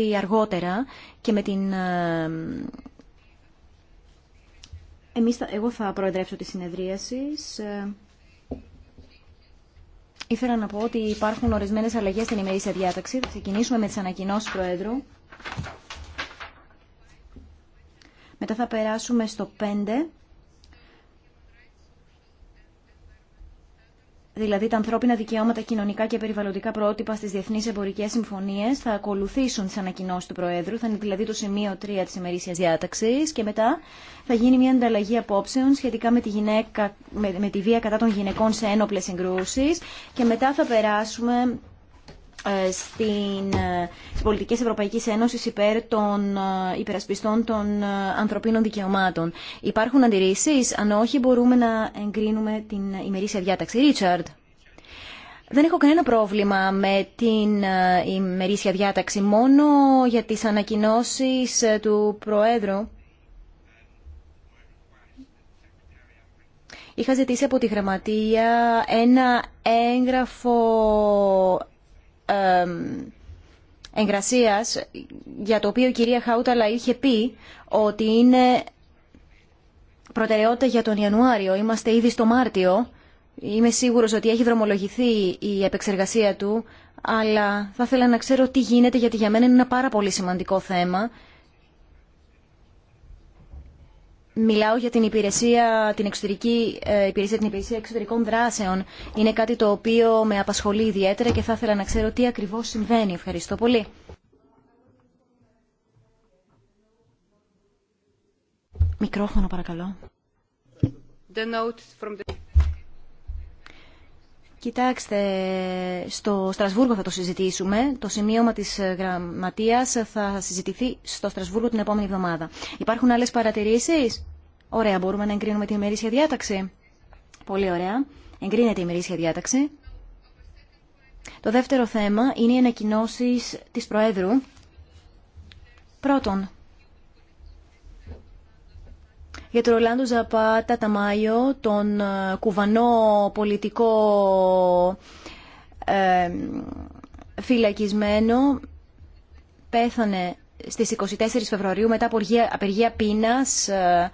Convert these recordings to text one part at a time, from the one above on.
έρθει αργότερα και με την... Ε, εμείς, εγώ θα προεδρεύσω τη συνεδρίαση. Ε, ήθελα να πω ότι υπάρχουν ορισμένες αλλαγές στην ημερήσια διάταξη. Θα ξεκινήσουμε με τις ανακοινώσεις Προέδρου. Μετά θα περάσουμε στο 5 δηλαδή τα ανθρώπινα δικαιώματα, κοινωνικά και περιβαλλοντικά πρότυπα στι διεθνείς Εμπορικέ Συμφωνίε θα ακολουθήσουν τι ανακοινώσει του Προέδρου, θα είναι δηλαδή το σημείο 3 της ημερήσιας διάταξη. και μετά θα γίνει μια ανταλλαγή απόψεων σχετικά με τη, γυναίκα, με, τη βία κατά των γυναικών σε ένοπλε συγκρούσει και μετά θα περάσουμε ε, στην, ε, στις πολιτικές Ευρωπαϊκής Ένωσης υπέρ των ε, υπερασπιστών των ανθρωπίνων δικαιωμάτων. Υπάρχουν αντιρρήσεις, αν όχι μπορούμε να εγκρίνουμε την ημερήσια διάταξη. Ρίτσαρντ. Δεν έχω κανένα πρόβλημα με την ημερήσια διάταξη, μόνο για τις ανακοινώσεις του Προέδρου. Είχα ζητήσει από τη Γραμματεία ένα έγγραφο εγγρασίας για το οποίο η κυρία Χάουταλα είχε πει ότι είναι προτεραιότητα για τον Ιανουάριο. Είμαστε ήδη στο Μάρτιο. Είμαι σίγουρος ότι έχει δρομολογηθεί η επεξεργασία του, αλλά θα ήθελα να ξέρω τι γίνεται γιατί για μένα είναι ένα πάρα πολύ σημαντικό θέμα Μιλάω για την υπηρεσία, την εξωτερική ε, υπηρεσία, την υπηρεσία εξωτερικών δράσεων. Είναι κάτι το οποίο με απασχολεί ιδιαίτερα και θα ήθελα να ξέρω τι ακριβώς συμβαίνει. Ευχαριστώ πολύ. Μικρόφωνο παρακαλώ. Κοιτάξτε, στο Στρασβούργο θα το συζητήσουμε. Το σημείωμα της γραμματείας θα συζητηθεί στο Στρασβούργο την επόμενη εβδομάδα. Υπάρχουν άλλες παρατηρήσεις? Ωραία, μπορούμε να εγκρίνουμε την ημερήσια διάταξη. Πολύ ωραία. Εγκρίνεται η ημερήσια διάταξη. Το δεύτερο θέμα είναι οι ανακοινώσει της Προέδρου. Πρώτον, για τον Ρολάντο Ζαπάτα Ταμάιο, τον ε, κουβανό πολιτικό ε, φυλακισμένο, πέθανε στις 24 Φεβρουαρίου μετά από απεργία πείνας. Ε,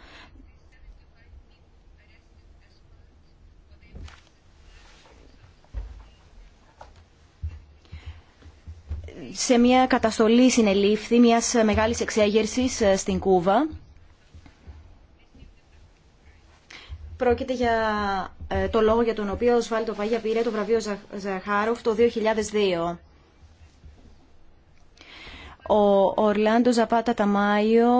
σε μια καταστολή συνελήφθη μιας μεγάλης εξέγερσης στην Κούβα. Πρόκειται για ε, το λόγο για τον οποίο ο Σφάλτο Φάγια πήρε το βραβείο Ζαχάροφ το 2002. Ο Ορλάντο Ζαπάτα Ταμάιο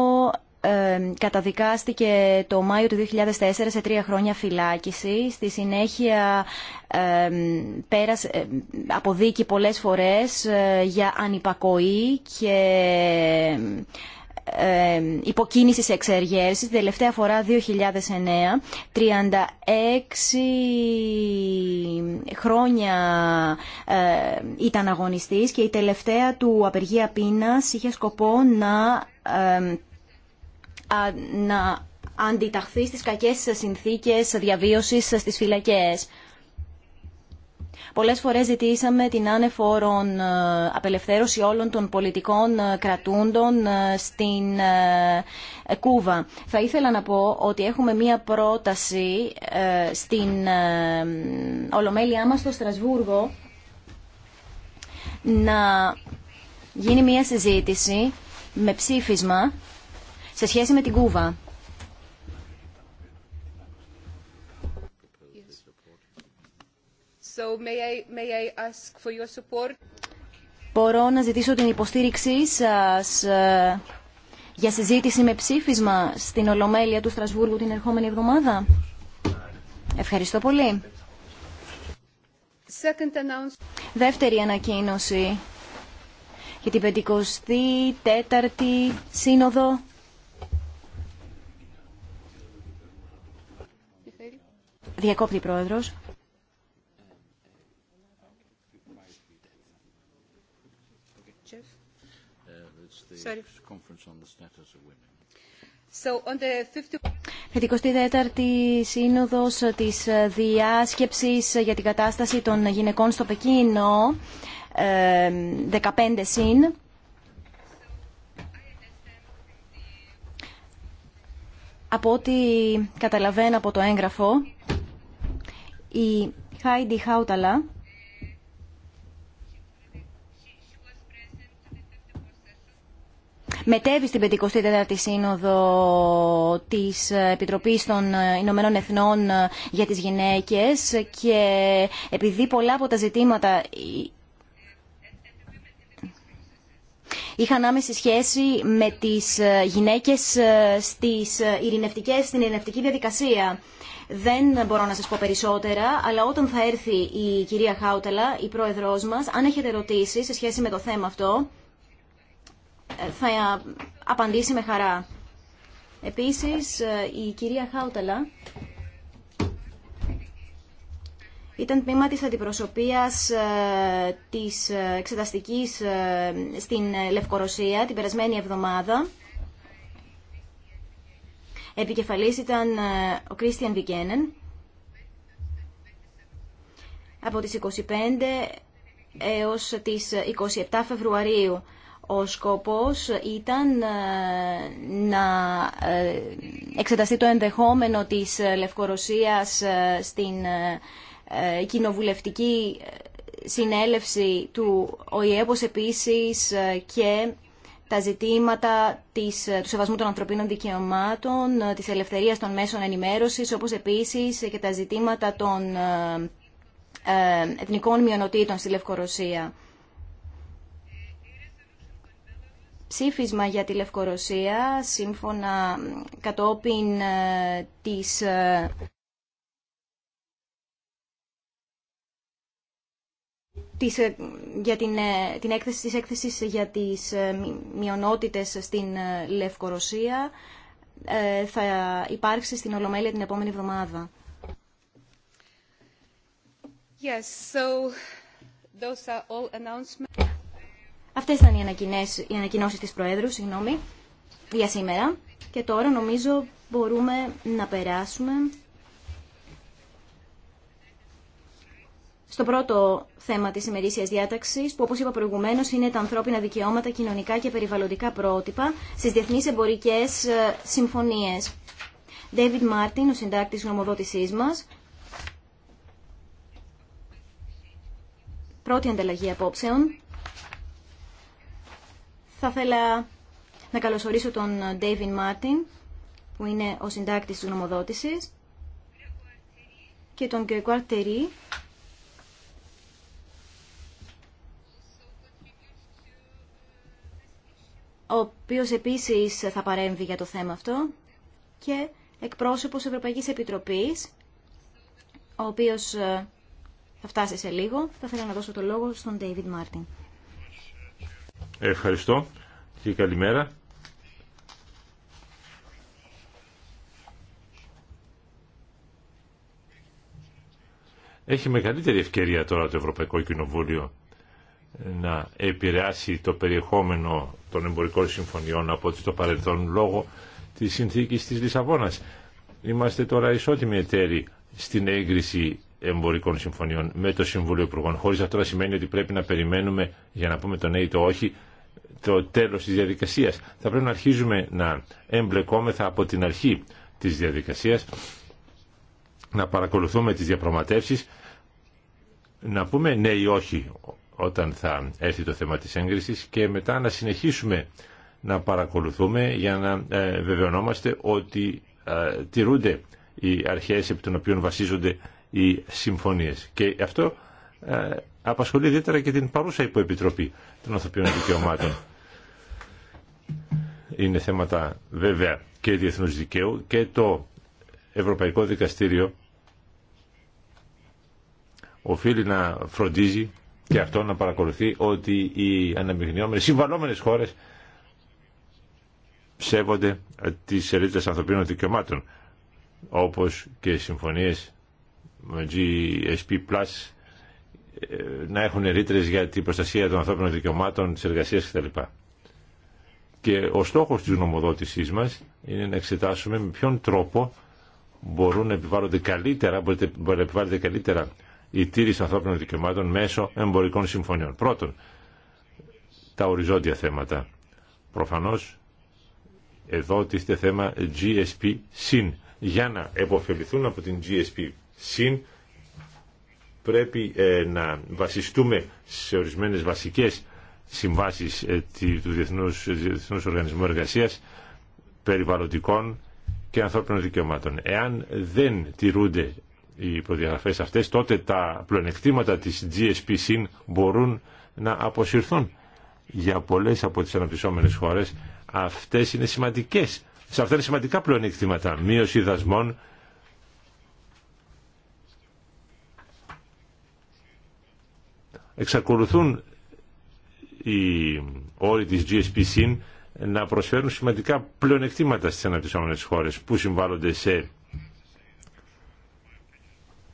ε, καταδικάστηκε το Μάιο του 2004 σε τρία χρόνια φυλάκιση. Στη συνέχεια ε, πέρασε, ε, αποδίκη πολλές φορές ε, για ανυπακοή και ε, υποκίνηση σε εξεργέρσεις. τελευταία φορά 2009, 36 χρόνια ε, ήταν αγωνιστής και η τελευταία του απεργία πείνας είχε σκοπό να, ε, να αντιταχθεί στις κακές συνθήκες διαβίωσης στις φυλακές. Πολλές φορές ζητήσαμε την άνεφορον ε, απελευθέρωση όλων των πολιτικών ε, κρατούντων ε, στην Κούβα. Θα ήθελα να πω ότι έχουμε μία πρόταση στην Ολομέλειά μας στο Στρασβούργο να γίνει μία συζήτηση με ψήφισμα σε σχέση με την Κούβα. Μπορώ να ζητήσω την υποστήριξή σας ε, για συζήτηση με ψήφισμα στην Ολομέλεια του Στρασβούργου την ερχόμενη εβδομάδα. Ευχαριστώ πολύ. Δεύτερη ανακοίνωση για την 54η Σύνοδο. Διακόπτη Πρόεδρος. Με την 54η Σύνοδος της ε, Διάσκεψης για την Κατάσταση των Γυναικών στο Πεκίνο, 15 ε, συν, από ό,τι καταλαβαίνω από το έγγραφο, η Χάιντι Χάουταλα μετέβει στην 54η Σύνοδο της Επιτροπής των Ηνωμένων Εθνών για τις Γυναίκες και επειδή πολλά από τα ζητήματα είχαν άμεση σχέση με τις γυναίκες στις ειρηνευτικές, στην ειρηνευτική διαδικασία. Δεν μπορώ να σας πω περισσότερα, αλλά όταν θα έρθει η κυρία Χάουτελα, η πρόεδρός μας, αν έχετε ερωτήσει σε σχέση με το θέμα αυτό, θα ε, απαντήσει με χαρά. Επίσης, ε, η κυρία Χάουταλα ήταν τμήμα της αντιπροσωπείας ε, της εξεταστικής στην Λευκορωσία την περασμένη εβδομάδα. Επικεφαλής ήταν ο Κρίστιαν Βικένεν. Από τις 25 έως τις 27 Φεβρουαρίου ο σκοπός ήταν ε, να ε, εξεταστεί το ενδεχόμενο της ε, Λευκορωσίας στην κοινοβουλευτική συνέλευση του ΟΗΕ, όπως επίσης και τα ζητήματα της, του σεβασμού των ανθρωπίνων δικαιωμάτων, της ελευθερίας των μέσων ενημέρωσης, όπως επίσης και τα ζητήματα των εθνικών μειονοτήτων στη Λευκορωσία. ψήφισμα για τη Λευκορωσία σύμφωνα κατόπιν ε, της ε, ε, για την, την έκθεση της έκθεσης για τις μειονότητες στην Λευκορωσία θα υπάρξει στην Ολομέλεια την επόμενη εβδομάδα. Yes, so those are all announcements. Αυτές ήταν οι, ανακοινώσει ανακοινώσεις της Προέδρου, συγγνώμη, για σήμερα. Και τώρα νομίζω μπορούμε να περάσουμε στο πρώτο θέμα της ημερήσιας διάταξης, που όπως είπα προηγουμένως είναι τα ανθρώπινα δικαιώματα, κοινωνικά και περιβαλλοντικά πρότυπα στις διεθνείς εμπορικές ε, συμφωνίες. David Μάρτιν, ο συντάκτης γνωμοδότησής μας. Πρώτη ανταλλαγή απόψεων. Θα ήθελα να καλωσορίσω τον Ντέιβιν Μάρτιν, που είναι ο συντάκτης του νομοδότησης, και τον Γκρεκουάρ Τερί, ο οποίος επίσης θα παρέμβει για το θέμα αυτό, και εκπρόσωπος Ευρωπαϊκής Επιτροπής, ο οποίος ε, θα φτάσει σε λίγο. Θα ήθελα να δώσω το λόγο στον David Μάρτιν. Ευχαριστώ και καλημέρα. Έχει μεγαλύτερη ευκαιρία τώρα το Ευρωπαϊκό Κοινοβούλιο να επηρεάσει το περιεχόμενο των εμπορικών συμφωνιών από ότι το παρελθόν λόγω της συνθήκης της Λισαβόνας. Είμαστε τώρα ισότιμοι εταίροι στην έγκριση εμπορικών συμφωνιών με το Συμβούλιο Υπουργών. Χωρίς αυτό να σημαίνει ότι πρέπει να περιμένουμε για να πούμε το ναι ή το όχι το τέλος της διαδικασίας. Θα πρέπει να αρχίζουμε να εμπλεκόμεθα από την αρχή της διαδικασίας, να παρακολουθούμε τις διαπραγματεύσεις, να πούμε ναι ή όχι όταν θα έρθει το θέμα της έγκρισης και μετά να συνεχίσουμε να παρακολουθούμε για να ε, βεβαιωνόμαστε ότι ε, τηρούνται οι αρχές επί των οποίων βασίζονται οι συμφωνίες. Και αυτό ε, απασχολεί ιδιαίτερα και την παρούσα υποεπιτροπή των ανθρωπίνων δικαιωμάτων. Είναι θέματα βέβαια και διεθνού δικαίου και το Ευρωπαϊκό Δικαστήριο οφείλει να φροντίζει και αυτό να παρακολουθεί ότι οι αναμειγνιόμενες συμβαλόμενες χώρες ψεύονται τις ελίτες ανθρωπίνων δικαιωμάτων όπως και συμφωνίες με GSP Plus να έχουν ρήτρε για την προστασία των ανθρώπινων δικαιωμάτων, τη εργασία κτλ. Και ο στόχο της νομοδότησής μας είναι να εξετάσουμε με ποιον τρόπο μπορούν να επιβάλλονται καλύτερα, μπορείτε, μπορεί να επιβάλλεται καλύτερα η τήρηση των ανθρώπινων δικαιωμάτων μέσω εμπορικών συμφωνιών. Πρώτον, τα οριζόντια θέματα. Προφανώ εδώ τίθεται θέμα GSP συν για να επωφεληθούν από την GSP syn πρέπει ε, να βασιστούμε σε ορισμένες βασικές συμβάσεις ε, του Διεθνούς, Διεθνούς Οργανισμού Εργασίας περιβαλλοντικών και ανθρώπινων δικαιωμάτων. Εάν δεν τηρούνται οι προδιαγραφές αυτές, τότε τα πλονεκτήματα της GSP μπορούν να αποσυρθούν. Για πολλές από τις αναπτυσσόμενες χώρες αυτές είναι σημαντικές. Σε αυτά είναι σημαντικά πλονεκτήματα. Μείωση δασμών, εξακολουθούν οι όροι της GSP να προσφέρουν σημαντικά πλεονεκτήματα στις αναπτυσσόμενες χώρες που συμβάλλονται σε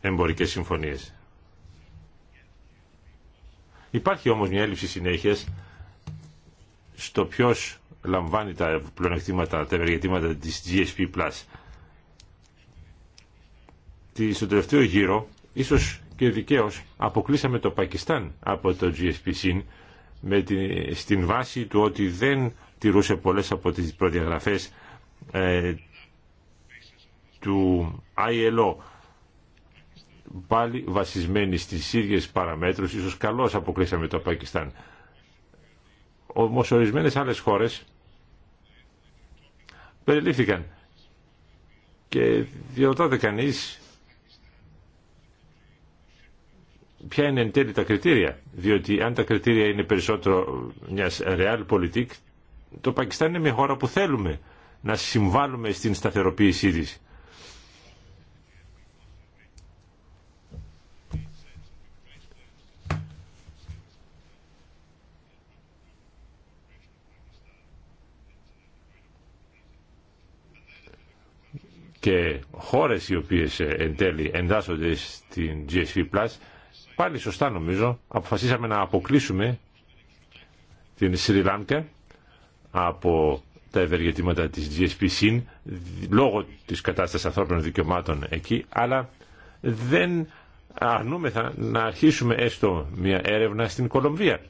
εμπορικές συμφωνίες. Υπάρχει όμως μια έλλειψη συνέχειας στο ποιος λαμβάνει τα πλεονεκτήματα, τα ευεργετήματα της GSP+. Στο τελευταίο γύρο, ίσως και δικαίως αποκλείσαμε το Πακιστάν από το GSPC με στην βάση του ότι δεν τηρούσε πολλές από τις προδιαγραφές ε, του ILO πάλι βασισμένοι στις ίδιες παραμέτρους ίσως καλώς αποκλείσαμε το Πακιστάν όμως ορισμένες άλλες χώρες περιλήφθηκαν και διότι κανείς ποια είναι εν τέλει τα κριτήρια. Διότι αν τα κριτήρια είναι περισσότερο μια real politik, το Πακιστάν είναι μια χώρα που θέλουμε να συμβάλλουμε στην σταθεροποίησή της. και χώρες οι οποίες ε, εν τέλει εντάσσονται στην GSV Plus Πάλι σωστά νομίζω αποφασίσαμε να αποκλείσουμε την Σρι από τα ευεργετήματα της gsp λόγω της κατάστασης ανθρώπινων δικαιωμάτων εκεί, αλλά δεν αρνούμεθα να αρχίσουμε έστω μια έρευνα στην Κολομβία.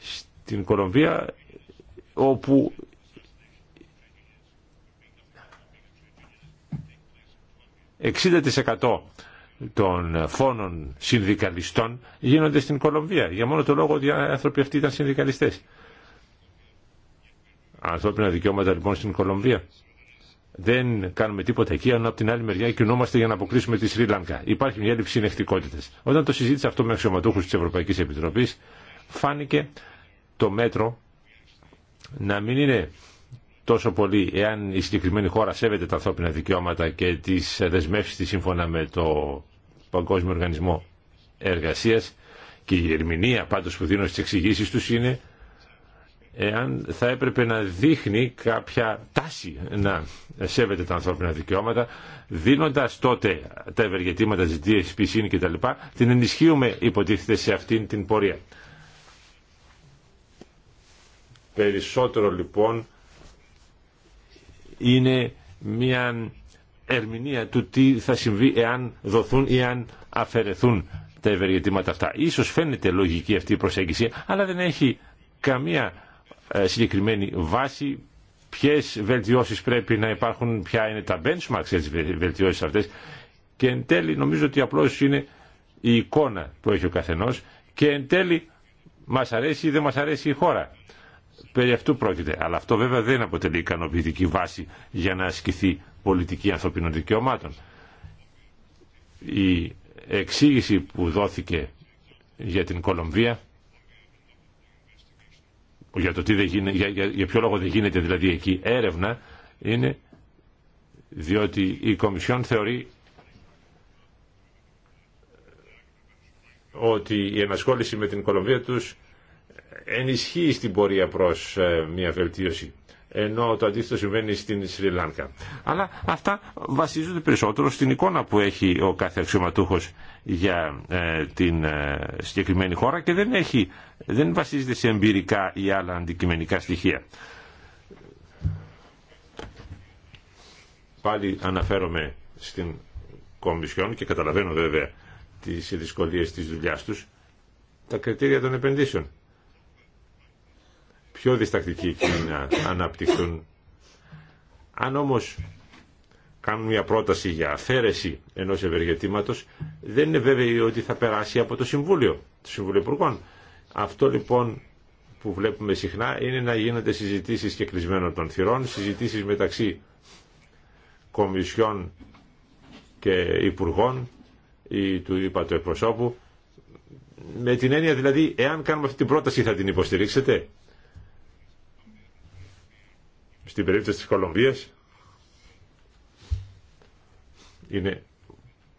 Στην Κολομβία όπου ...60% των φόνων συνδικαλιστών γίνονται στην Κολομβία. Για μόνο το λόγο ότι οι άνθρωποι αυτοί ήταν συνδικαλιστές. Ανθρώπινα δικαιώματα λοιπόν στην Κολομβία. Δεν κάνουμε τίποτα εκεί, αν από την άλλη μεριά κινούμαστε για να αποκλείσουμε τη Σρι Λάνκα. Υπάρχει μια έλλειψη συνεχτικότητα. Όταν το συζήτησα αυτό με αξιωματούχου τη Ευρωπαϊκή Επιτροπή, φάνηκε το μέτρο να μην είναι τόσο πολύ εάν η συγκεκριμένη χώρα σέβεται τα ανθρώπινα δικαιώματα και τι δεσμεύσει της σύμφωνα με το Παγκόσμιο Οργανισμό Εργασίας και η ερμηνεία πάντως που δίνω στις εξηγήσει τους είναι εάν θα έπρεπε να δείχνει κάποια τάση να σέβεται τα ανθρώπινα δικαιώματα δίνοντας τότε τα ευεργετήματα της DSPC και τα λοιπά την ενισχύουμε υποτίθεται σε αυτήν την πορεία. Περισσότερο λοιπόν είναι μια ερμηνεία του τι θα συμβεί εάν δοθούν ή αν αφαιρεθούν τα ευεργετήματα αυτά. Ίσως φαίνεται λογική αυτή η προσέγγιση, αλλά δεν έχει καμία ε, συγκεκριμένη βάση ποιε βελτιώσει πρέπει να υπάρχουν, ποια είναι τα benchmarks για τι βελτιώσει αυτέ. Και εν τέλει νομίζω ότι απλώ είναι η εικόνα που έχει ο καθενό και εν τέλει μα αρέσει ή δεν μα αρέσει η χώρα. Περί αυτού πρόκειται. Αλλά αυτό βέβαια δεν αποτελεί ικανοποιητική βάση για να ασκηθεί πολιτική ανθρωπίνων δικαιωμάτων. Η εξήγηση που δόθηκε για την Κολομβία, για, το τι δεν γίνεται, για, για, ποιο λόγο δεν γίνεται δηλαδή εκεί έρευνα, είναι διότι η Κομισιόν θεωρεί ότι η ενασχόληση με την Κολομβία τους ενισχύει στην πορεία προς ε, μια βελτίωση ενώ το αντίθετο συμβαίνει στην Σρι Λάνκα. Αλλά αυτά βασίζονται περισσότερο στην εικόνα που έχει ο κάθε αξιωματούχο για ε, την ε, συγκεκριμένη χώρα και δεν, έχει, δεν βασίζεται σε εμπειρικά ή άλλα αντικειμενικά στοιχεία. Πάλι αναφέρομαι στην Κομισιόν και καταλαβαίνω βέβαια τις δυσκολίες της δουλειάς τους, τα κριτήρια των επενδύσεων πιο διστακτική να αναπτυχθούν. Αν όμως κάνουν μια πρόταση για αφαίρεση ενός ευεργετήματος, δεν είναι βέβαιο ότι θα περάσει από το Συμβούλιο, του Συμβουλίου Υπουργών. Αυτό λοιπόν που βλέπουμε συχνά είναι να γίνονται συζητήσεις και κλεισμένων των θυρών, συζητήσεις μεταξύ κομισιών και υπουργών ή του είπα του με την έννοια δηλαδή, εάν κάνουμε αυτή την πρόταση θα την υποστηρίξετε στην περίπτωση της Κολομβίας είναι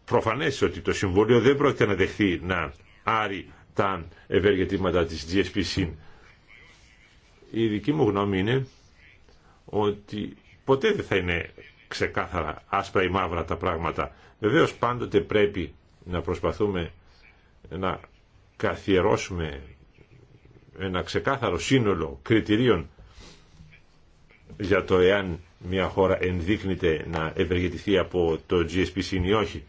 προφανές ότι το Συμβούλιο δεν πρόκειται να δεχθεί να άρει τα ευεργετήματα της GSPC. Η δική μου γνώμη είναι ότι ποτέ δεν θα είναι ξεκάθαρα άσπρα ή μαύρα τα πράγματα. Βεβαίω πάντοτε πρέπει να προσπαθούμε να καθιερώσουμε ένα ξεκάθαρο σύνολο κριτηρίων για το εάν μια χώρα ενδείκνεται να ευεργετηθεί από το GSP ή όχι.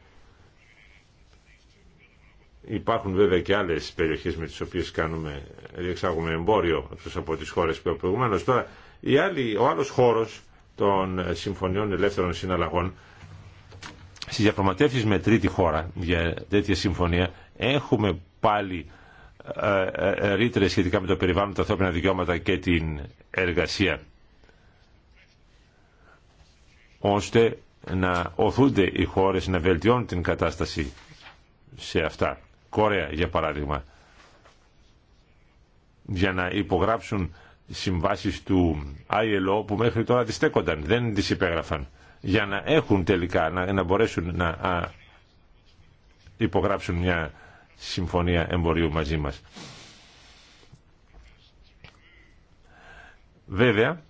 Υπάρχουν βέβαια και άλλε περιοχέ με τι οποίε κάνουμε, διεξάγουμε εμπόριο από τι χώρε που προηγουμένω. Τώρα, η άλλη, ο άλλο χώρο των συμφωνιών ελεύθερων συναλλαγών στι διαπραγματεύσει με τρίτη χώρα για τέτοια συμφωνία έχουμε πάλι ε, ε, ε, ρήτρε σχετικά με το περιβάλλον, τα ανθρώπινα δικαιώματα και την εργασία ώστε να οθούνται οι χώρες να βελτιώνουν την κατάσταση σε αυτά. Κορέα για παράδειγμα για να υπογράψουν συμβάσεις του ILO που μέχρι τώρα τις στέκονταν, δεν τις υπέγραφαν για να έχουν τελικά, να, να μπορέσουν να υπογράψουν μια συμφωνία εμπορίου μαζί μας. Βέβαια,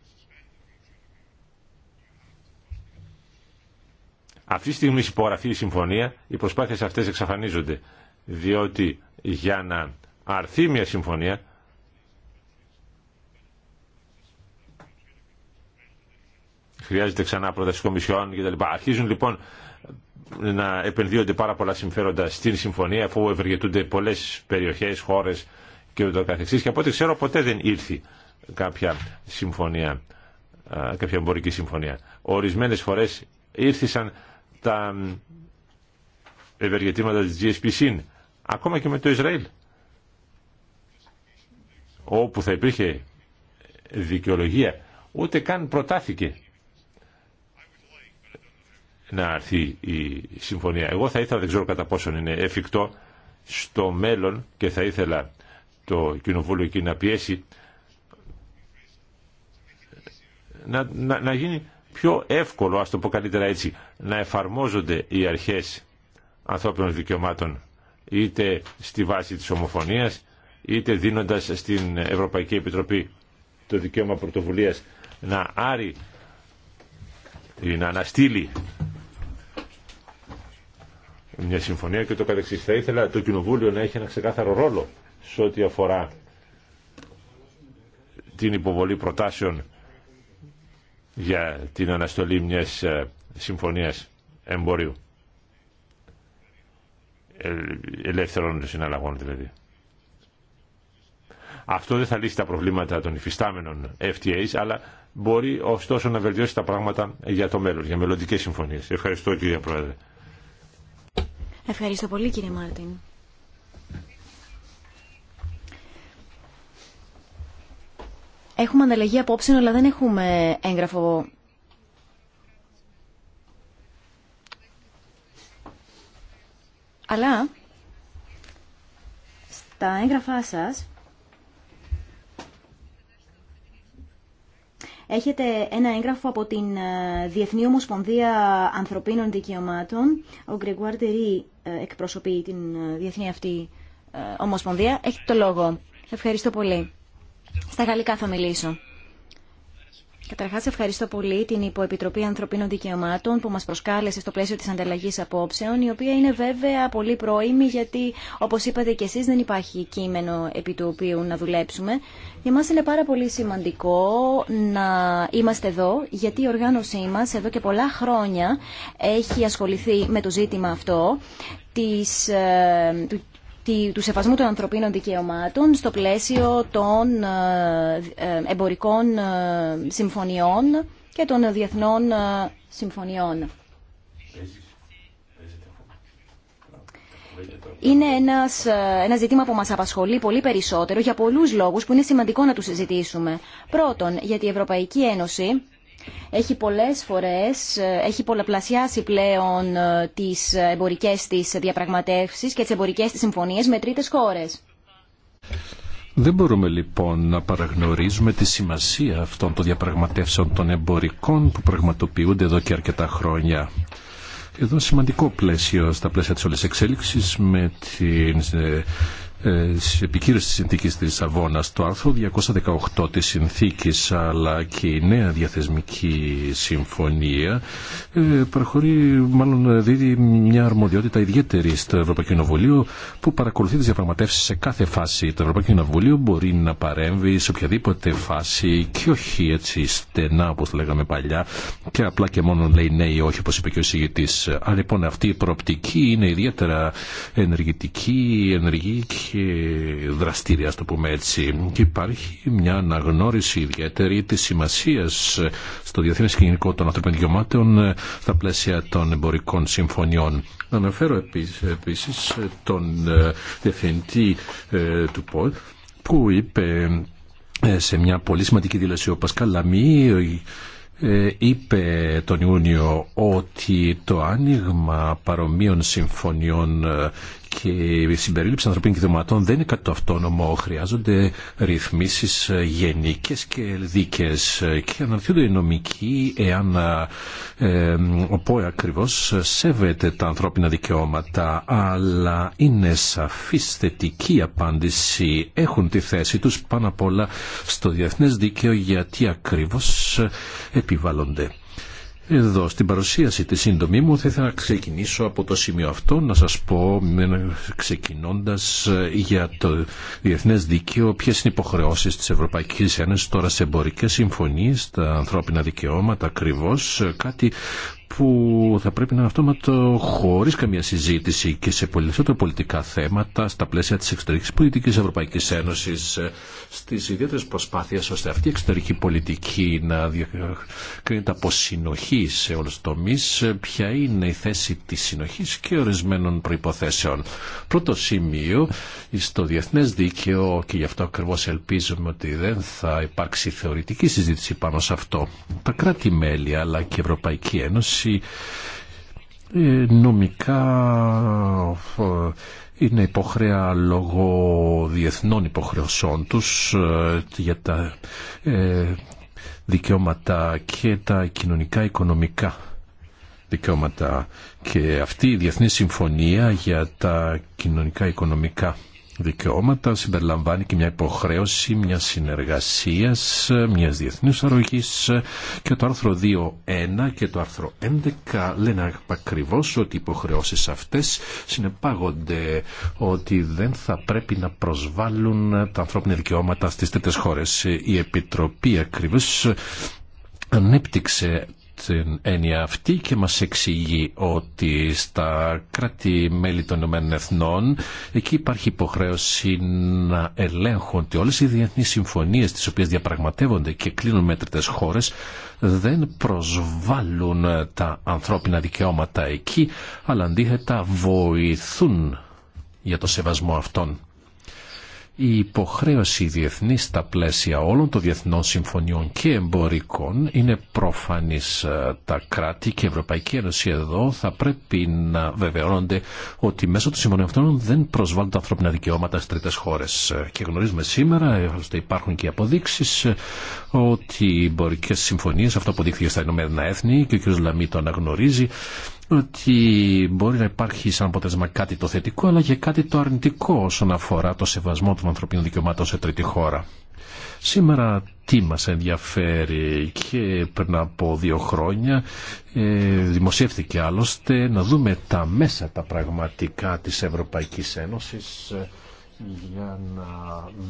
Αυτή τη στιγμή υπογραφεί η συμφωνία, οι προσπάθειες αυτές εξαφανίζονται, διότι για να αρθεί μια συμφωνία χρειάζεται ξανά πρόταση κομισιών κτλ. Αρχίζουν λοιπόν να επενδύονται πάρα πολλά συμφέροντα στην συμφωνία αφού ευεργετούνται πολλές περιοχές, χώρες και ούτω καθεξής και από ό,τι ξέρω ποτέ δεν ήρθε κάποια συμφωνία κάποια εμπορική συμφωνία. Ορισμένες φορές ήρθησαν τα ευεργετήματα της GSP ακόμα και με το Ισραήλ, όπου θα υπήρχε δικαιολογία, ούτε καν προτάθηκε να έρθει η συμφωνία. Εγώ θα ήθελα, δεν ξέρω κατά πόσον είναι εφικτό, στο μέλλον και θα ήθελα το Κοινοβούλιο εκεί να πιέσει να, να γίνει πιο εύκολο, ας το πω καλύτερα έτσι, να εφαρμόζονται οι αρχές ανθρώπινων δικαιωμάτων είτε στη βάση της ομοφωνίας, είτε δίνοντας στην Ευρωπαϊκή Επιτροπή το δικαίωμα πρωτοβουλίας να άρει ή να αναστείλει μια συμφωνία και το κατεξής. Θα ήθελα το Κοινοβούλιο να έχει ένα ξεκάθαρο ρόλο σε ό,τι αφορά την υποβολή προτάσεων για την αναστολή μιας ε, συμφωνίας εμπορίου ε, ελεύθερων συναλλαγών δηλαδή. Αυτό δεν θα λύσει τα προβλήματα των υφιστάμενων FTAs, αλλά μπορεί ωστόσο να βελτιώσει τα πράγματα για το μέλλον, για μελλοντικές συμφωνίες. Ευχαριστώ κύριε Πρόεδρε. Ευχαριστώ πολύ κύριε Μάρτιν. Έχουμε ανταλλαγή απόψε, αλλά δεν έχουμε έγγραφο Αλλά στα έγγραφά σας έχετε ένα έγγραφο από την ε, Διεθνή Ομοσπονδία Ανθρωπίνων Δικαιωμάτων. Ο Γκρεγουάρ Τερή ε, εκπροσωπεί την ε, Διεθνή αυτή Ομοσπονδία. Έχετε το λόγο. Ευχαριστώ πολύ. Στα γαλλικά θα μιλήσω. Καταρχά, ευχαριστώ πολύ την Υποεπιτροπή Ανθρωπίνων Δικαιωμάτων που μα προσκάλεσε στο πλαίσιο τη ανταλλαγή απόψεων, η οποία είναι βέβαια πολύ πρόημη, γιατί όπω είπατε και εσεί, δεν υπάρχει κείμενο επί του οποίου να δουλέψουμε. Για μα είναι πάρα πολύ σημαντικό να είμαστε εδώ, γιατί η οργάνωσή μα εδώ και πολλά χρόνια έχει ασχοληθεί με το ζήτημα αυτό της, ε, του σεβασμού των ανθρωπίνων δικαιωμάτων στο πλαίσιο των ε, ε, εμπορικών ε, συμφωνιών και των διεθνών συμφωνιών. Είναι ένας, ένα ζήτημα που μας απασχολεί πολύ περισσότερο για πολλούς λόγους που είναι σημαντικό να τους συζητήσουμε. Πρώτον, γιατί η Ευρωπαϊκή Ένωση έχει πολλές φορές, ε, έχει πολλαπλασιάσει πλέον ε, τις εμπορικές της διαπραγματεύσεις και τις εμπορικές της συμφωνίες με τρίτες χώρες. Δεν μπορούμε λοιπόν να παραγνωρίζουμε τη σημασία αυτών των διαπραγματεύσεων των εμπορικών που πραγματοποιούνται εδώ και αρκετά χρόνια. Εδώ σημαντικό πλαίσιο στα πλαίσια της όλης εξέλιξης με την ε, ε, επικύρωση της συνθήκης της Σαββόνα το άρθρο 218 της συνθήκης αλλά και η νέα διαθεσμική συμφωνία ε, προχωρεί, μάλλον ε, δίδει μια αρμοδιότητα ιδιαίτερη στο Ευρωπαϊκό Κοινοβουλίο που παρακολουθεί τις διαπραγματεύσει σε κάθε φάση. Το Ευρωπαϊκό Κοινοβουλίο μπορεί να παρέμβει σε οποιαδήποτε φάση και όχι έτσι στενά όπως λέγαμε παλιά και απλά και μόνο λέει ναι ή όχι όπως είπε και ο συγητής. λοιπόν αυτή η προοπτική είναι ιδιαίτερα ενεργητική, ενεργή υπάρχει δραστήρια, το πούμε έτσι. Και υπάρχει μια αναγνώριση ιδιαίτερη τη σημασίας στο διεθνέ κοινωνικό των ανθρωπίνων δικαιωμάτων ε, στα πλαίσια των εμπορικών συμφωνιών. Αναφέρω επίση τον ε, διευθυντή ε, του ΠΟΛ που είπε σε μια πολύ σημαντική δήλωση ο Πασκάλ Λαμί είπε τον Ιούνιο ότι το άνοιγμα παρομοίων συμφωνιών και η συμπερίληψη ανθρωπίνων δικαιωμάτων δεν είναι κάτι το αυτόνομο. Χρειάζονται ρυθμίσει γενικέ και δίκε και αναρτιούνται οι νομικοί εάν ε, ο ΠΟΕ ακριβώ σέβεται τα ανθρώπινα δικαιώματα. Αλλά είναι σαφή θετική απάντηση. Έχουν τη θέση του πάνω απ' όλα στο διεθνέ δίκαιο γιατί ακριβώ επιβάλλονται. Εδώ στην παρουσίαση τη σύντομη μου θα ήθελα να ξεκινήσω από το σημείο αυτό να σας πω ξεκινώντας ε, για το διεθνές δίκαιο ποιες είναι οι υποχρεώσεις της Ευρωπαϊκής Ένωσης τώρα σε εμπορικές συμφωνίες, τα ανθρώπινα δικαιώματα ακριβώ, ε, κάτι που θα πρέπει να είναι αυτόματο χωρί καμία συζήτηση και σε περισσότερα πολιτικά θέματα στα πλαίσια της εξωτερική πολιτικής Ευρωπαϊκή Ένωση, στι ιδιαίτερε προσπάθειε ώστε αυτή η εξωτερική πολιτική να κρίνεται από συνοχή σε όλου του τομεί, ποια είναι η θέση τη συνοχή και ορισμένων προποθέσεων. Πρώτο σημείο στο διεθνέ δίκαιο και γι' αυτό ακριβώ ελπίζουμε ότι δεν θα υπάρξει θεωρητική συζήτηση πάνω σε αυτό. Τα κράτη-μέλη αλλά και η Ευρωπαϊκή Ένωση ε, νομικά ε, είναι υποχρέα λόγω διεθνών υποχρεωσών τους ε, για τα δικαιώματα και τα κοινωνικά οικονομικά δικαιώματα και αυτή η Διεθνή Συμφωνία για τα κοινωνικά οικονομικά δικαιώματα συμπεριλαμβάνει και μια υποχρέωση μια συνεργασία, μια διεθνή αρρωγή. Και το άρθρο 2.1 και το άρθρο 11 λένε ακριβώ ότι οι υποχρεώσει αυτέ συνεπάγονται ότι δεν θα πρέπει να προσβάλλουν τα ανθρώπινα δικαιώματα στι τέτοιε χώρε. Η Επιτροπή ακριβώ ανέπτυξε την έννοια αυτή και μας εξηγεί ότι στα κράτη-μέλη των ΗΕ Εθνών εκεί υπάρχει υποχρέωση να ελέγχουν ότι όλες οι διεθνείς συμφωνίες τις οποίες διαπραγματεύονται και κλείνουν μέτρητες χώρες δεν προσβάλλουν τα ανθρώπινα δικαιώματα εκεί αλλά αντίθετα βοηθούν για το σεβασμό αυτών η υποχρέωση διεθνή στα πλαίσια όλων των διεθνών συμφωνιών και εμπορικών είναι πρόφανης ε, τα κράτη και η Ευρωπαϊκή Ένωση εδώ θα πρέπει να βεβαιώνονται ότι μέσω των συμφωνιών αυτών δεν προσβάλλουν τα ανθρώπινα δικαιώματα στις τρίτες χώρες. Ε, και γνωρίζουμε σήμερα, ε, άλλωστε υπάρχουν και αποδείξεις, ότι οι εμπορικές συμφωνίες, αυτό αποδείχθηκε στα Ηνωμένα Έθνη και ο κ. Λαμί το αναγνωρίζει, ότι μπορεί να υπάρχει σαν αποτέλεσμα κάτι το θετικό αλλά και κάτι το αρνητικό όσον αφορά το σεβασμό των ανθρωπίνων δικαιωμάτων σε τρίτη χώρα. Σήμερα τι μας ενδιαφέρει και πριν από δύο χρόνια ε, δημοσιεύθηκε άλλωστε να δούμε τα μέσα τα πραγματικά της Ευρωπαϊκής Ένωσης ε, για να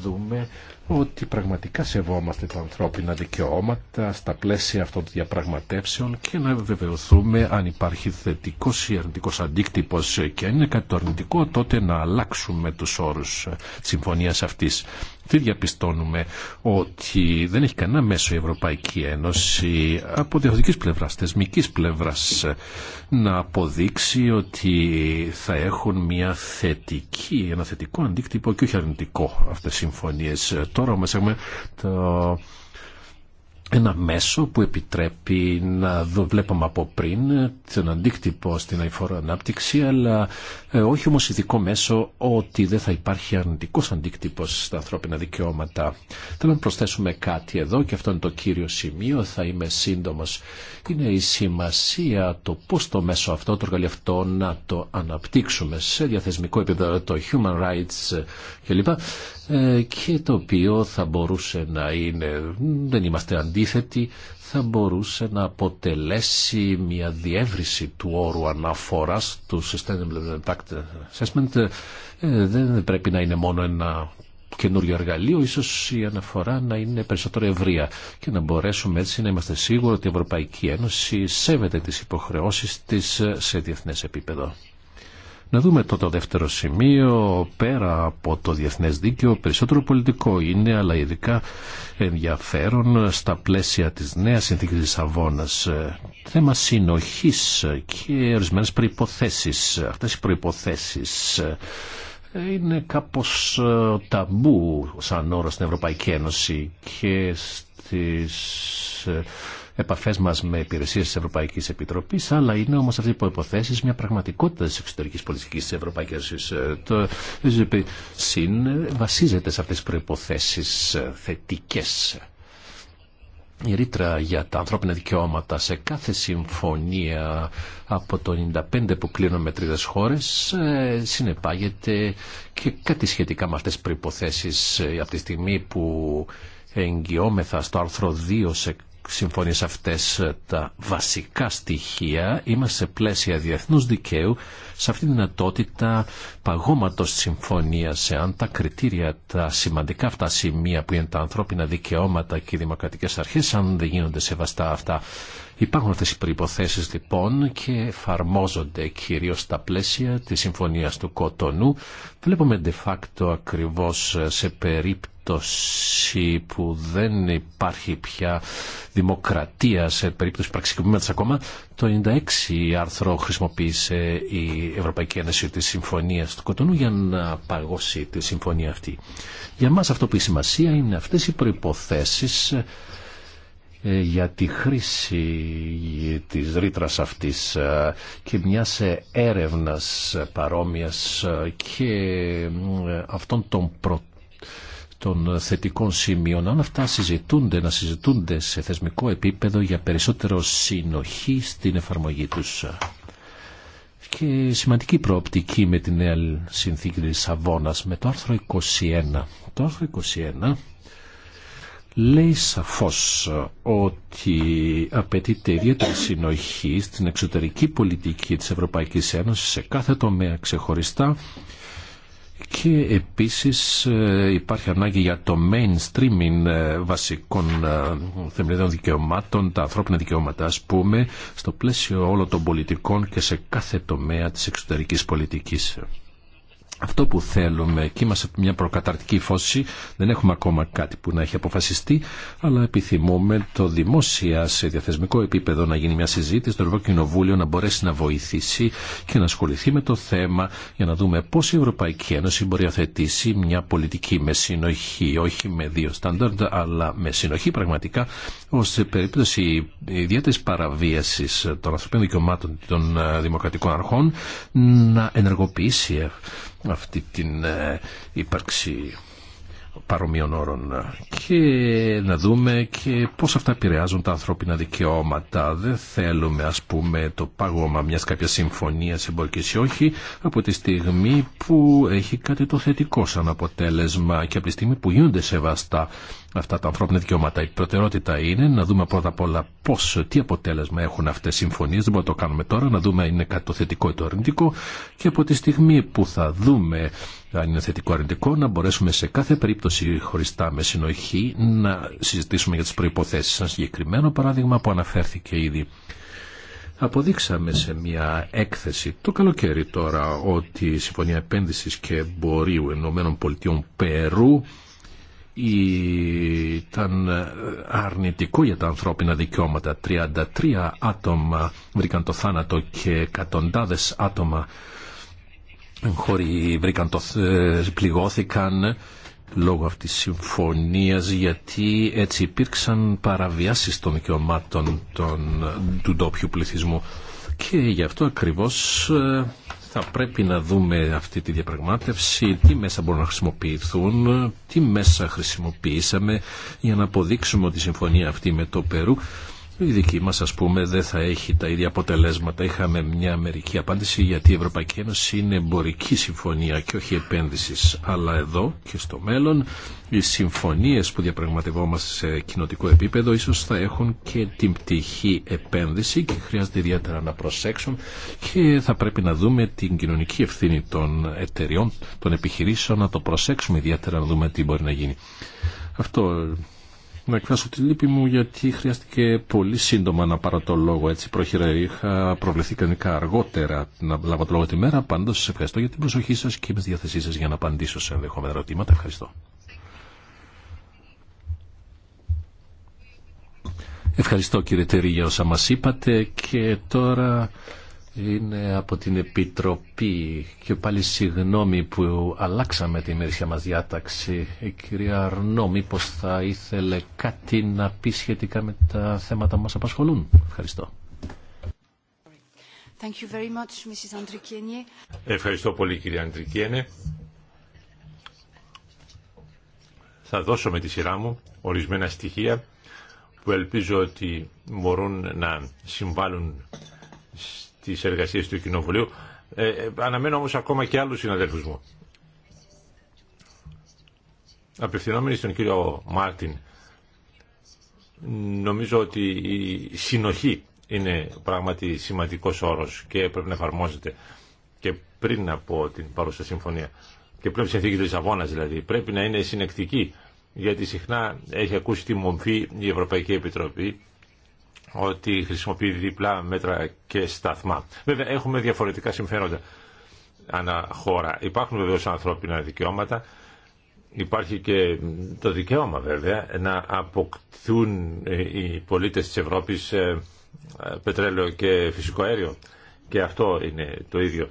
δούμε ότι πραγματικά σεβόμαστε τα ανθρώπινα δικαιώματα στα πλαίσια αυτών των διαπραγματεύσεων και να βεβαιωθούμε αν υπάρχει θετικός ή αρνητικός αντίκτυπος και αν είναι κάτι το αρνητικό τότε να αλλάξουμε τους όρους συμφωνίας αυτής τι διαπιστώνουμε, ότι δεν έχει κανένα μέσο η Ευρωπαϊκή Ένωση από διαφορετικής πλευράς, θεσμικής πλευράς να αποδείξει ότι θα έχουν μια θετική, ένα θετικό αντίκτυπο και όχι αρνητικό αυτές οι συμφωνίες. Τώρα όμως έχουμε το ένα μέσο που επιτρέπει να δω, από πριν τον αντίκτυπο στην αηφόρο ανάπτυξη, αλλά ε, όχι όμως ειδικό μέσο ότι δεν θα υπάρχει αρνητικός αντίκτυπος στα ανθρώπινα δικαιώματα. Θέλω να προσθέσουμε κάτι εδώ και αυτό είναι το κύριο σημείο, θα είμαι σύντομος. Είναι η σημασία το πώς το μέσο αυτό, το εργαλείο να το αναπτύξουμε σε διαθεσμικό επίπεδο, το human rights ε, κλπ ε, και το οποίο θα μπορούσε να είναι, δεν είμαστε αντίθετοι, θα μπορούσε να αποτελέσει μια διεύρυνση του όρου αναφοράς του Sustainable Impact Assessment. Ε, δεν πρέπει να είναι μόνο ένα καινούριο εργαλείο, ίσως η αναφορά να είναι περισσότερο ευρεία και να μπορέσουμε έτσι να είμαστε σίγουροι ότι η Ευρωπαϊκή Ένωση σέβεται τις υποχρεώσεις της σε διεθνές επίπεδο. Να δούμε το, το δεύτερο σημείο, πέρα από το διεθνές δίκαιο, περισσότερο πολιτικό είναι, αλλά ειδικά ενδιαφέρον στα πλαίσια της νέας συνθήκης της Αβώνας. Ε, θέμα συνοχής και ορισμένε προϋποθέσεις. Αυτές οι προϋποθέσεις ε, είναι κάπως ε, ταμπού σαν όρο στην Ευρωπαϊκή Ένωση και στις Επαφέ μα με υπηρεσίε τη Ευρωπαϊκή Επιτροπή, αλλά είναι όμω αυτή οι υποθέσεις μια πραγματικότητα τη εξωτερική πολιτική τη Ευρωπαϊκή. Ένωση. Ε, το συν βασίζεται σε αυτέ τι προποθέσει ε, θετικέ. Η ρήτρα για τα ανθρώπινα δικαιώματα σε κάθε συμφωνία από το 95 που κλείνω με τρίτες χώρες ε, συνεπάγεται και κάτι σχετικά με αυτές τις προϋποθέσεις από τη στιγμή που εγγυόμεθα στο άρθρο 2 συμφωνίες αυτές ε, τα βασικά στοιχεία είμαστε σε πλαίσια διεθνούς δικαίου σε αυτή την δυνατότητα παγώματος συμφωνίας εάν τα κριτήρια, τα σημαντικά αυτά σημεία που είναι τα ανθρώπινα δικαιώματα και οι δημοκρατικές αρχές αν δεν γίνονται σεβαστά αυτά Υπάρχουν αυτές οι προϋποθέσεις λοιπόν και εφαρμόζονται κυρίως στα πλαίσια της Συμφωνίας του Κοτονού. Βλέπουμε de facto ακριβώς σε περίπτωση που δεν υπάρχει πια δημοκρατία, σε περίπτωση πραξικοπήματος ακόμα, το 96 άρθρο χρησιμοποίησε η Ευρωπαϊκή Ένωση της Συμφωνίας του Κοτονού για να παγώσει τη συμφωνία αυτή. Για μας αυτό που έχει σημασία είναι αυτές οι προϋποθέσεις ε, για τη χρήση της ρήτρα αυτής ε, και μιας έρευνας παρόμοιας ε, και αυτών των των θετικών σημείων, αν αυτά συζητούνται, να συζητούνται σε θεσμικό επίπεδο για περισσότερο συνοχή στην εφαρμογή τους. Και σημαντική προοπτική με την νέα συνθήκη της Σαββόνας, με το άρθρο 21. Το άρθρο 21 λέει σαφώς ότι απαιτείται ιδιαίτερη συνοχή στην εξωτερική πολιτική της Ευρωπαϊκής Ένωσης σε κάθε τομέα ξεχωριστά και επίσης ε, υπάρχει ανάγκη για το mainstreaming ε, βασικών ε, θεμελιδών δικαιωμάτων, τα ανθρώπινα δικαιώματα ας πούμε, στο πλαίσιο όλων των πολιτικών και σε κάθε τομέα της εξωτερικής πολιτικής αυτό που θέλουμε και είμαστε μια προκαταρτική φώση, δεν έχουμε ακόμα κάτι που να έχει αποφασιστεί, αλλά επιθυμούμε το δημόσια σε διαθεσμικό επίπεδο να γίνει μια συζήτηση, το Ευρωπαϊκό Κοινοβούλιο να μπορέσει να βοηθήσει και να ασχοληθεί με το θέμα για να δούμε πώς η Ευρωπαϊκή Ένωση μπορεί να θετήσει μια πολιτική με συνοχή, όχι με δύο στάνταρντ, αλλά με συνοχή πραγματικά, ώστε περίπτωση ιδιαίτερη παραβίαση των ανθρωπίνων δικαιωμάτων των δημοκρατικών αρχών να ενεργοποιήσει αυτή την ε, ύπαρξη παρομοίων όρων και να δούμε και πώς αυτά επηρεάζουν τα ανθρώπινα δικαιώματα. Δεν θέλουμε ας πούμε το πάγωμα μιας κάποια συμφωνίας εμπορικής ή όχι από τη στιγμή που έχει κάτι το θετικό σαν αποτέλεσμα και από τη στιγμή που γίνονται σεβαστά αυτά τα ανθρώπινα δικαιώματα. Η προτεραιότητα είναι να δούμε πρώτα απ' όλα πώς, τι αποτέλεσμα έχουν αυτές οι συμφωνίες. Δεν μπορούμε να το κάνουμε τώρα, να δούμε αν είναι κάτι το θετικό ή το αρνητικό. Και από τη στιγμή που θα δούμε αν είναι θετικό ή αρνητικό, να μπορέσουμε σε κάθε περίπτωση χωριστά με συνοχή να συζητήσουμε για τις προϋποθέσεις. Σαν συγκεκριμένο παράδειγμα που αναφέρθηκε ήδη. Αποδείξαμε σε μια έκθεση το καλοκαίρι τώρα ότι η Συμφωνία Επένδυσης και Εμπορίου Ενωμένων Πολιτειών Περού ήταν ε, αρνητικό για τα ανθρώπινα δικαιώματα. 33 άτομα βρήκαν το θάνατο και εκατοντάδες άτομα χωρί βρήκαν το, ε, πληγώθηκαν λόγω αυτής της συμφωνίας γιατί έτσι υπήρξαν παραβιάσεις των δικαιωμάτων των, του ντόπιου πληθυσμού και γι' αυτό ακριβώς ε, θα πρέπει να δούμε αυτή τη διαπραγμάτευση, τι μέσα μπορούν να χρησιμοποιηθούν, τι μέσα χρησιμοποιήσαμε για να αποδείξουμε ότι η συμφωνία αυτή με το Περού η δική μας ας πούμε δεν θα έχει τα ίδια αποτελέσματα. Είχαμε μια μερική απάντηση γιατί η Ευρωπαϊκή Ένωση είναι εμπορική συμφωνία και όχι επένδυσης. Αλλά εδώ και στο μέλλον οι συμφωνίες που διαπραγματευόμαστε σε κοινοτικό επίπεδο ίσως θα έχουν και την πτυχή επένδυση και χρειάζεται ιδιαίτερα να προσέξουν και θα πρέπει να δούμε την κοινωνική ευθύνη των εταιριών, των επιχειρήσεων, να το προσέξουμε ιδιαίτερα να δούμε τι μπορεί να γίνει. Αυτό να εκφράσω τη λύπη μου γιατί χρειάστηκε πολύ σύντομα να πάρω το λόγο έτσι πρόχειρα. Είχα προβληθεί κανονικά αργότερα να λάβω το λόγο τη μέρα. Πάντως σας ευχαριστώ για την προσοχή σας και είμαι στη διάθεσή σας για να απαντήσω σε ενδεχόμενα ερωτήματα. Ευχαριστώ. Ευχαριστώ κύριε Τερή για όσα μας είπατε και τώρα είναι από την Επιτροπή και πάλι συγγνώμη που αλλάξαμε τη ημερήσια μας διάταξη. Η κυρία Αρνό, μήπως θα ήθελε κάτι να πει σχετικά με τα θέματα που μας απασχολούν. Ευχαριστώ. Thank you very Ευχαριστώ πολύ κυρία Αντρικένε. Θα δώσω με τη σειρά μου ορισμένα στοιχεία που ελπίζω ότι μπορούν να συμβάλλουν τι εργασίε του Κοινοβουλίου. Ε, ε αναμένω όμω ακόμα και άλλου συναδέλφου μου. Απευθυνόμενοι στον κύριο Μάρτιν, νομίζω ότι η συνοχή είναι πράγματι σημαντικό όρο και πρέπει να εφαρμόζεται και πριν από την παρούσα συμφωνία και πριν από τη συνθήκη δηλαδή. Πρέπει να είναι συνεκτική γιατί συχνά έχει ακούσει τη μομφή η Ευρωπαϊκή Επιτροπή ότι χρησιμοποιεί διπλά μέτρα και σταθμά. Βέβαια έχουμε διαφορετικά συμφέροντα ανά χώρα. Υπάρχουν βεβαίω ανθρώπινα δικαιώματα, υπάρχει και το δικαίωμα βέβαια να αποκτούν ε, οι πολίτες της Ευρώπης ε, πετρέλαιο και φυσικό αέριο και αυτό είναι το ίδιο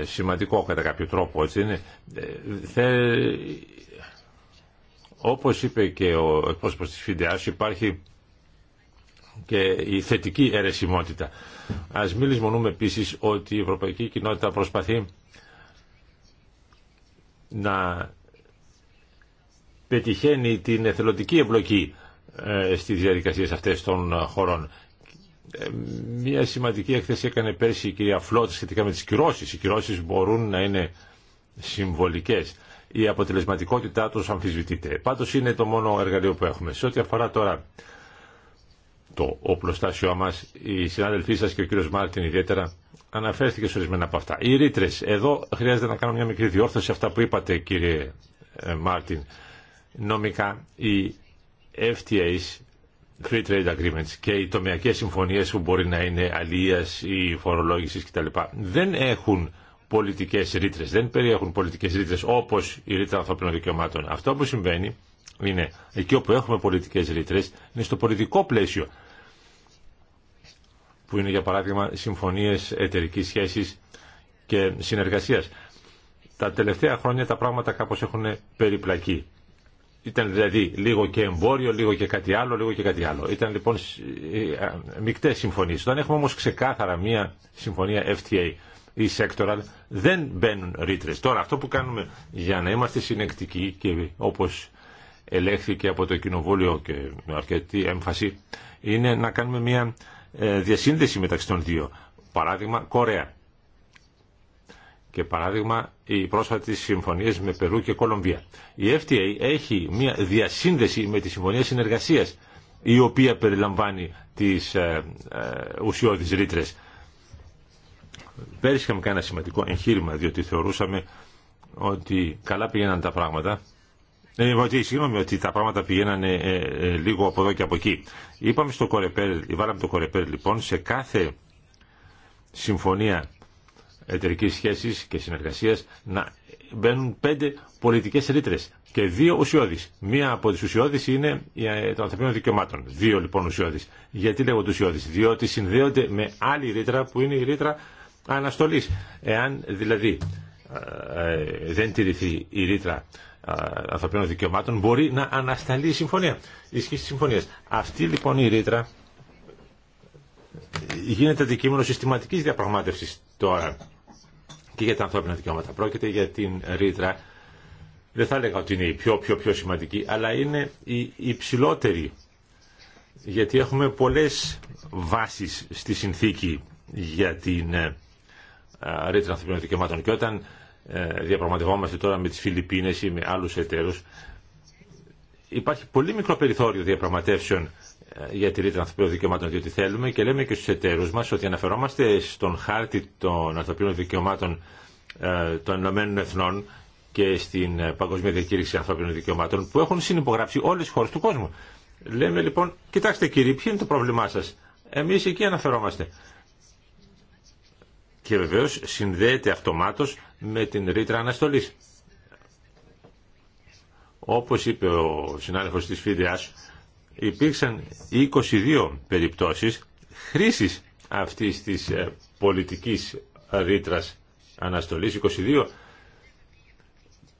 ε, σημαντικό κατά κάποιο τρόπο έτσι είναι Θε... όπως είπε και ο εκπρόσωπος της ΦΙΝΤΕΑΣ υπάρχει και η θετική αιρεσιμότητα. Ας μην λησμονούμε επίσης ότι η Ευρωπαϊκή Κοινότητα προσπαθεί να πετυχαίνει την εθελοντική εμπλοκή ε, στις διαδικασίες αυτές των ε, χωρών. Ε, Μία σημαντική έκθεση έκανε πέρσι η κυρία Φλότ σχετικά με τις κυρώσεις. Οι κυρώσεις μπορούν να είναι συμβολικές. Η αποτελεσματικότητά τους αμφισβητείται. Πάντως είναι το μόνο εργαλείο που έχουμε. Σε ό,τι αφορά τώρα το οπλοστάσιο μα, οι συνάδελφοί σα και ο κύριο Μάρτιν ιδιαίτερα αναφέρθηκε σε ορισμένα από αυτά. Οι ρήτρε. Εδώ χρειάζεται να κάνω μια μικρή διόρθωση αυτά που είπατε κύριε ε, Μάρτιν. Νομικά οι FTAs, Free Trade Agreements και οι τομεακέ συμφωνίε που μπορεί να είναι αλληλεία ή φορολόγηση κτλ. δεν έχουν πολιτικέ ρήτρε, δεν περιέχουν πολιτικέ ρήτρε όπω η ρήτρα ανθρωπίνων δικαιωμάτων. Αυτό που συμβαίνει είναι εκεί όπου έχουμε πολιτικές ρήτρε είναι στο πολιτικό πλαίσιο που είναι για παράδειγμα συμφωνίες εταιρική σχέσης και συνεργασίας. Τα τελευταία χρόνια τα πράγματα κάπως έχουν περιπλακεί. Ήταν δηλαδή λίγο και εμπόριο, λίγο και κάτι άλλο, λίγο και κάτι άλλο. Ήταν λοιπόν ε, μεικτές συμφωνίες. Όταν έχουμε όμως ξεκάθαρα μία συμφωνία FTA ή sectoral, δεν μπαίνουν ρήτρε. Τώρα αυτό που κάνουμε για να είμαστε συνεκτικοί και όπως ελέγχθηκε από το Κοινοβούλιο και με αρκετή έμφαση, είναι να κάνουμε μία ε, διασύνδεση μεταξύ των δύο. Παράδειγμα Κορέα. Και παράδειγμα οι πρόσφατε συμφωνίε με Περού και Κολομβία. Η FTA έχει μια διασύνδεση με τη Συμφωνία συνεργασία, η οποία περιλαμβάνει τις ε, ε, ουσιώδεις ρήτρες. Πέρυσι είχαμε κάνει ένα σημαντικό εγχείρημα διότι θεωρούσαμε ότι καλά πήγαιναν τα πράγματα ε, ότι, συγγνώμη ότι τα πράγματα πηγαίνανε ε, ε, λίγο από εδώ και από εκεί. Είπαμε στο Κορεπέρ, βάλαμε το Κορεπέρ λοιπόν σε κάθε συμφωνία εταιρική σχέση και συνεργασία να μπαίνουν πέντε πολιτικέ ρήτρε και δύο ουσιώδει. Μία από τι ουσιώδει είναι ε, των ανθρωπίνων δικαιωμάτων. Δύο λοιπόν ουσιώδει. Γιατί λέγονται ουσιώδει, Διότι συνδέονται με άλλη ρήτρα που είναι η ρήτρα αναστολή. Εάν δηλαδή ε, ε, δεν τηρηθεί η ρήτρα ανθρωπίνων δικαιωμάτων μπορεί να ανασταλεί η συμφωνία, η ισχύ τη συμφωνια Αυτή λοιπόν η ρήτρα γίνεται αντικείμενο συστηματικής διαπραγμάτευσης τώρα και για τα ανθρώπινα δικαιώματα. Πρόκειται για την ρήτρα, δεν θα έλεγα ότι είναι η πιο πιο πιο σημαντική, αλλά είναι η υψηλότερη γιατί έχουμε πολλές βάσεις στη συνθήκη για την ε, ρήτρα ανθρωπίνων δικαιωμάτων και όταν ε, διαπραγματευόμαστε τώρα με τις Φιλιππίνες ή με άλλους εταίρους, υπάρχει πολύ μικρό περιθώριο διαπραγματεύσεων ε, για τη ρήτρα ανθρωπίνων δικαιωμάτων, διότι θέλουμε και λέμε και στους εταίρους μας ότι αναφερόμαστε στον χάρτη των ανθρωπίνων δικαιωμάτων ε, των Ηνωμένων Εθνών και στην Παγκοσμία Διακήρυξη Ανθρώπινων Δικαιωμάτων που έχουν συνυπογράψει όλες οι χώρες του κόσμου. Λέμε λοιπόν, κοιτάξτε κύριοι, ποιο είναι το πρόβλημά σας. Εμείς εκεί αναφερόμαστε και βεβαίως συνδέεται αυτομάτως με την ρήτρα αναστολής. Όπως είπε ο συνάδελφος της ΦΙΔΕΑΣ, υπήρξαν 22 περιπτώσεις χρήσης αυτής της ε, πολιτικής ρήτρας αναστολής, 22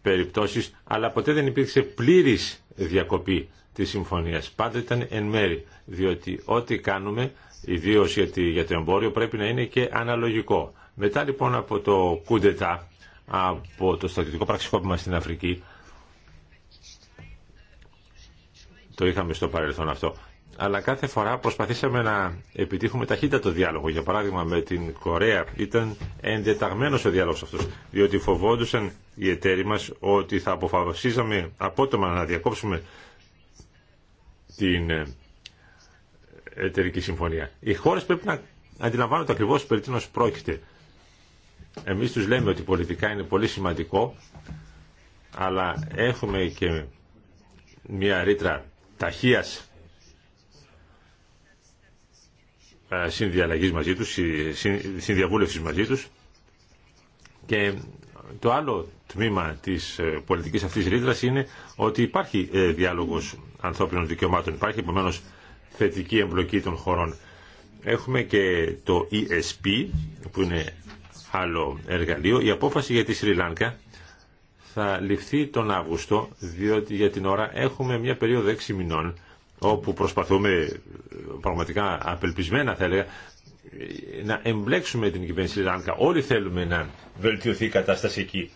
περιπτώσεις, αλλά ποτέ δεν υπήρξε πλήρης διακοπή της συμφωνίας. Πάντα ήταν εν μέρη, διότι ό,τι κάνουμε ιδίω για το εμπόριο, πρέπει να είναι και αναλογικό. Μετά λοιπόν από το κούντετα, από το στρατιωτικό πραξικόπημα στην Αφρική, το είχαμε στο παρελθόν αυτό, αλλά κάθε φορά προσπαθήσαμε να επιτύχουμε ταχύτατο διάλογο. Για παράδειγμα με την Κορέα ήταν ενδεταγμένος ο διάλογος αυτός, διότι φοβόντουσαν οι εταίροι μας ότι θα αποφασίζαμε απότομα να διακόψουμε την ε, εταιρική συμφωνία. Οι χώρε πρέπει να αντιλαμβάνονται ακριβώ περί τίνο πρόκειται. Εμεί του λέμε ότι πολιτικά είναι πολύ σημαντικό, αλλά έχουμε και μια ρήτρα ταχεία ε, συνδιαλλαγής μαζί τους, συνδιαβούλευσης μαζί τους και το άλλο τμήμα της ε, πολιτικής αυτής ρήτρας είναι ότι υπάρχει ε, διάλογος ανθρώπινων δικαιωμάτων. Υπάρχει επομένω θετική εμπλοκή των χωρών. Έχουμε και το ESP που είναι άλλο εργαλείο. Η απόφαση για τη Σρι Λάνκα θα ληφθεί τον Αύγουστο διότι για την ώρα έχουμε μια περίοδο 6 μηνών όπου προσπαθούμε πραγματικά απελπισμένα θα έλεγα να εμπλέξουμε την κυβέρνηση Λάνκα. Όλοι θέλουμε να βελτιωθεί η κατάσταση εκεί.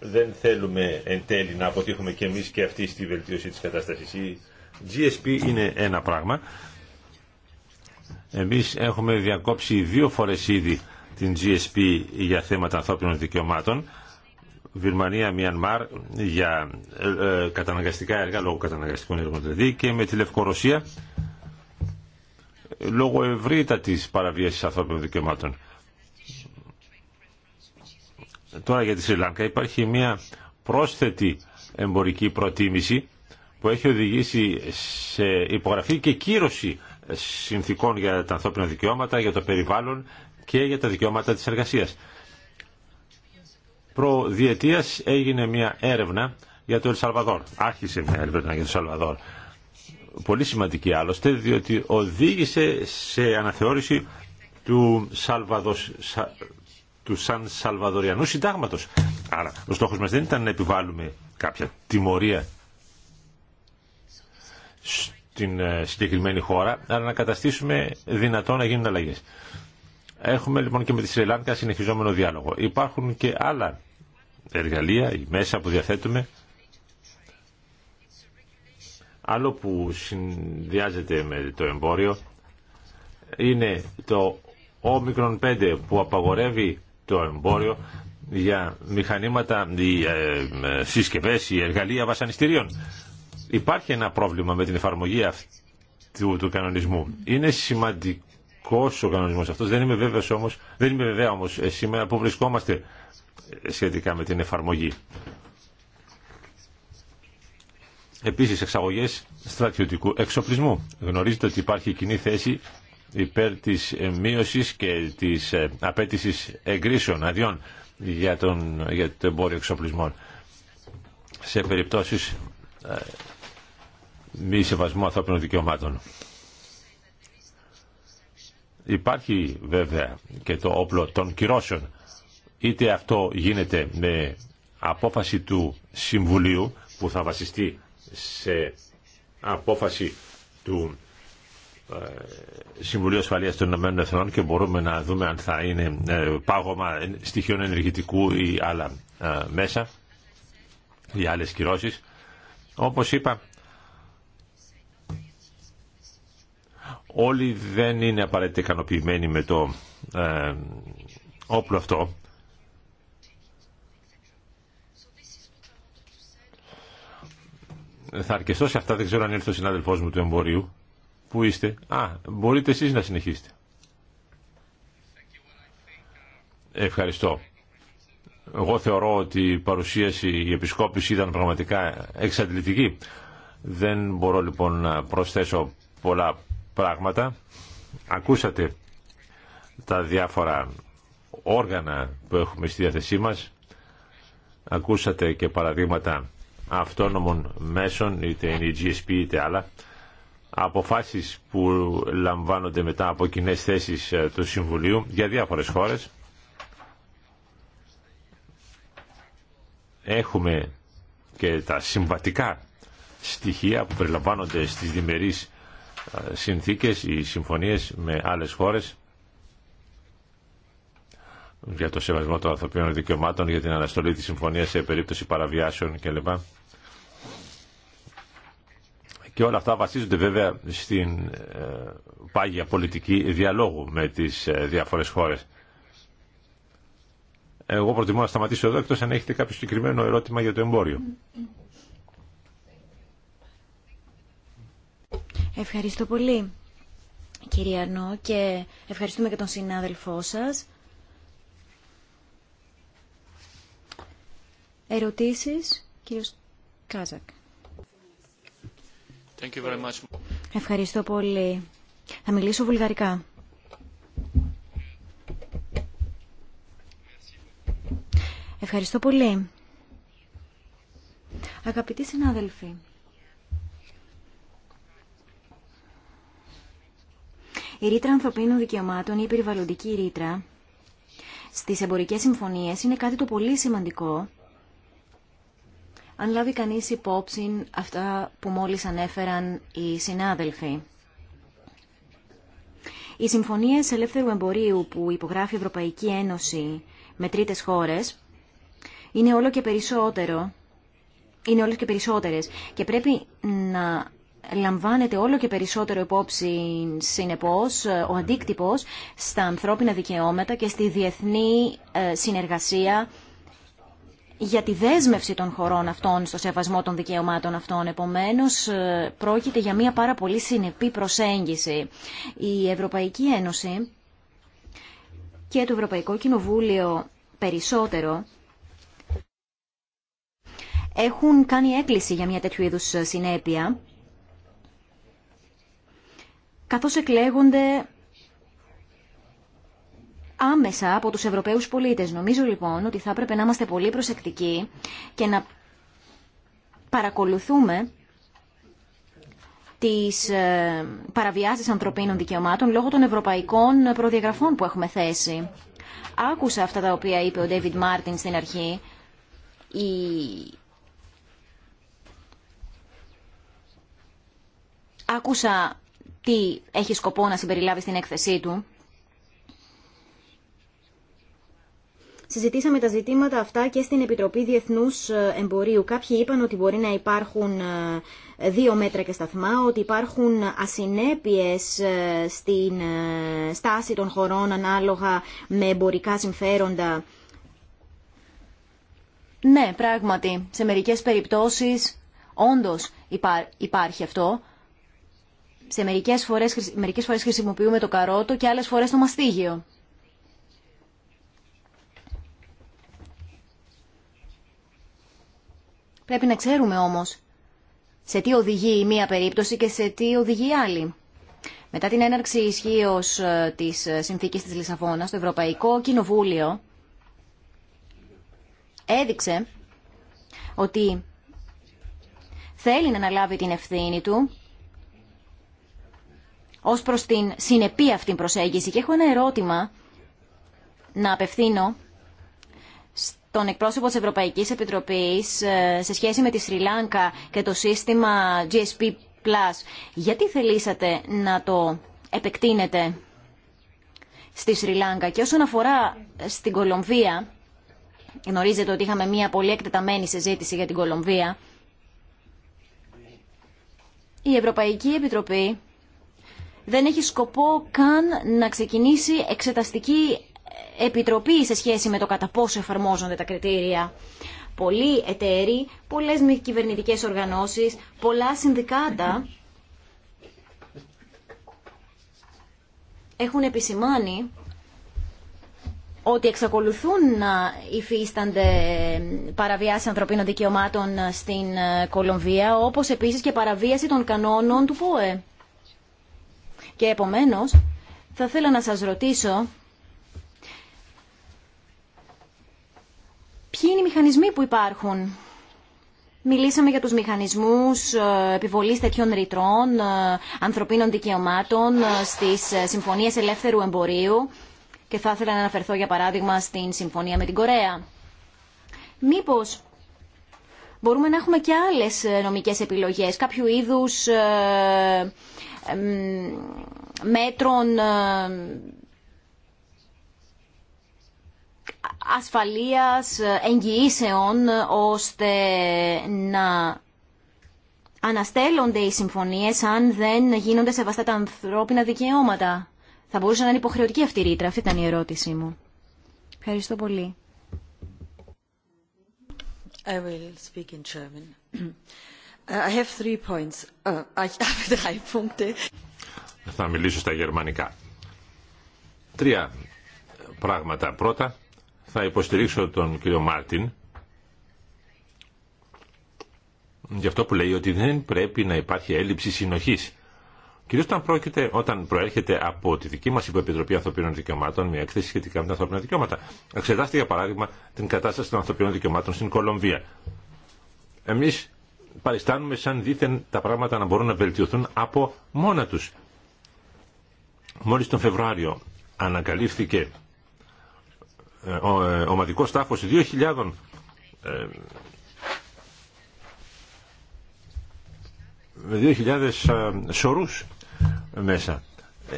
Δεν θέλουμε εν τέλει να αποτύχουμε και εμείς και αυτοί στη βελτίωση της κατάστασης. GSP είναι ένα πράγμα. Εμείς έχουμε διακόψει δύο φορές ήδη την GSP για θέματα ανθρώπινων δικαιωμάτων. Βυρμανία, Μιανμάρ για ε, ε, καταναγκαστικά έργα, λόγω καταναγκαστικών έργων δηλαδή, και με τη Λευκορωσία λόγω ευρύτατης παραβίασης ανθρώπινων δικαιωμάτων. Τώρα για τη Σρι υπάρχει μια πρόσθετη εμπορική προτίμηση που έχει οδηγήσει σε υπογραφή και κύρωση συνθήκων για τα ανθρώπινα δικαιώματα, για το περιβάλλον και για τα δικαιώματα της εργασίας. Προ έγινε μια έρευνα για το Ελσαλβαδόρ. Άρχισε μια έρευνα για το Ελσαλβαδόρ. Πολύ σημαντική άλλωστε, διότι οδήγησε σε αναθεώρηση του, Σαν Σαλβαδοριανού συντάγματος. Άρα, ο στόχος μας δεν ήταν να επιβάλλουμε κάποια τιμωρία στην ε, συγκεκριμένη χώρα, αλλά να καταστήσουμε δυνατό να γίνουν αλλαγέ. Έχουμε λοιπόν και με τη Σρι συνεχιζόμενο διάλογο. Υπάρχουν και άλλα εργαλεία ή μέσα που διαθέτουμε. Άλλο που συνδυάζεται με το εμπόριο είναι το όμικρον 5 που απαγορεύει το εμπόριο για μηχανήματα, οι ε, ε, συσκευές, ή εργαλεία βασανιστήριων. Υπάρχει ένα πρόβλημα με την εφαρμογή αυτού του κανονισμού. Είναι σημαντικό ο κανονισμός αυτός. Δεν είμαι, βέβαιος όμως, δεν βέβαια όμως ε, σήμερα που βρισκόμαστε ε, σχετικά με την εφαρμογή. Επίσης εξαγωγές στρατιωτικού εξοπλισμού. Γνωρίζετε ότι υπάρχει κοινή θέση υπέρ της ε, μείωσης και της απέτησης εγκρίσεων αδειών για, τον, για το εμπόριο εξοπλισμών σε περιπτώσεις μη σεβασμό ανθρώπινων δικαιωμάτων. Υπάρχει βέβαια και το όπλο των κυρώσεων. Είτε αυτό γίνεται με απόφαση του Συμβουλίου που θα βασιστεί σε απόφαση του ε, Συμβουλίου Ασφαλείας των Ηνωμένων Εθνών και μπορούμε να δούμε αν θα είναι ε, πάγωμα στοιχείων ενεργητικού ή άλλα ε, μέσα ή άλλες κυρώσεις. Όπως είπα Όλοι δεν είναι απαραίτητα ικανοποιημένοι με το ε, όπλο αυτό. Θα αρκεστώ σε αυτά, δεν ξέρω αν ήρθε ο συνάδελφός μου του εμπορίου. Πού είστε. Α, μπορείτε εσείς να συνεχίσετε. Ευχαριστώ. Εγώ θεωρώ ότι η παρουσίαση, η επισκόπηση ήταν πραγματικά εξαντλητική. Δεν μπορώ λοιπόν να προσθέσω πολλά πράγματα. Ακούσατε τα διάφορα όργανα που έχουμε στη διάθεσή μας. Ακούσατε και παραδείγματα αυτόνομων μέσων, είτε είναι η GSP είτε άλλα. Αποφάσεις που λαμβάνονται μετά από κοινέ θέσεις ε, του Συμβουλίου για διάφορες χώρες. Έχουμε και τα συμβατικά στοιχεία που περιλαμβάνονται στις διμερείς συνθήκες ή συμφωνίες με άλλες χώρες για το σεβασμό των ανθρωπίνων δικαιωμάτων, για την αναστολή της συμφωνίας σε περίπτωση παραβιάσεων κλπ. Και όλα αυτά βασίζονται βέβαια στην ε, πάγια πολιτική διαλόγου με τις ε, διάφορες χώρες. Εγώ προτιμώ να σταματήσω εδώ, εκτός αν έχετε κάποιο συγκεκριμένο ερώτημα για το εμπόριο. Ευχαριστώ πολύ, κύριε Αρνό, και ευχαριστούμε και τον συνάδελφό σας. Ερωτήσεις, κύριος Κάζακ. Thank you very much. Ευχαριστώ πολύ. Θα μιλήσω βουλγαρικά. Ευχαριστώ πολύ. Αγαπητοί συνάδελφοι, Η ρήτρα ανθρωπίνων δικαιωμάτων ή η περιβαλλοντική ρήτρα στις εμπορικές συμφωνίες είναι κάτι το πολύ σημαντικό αν λάβει κανείς υπόψη αυτά που μόλις ανέφεραν οι συνάδελφοι. Οι συμφωνίες ελεύθερου εμπορίου που υπογράφει η Ευρωπαϊκή Ένωση με τρίτες χώρες είναι όλο και περισσότερο είναι όλες και περισσότερες και πρέπει να λαμβάνεται όλο και περισσότερο υπόψη συνεπώς ο αντίκτυπος στα ανθρώπινα δικαιώματα και στη διεθνή ε, συνεργασία για τη δέσμευση των χωρών αυτών στο σεβασμό των δικαιωμάτων αυτών. Επομένως, ε, πρόκειται για μια πάρα πολύ συνεπή προσέγγιση. Η Ευρωπαϊκή Ένωση και το Ευρωπαϊκό Κοινοβούλιο περισσότερο έχουν κάνει έκκληση για μια τέτοιου είδους συνέπεια καθώς εκλέγονται άμεσα από τους Ευρωπαίους πολίτες. Νομίζω λοιπόν ότι θα έπρεπε να είμαστε πολύ προσεκτικοί και να παρακολουθούμε τις ε, παραβιάσεις ανθρωπίνων δικαιωμάτων λόγω των ευρωπαϊκών προδιαγραφών που έχουμε θέσει. Άκουσα αυτά τα οποία είπε ο Ντέιβιντ Μάρτιν στην αρχή. Η... Άκουσα τι έχει σκοπό να συμπεριλάβει στην έκθεσή του. Συζητήσαμε τα ζητήματα αυτά και στην Επιτροπή Διεθνούς Εμπορίου. Κάποιοι είπαν ότι μπορεί να υπάρχουν ε, δύο μέτρα και σταθμά, ότι υπάρχουν ασυνέπειες ε, στην ε, στάση των χωρών ανάλογα με εμπορικά συμφέροντα. Ναι, πράγματι, σε μερικές περιπτώσεις όντως υπάρχει αυτό, σε μερικές φορές, μερικές φορές χρησιμοποιούμε το καρότο και άλλες φορές το μαστίγιο. Πρέπει να ξέρουμε όμως σε τι οδηγεί η μία περίπτωση και σε τι οδηγεί η άλλη. Μετά την έναρξη ισχύω ε, της ε, συνθήκης της Λισαβόνας, το Ευρωπαϊκό Κοινοβούλιο έδειξε ότι θέλει να αναλάβει την ευθύνη του ως προς την συνεπή αυτή προσέγγιση. Και έχω ένα ερώτημα να απευθύνω στον εκπρόσωπο της Ευρωπαϊκής Επιτροπής ε, σε σχέση με τη Σρι Λάνκα και το σύστημα GSP+. Γιατί θελήσατε να το επεκτείνετε στη Σρι Λάνκα και όσον αφορά στην Κολομβία, γνωρίζετε ότι είχαμε μια πολύ εκτεταμένη συζήτηση για την Κολομβία, η Ευρωπαϊκή Επιτροπή δεν έχει σκοπό καν να ξεκινήσει εξεταστική επιτροπή σε σχέση με το κατά πόσο εφαρμόζονται τα κριτήρια. Πολλοί εταίροι, πολλές μη κυβερνητικές οργανώσεις, πολλά συνδικάτα έχουν επισημάνει ότι εξακολουθούν να υφίστανται παραβιάσεις ανθρωπίνων δικαιωμάτων στην Κολομβία, όπως επίσης και παραβίαση των κανόνων του ΠΟΕ. Και επομένως θα θέλω να σας ρωτήσω ποιοι είναι οι μηχανισμοί που υπάρχουν. Μιλήσαμε για τους μηχανισμούς ε, επιβολής τέτοιων ρητρών, ε, ανθρωπίνων δικαιωμάτων ε, στις συμφωνίες ελεύθερου εμπορίου και θα ήθελα να αναφερθώ για παράδειγμα στην συμφωνία με την Κορέα. Μήπως μπορούμε να έχουμε και άλλες νομικές επιλογές, κάποιου είδους μέτρων ε, ασφαλείας εγγυήσεων ώστε να αναστέλλονται οι συμφωνίες αν δεν γίνονται σεβαστά τα ανθρώπινα δικαιώματα. Θα μπορούσε να είναι υποχρεωτική αυτή η ρήτρα. Αυτή ήταν η ερώτησή μου. Ευχαριστώ πολύ. I will speak in German. Uh, θα μιλήσω στα γερμανικά. Τρία πράγματα. Πρώτα, θα υποστηρίξω τον κύριο Μάρτιν για αυτό που λέει ότι δεν πρέπει να υπάρχει έλλειψη συνοχής. Κυρίως όταν, όταν προέρχεται από τη δική μας Υποεπιτροπή Ανθρωπίνων Δικαιωμάτων μια εκθέση σχετικά με τα ανθρωπίνα δικαιώματα. Εξετάστε για παράδειγμα την κατάσταση των ανθρωπίνων δικαιωμάτων στην Κολομβία. Εμείς παριστάνουμε σαν δίθεν τα πράγματα να μπορούν να βελτιωθούν από μόνα τους. Μόλις τον Φεβρουάριο ανακαλύφθηκε ε, ο ε, ομαδικός τάφος 2.000 2.000 σωρούς μέσα.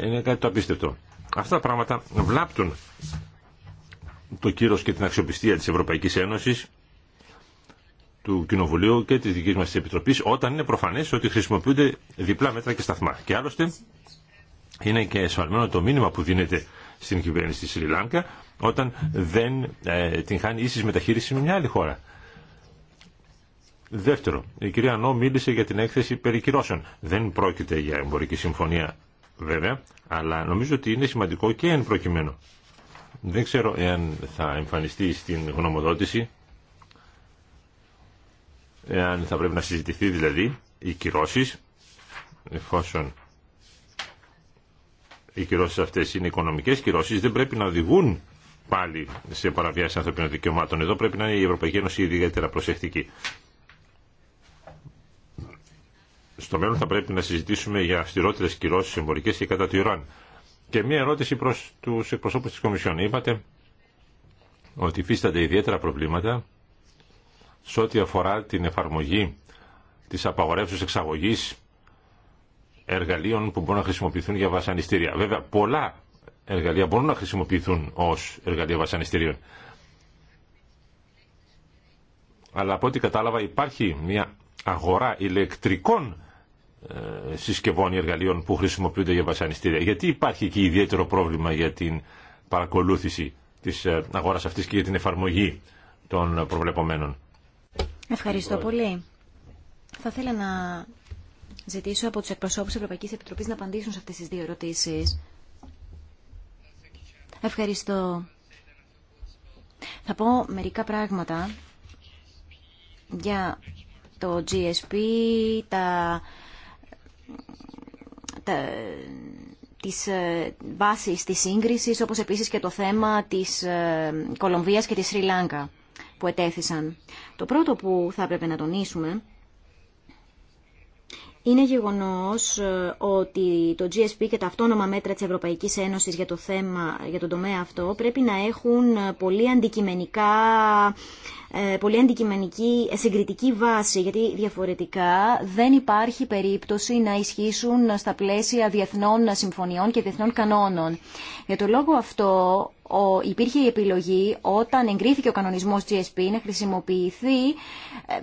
Είναι κάτι το απίστευτο. Αυτά τα πράγματα βλάπτουν το κύρος και την αξιοπιστία της Ευρωπαϊκής Ένωσης του Κοινοβουλίου και τη δική μα Επιτροπή, όταν είναι προφανέ ότι χρησιμοποιούνται διπλά μέτρα και σταθμά. Και άλλωστε είναι και εσφαλμένο το μήνυμα που δίνεται στην κυβέρνηση τη Σρι Λάνκα όταν δεν ε, την χάνει ίση μεταχείριση με μια άλλη χώρα. Δεύτερο, η κυρία Νό μίλησε για την έκθεση περί κυρώσεων. Δεν πρόκειται για εμπορική συμφωνία βέβαια, αλλά νομίζω ότι είναι σημαντικό και εν προκειμένου. Δεν ξέρω εάν θα εμφανιστεί στην γνωμοδότηση εάν θα πρέπει να συζητηθεί δηλαδή οι κυρώσει, εφόσον οι κυρώσει αυτέ είναι οικονομικέ κυρώσει, δεν πρέπει να οδηγούν πάλι σε παραβιάσεις ανθρωπίνων δικαιωμάτων εδώ πρέπει να είναι η Ευρωπαϊκή Ένωση ιδιαίτερα προσεκτική στο μέλλον θα πρέπει να συζητήσουμε για αυστηρότερε κυρώσει εμπορικές και κατά του Ιράν και μια ερώτηση προ του εκπροσώπους τη Κομισιόν είπατε ότι υφίστανται ιδιαίτερα προβλήματα σε ό,τι αφορά την εφαρμογή της απαγορεύσεως εξαγωγής εργαλείων που μπορούν να χρησιμοποιηθούν για βασανιστήρια. Βέβαια, πολλά εργαλεία μπορούν να χρησιμοποιηθούν ως εργαλεία βασανιστήριων. Αλλά από ό,τι κατάλαβα υπάρχει μια αγορά ηλεκτρικών ε, συσκευών ή εργαλείων που χρησιμοποιούνται για βασανιστήρια. Γιατί υπάρχει εκεί ιδιαίτερο πρόβλημα για την παρακολούθηση της ε, αγοράς αυτής και για την εφαρμογή των προβλεπωμένων. Ευχαριστώ πολύ. Θα ήθελα να ζητήσω από τους εκπροσώπους της Ευρωπαϊκής Επιτροπής να απαντήσουν σε αυτές τις δύο ερωτήσεις. Ευχαριστώ. Θα πω μερικά πράγματα για το GSP, τα, τα, τις ε, βάσεις της σύγκρισης, όπως επίσης και το θέμα της ε, Κολομβίας και της Σρι Λάγκα που ετέθησαν. Το πρώτο που θα έπρεπε να τονίσουμε είναι γεγονός ε, ότι το GSP και τα αυτόνομα μέτρα της Ευρωπαϊκής Ένωσης για, το θέμα, για τον τομέα αυτό πρέπει να έχουν ε, πολύ αντικειμενικά ε, πολύ αντικειμενική ε, συγκριτική βάση, γιατί διαφορετικά δεν υπάρχει περίπτωση να ισχύσουν στα πλαίσια διεθνών συμφωνιών και διεθνών κανόνων. Για το λόγο αυτό υπήρχε η επιλογή όταν εγκρίθηκε ο κανονισμός GSP να χρησιμοποιηθεί ε,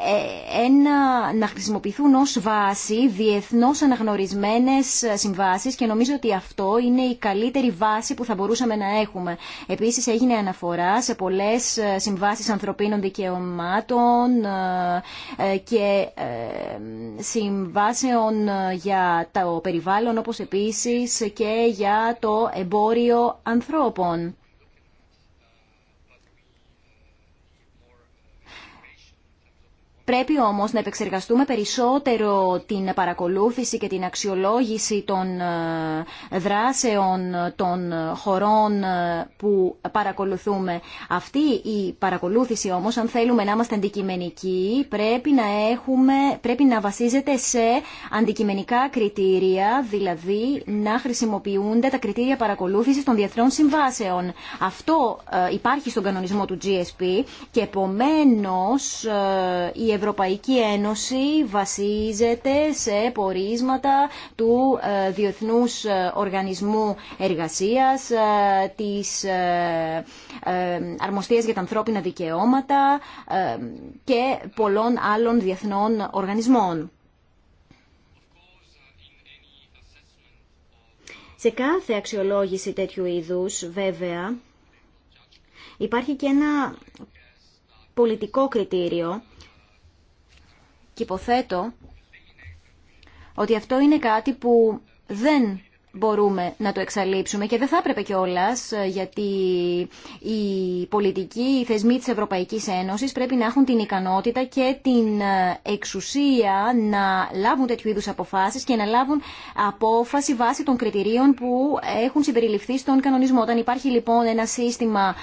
ε, ένα, να χρησιμοποιηθούν ως βάση διεθνώς αναγνωρισμένες συμβάσεις και νομίζω ότι αυτό είναι η καλύτερη βάση που θα μπορούσαμε να έχουμε. Επίσης έγινε αναφορά σε πολλές ε, συμβάσεις ανθρωπίνων δικαιωμάτων ε, και συμβάσεων για το περιβάλλον όπως επίσης και για το εμπόριο ανθρώπων. Πρέπει όμως να επεξεργαστούμε περισσότερο την παρακολούθηση και την αξιολόγηση των ε, δράσεων των χωρών ε, που παρακολουθούμε. Αυτή η παρακολούθηση όμως, αν θέλουμε να είμαστε αντικειμενικοί, πρέπει να, έχουμε, πρέπει να βασίζεται σε αντικειμενικά κριτήρια, δηλαδή να χρησιμοποιούνται τα κριτήρια παρακολούθησης των διεθνών συμβάσεων. Αυτό ε, υπάρχει στον κανονισμό του GSP και επομένως η Ευρωπαϊκή Ένωση βασίζεται σε πορίσματα του ε, Διεθνούς ε, Οργανισμού Εργασίας, ε, της Αρμοστίας για τα Ανθρώπινα Δικαιώματα και πολλών άλλων διεθνών οργανισμών. Σε κάθε αξιολόγηση τέτοιου είδους, βέβαια, υπάρχει και ένα πολιτικό κριτήριο και υποθέτω ότι αυτό είναι κάτι που δεν μπορούμε να το εξαλείψουμε και δεν θα έπρεπε κιόλα, ε, γιατί οι πολιτικοί, οι θεσμοί της Ευρωπαϊκής Ένωσης πρέπει να έχουν την ικανότητα και την ε, εξουσία να λάβουν τέτοιου είδους αποφάσεις και να λάβουν απόφαση βάσει των κριτηρίων που έχουν συμπεριληφθεί στον κανονισμό. Όταν υπάρχει λοιπόν ένα σύστημα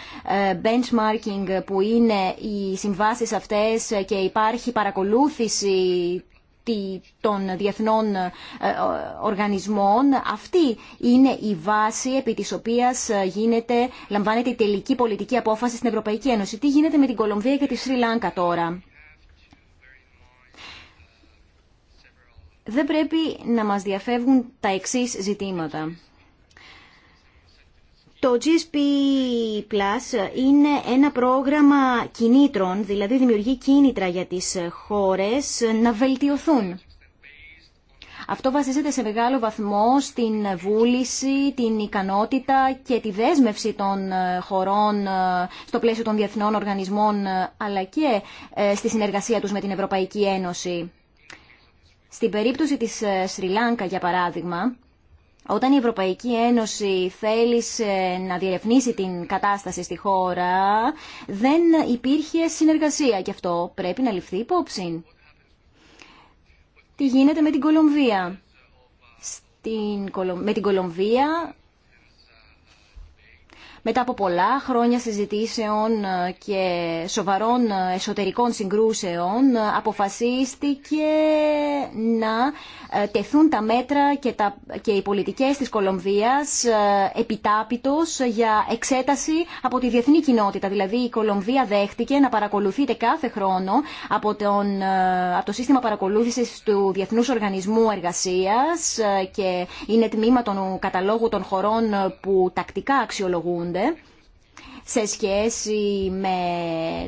ε, benchmarking που είναι οι συμβάσεις αυτές και υπάρχει παρακολούθηση των διεθνών ε, οργανισμών. Αυτή είναι η βάση επί της οποίας ε, γίνεται, λαμβάνεται η τελική πολιτική απόφαση στην Ευρωπαϊκή Ένωση. Τι γίνεται με την Κολομβία και τη Σρι Λάνκα τώρα. Δεν πρέπει να μας διαφεύγουν τα εξής ζητήματα. Το GSP Plus είναι ένα πρόγραμμα κινήτρων, δηλαδή δημιουργεί κίνητρα για τις χώρες να βελτιωθούν. Αυτό βασίζεται σε μεγάλο βαθμό στην βούληση, την ικανότητα και τη δέσμευση των χωρών ε, στο πλαίσιο των διεθνών οργανισμών, ε, αλλά και ε, στη συνεργασία τους με την Ευρωπαϊκή Ένωση. Στην περίπτωση της Σρι Λάνκα, για παράδειγμα, όταν η Ευρωπαϊκή Ένωση θέλησε να διερευνήσει την κατάσταση στη χώρα, δεν υπήρχε συνεργασία και αυτό πρέπει να ληφθεί υπόψη. Τι γίνεται με την Κολομβία. Στην... Με την Κολομβία μετά από πολλά χρόνια συζητήσεων ε, και σοβαρών ε, εσωτερικών συγκρούσεων ε, αποφασίστηκε να τεθούν τα μέτρα και, τα, και οι πολιτικές της Κολομβίας επιτάπητος για εξέταση από τη διεθνή κοινότητα. Δηλαδή η Κολομβία δέχτηκε να παρακολουθείται κάθε χρόνο από, τον, από το σύστημα παρακολούθησης του Διεθνούς Οργανισμού Εργασίας και είναι τμήμα των καταλόγου των χωρών που τακτικά αξιολογούν σε σχέση με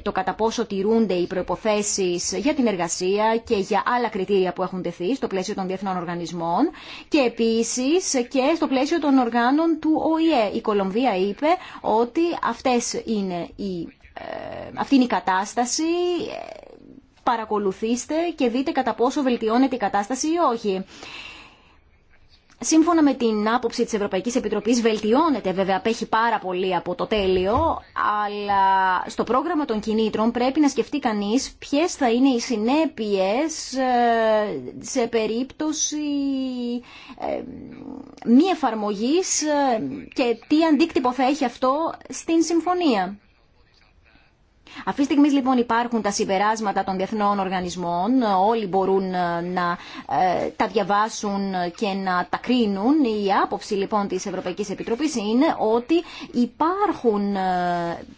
το κατά πόσο τηρούνται οι προϋποθέσεις για την εργασία και για άλλα κριτήρια που έχουν τεθεί στο πλαίσιο των διεθνών οργανισμών και επίσης και στο πλαίσιο των οργάνων του ΟΗΕ. Η Κολομβία είπε ότι αυτές είναι ε, αυτή είναι η κατάσταση ε, παρακολουθήστε και δείτε κατά πόσο βελτιώνεται η κατάσταση ή όχι. Σύμφωνα με την άποψη της Ευρωπαϊκής Επιτροπής βελτιώνεται βέβαια, απέχει πάρα πολύ από το τέλειο, αλλά στο πρόγραμμα των κινήτρων πρέπει να σκεφτεί κανείς ποιες θα είναι οι συνέπειες ε, σε περίπτωση ε, μη εφαρμογής ε, και τι αντίκτυπο θα έχει αυτό στην συμφωνία. Αυτή τη στιγμή λοιπόν υπάρχουν τα συμπεράσματα των διεθνών οργανισμών, όλοι μπορούν ε, να ε, τα διαβάσουν και να τα κρίνουν. Η άποψη λοιπόν της Ευρωπαϊκής Επιτροπής είναι ότι υπάρχουν ε,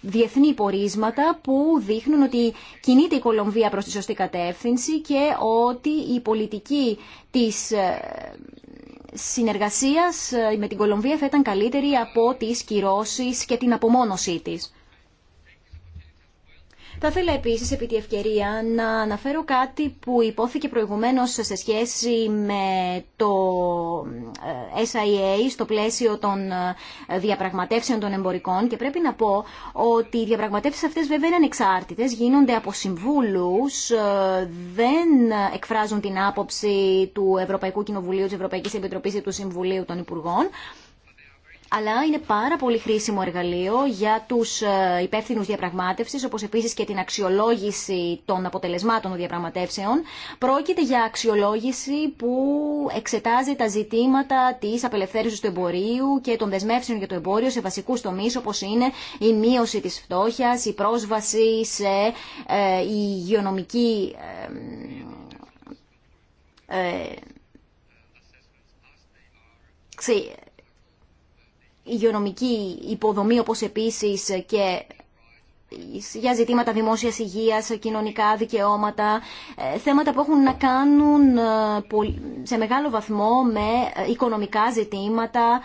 διεθνή πορίσματα που δείχνουν ότι κινείται η Κολομβία προς τη σωστή κατεύθυνση και ότι η πολιτική της συνεργασίας με την Κολομβία θα ήταν καλύτερη από τις κυρώσεις και την απομόνωσή της. Θα ήθελα επίσης επί τη ευκαιρία να αναφέρω κάτι που υπόθηκε προηγουμένως σε σχέση με το ε, SIA στο πλαίσιο των ε, διαπραγματεύσεων των εμπορικών και πρέπει να πω ότι οι διαπραγματεύσεις αυτές βέβαια είναι ανεξάρτητε, γίνονται από συμβούλους, ε, δεν εκφράζουν την άποψη του Ευρωπαϊκού Κοινοβουλίου, της Ευρωπαϊκής Επιτροπής ή του Συμβουλίου των Υπουργών αλλά είναι πάρα πολύ χρήσιμο εργαλείο για τους ε, υπεύθυνους διαπραγμάτευσης, όπως επίσης και την αξιολόγηση των αποτελεσμάτων των διαπραγματεύσεων. Πρόκειται για αξιολόγηση που εξετάζει τα ζητήματα της απελευθέρωσης του εμπορίου και των δεσμεύσεων για το εμπόριο σε βασικούς τομείς, όπως είναι η μείωση της φτώχειας, η πρόσβαση σε ε, υγειονομική ε, υγειονομική υποδομή όπως επίσης και για ζητήματα δημόσιας υγείας, κοινωνικά δικαιώματα, ε, θέματα που έχουν να κάνουν ε, σε μεγάλο βαθμό με ε, οικονομικά ζητήματα,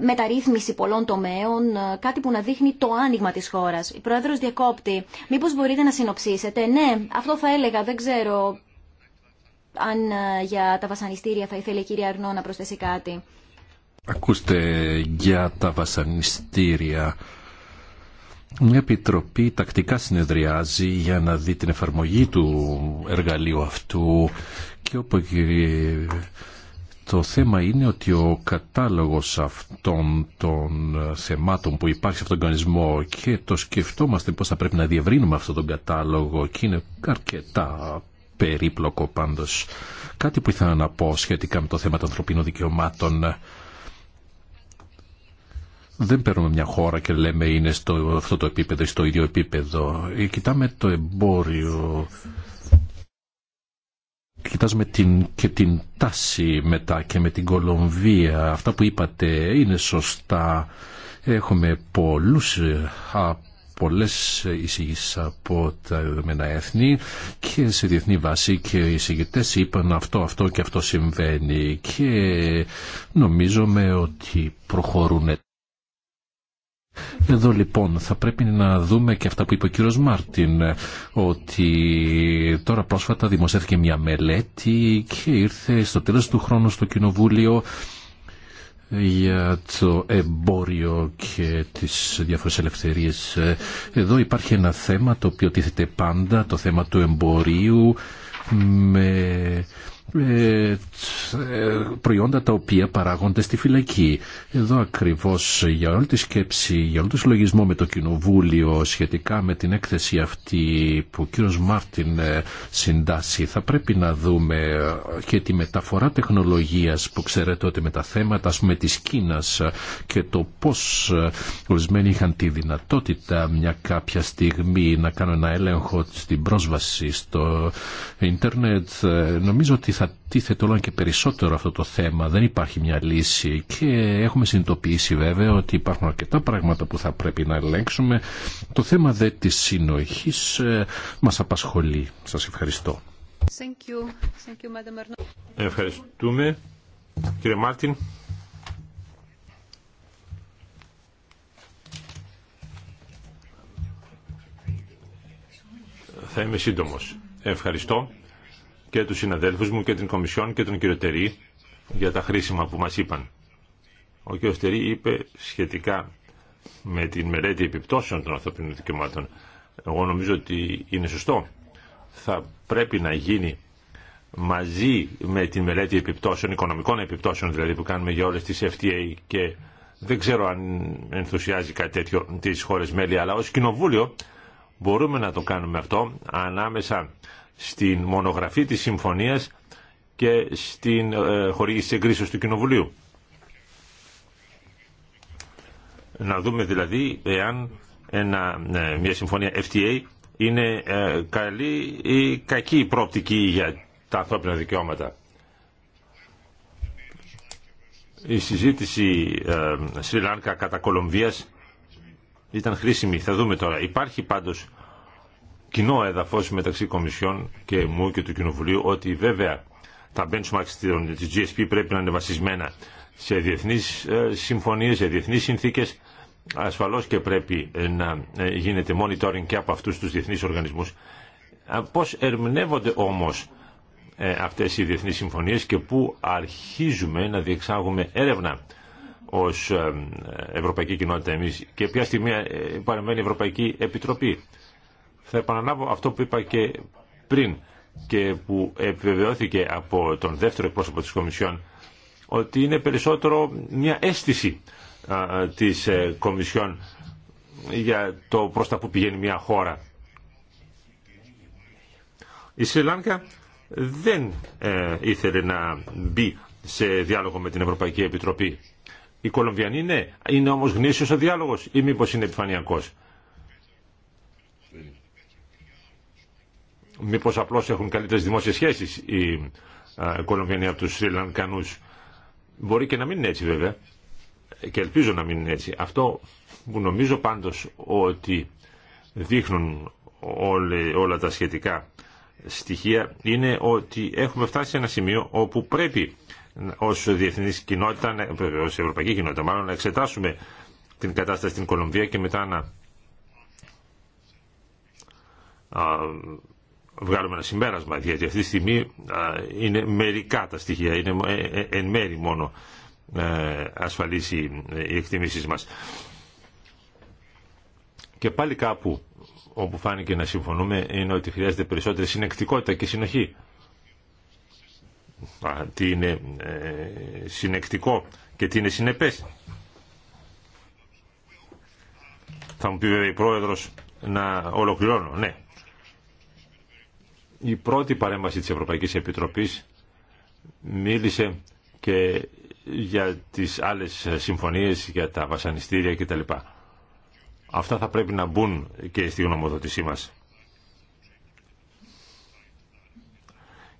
μεταρρύθμιση πολλών τομέων, κάτι που να δείχνει το άνοιγμα της χώρας. Η Πρόεδρος διακόπτη, μήπως μπορείτε να συνοψίσετε. Ναι, αυτό θα έλεγα, δεν ξέρω αν για τα βασανιστήρια θα ήθελε η κυρία Αρνό να προσθέσει κάτι. Ακούστε για τα βασανιστήρια. Μια επιτροπή τακτικά συνεδριάζει για να δει την εφαρμογή του εργαλείου αυτού και όπου το θέμα είναι ότι ο κατάλογος αυτών των θεμάτων που υπάρχει σε αυτόν τον κανονισμό και το σκεφτόμαστε πώς θα πρέπει να διευρύνουμε αυτόν τον κατάλογο και είναι αρκετά περίπλοκο πάντως. Κάτι που ήθελα να πω σχετικά με το θέμα των ανθρωπίνων δικαιωμάτων δεν παίρνουμε μια χώρα και λέμε είναι στο αυτό το επίπεδο ή στο ίδιο επίπεδο. Ε, κοιτάμε το εμπόριο. Κοιτάζουμε και την τάση μετά και με την Κολομβία. Αυτά που είπατε είναι σωστά. Έχουμε πολλούς ε, πολλές εισηγήσεις από τα δεδομένα Έθνη και σε διεθνή βάση και οι εισηγητές είπαν αυτό, αυτό και αυτό συμβαίνει και νομίζομαι ότι προχωρούν εδώ λοιπόν θα πρέπει να δούμε και αυτά που είπε ο κύριος Μάρτιν ότι τώρα πρόσφατα δημοσιεύθηκε μια μελέτη και ήρθε στο τέλος του χρόνου στο Κοινοβούλιο για το εμπόριο και τις διάφορες ελευθερίες. Εδώ υπάρχει ένα θέμα το οποίο τίθεται πάντα, το θέμα του εμπορίου με ε, ε, προϊόντα τα οποία παράγονται στη φυλακή. Εδώ ακριβώς για όλη τη σκέψη, για όλο το συλλογισμό με το Κοινοβούλιο σχετικά με την έκθεση αυτή που ο κύριος Μάρτιν ε, συντάσσει θα πρέπει να δούμε και τη μεταφορά τεχνολογίας που ξέρετε ότι με τα θέματα ας πούμε της Κίνας και το πώς ορισμένοι είχαν τη δυνατότητα μια κάποια στιγμή να κάνουν ένα έλεγχο στην πρόσβαση στο ίντερνετ νομίζω ότι θα θα όλο και περισσότερο αυτό το θέμα. Δεν υπάρχει μια λύση και έχουμε συνειδητοποιήσει βέβαια ότι υπάρχουν αρκετά πράγματα που θα πρέπει να ελέγξουμε. Το θέμα δε της συνοχής ε, μας απασχολεί. Σας ευχαριστώ. Thank you. Thank you, Ευχαριστούμε. Κύριε Μάρτιν. Θα είμαι σύντομος. Ευχαριστώ και τους συναδέλφους μου και την Κομισιόν και τον κύριο Τερή για τα χρήσιμα που μας είπαν. Ο κύριος Τερή είπε σχετικά με την μελέτη επιπτώσεων των ανθρωπίνων δικαιωμάτων. Εγώ νομίζω ότι είναι σωστό. Θα πρέπει να γίνει μαζί με την μελέτη επιπτώσεων, οικονομικών επιπτώσεων δηλαδή που κάνουμε για όλες τις FTA και δεν ξέρω αν ενθουσιάζει κάτι τέτοιο τις χώρες μέλη, αλλά ως κοινοβούλιο μπορούμε να το κάνουμε αυτό ανάμεσα στην μονογραφή της συμφωνίας και στην ε, χορήγηση εγκρίσεως του Κοινοβουλίου. Να δούμε δηλαδή εάν ένα, ε, μια συμφωνία FTA είναι ε, καλή ή κακή πρόπτικη για τα ανθρώπινα δικαιώματα. Η συζήτηση Σρι Λάνκα κατά Κολομβίας ήταν χρήσιμη. Θα δούμε τώρα. Υπάρχει πάντως κοινό έδαφος μεταξύ Κομισιόν και μου και του Κοινοβουλίου ότι βέβαια τα benchmarks της GSP πρέπει να είναι βασισμένα σε διεθνείς ε, συμφωνίες, σε διεθνεί συνθήκες. Ασφαλώς και πρέπει ε, να ε, γίνεται monitoring και από αυτούς τους διεθνείς οργανισμούς. Πώς ερμηνεύονται όμως αυτές οι διεθνείς συμφωνίες και πού αρχίζουμε να διεξάγουμε έρευνα ως Ευρωπαϊκή Κοινότητα εμείς και ποια στιγμή παραμένει η Ευρωπαϊκή Επιτροπή. Θα επαναλάβω αυτό που είπα και πριν και που επιβεβαιώθηκε από τον δεύτερο εκπρόσωπο της Κομισιόν ότι είναι περισσότερο μια αίσθηση της ε, Κομισιόν για το προς τα που πηγαίνει μια χώρα. Η Σρι δεν ε, ήθελε να μπει σε διάλογο με την Ευρωπαϊκή Επιτροπή. Οι Κολομβιανοί ναι, είναι όμως γνήσιος ο διάλογος ή μήπως είναι επιφανειακός. Μήπως απλώς έχουν καλύτερες δημόσιες σχέσεις οι Κολομβιανοί από τους Σρι Μπορεί και να μην είναι έτσι βέβαια και ελπίζω να μην είναι έτσι. Αυτό που νομίζω πάντως ότι δείχνουν όλη, όλα τα σχετικά στοιχεία είναι ότι έχουμε φτάσει σε ένα σημείο όπου πρέπει ως διεθνής κοινότητα, ως ευρωπαϊκή κοινότητα μάλλον, να εξετάσουμε την κατάσταση στην Κολομβία και μετά να βγάλουμε ένα συμπέρασμα, γιατί αυτή τη στιγμή είναι μερικά τα στοιχεία, είναι ε, ε, ε, εν μέρη μόνο ασφαλής οι εκτιμήσεις μας. Και πάλι κάπου όπου φάνηκε να συμφωνούμε είναι ότι χρειάζεται περισσότερη συνεκτικότητα και συνοχή. Τι είναι συνεκτικό και τι είναι συνεπές. Θα μου πει βέβαια η πρόεδρος να ολοκληρώνω. Ναι, η πρώτη παρέμβαση της Ευρωπαϊκής Επιτροπής μίλησε και για τις άλλες συμφωνίες, για τα βασανιστήρια κτλ. Αυτά θα πρέπει να μπουν και στη γνωμοδότησή μας.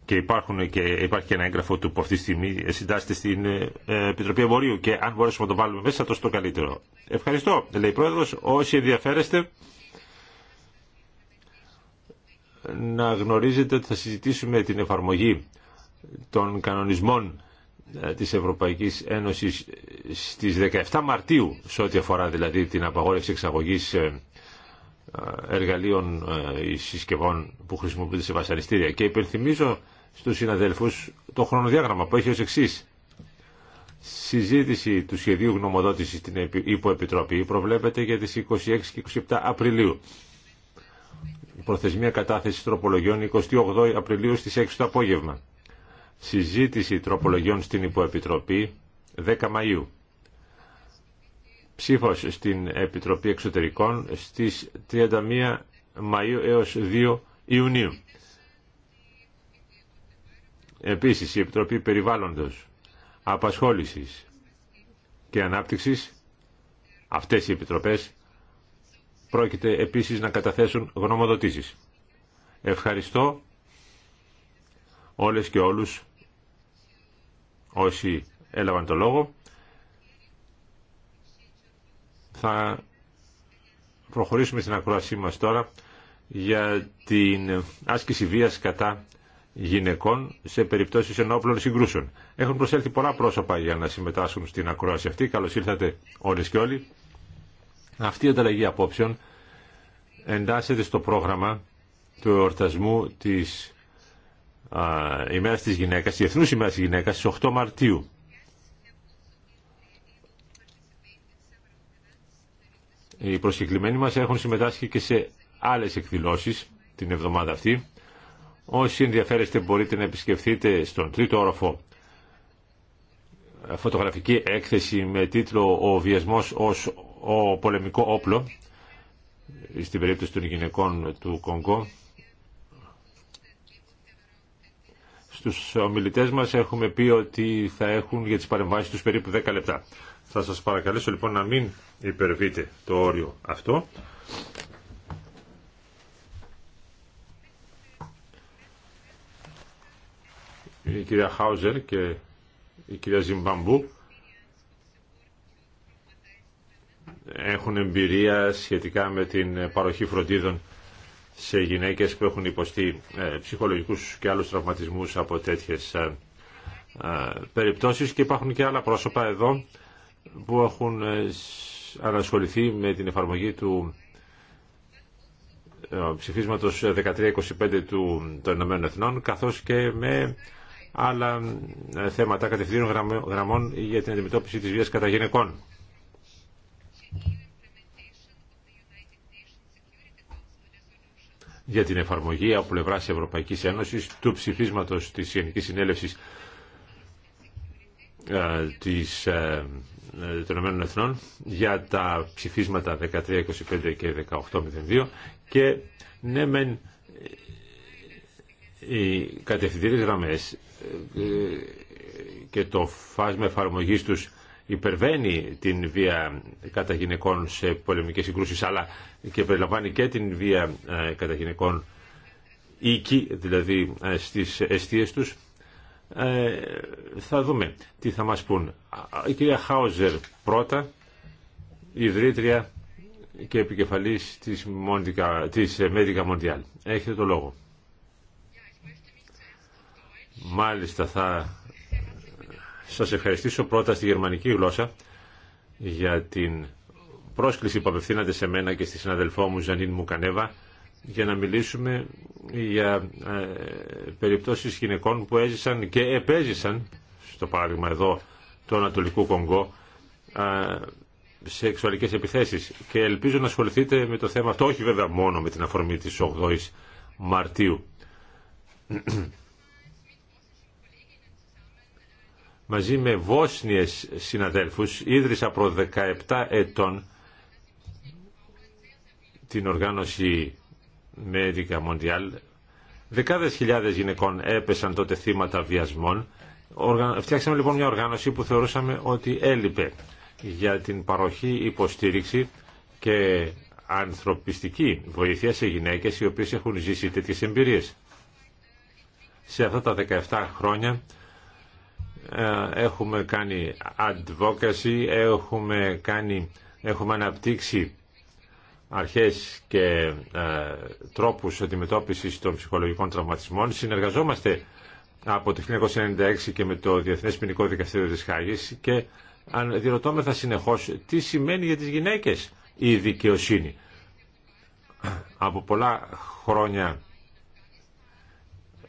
Και, υπάρχουν και υπάρχει και ένα έγγραφο του που αυτή τη στιγμή συντάσσεται στην ε, Επιτροπή Εμπορίου και αν μπορέσουμε να το βάλουμε μέσα, τόσο το καλύτερο. Ευχαριστώ, λέει η Πρόεδρος. Όσοι ενδιαφέρεστε, να γνωρίζετε ότι θα συζητήσουμε την εφαρμογή των κανονισμών ε, της Ευρωπαϊκής Ένωσης στις 17 Μαρτίου σε ό,τι αφορά δηλαδή την απαγόρευση εξαγωγής ε, εργαλείων ε, ή συσκευών που χρησιμοποιούνται σε βασανιστήρια και υπενθυμίζω στους συναδελφούς το χρονοδιάγραμμα που έχει ως εξή. συζήτηση του σχεδίου γνωμοδότησης στην Υποεπιτροπή προβλέπεται για τις 26 και 27 Απριλίου Προθεσμία κατάθεση τροπολογιών 28 Απριλίου στις 6 το απόγευμα. Συζήτηση τροπολογιών στην Υποεπιτροπή 10 Μαΐου. Ψήφος στην Επιτροπή Εξωτερικών στις 31 Μαΐου έως 2 Ιουνίου. Επίσης η Επιτροπή Περιβάλλοντος, Απασχόλησης και Ανάπτυξης, αυτές οι επιτροπές πρόκειται επίσης να καταθέσουν γνωμοδοτήσεις. Ευχαριστώ όλες και όλους όσοι έλαβαν το λόγο. Θα προχωρήσουμε στην ακρόασή μας τώρα για την άσκηση βίας κατά γυναικών σε περιπτώσεις ενόπλων συγκρούσεων. Έχουν προσέλθει πολλά πρόσωπα για να συμμετάσχουν στην ακρόαση αυτή. Καλώς ήρθατε όλες και όλοι. Αυτή η ανταλλαγή απόψεων εντάσσεται στο πρόγραμμα του εορτασμού της α, ημέρας της γυναίκας, της Εθνούς ημέρας της γυναίκας, στις 8 Μαρτίου. Οι προσκεκλημένοι μας έχουν συμμετάσχει και σε άλλες εκδηλώσεις την εβδομάδα αυτή. Όσοι ενδιαφέρεστε μπορείτε να επισκεφθείτε στον τρίτο όροφο φωτογραφική έκθεση με τίτλο «Ο βιασμός ως ο πολεμικό όπλο στην περίπτωση των γυναικών του Κονγκό. Στους ομιλητές μας έχουμε πει ότι θα έχουν για τις παρεμβάσεις τους περίπου 10 λεπτά. Θα σας παρακαλέσω λοιπόν να μην υπερβείτε το όριο αυτό. Η κυρία Χάουζερ και η κυρία Ζιμπαμπού έχουν εμπειρία σχετικά με την παροχή φροντίδων σε γυναίκες που έχουν υποστεί ε, ψυχολογικούς και άλλους τραυματισμούς από τέτοιες ε, ε, περιπτώσεις και υπάρχουν και άλλα πρόσωπα εδώ που έχουν ανασχοληθεί με την εφαρμογή του ψηφίσματος 1325 του, των Ηνωμένων Εθνών καθώς και με άλλα θέματα κατευθύνων γραμμών για την αντιμετώπιση της βίας κατά γυναικών. για την εφαρμογή από πλευρά τη Ευρωπαϊκή Ένωση του ψηφίσματο τη Γενική Συνέλευση ε, ε, των Ηνωμένων Εθνών για τα ψηφίσματα 1325 και 1802 και ναι μεν οι κατευθυντήριες γραμμές ε, και το φάσμα εφαρμογής τους υπερβαίνει την βία κατά γυναικών σε πολεμικές συγκρούσεις αλλά και περιλαμβάνει και την βία ε, κατά γυναικών οίκη, δηλαδή ε, στις αιστείες τους ε, θα δούμε τι θα μας πούν η κυρία Χάουζερ πρώτα ιδρύτρια και επικεφαλής της, Μοντικα, της Μοντιάλ έχετε το λόγο Μάλιστα θα σας ευχαριστήσω πρώτα στη γερμανική γλώσσα για την πρόσκληση που απευθύνατε σε μένα και στη συναδελφό μου Ζανίν Μουκανέβα για να μιλήσουμε για ε, περιπτώσεις γυναικών που έζησαν και επέζησαν στο παράδειγμα εδώ του Ανατολικού Κονγκό ε, σεξουαλικές επιθέσεις και ελπίζω να ασχοληθείτε με το θέμα αυτό όχι βέβαια μόνο με την αφορμή της 8ης Μαρτίου μαζί με Βόσνιες συναδέλφους ίδρυσα προ 17 ετών την οργάνωση Medica Mondial. Δεκάδες χιλιάδες γυναικών έπεσαν τότε θύματα βιασμών. Φτιάξαμε λοιπόν μια οργάνωση που θεωρούσαμε ότι έλειπε για την παροχή υποστήριξη και ανθρωπιστική βοήθεια σε γυναίκες οι οποίες έχουν ζήσει τέτοιες εμπειρίες. Σε αυτά τα 17 χρόνια ε, έχουμε κάνει advocacy, έχουμε, κάνει, έχουμε αναπτύξει αρχές και ε, τρόπους αντιμετώπισης των ψυχολογικών τραυματισμών. Συνεργαζόμαστε από το 1996 και με το Διεθνές Ποινικό Δικαστήριο της Χάγης και διερωτώμεθα συνεχώς τι σημαίνει για τις γυναίκες η δικαιοσύνη. Από πολλά χρόνια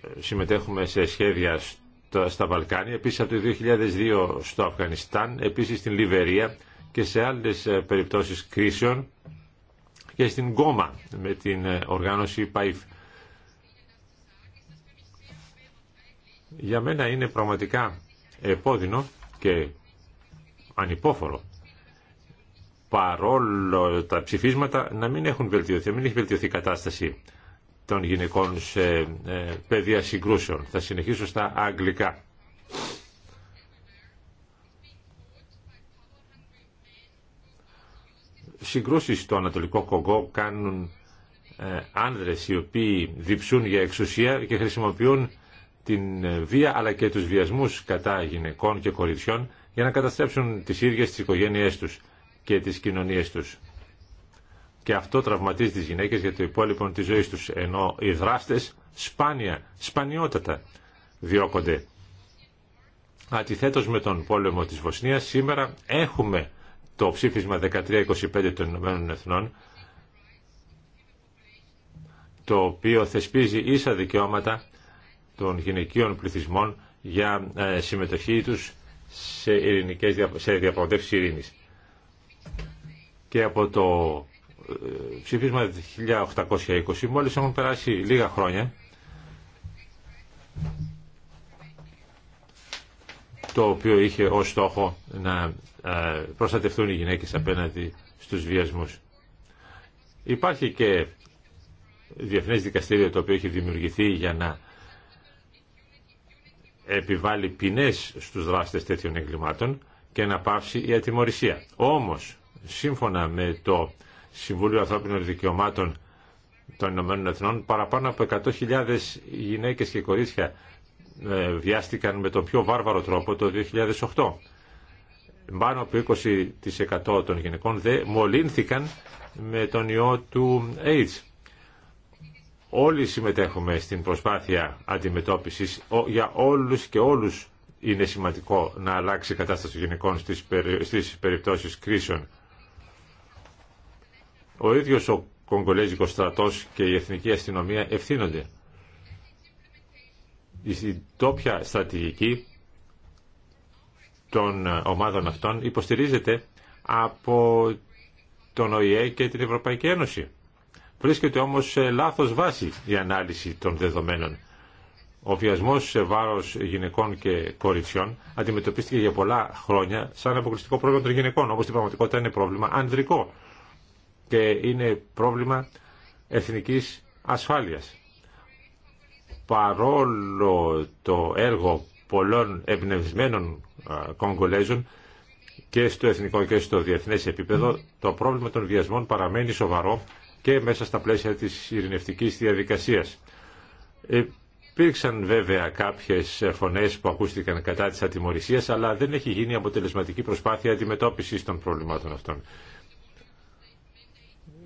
ε, συμμετέχουμε σε σχέδια στα Βαλκάνια, επίσης από το 2002 στο Αφγανιστάν, επίσης στην Λιβερία και σε άλλες ε, περιπτώσεις κρίσεων και στην Γκόμα με την ε, οργάνωση ΠΑΙΦ. Για μένα είναι πραγματικά επώδυνο και ανυπόφορο παρόλο τα ψηφίσματα να μην έχουν βελτιωθεί, να μην έχει βελτιωθεί η κατάσταση των γυναικών σε ε, παιδεία συγκρούσεων. Θα συνεχίσω στα αγγλικά. Συγκρούσεις στο Ανατολικό Κογκό κάνουν ε, άνδρες οι οποίοι διψούν για εξουσία και χρησιμοποιούν την ε, βία αλλά και τους βιασμούς κατά γυναικών και κοριτσιών για να καταστρέψουν τις ίδιες τις οικογένειές τους και τις κοινωνίες τους και αυτό τραυματίζει τις γυναίκες για το υπόλοιπο της ζωής τους, ενώ οι δράστες σπάνια, σπανιότατα διώκονται. Αντιθέτως με τον πόλεμο της Βοσνίας, σήμερα έχουμε το ψήφισμα 1325 των Ηνωμένων Εθνών, το οποίο θεσπίζει ίσα δικαιώματα των γυναικείων πληθυσμών για ε, συμμετοχή τους σε, ειρηνικές, σε ειρήνης. Και από το ε, ψήφισμα 1820 μόλις έχουν περάσει λίγα χρόνια το οποίο είχε ως στόχο να ε, προστατευτούν οι γυναίκες απέναντι στους βιασμούς. Υπάρχει και διεθνές δικαστήριο το οποίο έχει δημιουργηθεί για να επιβάλλει ποινές στους δράστες τέτοιων εγκλημάτων και να πάψει η ατιμορρησία. Όμως, σύμφωνα με το Συμβούλιο Ανθρώπινων Δικαιωμάτων των Ηνωμένων Εθνών παραπάνω από 100.000 γυναίκες και κορίτσια ε, βιάστηκαν με τον πιο βάρβαρο τρόπο το 2008. Πάνω από 20% των γυναικών δε μολύνθηκαν με τον ιό του AIDS. Όλοι συμμετέχουμε στην προσπάθεια αντιμετώπισης. Για όλους και όλους είναι σημαντικό να αλλάξει η κατάσταση γυναικών στις περιπτώσεις κρίσεων. Ο ίδιος ο Κογκολέζικος στρατός και η Εθνική Αστυνομία ευθύνονται. Η τόπια στρατηγική των ομάδων αυτών υποστηρίζεται από τον ΟΗΕ και την Ευρωπαϊκή Ένωση. Βρίσκεται όμως σε λάθος βάση η ανάλυση των δεδομένων. Ο βιασμός σε βάρος γυναικών και κοριτσιών αντιμετωπίστηκε για πολλά χρόνια σαν αποκλειστικό πρόβλημα των γυναικών, όπως στην πραγματικότητα είναι πρόβλημα ανδρικό και είναι πρόβλημα εθνικής ασφάλειας. Παρόλο το έργο πολλών εμπνευσμένων Κογκολέζων και στο εθνικό και στο διεθνές επίπεδο το πρόβλημα των βιασμών παραμένει σοβαρό και μέσα στα πλαίσια της ειρηνευτικής διαδικασίας. Υπήρξαν βέβαια κάποιες φωνές που ακούστηκαν κατά της ατιμορρησίας αλλά δεν έχει γίνει αποτελεσματική προσπάθεια αντιμετώπισης των προβλημάτων αυτών.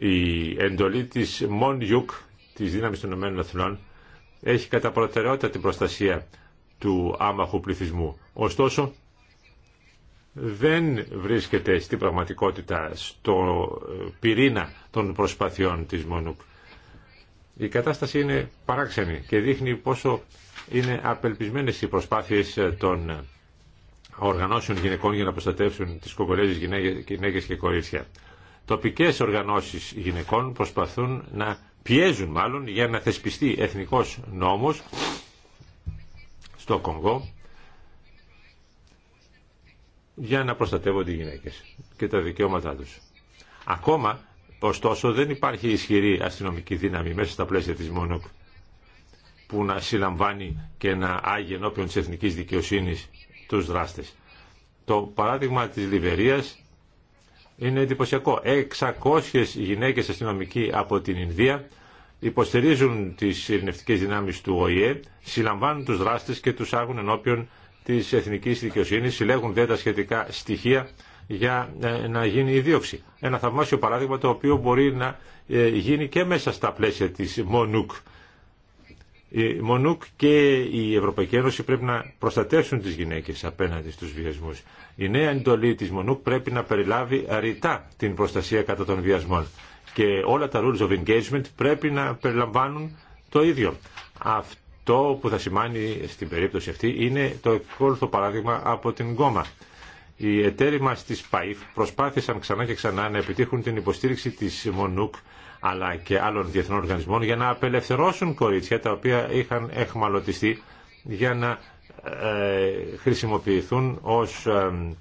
Η εντολή της ΜΟΝΙΟΚ, της Δύναμης των Ηνωμένων έχει κατά προτεραιότητα την προστασία του άμαχου πληθυσμού. Ωστόσο, δεν βρίσκεται στην πραγματικότητα στο ε, πυρήνα των προσπαθειών της μονούκ Η κατάσταση είναι παράξενη και δείχνει πόσο είναι απελπισμένες οι προσπάθειες ε, των οργανώσεων γυναικών για να προστατεύσουν τις κογκολέζες γυναίκες και κορίτσια τοπικές οργανώσεις γυναικών προσπαθούν να πιέζουν μάλλον για να θεσπιστεί εθνικός νόμος στο Κονγκό για να προστατεύονται οι γυναίκες και τα δικαιώματά τους. Ακόμα, ωστόσο, δεν υπάρχει ισχυρή αστυνομική δύναμη μέσα στα πλαίσια της ΜΟΝΟΚ που να συλλαμβάνει και να άγει ενώπιον της εθνικής δικαιοσύνης τους δράστες. Το παράδειγμα της Λιβερίας είναι εντυπωσιακό. 600 γυναίκες αστυνομικοί από την Ινδία υποστηρίζουν τις ειρηνευτικές δυνάμεις του ΟΗΕ, συλλαμβάνουν τους δράστες και τους άγουν ενώπιον της εθνικής δικαιοσύνης, συλλέγουν δέντα σχετικά στοιχεία για ε, να γίνει η δίωξη. Ένα θαυμάσιο παράδειγμα το οποίο μπορεί να ε, γίνει και μέσα στα πλαίσια της ΜΟΝΟΚ η Μονούκ και η Ευρωπαϊκή Ένωση πρέπει να προστατεύσουν τις γυναίκες απέναντι στους βιασμούς. Η νέα εντολή της Μονούκ πρέπει να περιλάβει ρητά την προστασία κατά των βιασμών και όλα τα rules of engagement πρέπει να περιλαμβάνουν το ίδιο. Αυτό που θα σημάνει στην περίπτωση αυτή είναι το εκόλουθο παράδειγμα από την Γκόμα. Οι εταίροι μας της ΠΑΙΦ προσπάθησαν ξανά και ξανά να επιτύχουν την υποστήριξη της Μονούκ αλλά και άλλων διεθνών οργανισμών για να απελευθερώσουν κορίτσια τα οποία είχαν εχμαλωτιστεί για να ε, χρησιμοποιηθούν ως ε,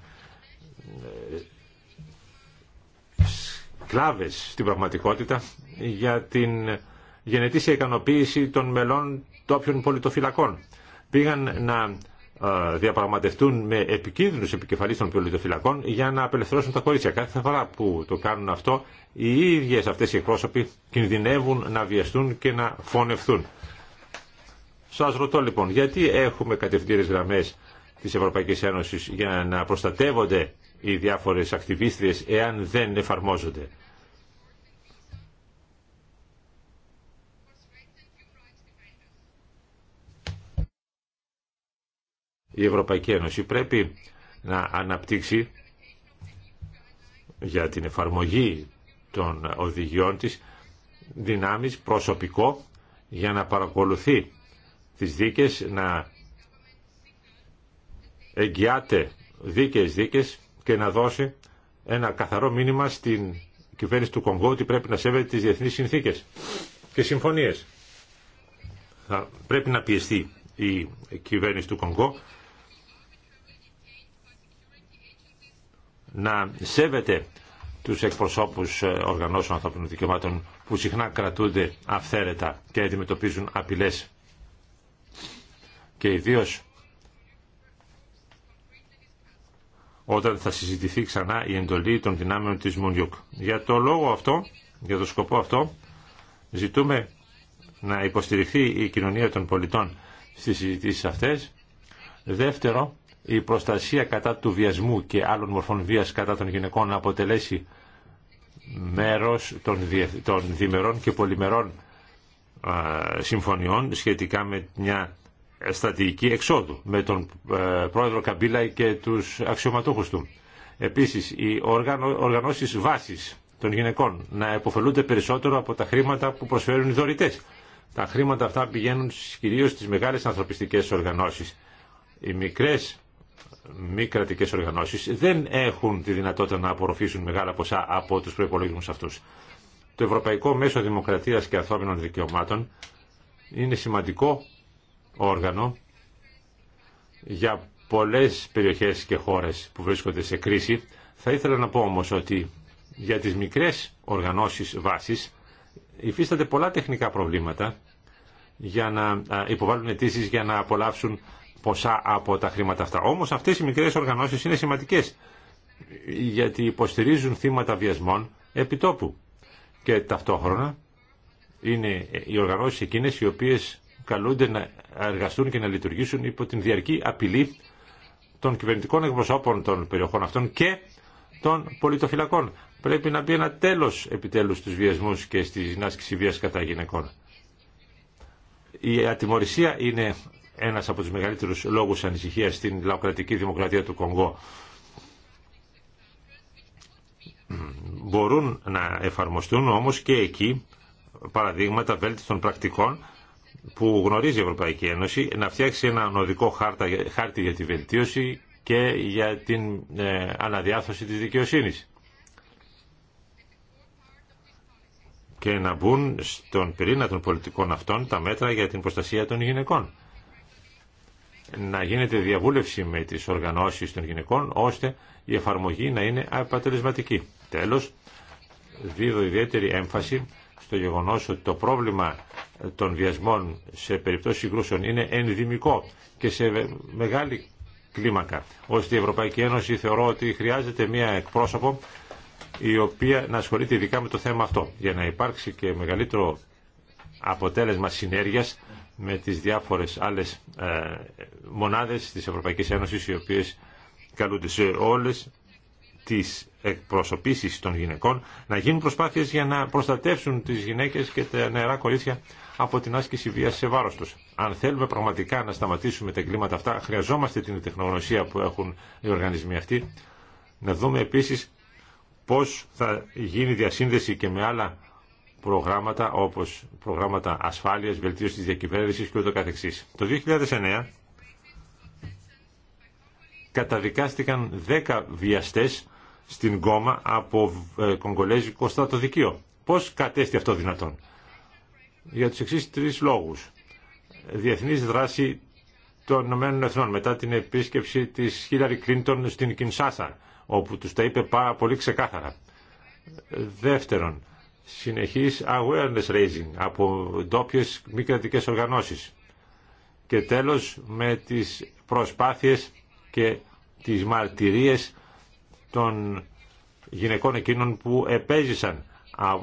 στην πραγματικότητα για την γενετήσια ικανοποίηση των μελών των πολιτοφυλακών. Πήγαν να διαπραγματευτούν με επικίνδυνους επικεφαλείς των πολιτοφυλακών για να απελευθερώσουν τα κορίτσια. Κάθε φορά που το κάνουν αυτό, οι ίδιες αυτές οι εκπρόσωποι κινδυνεύουν να βιαστούν και να φωνευτούν. Σας ρωτώ λοιπόν, γιατί έχουμε κατευθύνες γραμμές της Ευρωπαϊκής Ένωσης για να προστατεύονται οι διάφορες ακτιβίστριες εάν δεν εφαρμόζονται. η Ευρωπαϊκή Ένωση πρέπει να αναπτύξει για την εφαρμογή των οδηγιών της δυνάμεις προσωπικό για να παρακολουθεί τις δίκες, να εγγυάται δίκες δίκες και να δώσει ένα καθαρό μήνυμα στην κυβέρνηση του Κονγκό ότι πρέπει να σέβεται τις διεθνείς συνθήκες και συμφωνίες. Θα πρέπει να πιεστεί η κυβέρνηση του Κονγκό να σέβεται τους εκπροσώπους ε, οργανώσεων ανθρωπινών δικαιωμάτων που συχνά κρατούνται αυθαίρετα και αντιμετωπίζουν απειλές και ιδίω όταν θα συζητηθεί ξανά η εντολή των δυνάμεων της Μουνιούκ. Για το λόγο αυτό, για το σκοπό αυτό, ζητούμε να υποστηριχθεί η κοινωνία των πολιτών στις συζητήσεις αυτές. Δεύτερο, η προστασία κατά του βιασμού και άλλων μορφών βίας κατά των γυναικών να αποτελέσει μέρος των διμερών και πολυμερών συμφωνιών σχετικά με μια στρατηγική εξόδου με τον ε, πρόεδρο Καμπίλα και τους αξιωματούχους του. Επίσης, οι οργανώσεις βάσης των γυναικών να επωφελούνται περισσότερο από τα χρήματα που προσφέρουν οι δωρητές. Τα χρήματα αυτά πηγαίνουν κυρίως στις μεγάλες ανθρωπιστικές οργανώσεις. Οι μικρές μη κρατικέ οργανώσεις δεν έχουν τη δυνατότητα να απορροφήσουν μεγάλα ποσά από του προπολογισμού αυτού. Το Ευρωπαϊκό Μέσο Δημοκρατίας και Ανθρώπινων Δικαιωμάτων είναι σημαντικό όργανο για πολλές περιοχές και χώρες που βρίσκονται σε κρίση. Θα ήθελα να πω όμως ότι για τις μικρές οργανώσεις βάσης υφίστανται πολλά τεχνικά προβλήματα για να υποβάλουν αιτήσει για να απολαύσουν ποσά από τα χρήματα αυτά. Όμως αυτές οι μικρές οργανώσεις είναι σημαντικές γιατί υποστηρίζουν θύματα βιασμών επιτόπου και ταυτόχρονα είναι οι οργανώσεις εκείνε οι οποίες καλούνται να εργαστούν και να λειτουργήσουν υπό την διαρκή απειλή των κυβερνητικών εκπροσώπων των περιοχών αυτών και των πολιτοφυλακών. Πρέπει να μπει ένα τέλο επιτέλου στους βιασμού και στη συνάσκηση βία κατά γυναικών. Η ατιμορρησία είναι ένας από τους μεγαλύτερους λόγους ανησυχίας στην λαοκρατική δημοκρατία του Κονγκό. Μπορούν να εφαρμοστούν όμως και εκεί παραδείγματα βέλτιστων πρακτικών που γνωρίζει η Ευρωπαϊκή Ένωση να φτιάξει ένα νοδικό χάρτη για τη βελτίωση και για την ε, αναδιάθρωση της δικαιοσύνης. και να μπουν στον πυρήνα των πολιτικών αυτών τα μέτρα για την προστασία των γυναικών να γίνεται διαβούλευση με τις οργανώσεις των γυναικών ώστε η εφαρμογή να είναι αποτελεσματική. Τέλος, δίδω ιδιαίτερη έμφαση στο γεγονός ότι το πρόβλημα των βιασμών σε περιπτώσεις συγκρούσεων είναι ενδυμικό και σε μεγάλη κλίμακα, ώστε η Ευρωπαϊκή Ένωση θεωρώ ότι χρειάζεται μια εκπρόσωπο η οποία να ασχολείται ειδικά με το θέμα αυτό, για να υπάρξει και μεγαλύτερο αποτέλεσμα συνέργειας με τις διάφορες άλλες ε, μονάδες της Ευρωπαϊκής Ένωσης οι οποίες καλούνται σε όλες τις εκπροσωπήσεις των γυναικών να γίνουν προσπάθειες για να προστατεύσουν τις γυναίκες και τα νεαρά κορίτσια από την άσκηση βίας σε βάρος τους. Αν θέλουμε πραγματικά να σταματήσουμε τα εγκλήματα αυτά, χρειαζόμαστε την τεχνογνωσία που έχουν οι οργανισμοί αυτοί. Να δούμε επίσης πώς θα γίνει διασύνδεση και με άλλα προγράμματα όπως προγράμματα ασφάλειας, βελτίωση της διακυβέρνησης και ούτω καθεξής. Το 2009 καταδικάστηκαν 10 βιαστές στην κόμμα από ε, κογκολέζικο στρατοδικείο. Πώς κατέστη αυτό δυνατόν. Για τους εξής τρεις λόγους. Διεθνής δράση των Ηνωμένων Εθνών μετά την επίσκεψη της Χίλαρη Κλίντον στην Κινσάσα, όπου τους τα είπε πάρα πολύ ξεκάθαρα. Δεύτερον, συνεχής awareness raising από ντόπιε μη κρατικέ οργανώσεις και τέλος με τις προσπάθειες και τις μαρτυρίες των γυναικών εκείνων που επέζησαν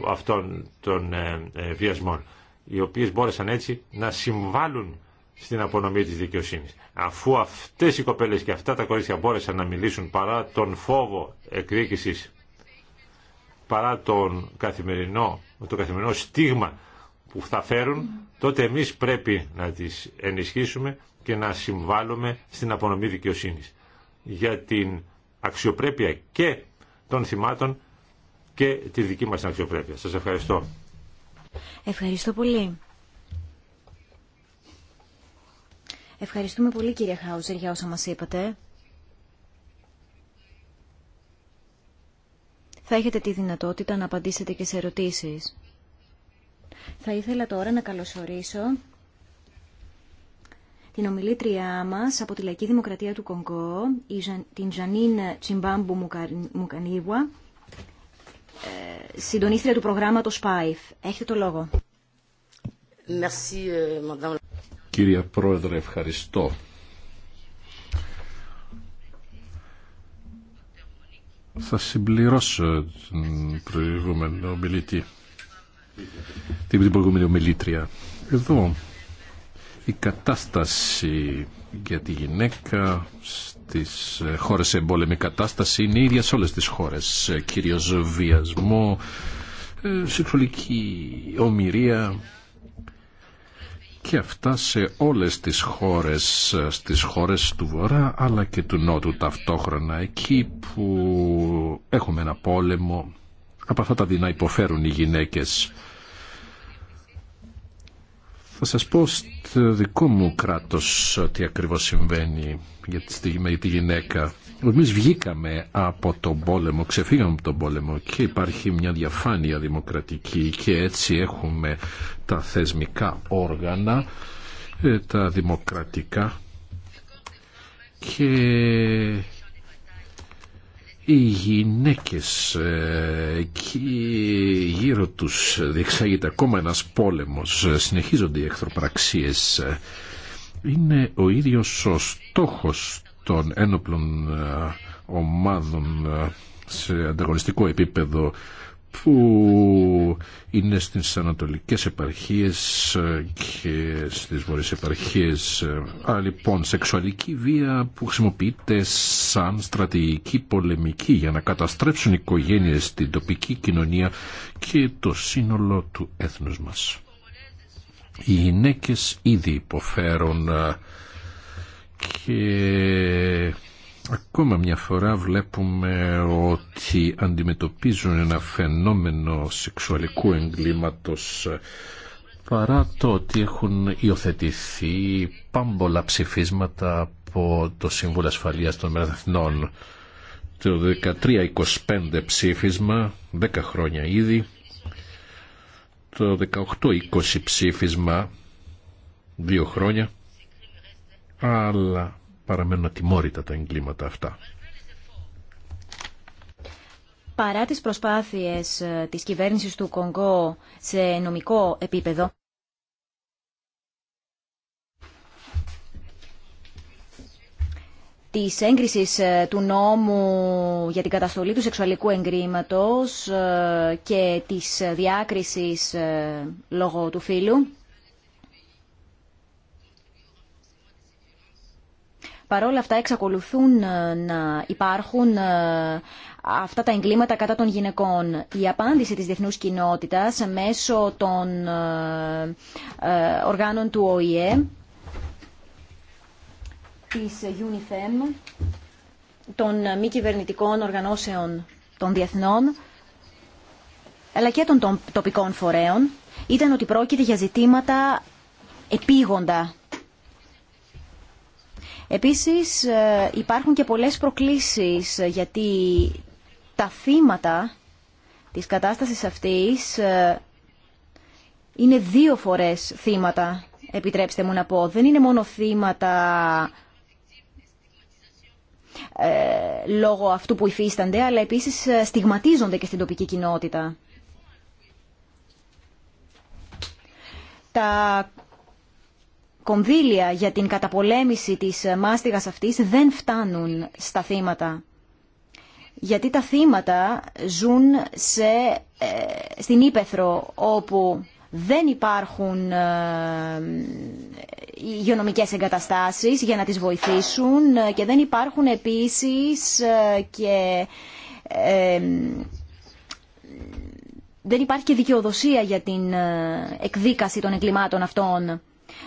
αυτών των ε, ε, βιασμών οι οποίες μπόρεσαν έτσι να συμβάλλουν στην απονομή της δικαιοσύνης. Αφού αυτές οι κοπέλες και αυτά τα κορίτσια μπόρεσαν να μιλήσουν παρά τον φόβο εκδίκησης παρά τον καθημερινό, το καθημερινό στίγμα που θα φέρουν, τότε εμείς πρέπει να τις ενισχύσουμε και να συμβάλλουμε στην απονομή δικαιοσύνης για την αξιοπρέπεια και των θυμάτων και τη δική μας αξιοπρέπεια. Σας ευχαριστώ. Ευχαριστώ πολύ. Ευχαριστούμε πολύ κύριε Χάουζερ για όσα μας είπατε. θα έχετε τη δυνατότητα να απαντήσετε και σε ερωτήσεις. Θα ήθελα τώρα να καλωσορίσω την ομιλήτριά μας από τη Λαϊκή Δημοκρατία του Κονγκό, την Ζανίν Τσιμπάμπου Μουκανίγουα, ε, συντονίστρια του προγράμματος ΠΑΙΦ. Έχετε το λόγο. Euh, Κύριε Πρόεδρε, ευχαριστώ. Θα συμπληρώσω την προηγούμενη ομιλητή, την προηγούμενη ομιλήτρια. Εδώ η κατάσταση για τη γυναίκα στις χώρες σε εμπόλεμη κατάσταση είναι ίδια σε όλες τις χώρες. Κυρίως βιασμό, ε, σεξουαλική ομοιρία, και αυτά σε όλες τις χώρες, στις χώρες του Βορρά αλλά και του Νότου ταυτόχρονα, εκεί που έχουμε ένα πόλεμο, από αυτά τα δεινά υποφέρουν οι γυναίκες. Θα σας πω στο δικό μου κράτος τι ακριβώς συμβαίνει για τη γυναίκα. Λοιπόν, Εμεί βγήκαμε από τον πόλεμο, ξεφύγαμε από τον πόλεμο και υπάρχει μια διαφάνεια δημοκρατική και έτσι έχουμε τα θεσμικά όργανα, ε, τα δημοκρατικά και οι γυναίκες ε, και γύρω τους διεξάγεται ακόμα ένας πόλεμος, συνεχίζονται οι εχθροπραξίες. Είναι ο ίδιος ο στόχος των ένοπλων ε, ομάδων ε, σε ανταγωνιστικό επίπεδο που είναι στις ανατολικές επαρχίες ε, και στις βορειές επαρχίες. Α, λοιπόν, σεξουαλική βία που χρησιμοποιείται σαν στρατηγική πολεμική για να καταστρέψουν οι οικογένειες στην τοπική κοινωνία και το σύνολο του έθνους μας. Οι γυναίκες ήδη υποφέρουν και ακόμα μια φορά βλέπουμε ότι αντιμετωπίζουν ένα φαινόμενο σεξουαλικού εγκλήματος παρά το ότι έχουν υιοθετηθεί πάμπολα ψηφίσματα από το Σύμβουλο Ασφαλείας των Εθνών. Το 13-25 ψήφισμα, 10 χρόνια ήδη, το 18-20 ψήφισμα, 2 χρόνια, αλλά παραμένουν ατιμόρυτα τα εγκλήματα αυτά. Παρά τις προσπάθειες ε, της κυβέρνησης του Κονγκό σε νομικό επίπεδο, της έγκρισης ε, του νόμου για την καταστολή του σεξουαλικού εγκρήματος ε, και της διάκρισης λόγω του φύλου, παρόλα αυτά εξακολουθούν ε, να υπάρχουν ε, αυτά τα εγκλήματα κατά των γυναικών. Η απάντηση της διεθνούς κοινότητας μέσω των ε, οργάνων του ΟΗΕ, της UNIFEM, των μη κυβερνητικών οργανώσεων των διεθνών, αλλά και των τοπικών φορέων, ήταν ότι πρόκειται για ζητήματα επίγοντα Επίσης ε, υπάρχουν και πολλές προκλήσεις ε, γιατί τα θύματα της κατάστασης αυτής ε, είναι δύο φορές θύματα, επιτρέψτε μου να πω. Δεν είναι μόνο θύματα ε, λόγω αυτού που υφίστανται, αλλά επίσης στιγματίζονται και στην τοπική κοινότητα. Τα κονδύλια για την καταπολέμηση της μάστιγας αυτής δεν φτάνουν στα θύματα. Γιατί τα θύματα ζουν σε, ε, στην Ήπεθρο όπου δεν υπάρχουν ε, ε, υγειονομικές εγκαταστάσεις για να τις βοηθήσουν ε, και δεν υπάρχουν επίσης και... δεν υπάρχει και δικαιοδοσία για την εκδίκαση των εγκλημάτων αυτών.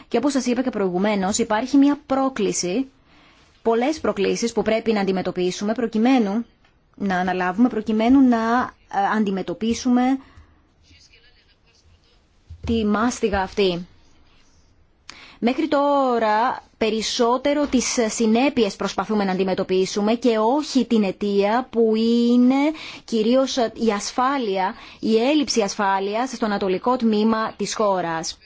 Και όπως σας είπα και προηγουμένως υπάρχει μια πρόκληση, πολλές προκλήσεις που πρέπει να αντιμετωπίσουμε προκειμένου να αναλάβουμε, προκειμένου να ε, αντιμετωπίσουμε τη μάστιγα αυτή. Μέχρι τώρα περισσότερο τις συνέπειες προσπαθούμε να αντιμετωπίσουμε και όχι την αιτία που είναι κυρίως η ασφάλεια, η έλλειψη ασφάλειας στο ανατολικό τμήμα της χώρας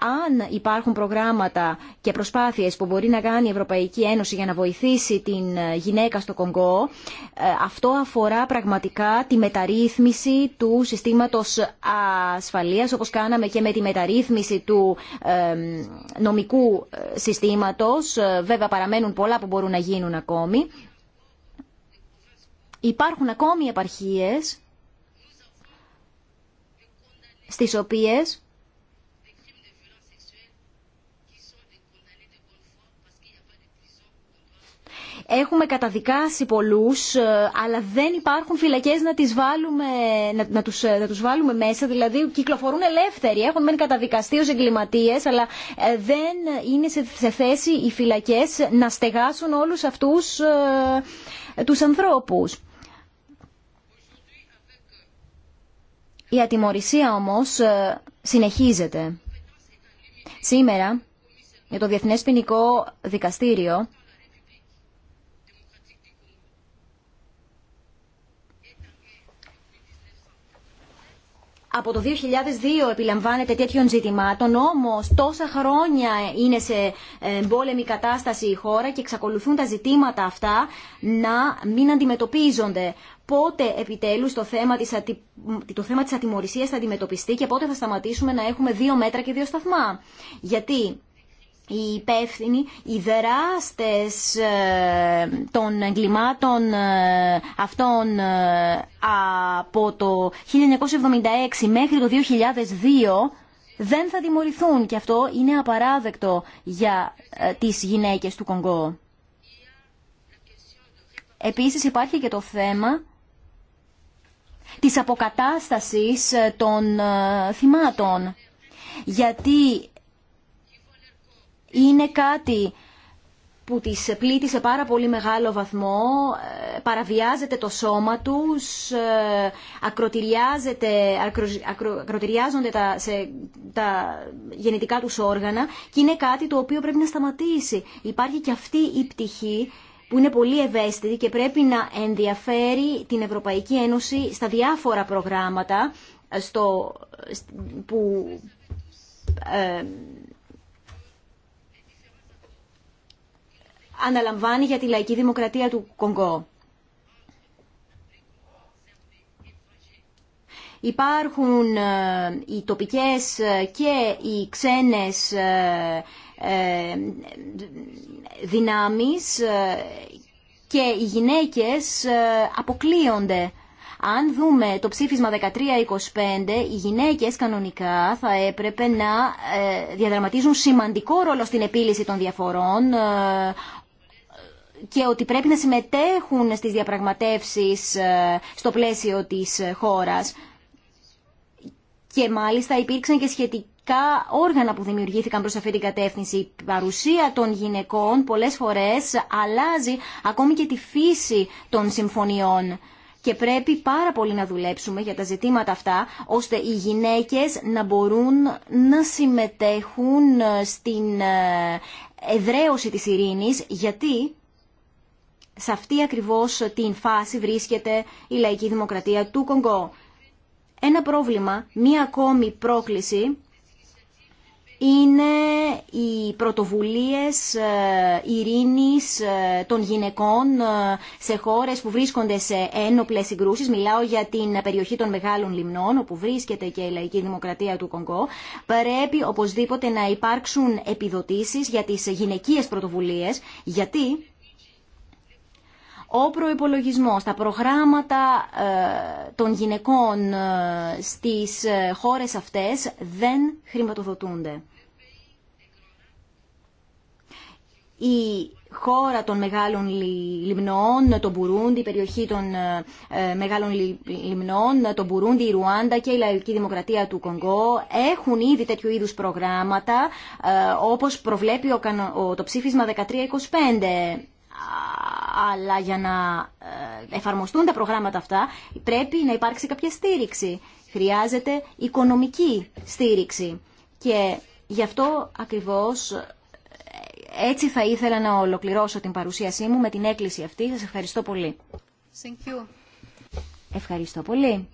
αν υπάρχουν προγράμματα και προσπάθειες που μπορεί να κάνει η Ευρωπαϊκή Ένωση για να βοηθήσει την ε, γυναίκα στο Κονγκό, ε, αυτό αφορά πραγματικά τη μεταρρύθμιση του συστήματος ασφαλείας, όπως κάναμε και με τη μεταρρύθμιση του ε, νομικού συστήματος. Βέβαια παραμένουν πολλά που μπορούν να γίνουν ακόμη. Υπάρχουν ακόμη επαρχίες στις οποίες Έχουμε καταδικάσει πολλούς, ε, αλλά δεν υπάρχουν φυλακές να, τις βάλουμε, να, τους, ε, να τους βάλουμε μέσα. Δηλαδή κυκλοφορούν ελεύθεροι, έχουν μεν καταδικαστεί ως εγκληματίες, αλλά ε, δεν είναι σε, θέση οι φυλακές να στεγάσουν όλους αυτούς ε, τους ανθρώπους. Η ατιμορρησία όμως συνεχίζεται. Σήμερα, για το Διεθνές Ποινικό Δικαστήριο, από το 2002 επιλαμβάνεται τέτοιων ζητημάτων, όμω, τόσα χρόνια είναι σε ε, πόλεμη κατάσταση η χώρα και εξακολουθούν τα ζητήματα αυτά να μην αντιμετωπίζονται. Πότε επιτέλους το θέμα της, ατι... θα αντιμετωπιστεί και πότε θα σταματήσουμε να έχουμε δύο μέτρα και δύο σταθμά. Γιατί οι υπεύθυνοι, οι δεράστες ε, των εγκλημάτων ε, αυτών ε, από το 1976 μέχρι το 2002 δεν θα τιμωρηθούν και αυτό είναι απαράδεκτο για τις γυναίκες του Κονγκό. Επίσης υπάρχει και το θέμα της αποκατάστασης των θυμάτων. Γιατί είναι κάτι που τις πλήττει σε πάρα πολύ μεγάλο βαθμό, ε, παραβιάζεται το σώμα τους, ε, ακροτηριάζεται, ακροτηριάζονται τα, τα γενετικά τους όργανα και είναι κάτι το οποίο πρέπει να σταματήσει. Υπάρχει και αυτή η πτυχή που είναι πολύ ευαίσθητη και πρέπει να ενδιαφέρει την Ευρωπαϊκή Ένωση στα διάφορα προγράμματα ε, στο, που... αναλαμβάνει για τη λαϊκή δημοκρατία του Κονγκό. Υπάρχουν ε, οι τοπικές ε, και οι ξένες ε, δυνάμεις και οι γυναίκες αποκλείονται. Αν δούμε το ψήφισμα 1325, οι γυναίκες κανονικά θα έπρεπε να διαδραματίζουν σημαντικό ρόλο στην επίλυση των διαφορών και ότι πρέπει να συμμετέχουν στις διαπραγματεύσεις ε, στο πλαίσιο της χώρας. Και μάλιστα υπήρξαν και σχετικά όργανα που δημιουργήθηκαν προς αυτή την κατεύθυνση. Η παρουσία των γυναικών πολλές φορές αλλάζει ακόμη και τη φύση των συμφωνιών. Και πρέπει πάρα πολύ να δουλέψουμε για τα ζητήματα αυτά, ώστε οι γυναίκες να μπορούν να συμμετέχουν στην ε, εδραίωση της ειρήνης, γιατί σε αυτή ακριβώς την φάση βρίσκεται η λαϊκή δημοκρατία του Κονγκό. Ένα πρόβλημα, μία ακόμη πρόκληση είναι οι πρωτοβουλίες ε, ειρήνης ε, των γυναικών ε, σε χώρες που βρίσκονται σε ένοπλες συγκρούσεις. Μιλάω για την περιοχή των Μεγάλων Λιμνών, όπου βρίσκεται και η Λαϊκή Δημοκρατία του Κονγκό. Πρέπει οπωσδήποτε να υπάρξουν επιδοτήσεις για τις γυναικείες πρωτοβουλίες, γιατί ο προϋπολογισμός, τα προγράμματα ε, των γυναικών ε, στις ε, χώρες αυτές δεν χρηματοδοτούνται. Η χώρα των μεγάλων λιμνών, το Μπουρούντι, η περιοχή των μεγάλων λιμνών, το Μπουρούντι, η Ρουάντα και η Λαϊκή Δημοκρατία του Κονγκό έχουν ήδη τέτοιου είδους προγράμματα, ε, όπως προβλέπει το ψήφισμα 1325 αλλά για να ε, εφαρμοστούν τα προγράμματα αυτά πρέπει να υπάρξει κάποια στήριξη. Χρειάζεται οικονομική στήριξη. Και γι' αυτό ακριβώς ε, έτσι θα ήθελα να ολοκληρώσω την παρουσίασή μου με την έκκληση αυτή. Σας ευχαριστώ πολύ. Thank you. Ευχαριστώ πολύ.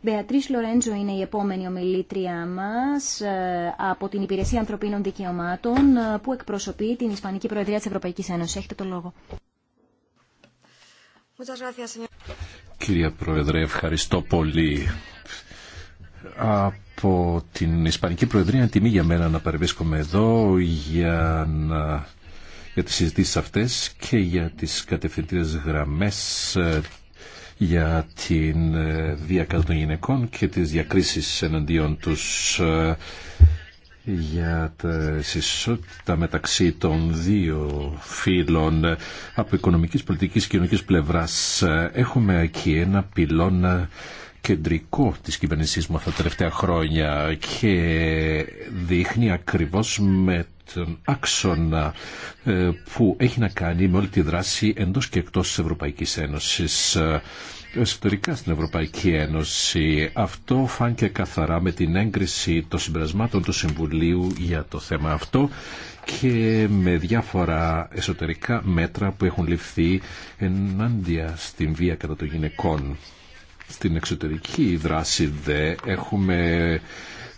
Μπεατρίς Λορέντζο είναι η επόμενη ομιλήτρια μας ε, από την Υπηρεσία Ανθρωπίνων Δικαιωμάτων ε, που εκπροσωπεί την Ισπανική Προεδρία της Ευρωπαϊκής Ένωσης. Έχετε το λόγο. Κυρία Πρόεδρε, ευχαριστώ πολύ. Από την Ισπανική Προεδρία είναι τιμή για μένα να παρεμβρίσκομαι εδώ για, να... για τις συζητήσεις αυτές και για τις κατευθυντήρες γραμμές ε, για την ε, διακάλυψη των γυναικών και τις διακρίσεις εναντίον τους ε, για τα ισότητα μεταξύ των δύο φύλων από οικονομικής, πολιτικής και κοινωνικής πλευράς. Ε, έχουμε εκεί ένα πυλώνα κεντρικό της κυβέρνησής μου αυτά τα τελευταία χρόνια και δείχνει ακριβώς με τον άξονα ε, που έχει να κάνει με όλη τη δράση εντός και εκτός της Ευρωπαϊκής Ένωσης ε, εσωτερικά στην Ευρωπαϊκή Ένωση. Αυτό φάνηκε καθαρά με την έγκριση των συμπερασμάτων του Συμβουλίου για το θέμα αυτό και με διάφορα εσωτερικά μέτρα που έχουν ληφθεί ενάντια στην βία κατά των γυναικών. Στην εξωτερική δράση δε έχουμε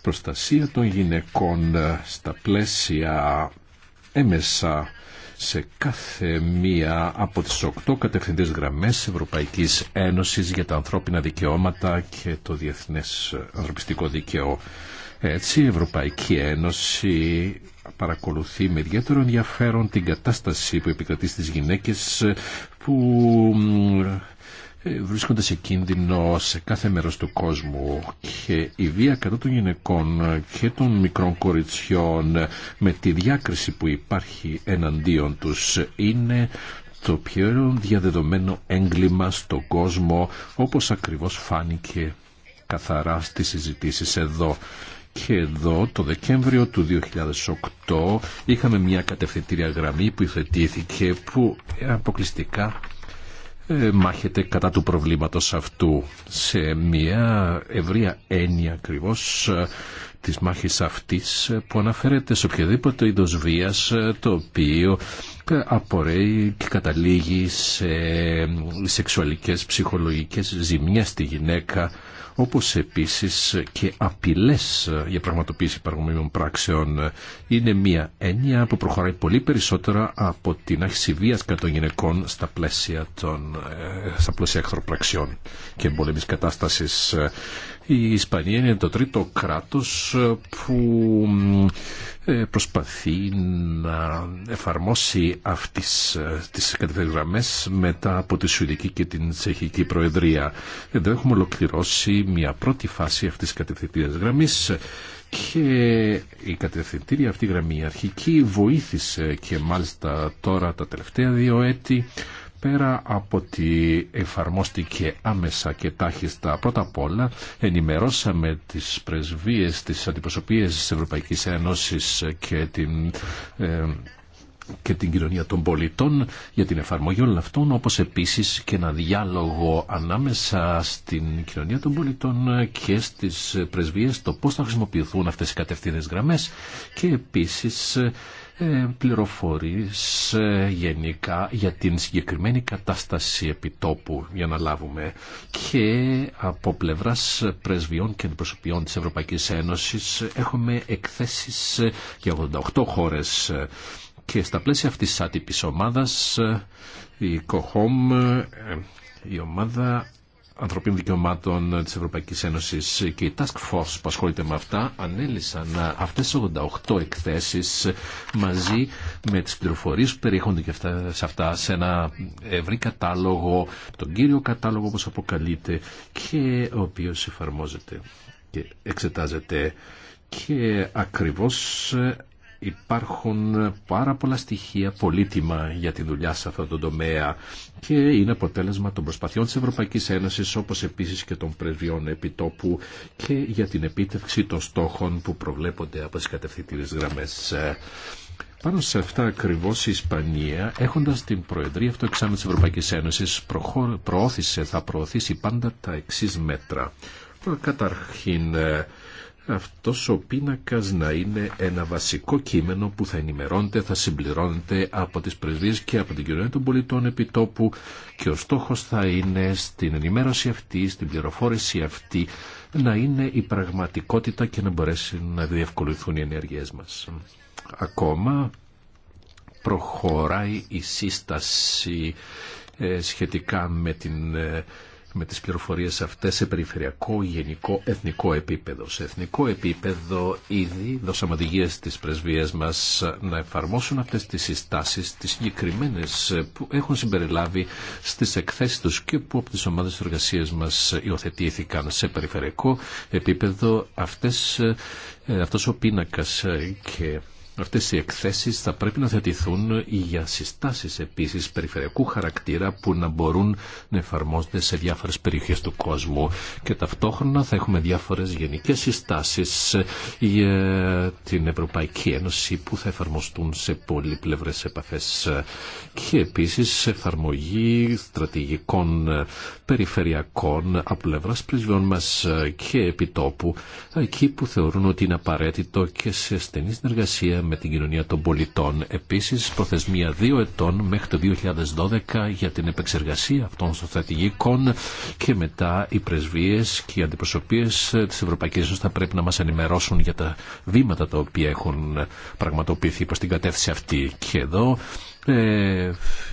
προστασία των γυναικών στα πλαίσια έμεσα σε κάθε μία από τις οκτώ κατευθυντές γραμμές Ευρωπαϊκής Ένωσης για τα ανθρώπινα δικαιώματα και το διεθνές ανθρωπιστικό δίκαιο. Έτσι, η Ευρωπαϊκή Ένωση παρακολουθεί με ιδιαίτερο ενδιαφέρον την κατάσταση που επικρατεί στις γυναίκες που ε, βρίσκονται σε κίνδυνο σε κάθε μέρος του κόσμου και η βία κατά των γυναικών και των μικρών κοριτσιών με τη διάκριση που υπάρχει εναντίον τους είναι το πιο διαδεδομένο έγκλημα στον κόσμο όπως ακριβώς φάνηκε καθαρά στις συζητήσεις εδώ. Και εδώ το Δεκέμβριο του 2008 είχαμε μια κατευθυντήρια γραμμή που υφετήθηκε που αποκλειστικά ε, μάχεται κατά του προβλήματος αυτού σε μια ευρεία έννοια ακριβώ ε, της μάχης αυτής ε, που αναφέρεται σε οποιαδήποτε είδος βίας το οποίο απορρέει και καταλήγει σε σεξουαλικές ψυχολογικές ζημιές στη γυναίκα όπως επίσης και απειλές για πραγματοποίηση παραγωγικών πράξεων. Είναι μια έννοια που προχωράει πολύ περισσότερα από την άχηση βίας κατά των γυναικών στα πλαίσια, των, ε, στα πλαίσια εχθροπραξιών και εμπολεμής κατάστασης. Η Ισπανία είναι το τρίτο κράτος που ε, προσπαθεί να εφαρμόσει αυτές ε, τις κατευθυντικές μετά από τη Σουηδική και την Τσεχική Προεδρία. Εδώ έχουμε ολοκληρώσει μια πρώτη φάση αυτής της κατευθυντικής γραμμής και η κατευθυντήρια αυτή γραμμή αρχική βοήθησε και μάλιστα τώρα τα τελευταία δύο έτη πέρα από ότι εφαρμόστηκε άμεσα και τάχιστα πρώτα απ' όλα ενημερώσαμε τις πρεσβείες, τις αντιπροσωπείες της Ευρωπαϊκής Ένωσης και την ε, και την κοινωνία των πολιτών για την εφαρμογή όλων αυτών, όπως επίσης και ένα διάλογο ανάμεσα στην κοινωνία των πολιτών και στις πρεσβείες, το πώς θα χρησιμοποιηθούν αυτές οι κατευθύνες γραμμές και επίσης ε, πληροφορίες ε, γενικά για την συγκεκριμένη κατάσταση επιτόπου για να λάβουμε και από πλευράς πρεσβειών και αντιπροσωπιών της Ευρωπαϊκής Ένωσης έχουμε εκθέσεις για 88 χώρες και στα πλαίσια αυτής της άτυπης ομάδας ε, η ΚΟΧΟΜ η ομάδα ανθρωπίνων δικαιωμάτων της Ευρωπαϊκής Ένωσης και η Task Force που ασχολείται με αυτά ανέλησαν ε, αυτές τις 88 εκθέσεις μαζί με τις πληροφορίες που περιέχονται και αυτά, σε αυτά σε ένα ευρύ κατάλογο, τον κύριο κατάλογο όπως αποκαλείται και ο οποίος εφαρμόζεται και εξετάζεται και ακριβώς ε, Υπάρχουν πάρα πολλά στοιχεία πολύτιμα για τη δουλειά σε αυτό το τομέα και είναι αποτέλεσμα των προσπαθειών της Ευρωπαϊκής Ένωσης όπως επίσης και των πρεσβειών επιτόπου και για την επίτευξη των στόχων που προβλέπονται από τις κατευθυντήρες γραμμές. Πάνω σε αυτά ακριβώ η Ισπανία, έχοντα την Προεδρία αυτό εξάμεινο τη Ευρωπαϊκή Ένωση, προώθησε, θα προωθήσει πάντα τα εξή μέτρα. Καταρχήν, αυτός ο πίνακας να είναι ένα βασικό κείμενο που θα ενημερώνεται, θα συμπληρώνεται από τις πρεσβείες και από την κοινωνία των πολιτών επιτόπου και ο στόχος θα είναι στην ενημέρωση αυτή, στην πληροφόρηση αυτή να είναι η πραγματικότητα και να μπορέσει να διευκολουθούν οι ενέργειές μας. Ακόμα προχωράει η σύσταση ε, σχετικά με την ε, με τις πληροφορίες αυτές σε περιφερειακό, γενικό, εθνικό επίπεδο. Σε εθνικό επίπεδο ήδη δώσαμε οδηγίε της πρεσβείας μας να εφαρμόσουν αυτές τις συστάσεις, τις συγκεκριμένε που έχουν συμπεριλάβει στις εκθέσεις τους και που από τις ομάδες εργασία μας υιοθετήθηκαν σε περιφερειακό επίπεδο αυτές, ε, αυτός ο πίνακας ε, και Αυτές οι εκθέσεις θα πρέπει να θετηθούν για συστάσεις επίσης περιφερειακού χαρακτήρα που να μπορούν να εφαρμόζονται σε διάφορες περιοχές του κόσμου και ταυτόχρονα θα έχουμε διάφορες γενικές συστάσεις για την Ευρωπαϊκή Ένωση που θα εφαρμοστούν σε πλευρές επαφές και επίσης εφαρμογή στρατηγικών περιφερειακών από πλευρά πρεσβειών μα ε, και επιτόπου, εκεί που θεωρούν ότι είναι απαραίτητο και σε στενή συνεργασία με την κοινωνία των πολιτών. Επίση, προθεσμία δύο ετών μέχρι το 2012 για την επεξεργασία αυτών των στρατηγικών και μετά οι πρεσβείε και οι αντιπροσωπείε ε, τη Ευρωπαϊκή Ένωση θα πρέπει να μα ενημερώσουν για τα βήματα τα οποία έχουν πραγματοποιηθεί προ την κατεύθυνση αυτή. Και εδώ ε,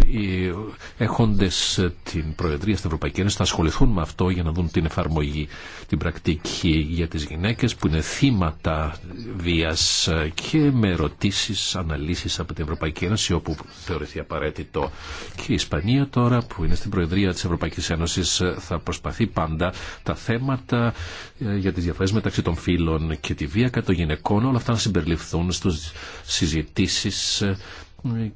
οι έχοντες την Προεδρία στην Ευρωπαϊκή Ένωση θα ασχοληθούν με αυτό για να δουν την εφαρμογή, την πρακτική για τις γυναίκες που είναι θύματα βίας και με ερωτήσεις, αναλύσεις από την Ευρωπαϊκή Ένωση όπου θεωρηθεί απαραίτητο. Και η Ισπανία τώρα που είναι στην Προεδρία της Ευρωπαϊκής Ένωσης θα προσπαθεί πάντα τα θέματα ε, για τις διαφορές μεταξύ των φύλων και τη βία κατά των γυναικών όλα αυτά να συμπεριληφθούν στους συζητήσεις ε,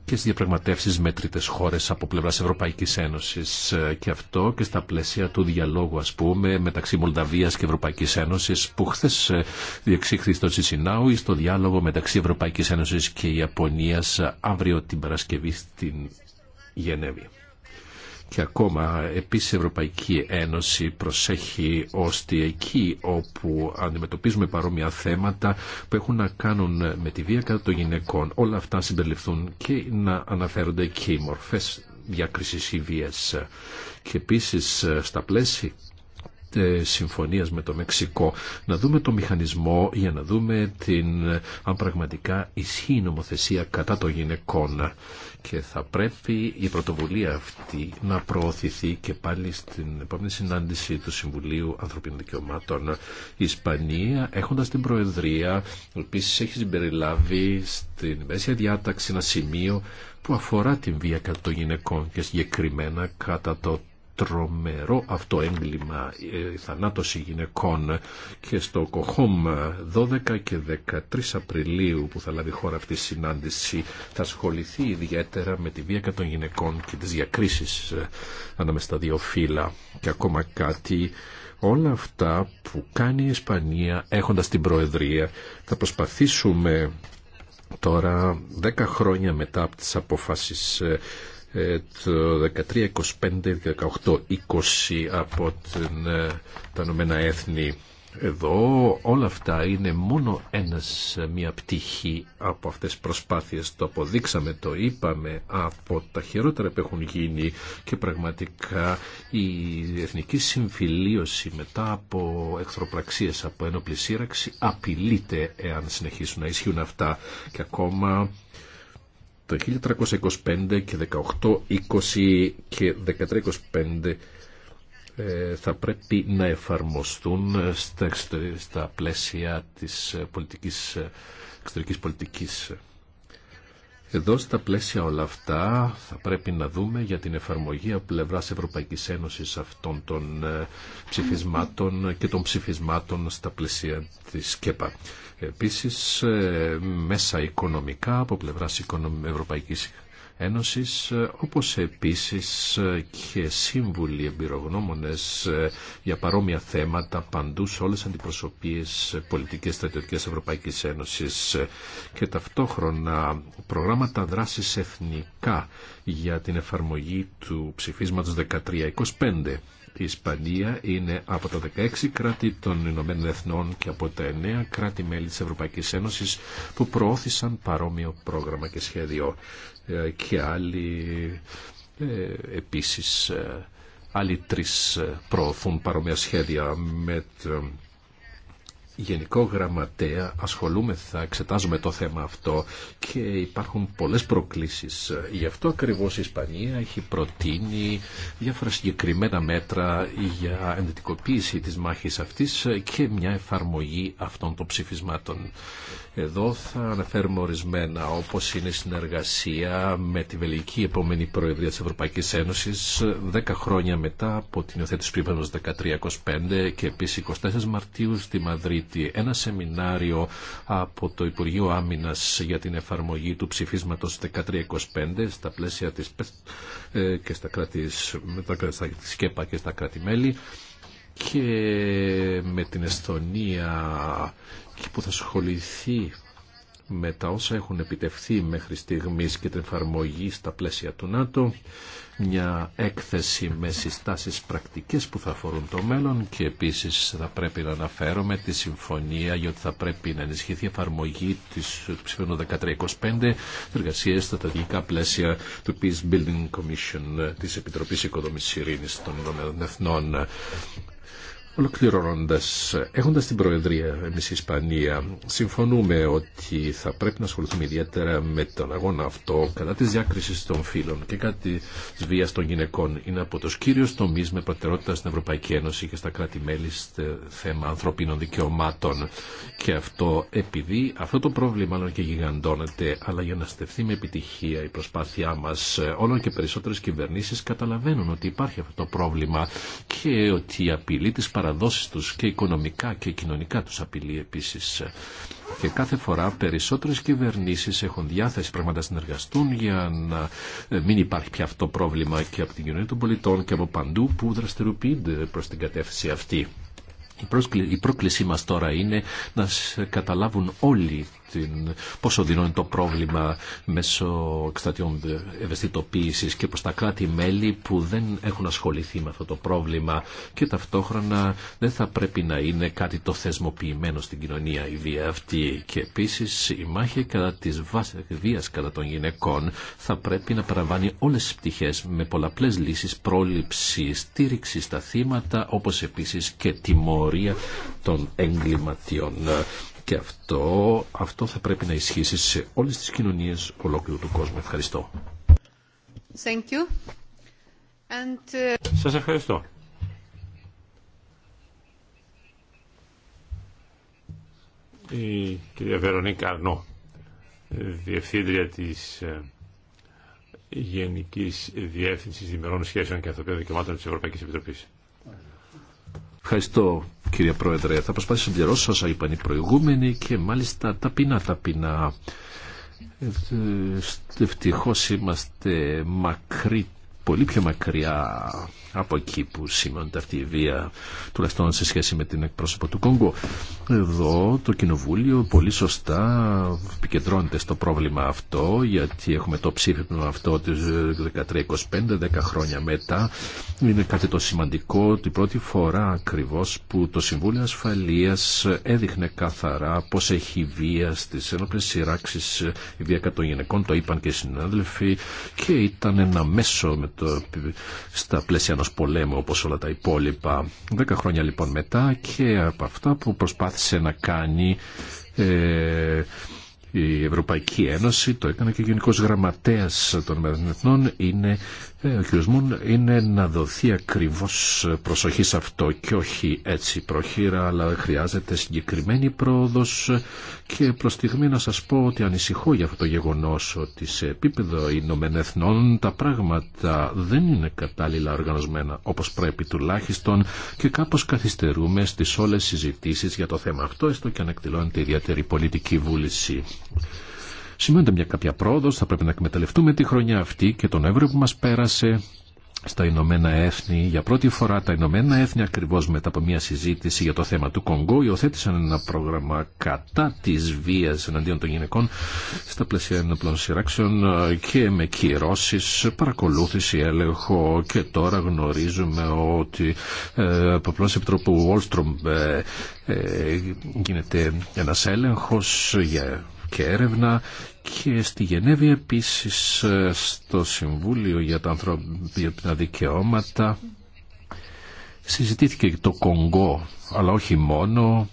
και στι διαπραγματεύσει με τρίτε χώρες από πλευρά Ευρωπαϊκής Ένωσης ε, και αυτό και στα πλαίσια του διαλόγου ας πούμε μεταξύ Μολδαβίας και Ευρωπαϊκής Ένωσης που χθε ε, διεξήχθη στο Τσισινάου στο διάλογο μεταξύ Ευρωπαϊκής Ένωσης και Ιαπωνίας ε, αύριο την Παρασκευή στην Γενέβη. Και ακόμα επίσης η Ευρωπαϊκή Ένωση προσέχει ώστε εκεί όπου αντιμετωπίζουμε παρόμοια θέματα που έχουν να κάνουν με τη βία κατά των γυναικών όλα αυτά συμπεριληφθούν και να αναφέρονται εκεί μορφές διακρίσης ή βίας. Και επίσης στα πλαίσια ε, συμφωνίας με το Μεξικό, να δούμε το μηχανισμό για να δούμε την, αν πραγματικά ισχύει η νομοθεσία κατά το γυναικών. Και θα πρέπει η πρωτοβουλία αυτή να προωθηθεί και πάλι στην επόμενη συνάντηση του Συμβουλίου Ανθρωπίνων Δικαιωμάτων. Ισπανία, έχοντας την Προεδρία, επίση έχει συμπεριλάβει στην μέση διάταξη ένα σημείο που αφορά την βία κατά των γυναικών και συγκεκριμένα κατά το τρομερό αυτό έγκλημα ε, η θανάτωση γυναικών και στο Κοχόμ 12 και 13 Απριλίου που θα λάβει χώρα αυτή η συνάντηση θα ασχοληθεί ιδιαίτερα με τη βία κατά των γυναικών και τις διακρίσεις ε, ανάμεσα στα δύο φύλλα και ακόμα κάτι όλα αυτά που κάνει η Ισπανία έχοντας την Προεδρία θα προσπαθήσουμε Τώρα, 10 χρόνια μετά από τις αποφάσεις ε, ε, το 13, 25 18, 20 από την, ε, τα Ηνωμένα Έθνη. Εδώ όλα αυτά είναι μόνο ένας, ε, μια πτυχή από αυτές τις προσπάθειες. Το αποδείξαμε, το είπαμε από τα χειρότερα που έχουν γίνει και πραγματικά η εθνική συμφιλίωση μετά από εχθροπραξίες, από ένοπλη σύραξη απειλείται εάν συνεχίσουν να ισχύουν αυτά και ακόμα το 1325 και 1820 και 1325 ε, θα πρέπει να εφαρμοστούν στα, στα πλαίσια της ε, πολιτικής, ε, εξωτερικής πολιτικής. Εδώ στα πλαίσια όλα αυτά θα πρέπει να δούμε για την εφαρμογή από πλευράς Ευρωπαϊκής Ένωσης αυτών των ε, ψηφισμάτων και των ψηφισμάτων στα πλαίσια της ΚΕΠΑ. Επίσης ε, μέσα οικονομικά από πλευράς Ευρωπαϊκής Ένωσης, όπως επίσης και σύμβουλοι εμπειρογνώμονες για παρόμοια θέματα παντού σε όλες τις αντιπροσωπείες πολιτικές στρατιωτικές Ευρωπαϊκής Ένωσης και ταυτόχρονα προγράμματα δράσης εθνικά για την εφαρμογή του ψηφίσματος 1325 η Ισπανία είναι από τα 16 κράτη των Ηνωμένων Εθνών και από τα 9 κράτη-μέλη της Ευρωπαϊκής Ένωσης που προώθησαν παρόμοιο πρόγραμμα και σχέδιο. Ε, και άλλοι ε, επίσης ε, άλλοι τρεις προωθούν παρόμοια σχέδια με Γενικό Γραμματέα ασχολούμεθα, εξετάζουμε το θέμα αυτό και υπάρχουν πολλές προκλήσεις. Γι' αυτό ακριβώς η Ισπανία έχει προτείνει διάφορα συγκεκριμένα μέτρα για ενδετικοποίηση της μάχης αυτής και μια εφαρμογή αυτών των ψηφισμάτων. Εδώ θα αναφέρουμε ορισμένα όπως είναι η συνεργασία με τη Βελική επόμενη Προεδρία της Ευρωπαϊκής Ένωσης 10 χρόνια μετά από την υιοθέτηση του 1325 και επίσης 24 Μαρτίου στη Μαδρίτη ένα σεμινάριο από το Υπουργείο Άμυνας για την εφαρμογή του ψηφίσματος 1325 στα πλαίσια της ε, και στα ΚΕΠΑ και στα κράτη-μέλη και με την Εσθονία που θα ασχοληθεί με τα όσα έχουν επιτευχθεί μέχρι στιγμής και την εφαρμογή στα πλαίσια του ΝΑΤΟ μια έκθεση με συστάσεις πρακτικές που θα αφορούν το μέλλον και επίσης θα πρέπει να αναφέρομαι τη συμφωνία για ότι θα πρέπει να ενισχυθεί η εφαρμογή της ψηφίου 1325 εργασίες στα τελικά πλαίσια του Peace Building Commission της Επιτροπής Οικοδομής Ειρήνης των Ηνωμένων Εθνών. Ολοκληρώνοντα, έχοντα την Προεδρία εμεί η Ισπανία, συμφωνούμε ότι θα πρέπει να ασχοληθούμε ιδιαίτερα με τον αγώνα αυτό κατά τη διάκριση των φύλων και κατά τη βία των γυναικών. Είναι από του κύριου τομεί με προτεραιότητα στην Ευρωπαϊκή Ένωση και στα κράτη-μέλη στο θέμα ανθρωπίνων δικαιωμάτων. Και αυτό επειδή αυτό το πρόβλημα όλο και γιγαντώνεται, αλλά για να στεφθεί με επιτυχία η προσπάθειά μα, όλο και περισσότερε κυβερνήσει καταλαβαίνουν ότι υπάρχει αυτό το πρόβλημα και ότι η απειλή τη παραδόσεις τους και οικονομικά και κοινωνικά τους απειλεί επίσης. Και κάθε φορά περισσότερες κυβερνήσεις έχουν διάθεση πραγματικά να συνεργαστούν για να ε, μην υπάρχει πια αυτό πρόβλημα και από την κοινωνία των πολιτών και από παντού που δραστηριοποιείται προς την κατεύθυνση αυτή. Η, πρόκλησή μας τώρα είναι να καταλάβουν όλοι την, πόσο δεινό είναι το πρόβλημα μέσω εκστατιών ευαισθητοποίηση και προ τα κράτη-μέλη που δεν έχουν ασχοληθεί με αυτό το πρόβλημα και ταυτόχρονα δεν θα πρέπει να είναι κάτι το θεσμοποιημένο στην κοινωνία η βία αυτή. Και επίση η μάχη κατά τη βία κατά των γυναικών θα πρέπει να παραβάνει όλε τι πτυχέ με πολλαπλέ λύσει πρόληψη, στήριξη στα θύματα όπω επίση και τιμωρία των εγκληματιών. Και αυτό, αυτό θα πρέπει να ισχύσει σε όλες τις κοινωνίες ολόκληρου του κόσμου. Ευχαριστώ. Thank you. And... Uh, Σας ευχαριστώ. Η κυρία Βερονίκα, Αρνό, Διευθύντρια της ε, Γενικής Διεύθυνσης Δημερών Σχέσεων και Ανθρωπίνων Δικαιωμάτων της Ευρωπαϊκής Επιτροπής. Ευχαριστώ κύριε Πρόεδρε. Θα προσπαθήσω να πληρώσω όσα είπαν οι προηγούμενοι και μάλιστα ταπεινά ταπεινά. Ε, ε, ευτυχώς είμαστε μακρύ πολύ πιο μακριά από εκεί που σημαίνεται αυτή η βία, τουλάχιστον σε σχέση με την εκπρόσωπο του Κόγκο. Εδώ το Κοινοβούλιο πολύ σωστά επικεντρώνεται στο πρόβλημα αυτό, γιατί έχουμε το ψήφισμα αυτό αυτό 13-25, 10 χρόνια μετά. Είναι κάτι το σημαντικό, την πρώτη φορά ακριβώς που το Συμβούλιο Ασφαλείας έδειχνε καθαρά πως έχει βία στις ένοπλες σειράξεις, η βία κατά των γυναικών, το είπαν και οι συνάδελφοι, και ήταν ένα μέσο με στα πλαίσια ενός πολέμου όπως όλα τα υπόλοιπα. Δέκα χρόνια λοιπόν μετά και από αυτά που προσπάθησε να κάνει ε, η Ευρωπαϊκή Ένωση, το έκανε και ο Γενικός Γραμματέας των Εθνών, είναι ε, ο κ. Μουν είναι να δοθεί ακριβώ προσοχή σε αυτό και όχι έτσι προχείρα, αλλά χρειάζεται συγκεκριμένη πρόοδο και προ στιγμή να σα πω ότι ανησυχώ για αυτό το γεγονό ότι σε επίπεδο Ηνωμένων Εθνών τα πράγματα δεν είναι κατάλληλα οργανωσμένα όπω πρέπει τουλάχιστον και κάπω καθυστερούμε στι όλε συζητήσει για το θέμα αυτό, έστω και αν εκδηλώνεται ιδιαίτερη πολιτική βούληση. Σημαίνεται μια κάποια πρόοδο, θα πρέπει να εκμεταλλευτούμε τη χρονιά αυτή και τον Εύρο που μα πέρασε στα Ηνωμένα Έθνη. Για πρώτη φορά τα Ηνωμένα Έθνη ακριβώ μετά από μια συζήτηση για το θέμα του Κονγκό υιοθέτησαν ένα πρόγραμμα κατά τη βία εναντίον των γυναικών στα πλαίσια ενόπλων σειράξεων και με κυρώσει παρακολούθηση, έλεγχο και τώρα γνωρίζουμε ότι ε, από πλώς επιτρόπου Ολστρομπ ε, ε, γίνεται ένα έλεγχο. για και έρευνα και στη Γενέβη επίσης ε, στο Συμβούλιο για τα ανθρώπινα δικαιώματα συζητήθηκε το Κονγκό αλλά όχι μόνο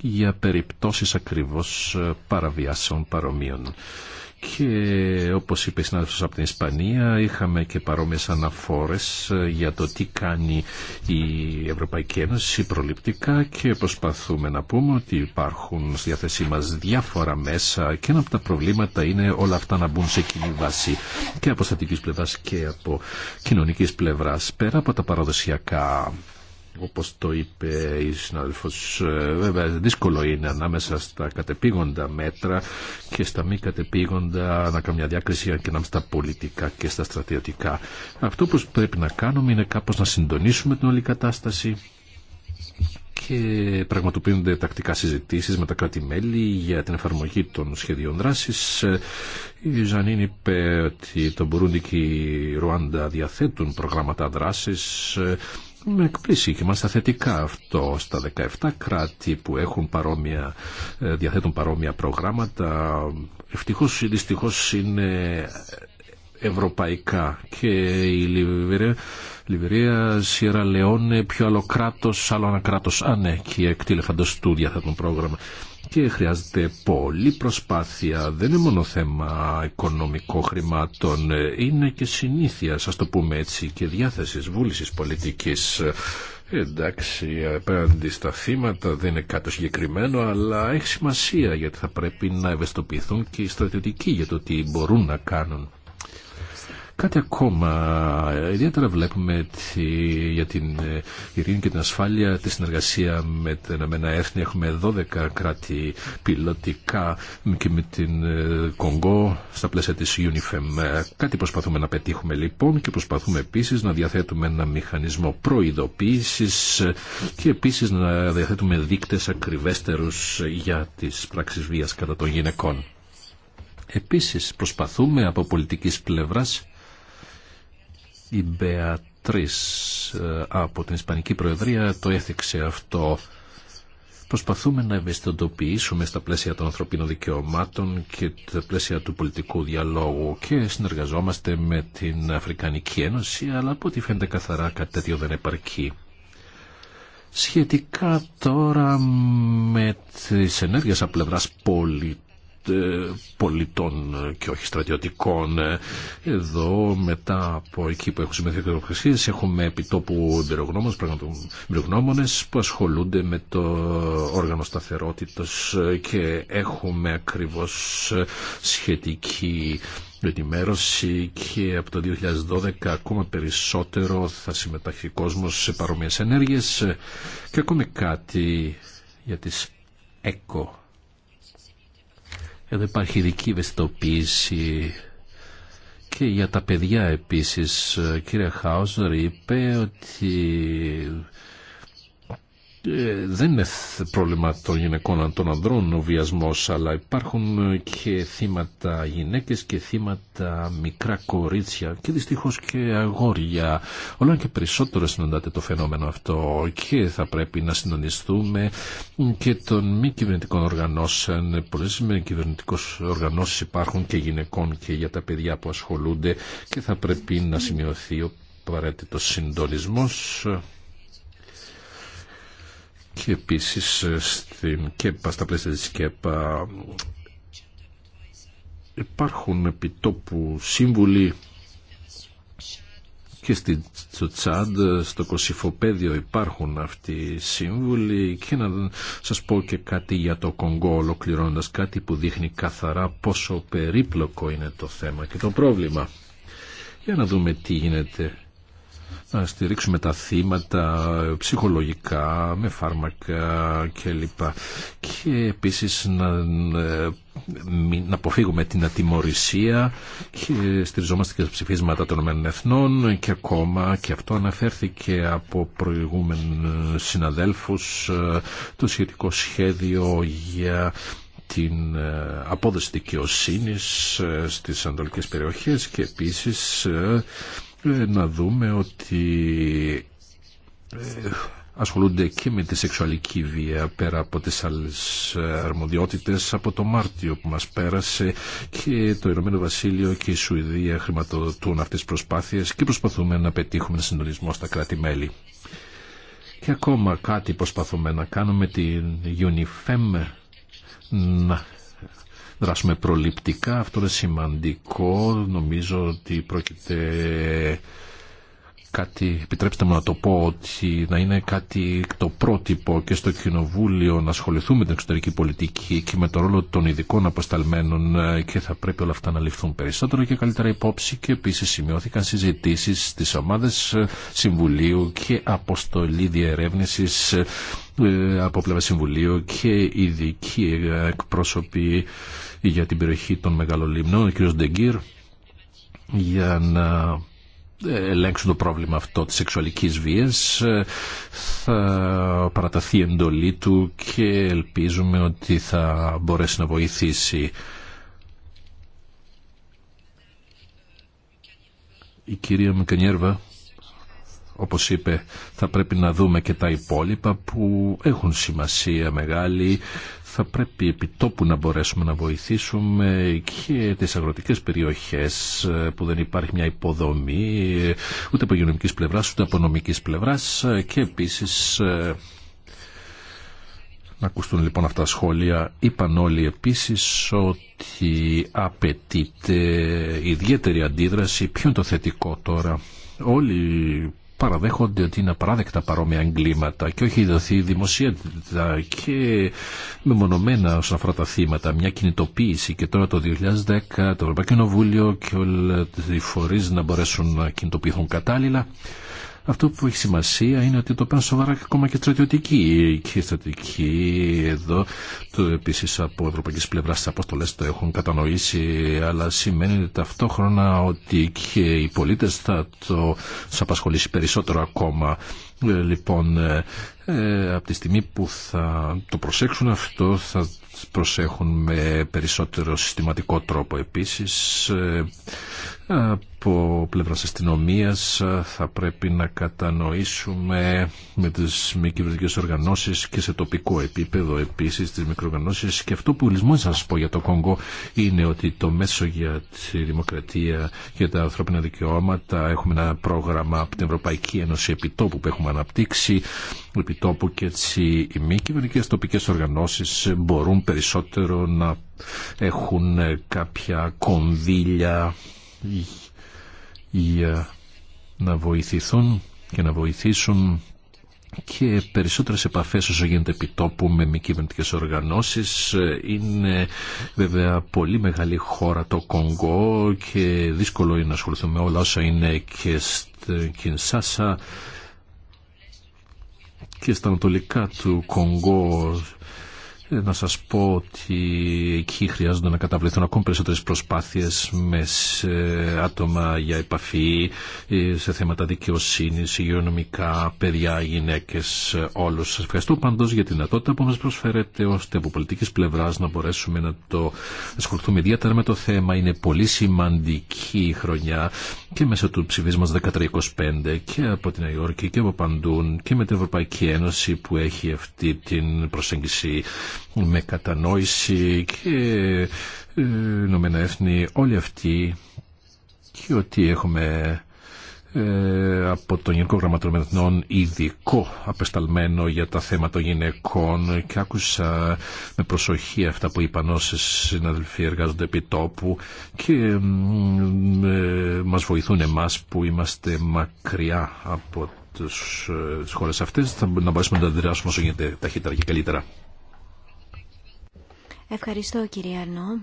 για περιπτώσεις ακριβώς ε, παραβιάσεων παρομοίων και όπως είπε συνάδελφος από την Ισπανία είχαμε και παρόμοιες αναφόρες ε, για το τι κάνει η Ευρωπαϊκή Ένωση προληπτικά και προσπαθούμε να πούμε ότι υπάρχουν στη διάθεσή μας διάφορα μέσα και ένα από τα προβλήματα είναι όλα αυτά να μπουν σε κοινή βάση και από στατικής πλευράς και από κοινωνικής πλευράς πέρα από τα παραδοσιακά όπως το είπε η συναδελφός, ε, βέβαια δύσκολο είναι ανάμεσα στα κατεπήγοντα μέτρα και στα μη κατεπήγοντα να κάνουμε μια διάκριση και ανάμεσα στα πολιτικά και στα στρατιωτικά. Αυτό που πρέπει να κάνουμε είναι κάπως να συντονίσουμε την όλη κατάσταση και πραγματοποιούνται τακτικά συζητήσεις με τα κράτη-μέλη για την εφαρμογή των σχεδίων δράσης. Η Ζανίν είπε ότι το Μπουρούντι και η Ρουάντα διαθέτουν προγράμματα δράσης με εκπλήσει και μάλιστα θετικά αυτό στα 17 κράτη που έχουν παρόμοια, ε, διαθέτουν παρόμοια προγράμματα. Ευτυχώ ή δυστυχώς είναι ευρωπαϊκά και η Λιβερία, η Σιερα πιο άλλο κράτο, άλλο ανακράτο. Α, ναι, και του διαθέτουν πρόγραμμα και χρειάζεται πολλή προσπάθεια. Δεν είναι μόνο θέμα οικονομικό χρημάτων, είναι και συνήθεια, σας το πούμε έτσι, και διάθεσης βούλησης πολιτικής. Εντάξει, απέναντι στα θύματα δεν είναι κάτι συγκεκριμένο, αλλά έχει σημασία γιατί θα πρέπει να ευαισθητοποιηθούν και οι στρατιωτικοί για το τι μπορούν να κάνουν. Κάτι ακόμα. Ιδιαίτερα βλέπουμε τη, για την ε, ειρήνη και την ασφάλεια τη συνεργασία με τα Ηνωμένα Έθνη. Έχουμε 12 κράτη πιλωτικά και με την ε, Κονγκό στα πλαίσια της UNIFEM. Κάτι προσπαθούμε να πετύχουμε λοιπόν και προσπαθούμε επίσης να διαθέτουμε ένα μηχανισμό προειδοποίηση και επίσης να διαθέτουμε δείκτε ακριβέστερου για τι πράξει βία κατά των γυναικών. Επίσης προσπαθούμε από πολιτικής πλευράς η Μπεατρίς ε, από την Ισπανική Προεδρία το έθιξε αυτό. Προσπαθούμε να ευαισθητοποιήσουμε στα πλαίσια των ανθρωπίνων δικαιωμάτων και τα πλαίσια του πολιτικού διαλόγου και συνεργαζόμαστε με την Αφρικανική Ένωση, αλλά από ό,τι φαίνεται καθαρά κάτι τέτοιο δεν επαρκεί. Σχετικά τώρα με τις ενέργειες από πλευράς πολιτών, ε, πολιτών ε, και όχι στρατιωτικών. Ε, εδώ μετά από εκεί που έχουν συμμετέχει οι ευρωπαϊκές έχουμε επιτόπου εμπειρογνώμονε που ασχολούνται με το όργανο σταθερότητα και έχουμε ακριβώ σχετική ενημέρωση και από το 2012 ακόμα περισσότερο θα συμμετάχει ο κόσμος σε παρόμοιες ενέργειες και ακόμη κάτι για τις ΕΚΟ εδώ υπάρχει ειδική ευαισθητοποίηση και για τα παιδιά επίσης. Ε, κύριε Χάουζερ είπε ότι ε, δεν είναι πρόβλημα των γυναικών των ανδρών ο βιασμός, αλλά υπάρχουν ε, και θύματα γυναίκες και θύματα μικρά κορίτσια και δυστυχώς και αγόρια. Όλο και περισσότερο συναντάται το φαινόμενο αυτό και θα πρέπει να συντονιστούμε και των μη κυβερνητικών οργανώσεων. Πολλές μη κυβερνητικές οργανώσεις υπάρχουν και γυναικών και για τα παιδιά που ασχολούνται και θα πρέπει να σημειωθεί ο απαραίτητο συντονισμός και επίσης ε, στην ΚΕΠΑ, στα πλαίσια της ΚΕΠΑ υπάρχουν επιτόπου σύμβουλοι και στη, στο στο Κωσυφοπέδιο υπάρχουν αυτοί οι σύμβουλοι και να σας πω και κάτι για το Κονγκό ολοκληρώνοντας κάτι που δείχνει καθαρά πόσο περίπλοκο είναι το θέμα και το πρόβλημα. Για να δούμε τι γίνεται να στηρίξουμε τα θύματα ψυχολογικά, με φάρμακα κλπ. Και επίσης να, ε, να αποφύγουμε την ατιμορρησία και στηριζόμαστε και στα ψηφίσματα των Εθνών και ακόμα και αυτό αναφέρθηκε από προηγούμενου συναδέλφους ε, το σχετικό σχέδιο για την ε, απόδοση δικαιοσύνη στις ανατολικές περιοχές και επίσης ε, να δούμε ότι ε, ασχολούνται και με τη σεξουαλική βία πέρα από τις άλλες ε, αρμοδιότητες από το Μάρτιο που μας πέρασε και το Ηνωμένο Βασίλειο και η Σουηδία χρηματοδοτούν αυτές τις προσπάθειες και προσπαθούμε να πετύχουμε συντονισμό στα κράτη-μέλη. Και ακόμα κάτι προσπαθούμε να κάνουμε την UNIFEM να δράσουμε προληπτικά. Αυτό είναι σημαντικό. Νομίζω ότι πρόκειται κάτι, επιτρέψτε μου να το πω, ότι να είναι κάτι το πρότυπο και στο Κοινοβούλιο να ασχοληθούμε με την εξωτερική πολιτική και με το ρόλο των ειδικών αποσταλμένων και θα πρέπει όλα αυτά να ληφθούν περισσότερο και καλύτερα υπόψη και επίσης σημειώθηκαν συζητήσεις στις ομάδες Συμβουλίου και αποστολή διερεύνησης ε, από πλευρά Συμβουλίου και ειδικοί εκπρόσωποι για την περιοχή των Μεγαλολιμνών, ο κ. Ντεγκύρ, για να ελέγξουν το πρόβλημα αυτό της σεξουαλικής βίας θα παραταθεί η εντολή του και ελπίζουμε ότι θα μπορέσει να βοηθήσει η κυρία Μικανιέρβα όπως είπε, θα πρέπει να δούμε και τα υπόλοιπα που έχουν σημασία μεγάλη θα πρέπει επιτόπου να μπορέσουμε να βοηθήσουμε και τις αγροτικές περιοχές ε, που δεν υπάρχει μια υποδομή ε, ούτε από υγειονομικής πλευράς ούτε από νομικής πλευράς ε, και επίσης να ακουστούν λοιπόν αυτά τα σχόλια. Είπαν όλοι επίσης ότι απαιτείται ιδιαίτερη αντίδραση. Ποιο είναι το θετικό τώρα. Όλοι παραδέχονται ότι είναι απαράδεκτα παρόμοια εγκλήματα και όχι δοθεί δημοσιότητα και μεμονωμένα όσον αφορά τα θύματα, μια κινητοποίηση και τώρα το 2010 το Ευρωπαϊκό Κοινοβούλιο και όλοι οι φορείς να μπορέσουν να κινητοποιηθούν κατάλληλα. Αυτό που έχει σημασία είναι ότι το παίρνουν σοβαρά ακόμα και στρατιωτικοί και στρατιωτικοί εδώ το επίσης από ευρωπαϊκής πλευράς τι αποστολές το έχουν κατανοήσει αλλά σημαίνει ταυτόχρονα ότι και οι πολίτες θα το θα απασχολήσει περισσότερο ακόμα ε, λοιπόν ε, ε, από τη στιγμή που θα το προσέξουν αυτό θα προσέχουν με περισσότερο συστηματικό τρόπο επίσης ε, από πλευρά αστυνομία ε, θα πρέπει να κατανοήσουμε με τις μη κυβερνητικές οργανώσεις και σε τοπικό επίπεδο επίσης τις μικροοργανώσεις και αυτό που λυσμό να σας πω για το Κόγκο είναι ότι το μέσο για τη δημοκρατία και τα ανθρώπινα δικαιώματα έχουμε ένα πρόγραμμα από την Ευρωπαϊκή Ένωση επιτόπου που έχουμε αναπτύξει επιτόπου και έτσι οι μη κυβερνητικές τοπικές οργανώσεις μπορούν περισσότερο να έχουν κάποια κονδύλια για να βοηθηθούν και να βοηθήσουν και περισσότερες επαφές όσο γίνεται επιτόπου με μη κυβερνητικέ οργανώσεις. Είναι βέβαια πολύ μεγάλη χώρα το Κονγκό και δύσκολο είναι να ασχοληθούμε όλα όσα είναι και στην Κινσάσα και στα ανατολικά του Κονγκό να σας πω ότι εκεί χρειάζονται να καταβληθούν ακόμη περισσότερες προσπάθειες με ε, άτομα για επαφή ε, σε θέματα δικαιοσύνης, υγειονομικά, παιδιά, γυναίκες, ε, όλους. Σας ευχαριστώ πάντως για τη δυνατότητα που μας προσφέρετε ώστε από πολιτικής πλευράς να μπορέσουμε να το ασχοληθούμε ιδιαίτερα με το θέμα. Είναι πολύ σημαντική η χρονιά και μέσα του ψηφίσματος 1325 και από την Αιόρκη και από παντού και με την Ευρωπαϊκή Ένωση που έχει αυτή την προσέγγιση με κατανόηση και ε, Ηνωμένα Έθνη όλοι αυτοί και ότι έχουμε ε, από τον Γενικό Γραμματολόγο Εθνών ειδικό απεσταλμένο για τα θέματα των γυναικών και άκουσα με προσοχή αυτά που είπαν όσοι συναδελφοί εργάζονται επί τόπου και ε, μας βοηθούν εμάς που είμαστε μακριά από τις χώρες αυτές να μπορέσουμε να τα αντιδράσουμε όσο γίνεται ταχύτερα και καλύτερα. Ευχαριστώ κύριε Αρνό.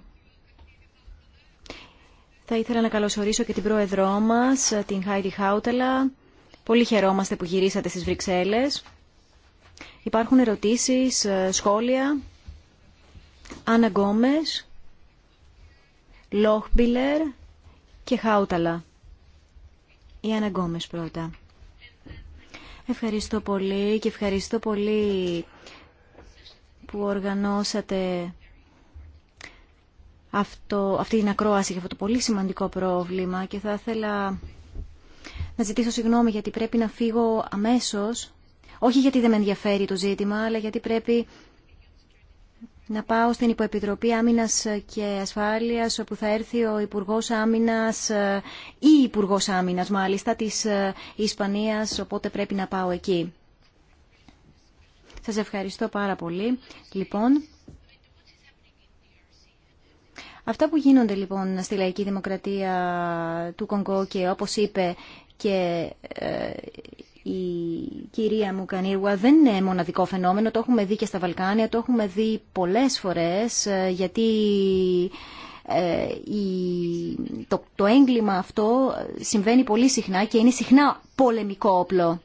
Θα ήθελα να καλωσορίσω και την πρόεδρό μας, την Χάιρι Χάουτελα. Πολύ χαιρόμαστε που γυρίσατε στις Βρυξέλλες. Υπάρχουν ερωτήσεις, σχόλια. Άννα Γκόμες, Λόχμπιλερ και Χάουταλα. Η Άννα Γκόμες πρώτα. Ευχαριστώ πολύ και ευχαριστώ πολύ που οργανώσατε αυτό, αυτή την ακρόαση για αυτό το πολύ σημαντικό πρόβλημα και θα ήθελα να ζητήσω συγγνώμη γιατί πρέπει να φύγω αμέσως, όχι γιατί δεν με ενδιαφέρει το ζήτημα, αλλά γιατί πρέπει να πάω στην Υποεπιτροπή Άμυνας και Ασφάλειας όπου θα έρθει ο Υπουργός Άμυνας ε, ή Υπουργός Άμυνας μάλιστα της ε, Ισπανίας, οπότε πρέπει να πάω εκεί. Σας ευχαριστώ πάρα πολύ. Λοιπόν, Αυτά που γίνονται λοιπόν στη λαϊκή δημοκρατία του Κονγκό και όπως είπε και ε, η κυρία μου Κανίρουα δεν είναι μοναδικό φαινόμενο, το έχουμε δει και στα Βαλκάνια, το έχουμε δει πολλές φορές ε, γιατί ε, το έγκλημα αυτό συμβαίνει πολύ συχνά και είναι συχνά πολεμικό όπλο.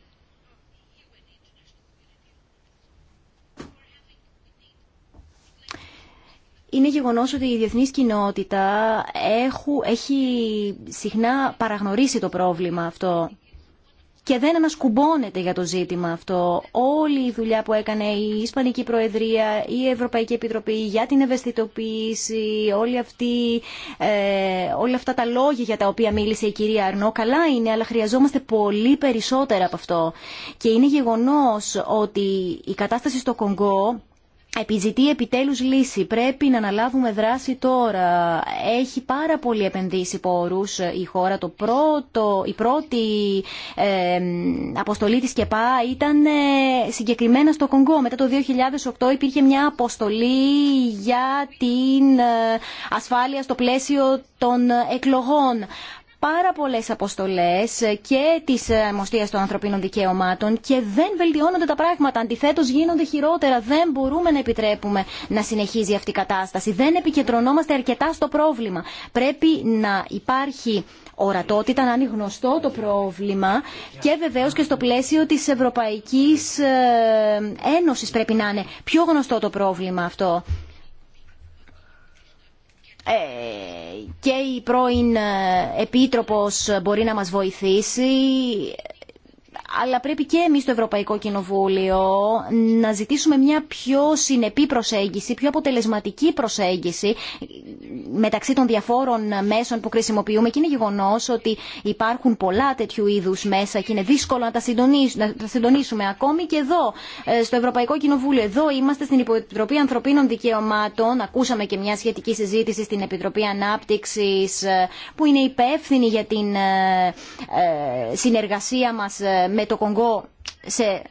είναι γεγονός ότι η διεθνής κοινότητα έχου, έχει συχνά παραγνωρίσει το πρόβλημα αυτό και δεν ανασκουμπώνεται για το ζήτημα αυτό. Όλη η δουλειά που έκανε η Ισπανική Προεδρία, η Ευρωπαϊκή Επιτροπή για την ευαισθητοποίηση, όλη αυτή, ε, όλα αυτά τα λόγια για τα οποία μίλησε η κυρία Αρνό, καλά είναι, αλλά χρειαζόμαστε πολύ περισσότερα από αυτό. Και είναι γεγονός ότι η κατάσταση στο Κονγκό Επιζητεί επιτέλους λύση. Πρέπει να αναλάβουμε δράση τώρα. Έχει πάρα πολύ επενδύσει πόρους η χώρα. Το πρώτο, η πρώτη ε, αποστολή της ΚΕΠΑ ήταν ε, συγκεκριμένα στο Κονγκό. Μετά το 2008 υπήρχε μια αποστολή για την ε, ασφάλεια στο πλαίσιο των εκλογών πάρα πολλέ αποστολές και της ε, μοστία των Ανθρωπίνων Δικαιωμάτων και δεν βελτιώνονται τα πράγματα. Αντιθέτως γίνονται χειρότερα. Δεν μπορούμε να επιτρέπουμε να συνεχίζει αυτή η κατάσταση. Δεν επικεντρωνόμαστε αρκετά στο πρόβλημα. Πρέπει να υπάρχει ορατότητα, να είναι γνωστό το πρόβλημα και βεβαίω και στο πλαίσιο τη Ευρωπαϊκή ε, Ένωση πρέπει να είναι πιο γνωστό το πρόβλημα αυτό. Ε, και η πρώην ε, Επίτροπος μπορεί να μας βοηθήσει αλλά πρέπει και εμείς στο Ευρωπαϊκό Κοινοβούλιο να ζητήσουμε μια πιο συνεπή προσέγγιση, πιο αποτελεσματική προσέγγιση μεταξύ των διαφόρων μέσων που χρησιμοποιούμε και είναι γεγονός ότι υπάρχουν πολλά τέτοιου είδους μέσα και είναι δύσκολο να τα συντονίσουμε, να τα ακόμη και εδώ ε, στο Ευρωπαϊκό Κοινοβούλιο. Εδώ είμαστε στην Επιτροπή Ανθρωπίνων Δικαιωμάτων, ακούσαμε και μια σχετική συζήτηση στην Επιτροπή Ανάπτυξης ε, που είναι υπεύθυνη για την ε, συνεργασία μας το Κονγκό σε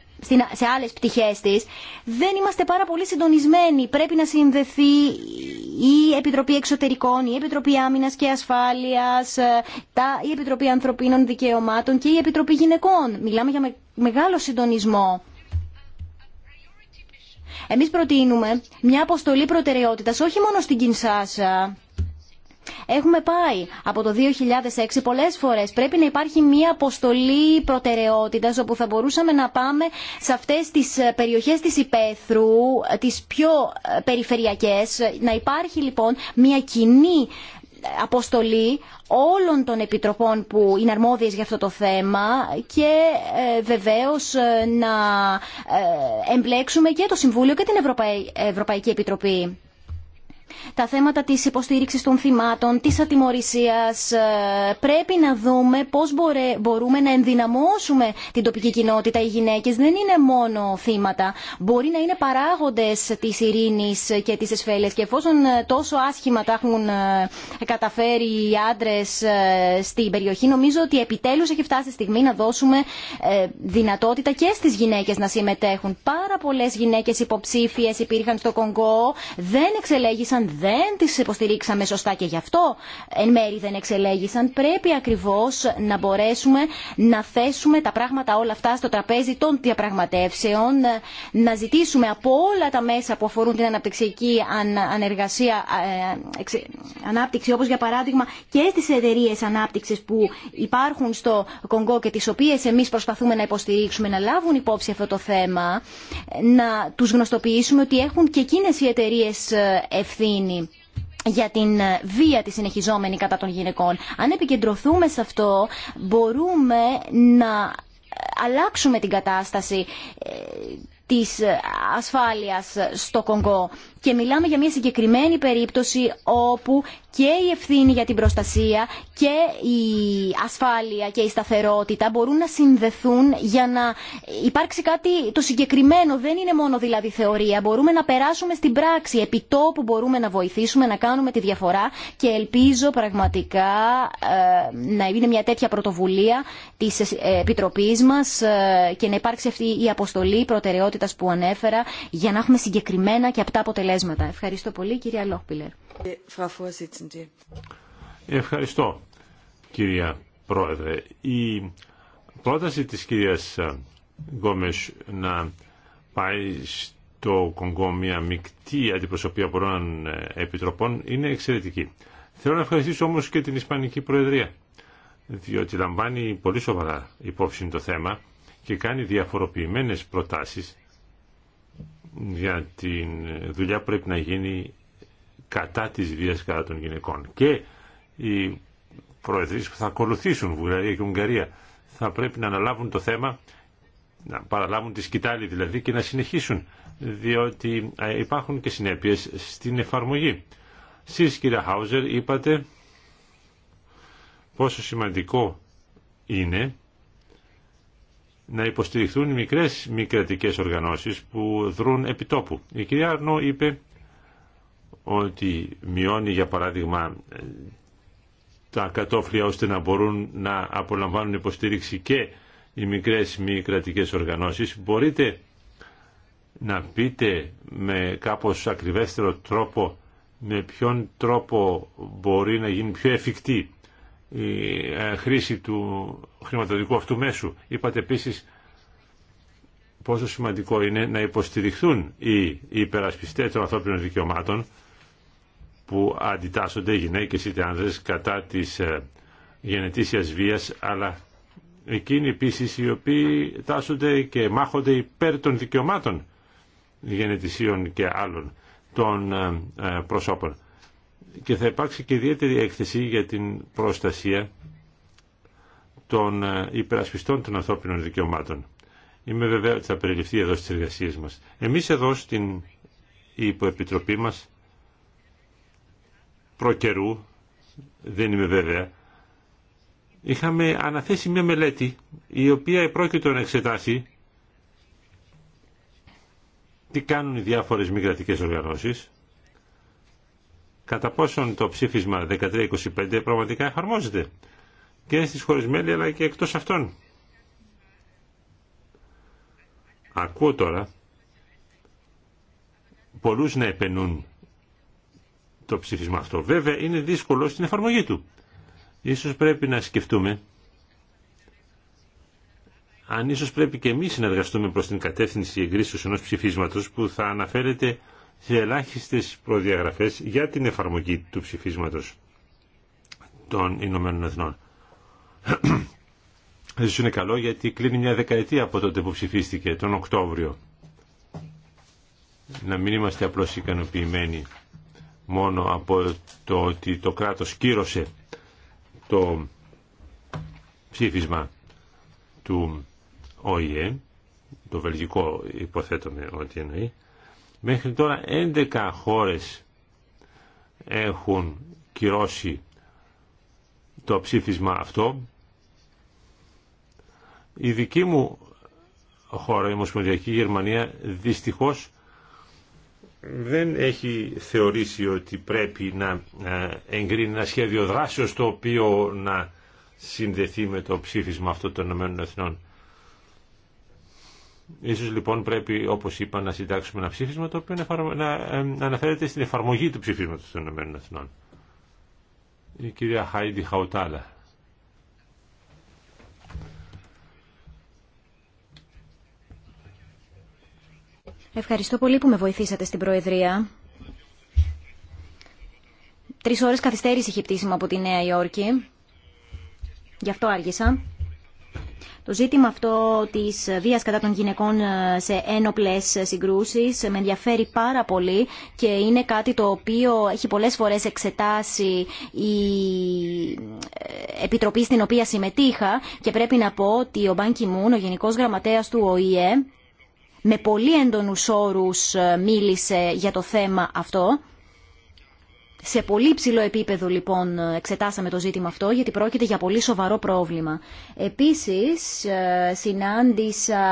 σε άλλες πτυχές της, δεν είμαστε πάρα πολύ συντονισμένοι. Πρέπει να συνδεθεί η Επιτροπή Εξωτερικών, η Επιτροπή Άμυνας και Ασφάλειας, ε, η Επιτροπή Ανθρωπίνων Δικαιωμάτων και η Επιτροπή Γυναικών. Μιλάμε για μεγάλο συντονισμό. Εμείς προτείνουμε μια αποστολή προτεραιότητας όχι μόνο στην Κινσάσα, Έχουμε πάει από το 2006 πολλές φορές. Πρέπει να υπάρχει μια αποστολή προτεραιότητα όπου θα μπορούσαμε να πάμε σε αυτές τις ε, περιοχές της υπαίθρου, ε, τις πιο ε, περιφερειακές. Να υπάρχει λοιπόν μια κοινή αποστολή όλων των επιτροπών που είναι αρμόδιες για αυτό το θέμα και βεβαίως να εμπλέξουμε και το Συμβούλιο και την Ευρωπαϊκή Επιτροπή τα θέματα της υποστήριξης των θυμάτων, της ατιμορρησίας. Ε, πρέπει να δούμε πώς μπορούμε να ενδυναμώσουμε την τοπική κοινότητα. Οι γυναίκες δεν είναι μόνο θύματα. Μπορεί να είναι παράγοντες της ειρήνης και της εσφέλειας. Και εφόσον ε, τόσο άσχημα τα έχουν ε, καταφέρει οι άντρες στην περιοχή, νομίζω ότι επιτέλους έχει φτάσει η στιγμή να δώσουμε δυνατότητα και στις γυναίκες να συμμετέχουν. Πάρα πολλές γυναίκες υποψήφιες υπήρχαν στο Κονγκό, δεν εξελέγησαν αν δεν τις υποστηρίξαμε σωστά και γι' αυτό εν μέρη δεν εξελέγησαν, πρέπει ακριβώς να μπορέσουμε να θέσουμε τα πράγματα όλα αυτά στο τραπέζι των διαπραγματεύσεων, να ζητήσουμε από όλα τα μέσα που αφορούν την αναπτυξιακή ανεργασία, ε, ανάπτυξη, όπως για παράδειγμα και στις εταιρείε ανάπτυξης που υπάρχουν στο Κονγκό και τις οποίες εμείς προσπαθούμε να υποστηρίξουμε, να λάβουν υπόψη αυτό το θέμα, να τους γνωστοποιήσουμε ότι έχουν και εκείνες οι εταιρείε ε, ευθύνη για την ε, βία τη συνεχιζόμενη κατά των γυναικών. Αν επικεντρωθούμε σε αυτό, μπορούμε να ε, αλλάξουμε την κατάσταση ε, της ασφάλειας στο Κονγκό και μιλάμε για μια συγκεκριμένη περίπτωση όπου και η ευθύνη για την προστασία και η ασφάλεια και η σταθερότητα μπορούν να συνδεθούν για να υπάρξει κάτι το συγκεκριμένο. Δεν είναι μόνο δηλαδή θεωρία. Μπορούμε να περάσουμε στην πράξη. Επί που μπορούμε να βοηθήσουμε, να κάνουμε τη διαφορά και ελπίζω πραγματικά ε, να είναι μια τέτοια πρωτοβουλία της ε, Επιτροπής μας ε, και να υπάρξει αυτή η αποστολή προτεραιότητας που ανέφερα για να έχουμε συγκεκριμένα και αυτά αποτελέσματα αποτελέσματα. Ευχαριστώ πολύ, κυρία Λόχπιλερ. Ευχαριστώ, κυρία Πρόεδρε. Η πρόταση της κυρίας Γκόμες να πάει στο Κονγκό μια μεικτή αντιπροσωπεία πολλών επιτροπών είναι εξαιρετική. Θέλω να ευχαριστήσω όμως και την Ισπανική Προεδρία, διότι λαμβάνει πολύ σοβαρά υπόψη το θέμα και κάνει διαφοροποιημένες προτάσεις για η δουλειά πρέπει να γίνει κατά της βίας κατά των γυναικών. Και οι προεδρείς που θα ακολουθήσουν, Βουλγαρία και Ουγγαρία, θα πρέπει να αναλάβουν το θέμα, να παραλάβουν τη σκητάλη δηλαδή και να συνεχίσουν, διότι ε, υπάρχουν και συνέπειες στην εφαρμογή. Σεις κύριε Χάουζερ είπατε πόσο σημαντικό είναι να υποστηριχθούν μικρές μη κρατικέ οργανώσεις που δρούν επιτόπου. Η κυρία Αρνό είπε ότι μειώνει για παράδειγμα τα κατόφλια ώστε να μπορούν να απολαμβάνουν υποστήριξη και οι μικρές μη κρατικές οργανώσεις. Μπορείτε να πείτε με κάπως ακριβέστερο τρόπο με ποιον τρόπο μπορεί να γίνει πιο εφικτή η ε, χρήση του χρηματοδοτικού αυτού μέσου. Είπατε επίση πόσο σημαντικό είναι να υποστηριχθούν οι υπερασπιστέ των ανθρώπινων δικαιωμάτων που αντιτάσσονται γυναίκες είτε άνδρε κατά της ε, γενετήσια βία, αλλά εκείνοι επίση οι οποίοι τάσσονται και μάχονται υπέρ των δικαιωμάτων γενετησίων και άλλων των ε, ε, προσώπων. Και θα υπάρξει και ιδιαίτερη έκθεση για την προστασία των ε, υπερασπιστών των ανθρώπινων δικαιωμάτων. Είμαι βέβαια ότι θα περιληφθεί εδώ στις εργασίες μας. Εμείς εδώ στην υποεπιτροπή μας προκερού, δεν είμαι βέβαια, είχαμε αναθέσει μια μελέτη η οποία επρόκειτο να εξετάσει τι κάνουν οι διάφορες μη κρατικές οργανώσεις, κατά πόσον το ψήφισμα 1325 πραγματικά εφαρμόζεται και στις χώρες μέλη αλλά και εκτός αυτών. Ακούω τώρα πολλούς να επενούν το ψήφισμα αυτό. Βέβαια είναι δύσκολο στην εφαρμογή του. Ίσως πρέπει να σκεφτούμε αν ίσως πρέπει και εμείς να εργαστούμε προς την κατεύθυνση εγκρίσεως ενός ψηφίσματος που θα αναφέρεται σε ελάχιστες προδιαγραφές για την εφαρμογή του ψηφίσματος των Ηνωμένων Εθνών. Ίσως είναι καλό γιατί κλείνει μια δεκαετία από τότε που ψηφίστηκε, τον Οκτώβριο. Να μην είμαστε απλώς ικανοποιημένοι μόνο από το ότι το κράτος κύρωσε το ψήφισμα του ΟΗΕ, το βελγικό υποθέτω ότι εννοεί, μέχρι τώρα 11 χώρες έχουν κυρώσει το ψήφισμα αυτό η δική μου χώρα, η Ομοσπονδιακή Γερμανία, δυστυχώς δεν έχει θεωρήσει ότι πρέπει να ε, εγκρίνει ένα σχέδιο δράσεως το οποίο να συνδεθεί με το ψήφισμα αυτό των Ηνωμένων Εθνών. Ίσως λοιπόν πρέπει, όπως είπα, να συντάξουμε ένα ψήφισμα το οποίο να ε, αναφέρεται στην εφαρμογή του ψηφίσματος των Ηνωμένων Εθνών. Η κυρία Χάιντι Χαουτάλα. Ευχαριστώ πολύ που με βοηθήσατε στην Προεδρία. Τρεις ώρες καθυστέρηση είχε πτήσει από τη Νέα Υόρκη. Γι' αυτό άργησα. Το ζήτημα αυτό της βίας κατά των γυναικών σε ένοπλες συγκρούσεις με ενδιαφέρει πάρα πολύ και είναι κάτι το οποίο έχει πολλές φορές εξετάσει η Επιτροπή στην οποία συμμετείχα και πρέπει να πω ότι ο Μπάνκι Μουν, ο Γενικός Γραμματέας του ΟΗΕ, με πολύ έντονους όρους ε, μίλησε για το θέμα αυτό. Σε πολύ ψηλό επίπεδο λοιπόν ε, εξετάσαμε το ζήτημα αυτό γιατί πρόκειται για πολύ σοβαρό πρόβλημα. Επίσης ε, συνάντησα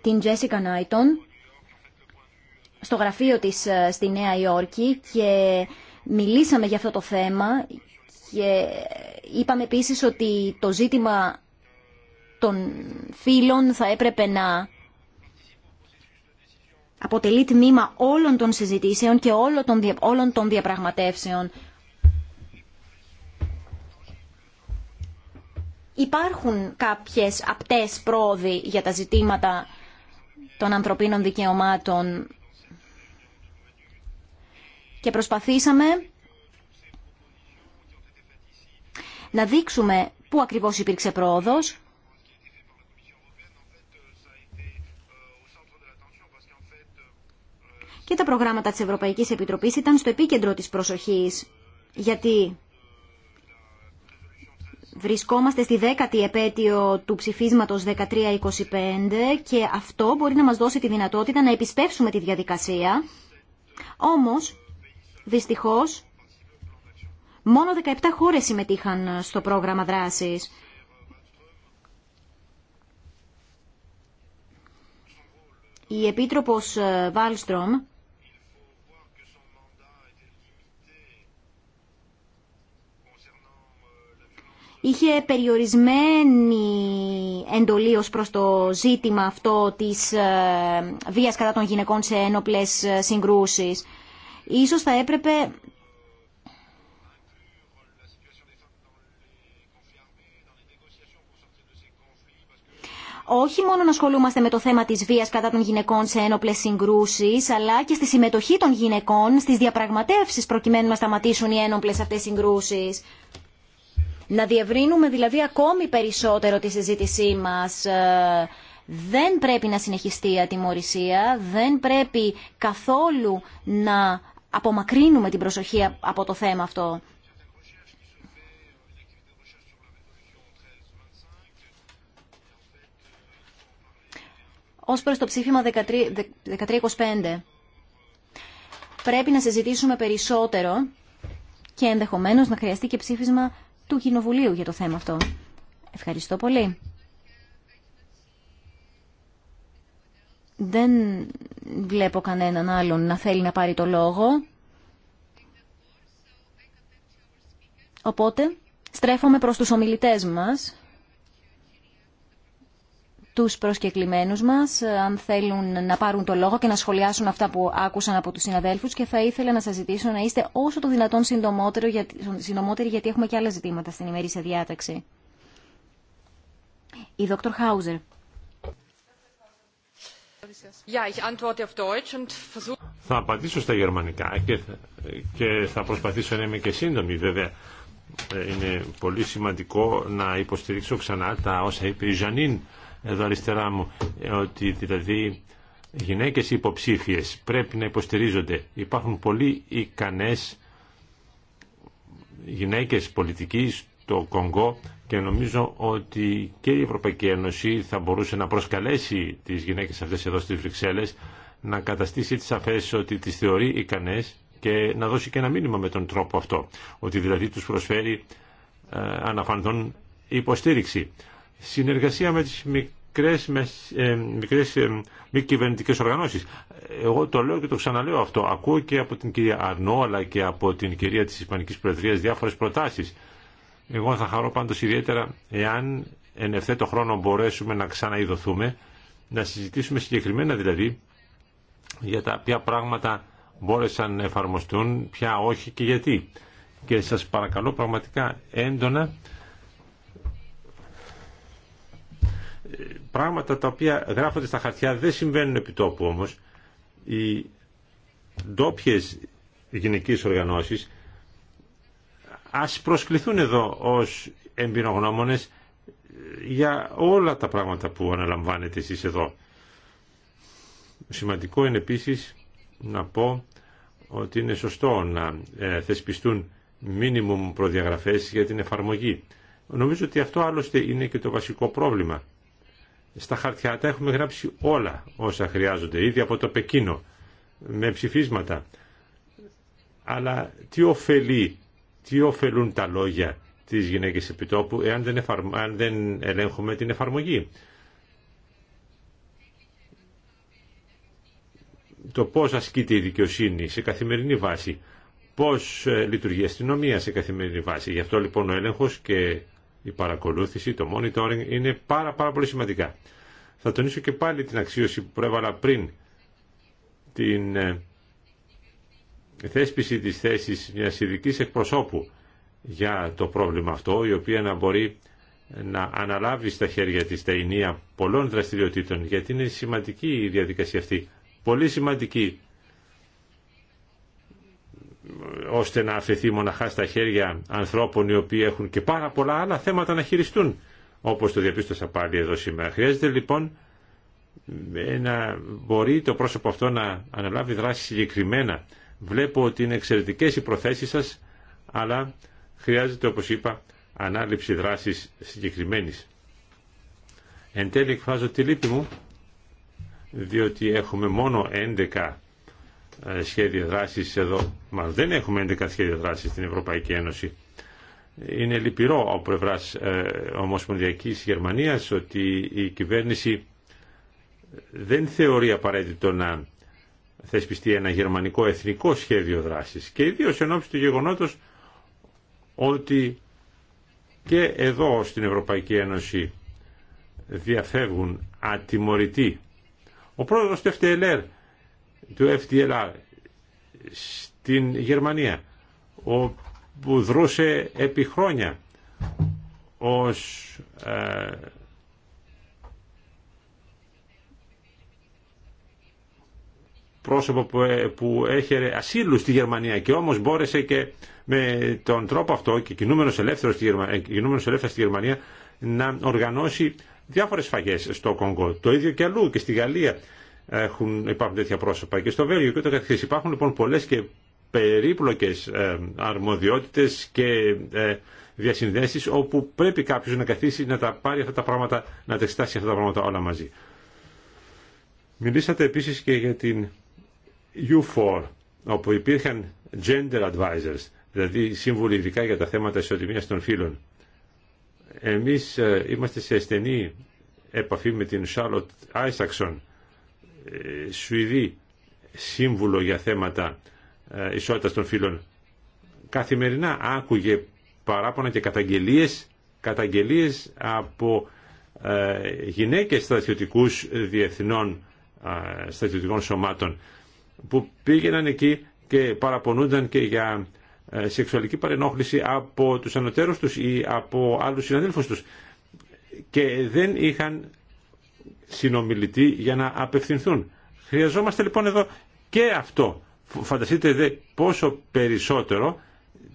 την Τζέσικα Νάιτον στο γραφείο της στη Νέα Υόρκη και μιλήσαμε για αυτό το θέμα και Είπαμε επίσης ότι το ζήτημα των φίλων θα έπρεπε να αποτελεί τμήμα όλων των συζητήσεων και όλων των διαπραγματεύσεων. Υπάρχουν κάποιες απτές πρόοδοι για τα ζητήματα των ανθρωπίνων δικαιωμάτων και προσπαθήσαμε να δείξουμε πού ακριβώς υπήρξε πρόοδος. Και τα προγράμματα της Ευρωπαϊκής Επιτροπής ήταν στο επίκεντρο της προσοχής, γιατί Βρισκόμαστε στη δέκατη επέτειο του ψηφίσματος 1325 και αυτό μπορεί να μας δώσει τη δυνατότητα να επισπεύσουμε τη διαδικασία. Όμως, δυστυχώς, Μόνο 17 χώρες συμμετείχαν ε, στο πρόγραμμα δράσης. Η Επίτροπος ε, Βάλστρομ είχε περιορισμένη εντολή ως προς το ζήτημα αυτό της ε, βίας κατά των γυναικών σε ένοπλες συγκρούσεις. Ίσως θα έπρεπε όχι μόνο να ασχολούμαστε με το θέμα της βίας κατά των γυναικών σε ένοπλες συγκρούσεις, αλλά και στη συμμετοχή των γυναικών στις διαπραγματεύσεις προκειμένου να σταματήσουν οι ένοπλες αυτές συγκρούσεις. Να διευρύνουμε δηλαδή ακόμη περισσότερο τη συζήτησή μας. Δεν πρέπει να συνεχιστεί η ατιμορρησία, δεν πρέπει καθόλου να απομακρύνουμε την προσοχή από το θέμα αυτό. Ως προς το ψήφιμα 1325 πρέπει να συζητήσουμε περισσότερο και ενδεχομένως να χρειαστεί και ψήφισμα του Κοινοβουλίου για το θέμα αυτό. Ευχαριστώ πολύ. Δεν βλέπω κανέναν άλλον να θέλει να πάρει το λόγο. Οπότε, στρέφομαι προς τους ομιλητές μας τους προσκεκλημένους μας ε, αν θέλουν να πάρουν το λόγο και να σχολιάσουν αυτά που άκουσαν από τους συναδέλφους και θα ήθελα να σας ζητήσω να είστε όσο το δυνατόν συντομότεροι γιατί έχουμε και άλλα ζητήματα στην ημερήσια διάταξη. Η Δόκτωρ Χάουζερ. Θα απαντήσω στα γερμανικά και, και θα προσπαθήσω να είμαι και σύντομη βέβαια. Ε, είναι πολύ σημαντικό να υποστηρίξω ξανά τα όσα είπε η Ζανίν εδώ αριστερά μου, ε, ότι δηλαδή γυναίκες υποψήφιες πρέπει να υποστηρίζονται. Υπάρχουν πολλοί ικανές γυναίκες πολιτικής στο Κονγκό και νομίζω ότι και η Ευρωπαϊκή Ένωση θα μπορούσε να προσκαλέσει τις γυναίκες αυτές εδώ στις Βρυξέλλες να καταστήσει τις αφές ότι τις θεωρεί ικανές και να δώσει και ένα μήνυμα με τον τρόπο αυτό. Ότι δηλαδή τους προσφέρει ε, αναφανθόν υποστήριξη. Συνεργασία με τις μικρές, ε, μικρές ε, μη κυβερνητικέ οργανώσεις. Εγώ το λέω και το ξαναλέω αυτό. Ακούω και από την κυρία Αρνό αλλά και από την κυρία της Ισπανικής Προεδρίας διάφορες προτάσεις. Εγώ θα χαρώ πάντως ιδιαίτερα εάν εν ευθέτω χρόνο μπορέσουμε να ξαναειδωθούμε, να συζητήσουμε συγκεκριμένα δηλαδή για τα ποια πράγματα μπόρεσαν να εφαρμοστούν, ποια όχι και γιατί. Και σας παρακαλώ πραγματικά έντονα πράγματα τα οποία γράφονται στα χαρτιά δεν συμβαίνουν επί τόπου όμως. Οι ντόπιε γυναικείς οργανώσεις ας προσκληθούν εδώ ως εμπειρογνώμονες για όλα τα πράγματα που αναλαμβάνετε εσείς εδώ. Σημαντικό είναι επίσης να πω ότι είναι σωστό να ε, θεσπιστούν μίνιμουμ προδιαγραφές για την εφαρμογή. Νομίζω ότι αυτό άλλωστε είναι και το βασικό πρόβλημα. Στα χαρτιά τα έχουμε γράψει όλα όσα χρειάζονται, ήδη από το Πεκίνο, με ψηφίσματα. Αλλά τι ωφελεί, τι ωφελούν τα λόγια της γυναίκης επιτόπου εάν δεν, δεν ελέγχουμε την εφαρμογή. Το πώς ασκείται η δικαιοσύνη σε καθημερινή βάση, πώς ε, λειτουργεί η αστυνομία σε καθημερινή βάση. Γι' αυτό λοιπόν ο έλεγχος και η παρακολούθηση, το monitoring είναι πάρα, πάρα πολύ σημαντικά. Θα τονίσω και πάλι την αξίωση που προέβαλα πριν την ε, θέσπιση της θέσης μιας ειδική εκπροσώπου για το πρόβλημα αυτό, η οποία να μπορεί να αναλάβει στα χέρια της τα ενία πολλών δραστηριοτήτων, γιατί είναι σημαντική η διαδικασία αυτή, πολύ σημαντική ώστε να αφαιθεί μοναχά στα χέρια ανθρώπων οι οποίοι έχουν και πάρα πολλά άλλα θέματα να χειριστούν όπως το διαπίστωσα πάλι εδώ σήμερα. Χρειάζεται λοιπόν να μπορεί το πρόσωπο αυτό να αναλάβει δράση συγκεκριμένα. Βλέπω ότι είναι εξαιρετικές οι προθέσεις σας, αλλά χρειάζεται όπως είπα ανάληψη δράσης συγκεκριμένης. Εν τέλει εκφράζω τη λύπη μου, διότι έχουμε μόνο 11 ε, σχέδιο δράσης εδώ. Μα δεν έχουμε 11 σχέδια δράσης στην Ευρωπαϊκή Ένωση. Είναι λυπηρό από πλευρά ε, Ομοσπονδιακή Γερμανία ότι η κυβέρνηση δεν θεωρεί απαραίτητο να θεσπιστεί ένα γερμανικό εθνικό σχέδιο δράσης και ιδίω εν του γεγονότος ότι και εδώ στην Ευρωπαϊκή Ένωση διαφεύγουν ατιμωρητοί. Ο πρόεδρος του FTLR του FDLA στην Γερμανία που δρούσε επί χρόνια ως ε, πρόσωπο που, ε, που έχερε ασύλου στη Γερμανία και όμως μπόρεσε και με τον τρόπο αυτό και κινούμενος ελεύθερος στη Γερμανία, ε, ελεύθερος στη Γερμανία να οργανώσει διάφορες φαγές στο Κονγκό. Το ίδιο και αλλού και στη Γαλλία έχουν, υπάρχουν τέτοια πρόσωπα και στο Βέλγιο και ούτω καθεξής. Υπάρχουν λοιπόν πολλές και περίπλοκες ε, αρμοδιότητες και ε, διασυνδέσεις όπου πρέπει κάποιος να καθίσει να τα πάρει αυτά τα πράγματα, να τα εξετάσει αυτά τα πράγματα όλα μαζί. Μιλήσατε επίσης και για την U4 όπου υπήρχαν gender advisors, δηλαδή σύμβουλοι ειδικά για τα θέματα ισοτιμίας των φύλων. Εμείς ε, είμαστε σε στενή επαφή με την Charlotte Isaacson ε, Σουηδή σύμβουλο για θέματα ε, ισότητας των φύλων καθημερινά άκουγε παράπονα και καταγγελίες, καταγγελίες από ε, γυναίκες στρατιωτικούς διεθνών στρατιωτικών σωμάτων που πήγαιναν εκεί και παραπονούνταν και για σεξουαλική παρενόχληση από τους ανωτέρους τους ή από άλλους συναδέλφους τους και δεν είχαν συνομιλητή για να απευθυνθούν. Χρειαζόμαστε λοιπόν εδώ και αυτό. Φανταστείτε δε πόσο περισσότερο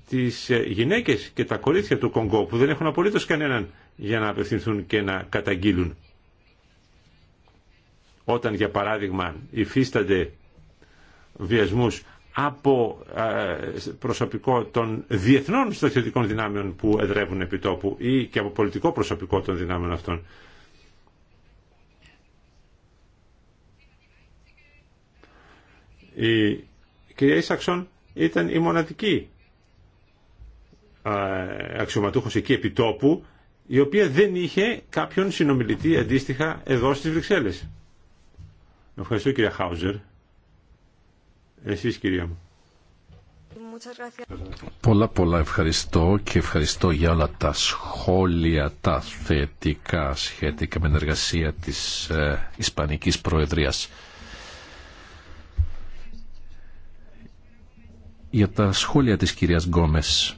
τις ε, γυναίκες και τα κορίτσια του Κονγκό που δεν έχουν απολύτως κανέναν για να απευθυνθούν και να καταγγείλουν. Όταν για παράδειγμα υφίστανται βιασμούς από ε, προσωπικό των διεθνών στρατιωτικών δυνάμεων που εδρεύουν επί τόπου ή και από πολιτικό προσωπικό των δυνάμεων αυτών. Η κυρία Ισαξον ήταν η μοναδική αξιωματούχος εκεί επιτόπου η οποία δεν είχε κάποιον συνομιλητή αντίστοιχα εδώ στις Βρυξέλλες. Ευχαριστώ κυρία Χάουζερ. Εσείς κυρία μου. Πολλά πολλά ευχαριστώ και ευχαριστώ για όλα τα σχόλια, τα θετικά σχετικά με την εργασία της ε, Ισπανικής Προεδρίας. για τα σχόλια της κυρίας Γκόμες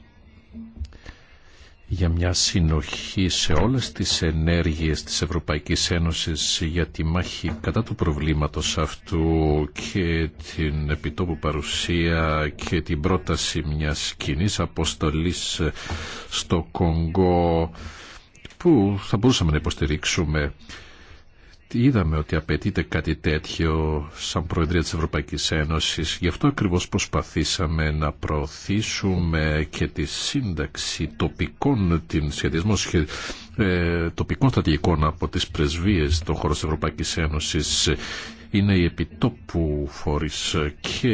για μια συνοχή σε όλες τις ενέργειες της Ευρωπαϊκής Ένωσης για τη μάχη κατά του προβλήματος αυτού και την επιτόπου παρουσία και την πρόταση μιας κοινή αποστολής στο Κονγκό που θα μπορούσαμε να υποστηρίξουμε είδαμε ότι απαιτείται κάτι τέτοιο σαν Προεδρία της Ευρωπαϊκής Ένωσης. Γι' αυτό ακριβώς προσπαθήσαμε να προωθήσουμε και τη σύνταξη τοπικών, την ε, τοπικών στρατηγικών από τις πρεσβείες των χώρων της Ευρωπαϊκής Ένωσης είναι η επιτόπου φορείς και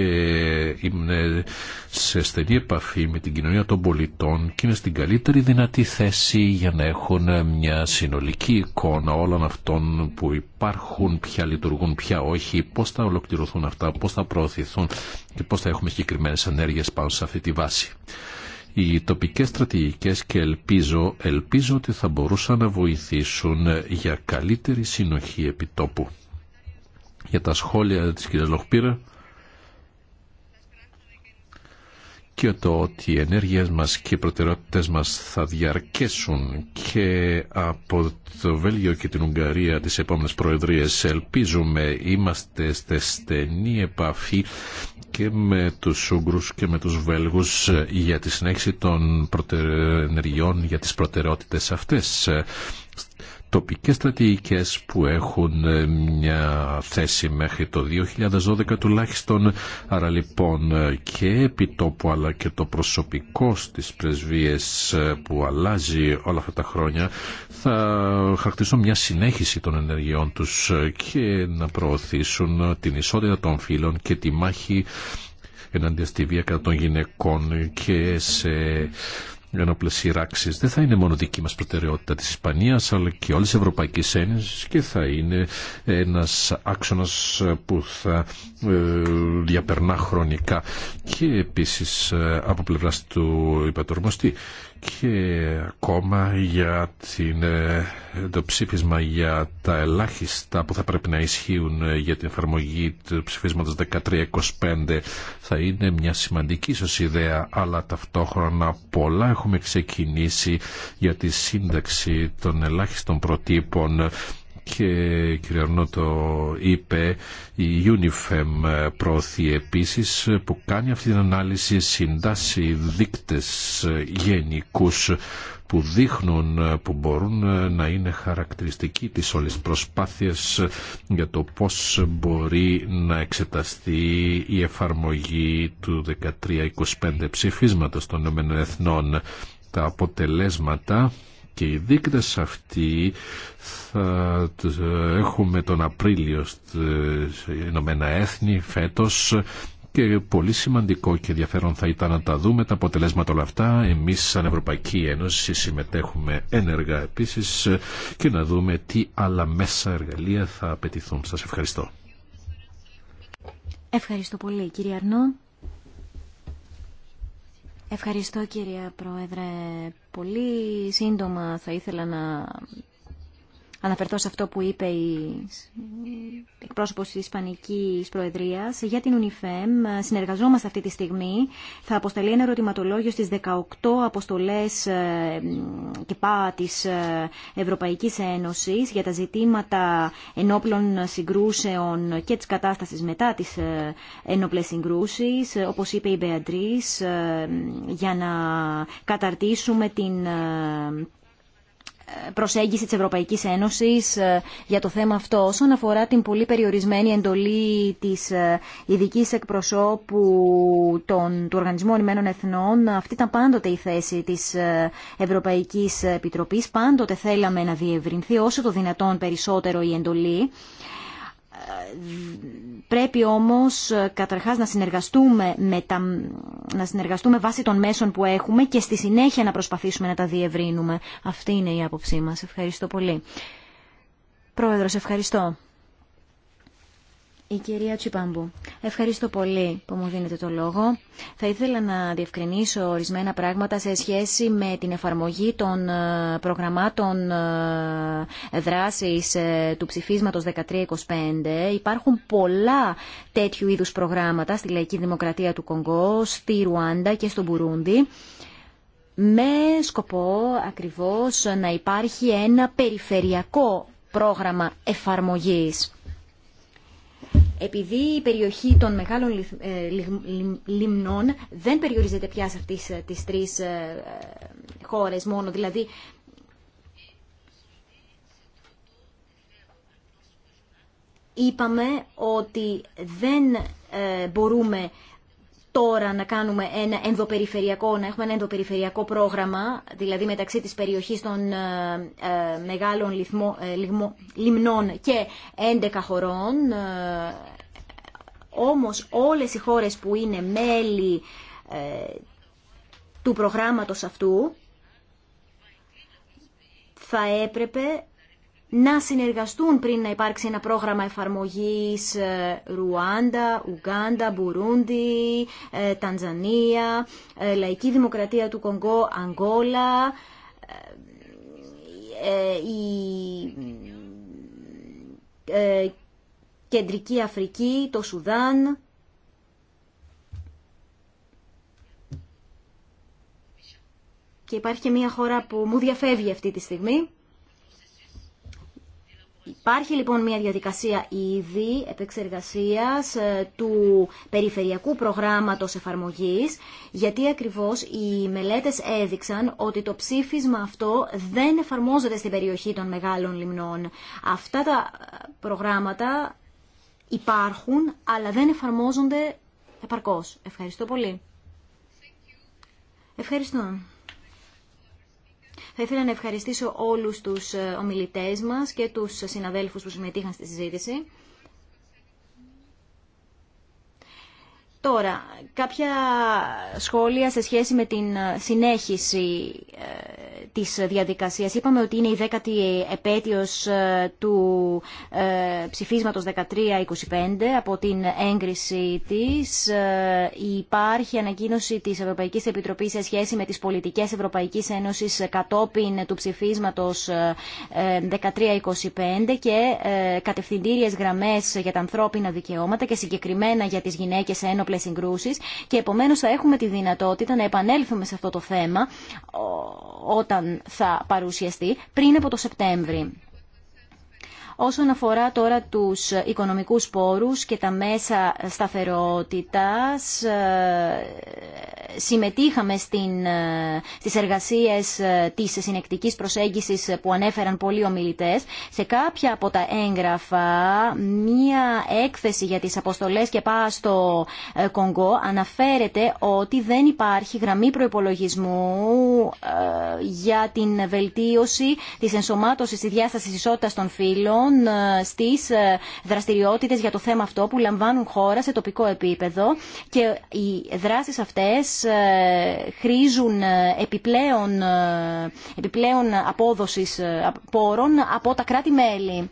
είναι σε στενή επαφή με την κοινωνία των πολιτών και είναι στην καλύτερη δυνατή θέση για να έχουν μια συνολική εικόνα όλων αυτών που υπάρχουν, ποια λειτουργούν, ποια όχι, πώς θα ολοκληρωθούν αυτά, πώς θα προωθηθούν και πώς θα έχουμε συγκεκριμένε ενέργειες πάνω σε αυτή τη βάση οι τοπικές στρατηγικές και ελπίζω, ελπίζω ότι θα μπορούσαν να βοηθήσουν για καλύτερη συνοχή επιτόπου για τα σχόλια της κυρίας Λοχπύρα και το ότι οι ενέργειες μας και οι προτεραιότητες μας θα διαρκέσουν και από το Βέλγιο και την Ουγγαρία τις επόμενες προεδρίες ελπίζουμε είμαστε στη στενή επαφή και με τους Ούγγρους και με τους Βέλγους για τη συνέχιση των ενεργειών για τις προτεραιότητες αυτές τοπικές στρατηγικές που έχουν ε, μια θέση μέχρι το 2012 τουλάχιστον. Άρα λοιπόν ε, και τόπου αλλά και το προσωπικό στις πρεσβείες ε, που αλλάζει όλα αυτά τα χρόνια θα χαρακτηρίσουν μια συνέχιση των ενεργειών τους και να προωθήσουν την ισότητα των φύλων και τη μάχη εναντίον στη βία κατά των γυναικών και σε να δεν θα είναι μόνο δική μας προτεραιότητα της Ισπανίας αλλά και όλης τη Ευρωπαϊκής Ένωσης και θα είναι ένας άξονας που θα ε, διαπερνά χρονικά και επίσης ε, από πλευράς του υπατορμοστή και ακόμα για την, ε, το ψήφισμα για τα ελάχιστα που θα πρέπει να ισχύουν ε, για την εφαρμογή του ψηφίσματος 1325 θα είναι μια σημαντική ίσως ιδέα αλλά ταυτόχρονα πολλά έχουμε ξεκινήσει για τη σύνταξη των ελάχιστων προτύπων και κύριε, το είπε, η UNIFEM προωθεί επίσης που κάνει αυτή την ανάλυση συντάσσει δείκτες γενικούς που δείχνουν που μπορούν να είναι χαρακτηριστικοί της όλης προσπάθειας για το πώς μπορεί να εξεταστεί η εφαρμογή του 1325 ψηφίσματος των ΗΕ. ΕΕ. Τα αποτελέσματα και οι δείκτες αυτοί θα ε, έχουμε τον Απρίλιο στις Ηνωμένα Έθνη φέτος και πολύ σημαντικό και ενδιαφέρον θα ήταν να τα δούμε τα αποτελέσματα όλα αυτά. Εμείς σαν Ευρωπαϊκή Ένωση συμμετέχουμε ένεργα επίσης και να δούμε τι άλλα μέσα εργαλεία θα απαιτηθούν. Σας ευχαριστώ. Ευχαριστώ πολύ κύριε Αρνό. Ευχαριστώ κύριε Πρόεδρε. Πολύ σύντομα θα ήθελα να αναφερθώ σε αυτό που είπε η εκπρόσωπος της Ισπανικής Προεδρίας για την UNIFEM. Συνεργαζόμαστε αυτή τη στιγμή. Θα αποστελεί ένα ερωτηματολόγιο στις 18 αποστολές ε, και πά της ε, Ευρωπαϊκής Ένωσης για τα ζητήματα ενόπλων συγκρούσεων και της κατάστασης μετά τις ε, ενόπλες συγκρούσεις, όπως είπε η Μπεαντρίς, για να καταρτήσουμε την προσέγγιση της Ευρωπαϊκής Ένωσης ε, για το θέμα αυτό όσον αφορά την πολύ περιορισμένη εντολή της ε, ειδική εκπροσώπου των, του Οργανισμού Ηνωμένων Εθνών αυτή ήταν πάντοτε η θέση της ε, Ευρωπαϊκής Επιτροπής πάντοτε θέλαμε να διευρυνθεί όσο το δυνατόν περισσότερο η εντολή πρέπει όμως καταρχάς να συνεργαστούμε, με τα, να συνεργαστούμε βάσει των μέσων που έχουμε και στη συνέχεια να προσπαθήσουμε να τα διευρύνουμε. Αυτή είναι η άποψή μας. Ευχαριστώ πολύ. Πρόεδρος, ευχαριστώ. Η κυρία Τσιπάμπου. Ευχαριστώ πολύ που μου δίνετε το λόγο. Θα ήθελα να διευκρινίσω ορισμένα πράγματα σε σχέση με την εφαρμογή των ε, προγραμμάτων ε, δράσης ε, του ψηφίσματος 1325. Υπάρχουν πολλά τέτοιου είδους προγράμματα στη Λαϊκή Δημοκρατία του Κονγκό, στη Ρουάντα και στο Μπουρούντι με σκοπό ακριβώς να υπάρχει ένα περιφερειακό πρόγραμμα εφαρμογής. Επειδή η περιοχή των μεγάλων ε, λιμνών δεν περιορίζεται πια σε αυτές ε, τις τρεις ε, χώρες μόνο, δηλαδή είπαμε ότι δεν μπορούμε τώρα να κάνουμε ένα ενδοπεριφερειακό, να έχουμε ένα ενδοπεριφερειακό πρόγραμμα, δηλαδή μεταξύ της περιοχής των ε, ε, μεγάλων ε, λιμνών και 11 χωρών. όμως όλες οι χώρες που είναι μέλη του προγράμματος αυτού θα έπρεπε να συνεργαστούν πριν να υπάρξει ένα πρόγραμμα εφαρμογής ε, Ρουάντα, Ουγκάντα, Μπουρούντι, ε, Τανζανία, ε, Λαϊκή Δημοκρατία του Κονγκό, Αγγόλα, η Κεντρική Αφρική, το Σουδάν. Και υπάρχει και μια χώρα που μου διαφεύγει αυτή τη στιγμή. Υπάρχει λοιπόν μια διαδικασία ήδη επεξεργασίας ε, του περιφερειακού προγράμματος εφαρμογής, γιατί ακριβώς οι μελέτες έδειξαν ότι το ψήφισμα αυτό δεν εφαρμόζεται στην περιοχή των μεγάλων λιμνών. Αυτά τα προγράμματα υπάρχουν, αλλά δεν εφαρμόζονται επαρκώς. Ευχαριστώ πολύ. Ευχαριστώ. Θα ήθελα να ευχαριστήσω όλους τους ε, ομιλητές μας και τους συναδέλφους που συμμετείχαν στη συζήτηση. Τώρα, κάποια σχόλια σε σχέση με την ε, συνέχιση ε, της διαδικασίας. Είπαμε ότι είναι η δέκατη επέτειος ε, του ψηφίσματος 1325 από την έγκριση της. Υπάρχει ανακοίνωση της Ευρωπαϊκής Επιτροπής σε σχέση με τις πολιτικές Ευρωπαϊκής Ένωσης κατόπιν του ψηφίσματος 1325 και κατευθυντήριες γραμμές για τα ανθρώπινα δικαιώματα και συγκεκριμένα για τις γυναίκες ένοπλες συγκρούσεις και επομένω θα έχουμε τη δυνατότητα να επανέλθουμε σε αυτό το θέμα όταν θα παρουσιαστεί πριν από το Σεπτέμβρη. Όσον αφορά τώρα τους οικονομικούς πόρους και τα μέσα σταθερότητας, ε, συμμετείχαμε στην, ε, στις εργασίες ε, της συνεκτικής προσέγγισης που ανέφεραν πολλοί ομιλητές. Σε κάποια από τα έγγραφα, μία έκθεση για τις αποστολές και πάω στο Κονγκό αναφέρεται ότι δεν υπάρχει γραμμή προϋπολογισμού για την βελτίωση της ενσωμάτωσης της διάστασης ισότητας των φύλων Λοιπόν, ε, Στι ε, δραστηριότητες για το θέμα αυτό που λαμβάνουν χώρα σε τοπικό επίπεδο και οι δράσεις αυτές ε, χρίζουν επιπλέον, επιπλέον απόδοσης πόρων από τα κράτη-μέλη.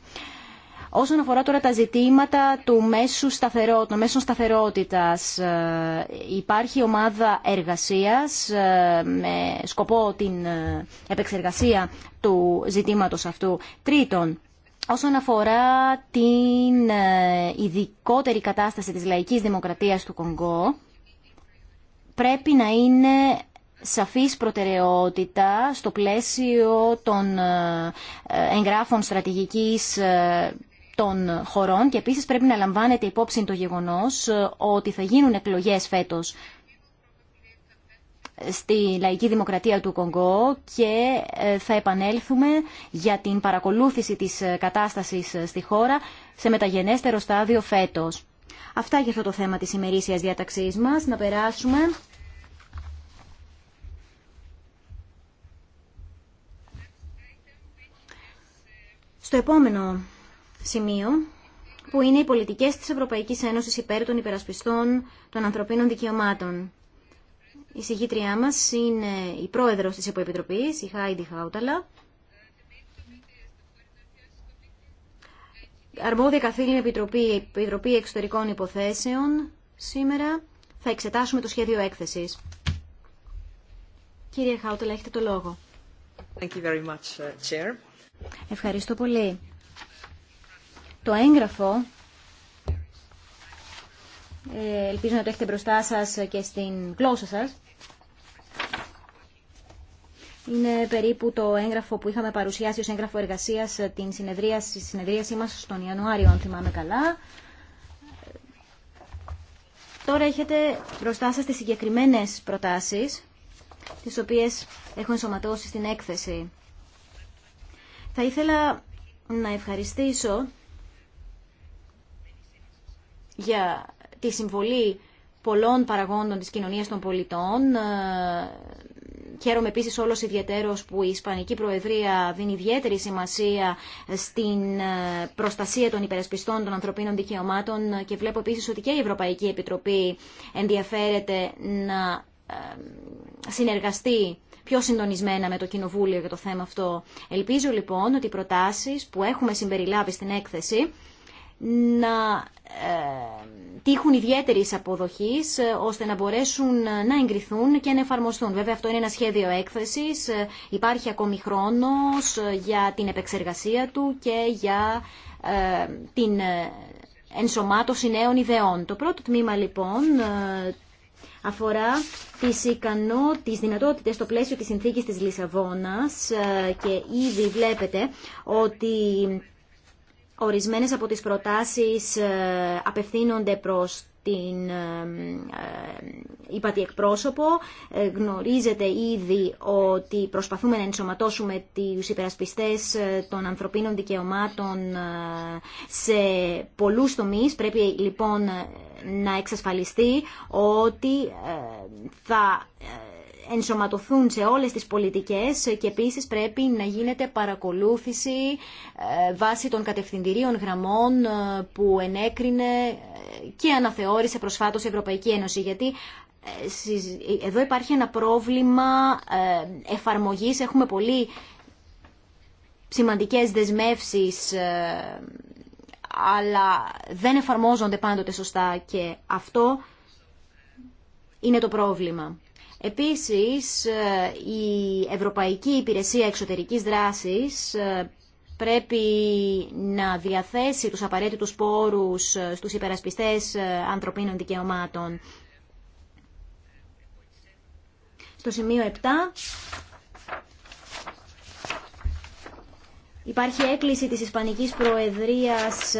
Όσον αφορά τώρα τα ζητήματα του μέσου σταθερότητα, μέσων σταθερότητας, υπάρχει ομάδα εργασίας με σκοπό την επεξεργασία του ζητήματος αυτού. Τρίτον, Όσον αφορά την ε, ειδικότερη κατάσταση της λαϊκής δημοκρατίας του Κονγκό, πρέπει να είναι σαφής προτεραιότητα στο πλαίσιο των ε, εγγράφων στρατηγικής ε, των χωρών και επίσης πρέπει να λαμβάνεται υπόψη το γεγονός ότι θα γίνουν εκλογές φέτος στη λαϊκή δημοκρατία του Κονγκό και ε, θα επανέλθουμε για την παρακολούθηση της ε, κατάστασης ε, στη χώρα σε μεταγενέστερο στάδιο φέτος. Αυτά για αυτό το θέμα της ημερήσιας διάταξής μας. Να περάσουμε... Στο επόμενο σημείο, που είναι οι πολιτικές της Ευρωπαϊκής Ένωσης υπέρ των υπερασπιστών των ανθρωπίνων δικαιωμάτων. Η συγγήτριά μα είναι η πρόεδρος της επιτροπής. η Χάιντι Χάουταλα. Αρμόδια καθήλυνα επιτροπή, επιτροπή Εξωτερικών Υποθέσεων σήμερα θα εξετάσουμε το σχέδιο έκθεση. Κύριε Χάουταλα, έχετε το λόγο. Thank you very much, uh, Chair. Ευχαριστώ πολύ. Το έγγραφο ε, ελπίζω να το έχετε μπροστά σας και στην γλώσσα σας. Είναι περίπου το έγγραφο που είχαμε παρουσιάσει ως έγγραφο εργασίας ε, την συνεδρίαση, συνεδρίασή μας στον Ιανουάριο, αν θυμάμαι καλά. Τώρα έχετε μπροστά σας τις συγκεκριμένες προτάσεις, τις οποίες έχω ενσωματώσει στην έκθεση. Θα ήθελα να ευχαριστήσω για τη συμβολή πολλών παραγόντων της κοινωνίας των πολιτών. Ε, χαίρομαι επίσης όλος ιδιαίτερος που η Ισπανική Προεδρία δίνει ιδιαίτερη σημασία στην ε, προστασία των υπερασπιστών των ανθρωπίνων δικαιωμάτων και βλέπω επίσης ότι και η Ευρωπαϊκή Επιτροπή ενδιαφέρεται να ε, συνεργαστεί πιο συντονισμένα με το Κοινοβούλιο για το θέμα αυτό. Ελπίζω λοιπόν ότι οι προτάσεις που έχουμε συμπεριλάβει στην έκθεση να ε, τύχουν ιδιαίτερη αποδοχή ε, ώστε να μπορέσουν ε, να εγκριθούν και να εφαρμοστούν. Βέβαια, αυτό είναι ένα σχέδιο έκθεση. Υπάρχει ακόμη χρόνο για την επεξεργασία του και για την ενσωμάτωση νέων ιδεών. Το πρώτο τμήμα, λοιπόν, αφορά τις, ικανό, τις δυνατότητες στο πλαίσιο της συνθήκης της Λισαβόνας και ήδη βλέπετε ότι Ορισμένες από τις προτάσεις ε, απευθύνονται προς την ε, ε, υπατή εκπρόσωπο. Γνωρίζετε ήδη ότι προσπαθούμε να ενσωματώσουμε τους υπερασπιστές των ανθρωπίνων δικαιωμάτων σε πολλούς τομείς. Πρέπει λοιπόν να εξασφαλιστεί ότι θα ενσωματωθούν σε όλες τις πολιτικές και επίσης πρέπει να γίνεται παρακολούθηση ε, βάσει των κατευθυντηρίων γραμμών ε, που ενέκρινε ε, και αναθεώρησε προσφάτως η Ευρωπαϊκή Ένωση. Γιατί εδώ υπάρχει ένα πρόβλημα εφαρμογής. Έχουμε πολύ σημαντικές δεσμεύσεις αλλά δεν εφαρμόζονται πάντοτε σωστά και αυτό είναι το πρόβλημα. Επίσης, ε, η Ευρωπαϊκή Υπηρεσία Εξωτερικής Δράσης ε, πρέπει να διαθέσει τους απαραίτητους πόρους ε, στους υπερασπιστές ανθρωπίνων δικαιωμάτων. Στο σημείο 7... Υπάρχει έκκληση της Ισπανικής Προεδρίας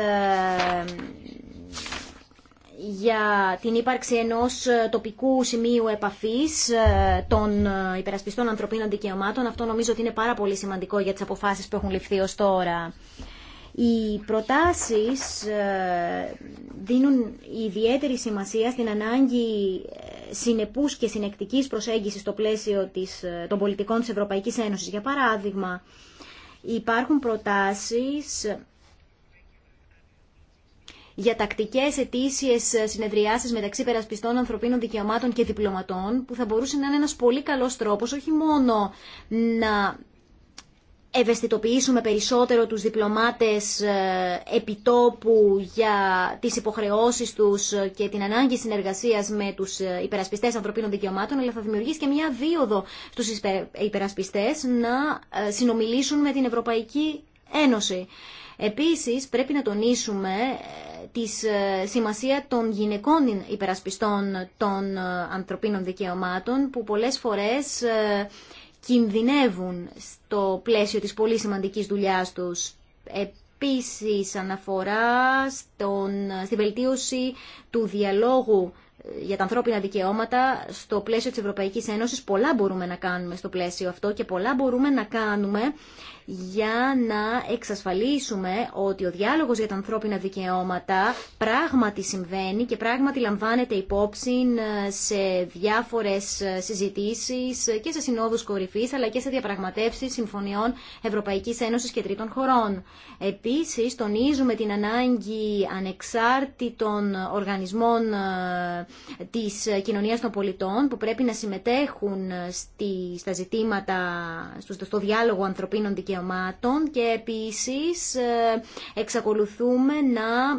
για την ύπαρξη ενός ε, τοπικού σημείου επαφής ε, των ε, υπερασπιστών ανθρωπίνων δικαιωμάτων. Αυτό νομίζω ότι είναι πάρα πολύ σημαντικό για τις αποφάσεις που έχουν ληφθεί ως τώρα. Οι προτάσεις δίνουν ιδιαίτερη σημασία στην ανάγκη συνεπούς και συνεκτικής προσέγγισης στο πλαίσιο της, των πολιτικών της Ευρωπαϊκής Ένωσης. Για παράδειγμα, υπάρχουν προτάσεις για τακτικές ετήσιες συνεδριάσεις μεταξύ περασπιστών ανθρωπίνων δικαιωμάτων και διπλωματών που θα μπορούσε να είναι ένα πολύ καλός τρόπος όχι μόνο να ευαισθητοποιήσουμε περισσότερο τους διπλωμάτες ε, επιτόπου για τις υποχρεώσεις τους και την ανάγκη συνεργασίας με τους ε, υπερασπιστές ανθρωπίνων δικαιωμάτων, αλλά θα δημιουργήσει και μια δίωδο στους υπερασπιστές να ε, συνομιλήσουν με την Ευρωπαϊκή Ένωση. Επίσης, πρέπει να τονίσουμε της ε, σημασία των γυναικών υπερασπιστών των ε, ανθρωπίνων δικαιωμάτων που πολλές φορές ε, κινδυνεύουν στο πλαίσιο της πολύ σημαντικής δουλειάς τους. Επίσης αναφορά στον, στη βελτίωση του διαλόγου για τα ανθρώπινα δικαιώματα στο πλαίσιο της Ευρωπαϊκής Ένωσης πολλά μπορούμε να κάνουμε στο πλαίσιο αυτό και πολλά μπορούμε να κάνουμε για να εξασφαλίσουμε ότι ο διάλογος για τα ανθρώπινα δικαιώματα πράγματι συμβαίνει και πράγματι λαμβάνεται υπόψη ε, σε διάφορες ε, συζητήσεις ε, και σε συνόδους κορυφής αλλά και σε διαπραγματεύσεις συμφωνιών Ευρωπαϊκής Ένωσης και τρίτων χωρών. Επίσης, τονίζουμε την ανάγκη ανεξάρτητων οργανισμών της κοινωνίας των πολιτών που πρέπει να συμμετέχουν στα ζητήματα, στο διάλογο ανθρωπίνων δικαιωμάτων δικαιωμάτων και επίσης ε, εξακολουθούμε να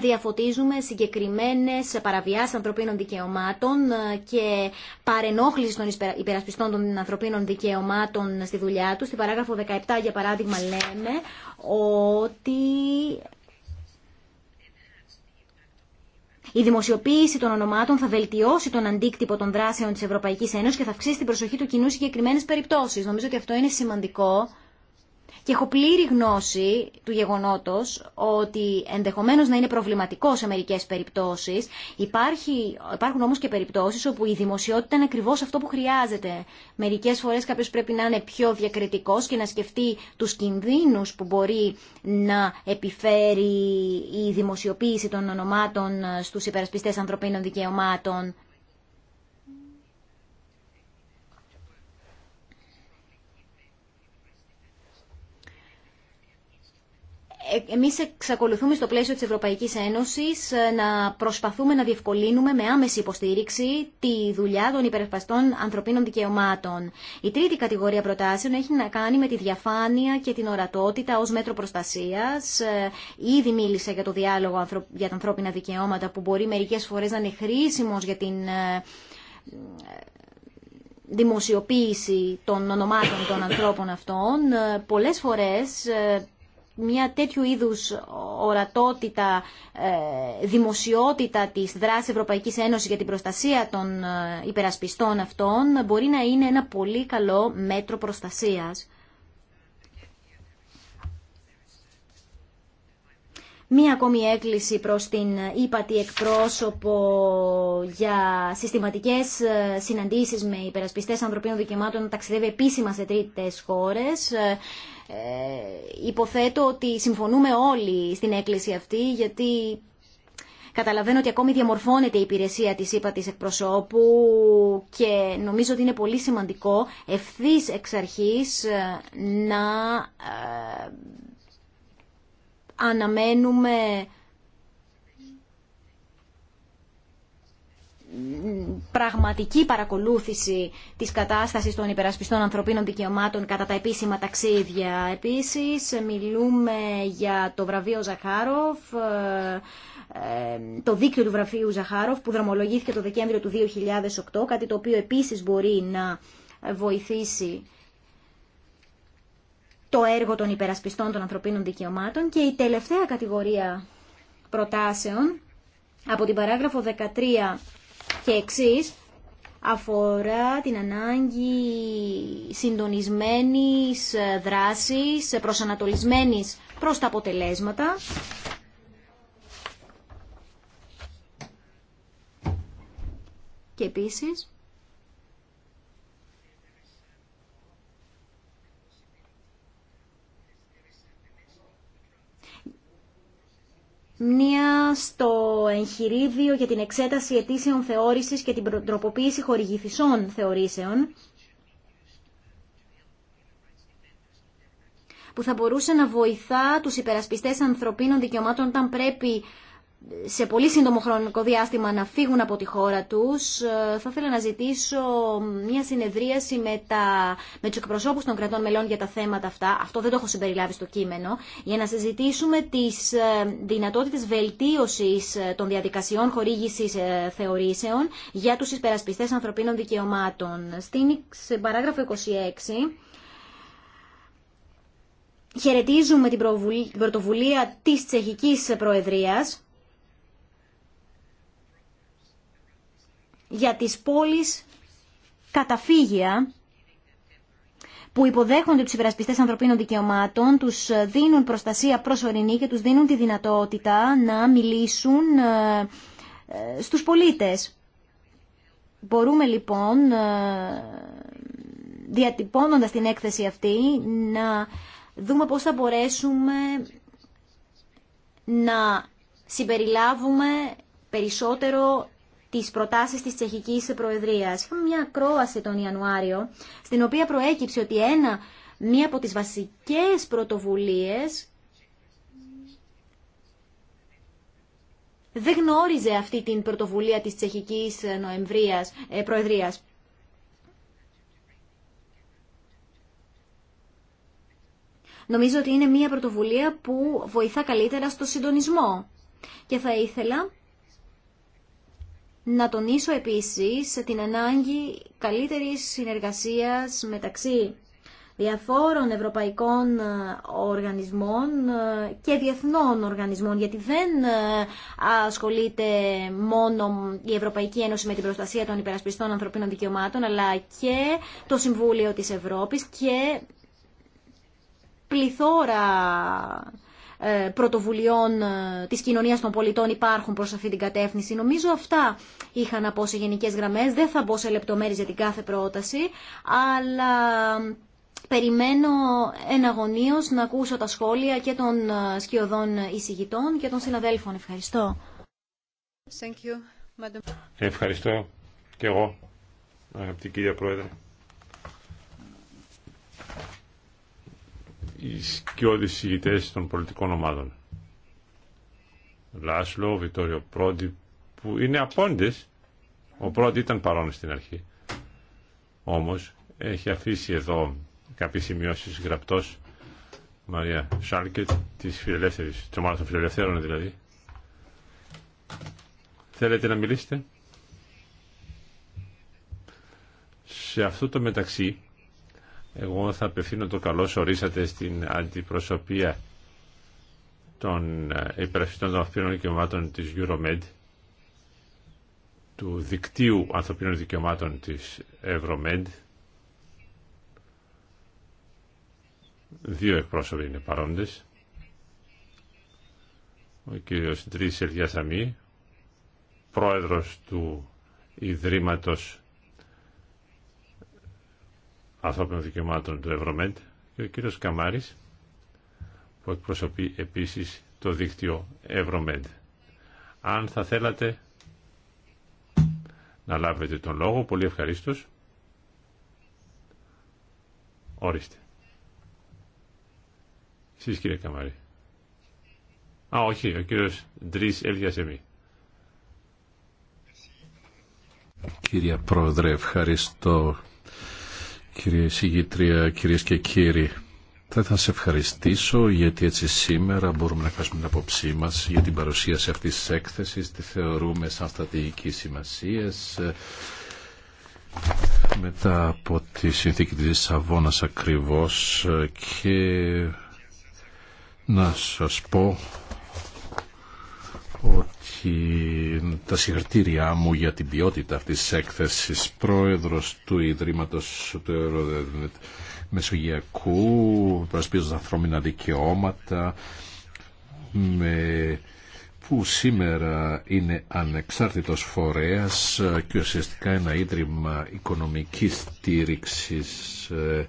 διαφωτίζουμε συγκεκριμένες παραβιάσεις ανθρωπίνων δικαιωμάτων ε, και παρενόχληση των υπερασπιστών των ανθρωπίνων δικαιωμάτων στη δουλειά τους. Στη παράγραφο 17, για παράδειγμα, λέμε ότι η δημοσιοποίηση των ονομάτων θα βελτιώσει τον αντίκτυπο των δράσεων της Ευρωπαϊκής Ένωσης και θα αυξήσει την προσοχή του κοινού συγκεκριμένες περιπτώσεις. Νομίζω ότι αυτό είναι σημαντικό και έχω πλήρη γνώση του γεγονότος ότι ενδεχομένως να είναι προβληματικό σε μερικές περιπτώσεις. Υπάρχει, υπάρχουν όμως και περιπτώσεις όπου η δημοσιότητα είναι ακριβώς αυτό που χρειάζεται. Μερικές φορές κάποιος πρέπει να είναι πιο διακριτικός και να σκεφτεί τους κινδύνους που μπορεί να επιφέρει η δημοσιοποίηση των ονομάτων στους υπερασπιστές ανθρωπίνων δικαιωμάτων. εμείς εξακολουθούμε στο πλαίσιο της Ευρωπαϊκής Ένωσης ε, να προσπαθούμε να διευκολύνουμε με άμεση υποστήριξη τη δουλειά των υπερασπαστών ανθρωπίνων δικαιωμάτων. Η τρίτη κατηγορία προτάσεων έχει να κάνει με τη διαφάνεια και την ορατότητα ως μέτρο προστασίας. Ε, ήδη μίλησα για το διάλογο για τα ανθρώπινα δικαιώματα που μπορεί μερικές φορές να είναι χρήσιμο για την ε, δημοσιοποίηση των ονομάτων των ανθρώπων αυτών. Πολλές φορές μια τέτοιου είδους ορατότητα, ε, δημοσιότητα της δράσης Ευρωπαϊκής Ένωσης για την προστασία των ε, υπερασπιστών αυτών μπορεί να είναι ένα πολύ καλό μέτρο προστασίας. Μία ακόμη έκκληση προς την ύπατη εκπρόσωπο για συστηματικές ε, συναντήσεις με υπερασπιστές ανθρωπίνων δικαιωμάτων να ταξιδεύει επίσημα σε τρίτες χώρες. Ε, υποθέτω ότι συμφωνούμε όλοι στην έκκληση αυτή, γιατί Καταλαβαίνω ότι ακόμη διαμορφώνεται η υπηρεσία της ΥΠΑ εκπροσώπου και νομίζω ότι είναι πολύ σημαντικό ευθύς εξ αρχής ε, να ε, αναμένουμε πραγματική παρακολούθηση της κατάστασης των υπερασπιστών ανθρωπίνων δικαιωμάτων κατά τα επίσημα ταξίδια. Επίσης, μιλούμε για το βραβείο Ζαχάροφ, ε, το δίκτυο του βραβείου Ζαχάροφ που δρομολογήθηκε το Δεκέμβριο του 2008, κάτι το οποίο επίσης μπορεί να βοηθήσει το έργο των υπερασπιστών των ανθρωπίνων δικαιωμάτων και η τελευταία κατηγορία προτάσεων από την παράγραφο 13 και εξή αφορά την ανάγκη συντονισμένης ε, δράσης, ε, προσανατολισμένης προς τα αποτελέσματα. Και επίσης, μία στο εγχειρίδιο για την εξέταση αιτήσεων θεώρησης και την τροποποίηση χορηγηθισών θεωρήσεων, που θα μπορούσε να βοηθά τους υπερασπιστές ανθρωπίνων δικαιωμάτων όταν πρέπει σε πολύ σύντομο χρονικό διάστημα να φύγουν από τη χώρα τους. Ε, θα ήθελα να ζητήσω μια συνεδρίαση με, τα, με τους εκπροσώπους των κρατών μελών για τα θέματα αυτά. Αυτό δεν το έχω συμπεριλάβει στο κείμενο. Για να συζητήσουμε τις ε, δυνατότητες βελτίωσης ε, των διαδικασιών χορήγησης θεωρήσεων για τους υπερασπιστές ανθρωπίνων δικαιωμάτων. Στην παράγραφο 26... Χαιρετίζουμε την πρωτοβουλία της Τσεχικής Προεδρίας για τις πόλεις καταφύγια που υποδέχονται τους υπερασπιστές ανθρωπίνων δικαιωμάτων, τους δίνουν προστασία προσωρινή και τους δίνουν τη δυνατότητα να μιλήσουν ε, ε, στους πολίτες. Μπορούμε λοιπόν, ε, διατυπώνοντας την έκθεση αυτή, να δούμε πώς θα μπορέσουμε να συμπεριλάβουμε περισσότερο τις προτάσεις της Τσεχικής Προεδρίας. Είχαμε μια ακρόαση τον Ιανουάριο, στην οποία προέκυψε ότι ένα, μία από τις βασικές πρωτοβουλιε δεν γνώριζε αυτή την πρωτοβουλία της Τσεχικής Νοεμβρίας, ε, Προεδρίας. Νομίζω ότι είναι μία πρωτοβουλία που βοηθά καλύτερα στο συντονισμό. Και θα ήθελα να τονίσω επίσης την ανάγκη καλύτερης συνεργασίας μεταξύ διαφόρων ευρωπαϊκών ε, οργανισμών ε, και διεθνών οργανισμών, γιατί δεν ε, ασχολείται μόνο η Ευρωπαϊκή Ένωση με την προστασία των υπερασπιστών ανθρωπίνων δικαιωμάτων, αλλά και το Συμβούλιο της Ευρώπης και πληθώρα ε, πρωτοβουλειών ε, της κοινωνίας των πολιτών υπάρχουν προς αυτή την κατεύθυνση. Νομίζω αυτά είχα να πω σε γενικές γραμμές. Δεν θα μπω σε λεπτομέρειες για την κάθε πρόταση, αλλά... Περιμένω εναγωνίως να ακούσω τα σχόλια και των ε, σκιωδών εισηγητών και των συναδέλφων. Ευχαριστώ. Thank you, Ευχαριστώ και εγώ, αγαπητή κυρία Πρόεδρε. οι σκιώδεις ηγητέ των πολιτικών ομάδων. Λάσλο, Βιτόριο Πρόντι, που είναι απόντες. Ο Πρόντι ήταν παρόν στην αρχή. Όμως, έχει αφήσει εδώ κάποιες σημειώσει γραπτός Μαρία Σάλκετ, της φιλελεύθερης, της ομάδας των φιλελευθέρων δηλαδή. Θέλετε να μιλήσετε. Σε αυτό το μεταξύ εγώ θα απευθύνω το καλό ορίσατε στην αντιπροσωπεία των ε, υπερασπιστών των ανθρωπίνων δικαιωμάτων της Euromed, του δικτύου ανθρωπίνων δικαιωμάτων της Euromed. Δύο εκπρόσωποι είναι παρόντες. Ο κύριος Τρίσελ Ελγιασαμή, πρόεδρος του Ιδρύματος Ανθρώπινων Δικαιωμάτων του Ευρωμέντ και ο κύριος Καμάρης που εκπροσωπεί επίσης το δίκτυο Ευρωμέντ. Αν θα θέλατε να λάβετε τον λόγο, πολύ ευχαρίστως. Ορίστε. Εσείς κύριε Καμάρη. Α, όχι, ο κύριος Ντρίς Ελγιασεμή. Κύριε Πρόεδρε, ευχαριστώ Κύριε Συγγήτρια, κυρίες και κύριοι, θα ήθελα σε ευχαριστήσω γιατί έτσι σήμερα μπορούμε να χάσουμε την απόψή μα για την παρουσίαση αυτή τη έκθεση. Τη θεωρούμε σαν στρατηγική σημασία. Ε, μετά από τη συνθήκη της Λισαβόνα ακριβώς ε, και να σας πω ότι τα συγχαρητήριά μου για την ποιότητα αυτής της έκθεσης πρόεδρος του Ιδρύματος του Μεσογειακού προσπίζοντας ανθρώπινα δικαιώματα με που σήμερα είναι ανεξάρτητος φορέας και ουσιαστικά ένα ίδρυμα οικονομικής στήριξης ε,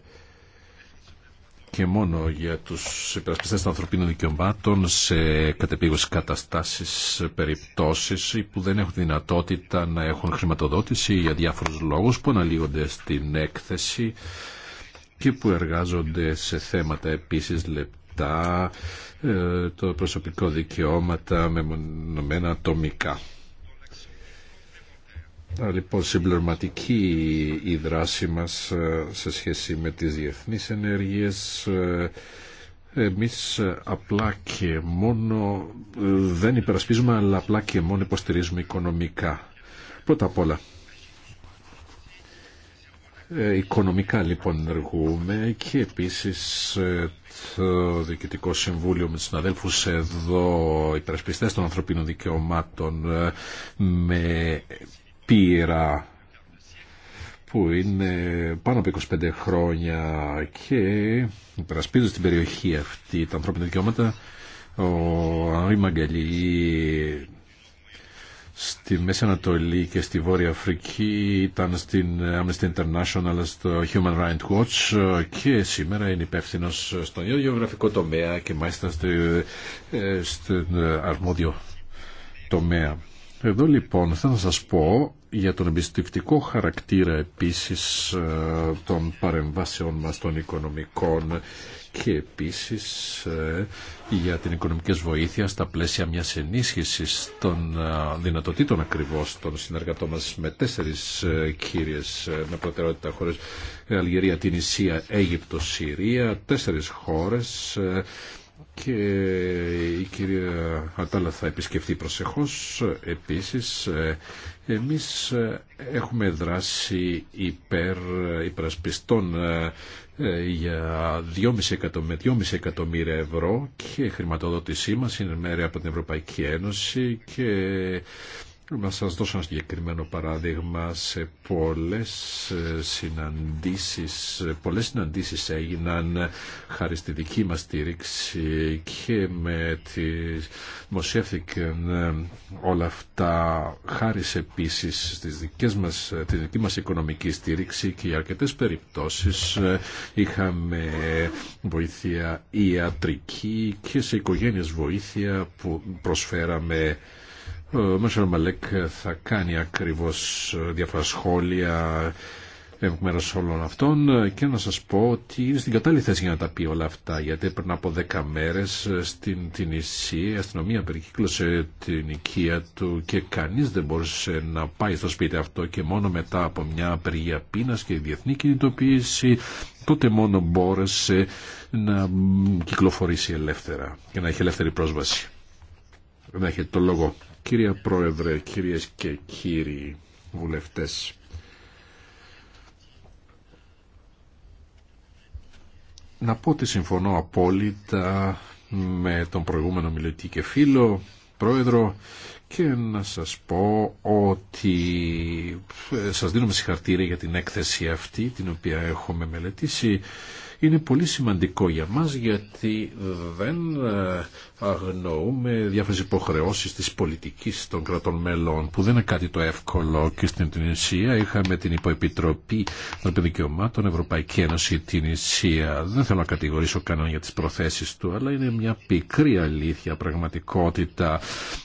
και μόνο για τους υπερασπιστές των ανθρωπίνων δικαιωμάτων σε κατεπίγωση καταστάσεις, περιπτώσεις που δεν έχουν δυνατότητα να έχουν χρηματοδότηση για διάφορους λόγους που αναλύονται στην έκθεση και που εργάζονται σε θέματα επίσης λεπτά, ε, το προσωπικό δικαιώματα μεμονωμένα ατομικά. Λοιπόν, συμπληρωματική η δράση μας ε, σε σχέση με τις διεθνείς ενέργειες ε, εμείς ε, απλά και μόνο δεν υπερασπίζουμε αλλά απλά και μόνο υποστηρίζουμε οικονομικά. Πρώτα απ' όλα, οικονομικά λοιπόν ενεργούμε και επίσης το Διοικητικό Συμβούλιο με τους συναδέλφους εδώ υπερασπιστές των ανθρωπίνων δικαιωμάτων με πείρα που είναι πάνω από 25 χρόνια και υπερασπίζονται στην περιοχή αυτή τα ανθρώπινα δικαιώματα. Ο Ανρή Μαγκαλή στη Μέση Ανατολή και στη Βόρεια Αφρική ήταν στην Amnesty International, στο Human Rights Watch και σήμερα είναι υπεύθυνο στον ίδιο γεωγραφικό τομέα και μάλιστα ε, στον αρμόδιο τομέα. Εδώ λοιπόν θα σας πω για τον εμπιστευτικό χαρακτήρα επίσης ε, των παρεμβάσεων μας των οικονομικών και επίσης ε, για την οικονομική βοήθεια στα πλαίσια μιας ενίσχυσης των ε, δυνατοτήτων ακριβώς των συνεργατών μας με τέσσερις κύριες με προτεραιότητα χώρες Αλγερία, Τινησία, Αίγυπτο, Συρία, τέσσερις χώρες και η κυρία Ατάλα θα επισκεφτεί προσεχώς. Επίσης, εμείς έχουμε δράσει υπέρ υπερασπιστών ε, για 2,5 εκατομμύρια, 2,5 εκατομμύρια ευρώ και η χρηματοδότησή μας είναι μέρη από την Ευρωπαϊκή Ένωση και να σας δώσω ένα συγκεκριμένο παράδειγμα σε πολλές ε, συναντήσεις, ε, πολλές συναντήσεις έγιναν χάρη στη δική μας στήριξη και με τη δημοσιεύθηκαν ε, όλα αυτά χάρη επίσης στις μας, τη δική μας οικονομική στήριξη και για αρκετές περιπτώσεις είχαμε βοήθεια ιατρική και σε οικογένειες βοήθεια που προσφέραμε ο Μέσορ Μαλέκ θα κάνει ακριβώς διάφορα σχόλια εκ όλων αυτών και να σας πω ότι είναι στην κατάλληλη θέση για να τα πει όλα αυτά γιατί πριν από δέκα μέρες στην την η αστυνομία περικύκλωσε την οικία του και κανείς δεν μπορούσε να πάει στο σπίτι αυτό και μόνο μετά από μια απεργία πείνας και διεθνή κινητοποίηση τότε μόνο μπόρεσε να κυκλοφορήσει ελεύθερα και να έχει ελεύθερη πρόσβαση. Να έχει το λόγο. Κυρία Πρόεδρε, κυρίες και κύριοι βουλευτές, να πω ότι συμφωνώ απόλυτα με τον προηγούμενο μιλητή και φίλο, πρόεδρο, και να σας πω ότι ε, σας δίνουμε συγχαρτήρια για την έκθεση αυτή, την οποία έχουμε μελετήσει είναι πολύ σημαντικό για μας γιατί δεν ε, αγνοούμε διάφορες υποχρεώσεις της πολιτικής των κρατών μελών που δεν είναι κάτι το εύκολο και στην Τινησία είχαμε την Υποεπιτροπή των Δικαιωμάτων Ευρωπαϊκή Ένωση Τινησία. Δεν θέλω να κατηγορήσω κανέναν για τις προθέσεις του αλλά είναι μια πικρή αλήθεια πραγματικότητα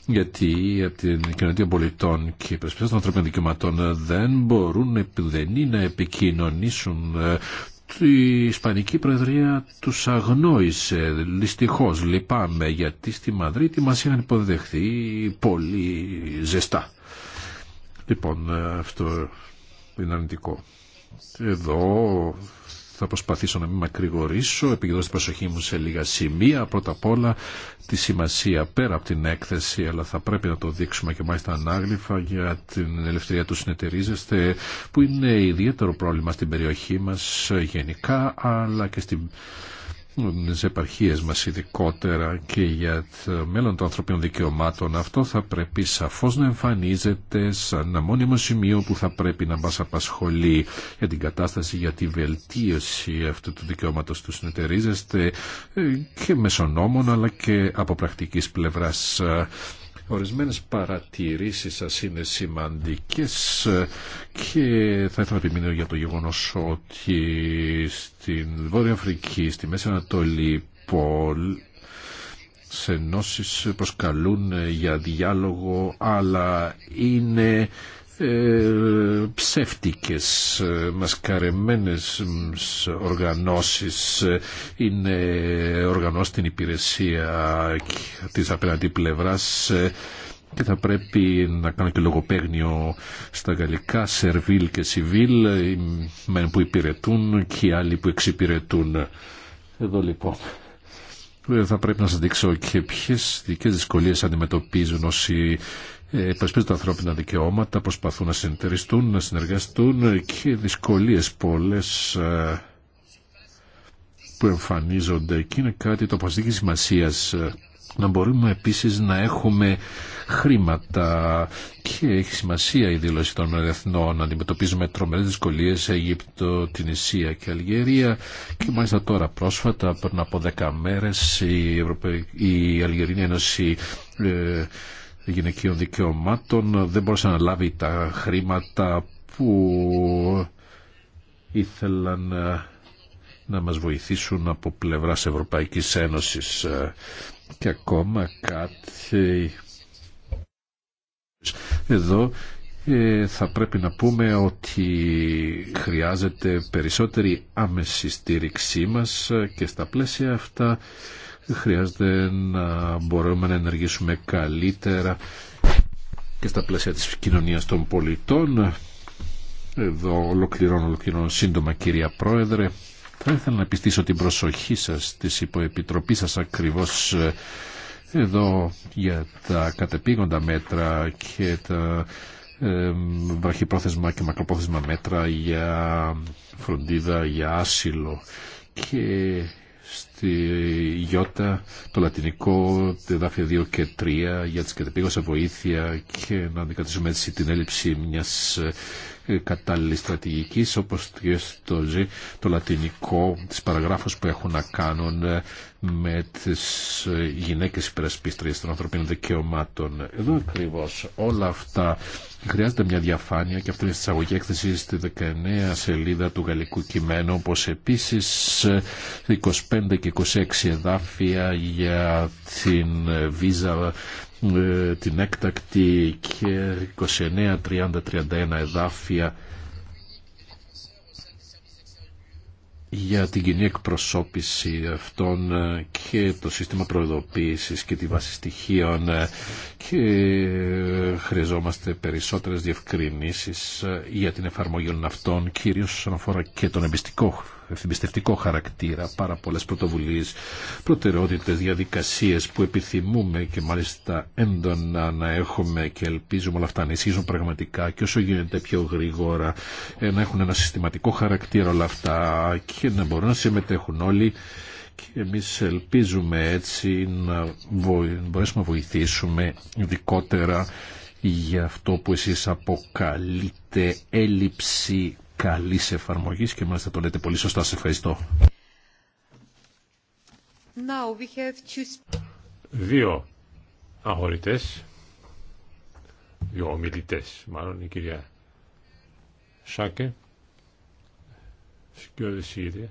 γιατί για την κοινωνία πολιτών και οι των ανθρωπίνων δικαιωμάτων δεν μπορούν επιδενή να επικοινωνήσουν ε, η Ισπανική Προεδρία τους αγνόησε. Δυστυχώ, λυπάμαι γιατί στη Μαδρίτη μας είχαν υποδεχθεί πολύ ζεστά. Λοιπόν, ε, αυτό είναι αρνητικό. Εδώ θα προσπαθήσω να μην μακρηγορήσω, επικεντρώσω την προσοχή μου σε λίγα σημεία. Πρώτα απ' όλα τη σημασία πέρα από την έκθεση, αλλά θα πρέπει να το δείξουμε και μάλιστα ανάγλυφα για την ελευθερία του συνεταιρίζεστε, που είναι ιδιαίτερο πρόβλημα στην περιοχή μας γενικά, αλλά και στην σε επαρχίε μα ειδικότερα και για το μέλλον των ανθρωπίνων δικαιωμάτων αυτό θα πρέπει σαφώ να εμφανίζεται σαν ένα μόνιμο σημείο που θα πρέπει να μα απασχολεί για την κατάσταση, για τη βελτίωση αυτού του δικαιώματο του συνεταιρίζεστε ε, και μεσονόμων αλλά και από πρακτική πλευράς Ορισμένες παρατηρήσεις σας είναι σημαντικές και θα ήθελα να επιμείνω για το γεγονός ότι στην Βόρεια Αφρική, στη Μέση Ανατολή, σε νόσεις προσκαλούν για διάλογο αλλά είναι ε, ψεύτικες ε, μασκαρεμένες οργανώσεις ε, είναι οργανώσεις στην υπηρεσία της απέναντι πλευράς ε, και θα πρέπει να κάνω και λογοπαίγνιο στα γαλλικά, σερβίλ και σιβίλ, μεν που υπηρετούν και οι άλλοι που εξυπηρετούν. Εδώ λοιπόν. Θα πρέπει να σας δείξω και ποιες δικές δυσκολίες αντιμετωπίζουν όσοι ε, υπερασπίζουν τα ανθρώπινα δικαιώματα, προσπαθούν να συνεταιριστούν, να συνεργαστούν και δυσκολίες πολλές ε, που εμφανίζονται και είναι κάτι το παστική σημασία ε, να μπορούμε επίσης να έχουμε χρήματα και έχει σημασία η δήλωση των εθνών να αντιμετωπίζουμε τρομερές δυσκολίες σε Αιγύπτο, την Ισία και Αλγερία και μάλιστα τώρα πρόσφατα πριν από δέκα μέρες η, Ευρωπαϊ... Αλγερίνη Ένωση γυναικείων δικαιωμάτων δεν μπορούσε να λάβει τα χρήματα που ήθελαν ε, να μας βοηθήσουν από πλευράς Ευρωπαϊκής Ένωσης ε, και ακόμα κάτι εδώ ε, θα πρέπει να πούμε ότι χρειάζεται περισσότερη άμεση στήριξή μας και στα πλαίσια αυτά χρειάζεται να μπορούμε να ενεργήσουμε καλύτερα και στα πλαίσια της κοινωνίας των πολιτών. Εδώ ολοκληρώνω, ολοκληρώνω σύντομα κυρία Πρόεδρε. Θα ήθελα να πιστήσω την προσοχή σας της υποεπιτροπή σας ακριβώς ε, εδώ για τα κατεπήγοντα μέτρα και τα ε, βραχυπρόθεσμα και μακροπρόθεσμα μέτρα για φροντίδα, για άσυλο και στη Ιώτα, το λατινικό, τα εδάφια 2 και 3 για τις κατεπήγωσα βοήθεια και να αντικατήσουμε έτσι την έλλειψη μιας ε, κατάλληλη στρατηγική, όπως και στο Ζ, το λατινικό, τις παραγράφους που έχουν να κάνουν ε, με τις ε, γυναίκες υπερασπίστριες των ανθρωπίνων δικαιωμάτων. Εδώ ακριβώ όλα αυτά χρειάζεται μια διαφάνεια και αυτή είναι η εισαγωγή έκθεση στη 19 σελίδα του γαλλικού κειμένου, όπως επίσης 25 και 26 εδάφια για την βίζα ε, την έκτακτη και 29, 30, 31 εδάφια για την κοινή εκπροσώπηση αυτών ε, και το σύστημα προειδοποίησης και τη βάση στοιχείων ε, και χρειαζόμαστε περισσότερες διευκρινήσεις ε, για την εφαρμογή αυτών κυρίως όσον αφορά και τον εμπιστικό εμπιστευτικό χαρακτήρα, πάρα πολλές πρωτοβουλίες, προτεραιότητες, διαδικασίες που επιθυμούμε και μάλιστα έντονα να έχουμε και ελπίζουμε όλα αυτά να ισχύσουν πραγματικά και όσο γίνεται πιο γρήγορα ε, να έχουν ένα συστηματικό χαρακτήρα όλα αυτά και να μπορούν να συμμετέχουν όλοι και εμείς ελπίζουμε έτσι να μπορέσουμε να βοηθήσουμε ειδικότερα για αυτό που εσείς αποκαλείτε έλλειψη Καλή εφαρμογή, και μάλιστα το λέτε πολύ σωστά. Σε ευχαριστώ. Δύο αγορητέ, δύο ομιλητέ, μάλλον η κυρία Σάκε, Σκιώδη Σύρια,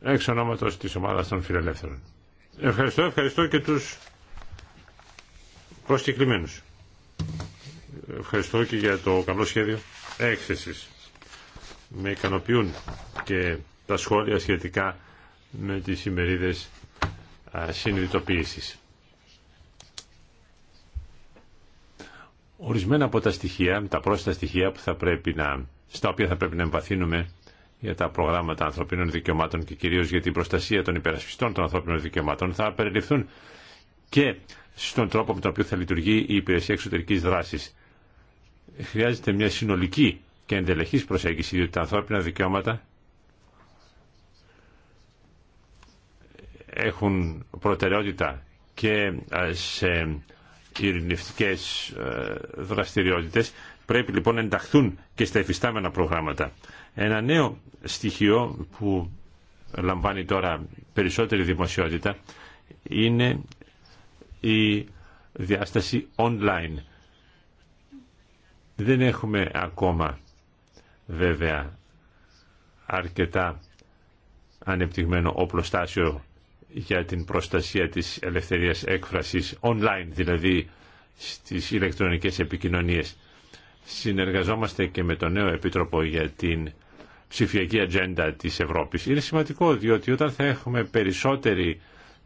εξ ονόματο της ομάδας των φιλελεύθερων. Ευχαριστώ, ευχαριστώ και τους προσκεκλημένου ευχαριστώ και για το καλό σχέδιο έκθεσης. Με ικανοποιούν και τα σχόλια σχετικά με τις ημερίδες συνειδητοποίησης. Ορισμένα από τα στοιχεία, τα πρόσθετα στοιχεία που θα πρέπει να, στα οποία θα πρέπει να εμβαθύνουμε για τα προγράμματα ανθρωπίνων δικαιωμάτων και κυρίως για την προστασία των υπερασπιστών των ανθρωπίνων δικαιωμάτων θα περιληφθούν και στον τρόπο με τον οποίο θα λειτουργεί η υπηρεσία εξωτερικής δράσης χρειάζεται μια συνολική και εντελεχής προσέγγιση, διότι τα ανθρώπινα δικαιώματα έχουν προτεραιότητα και ε, σε ειρηνευτικές ε, δραστηριότητες. Πρέπει λοιπόν να ενταχθούν και στα εφιστάμενα προγράμματα. Ένα νέο στοιχείο που λαμβάνει τώρα περισσότερη δημοσιότητα είναι η διάσταση online δεν έχουμε ακόμα βέβαια αρκετά ανεπτυγμένο οπλοστάσιο για την προστασία της ελευθερίας έκφρασης online, δηλαδή στις ηλεκτρονικές επικοινωνίες. Συνεργαζόμαστε και με το νέο Επίτροπο για την ψηφιακή ατζέντα της Ευρώπης. Είναι σημαντικό διότι όταν θα έχουμε περισσότερη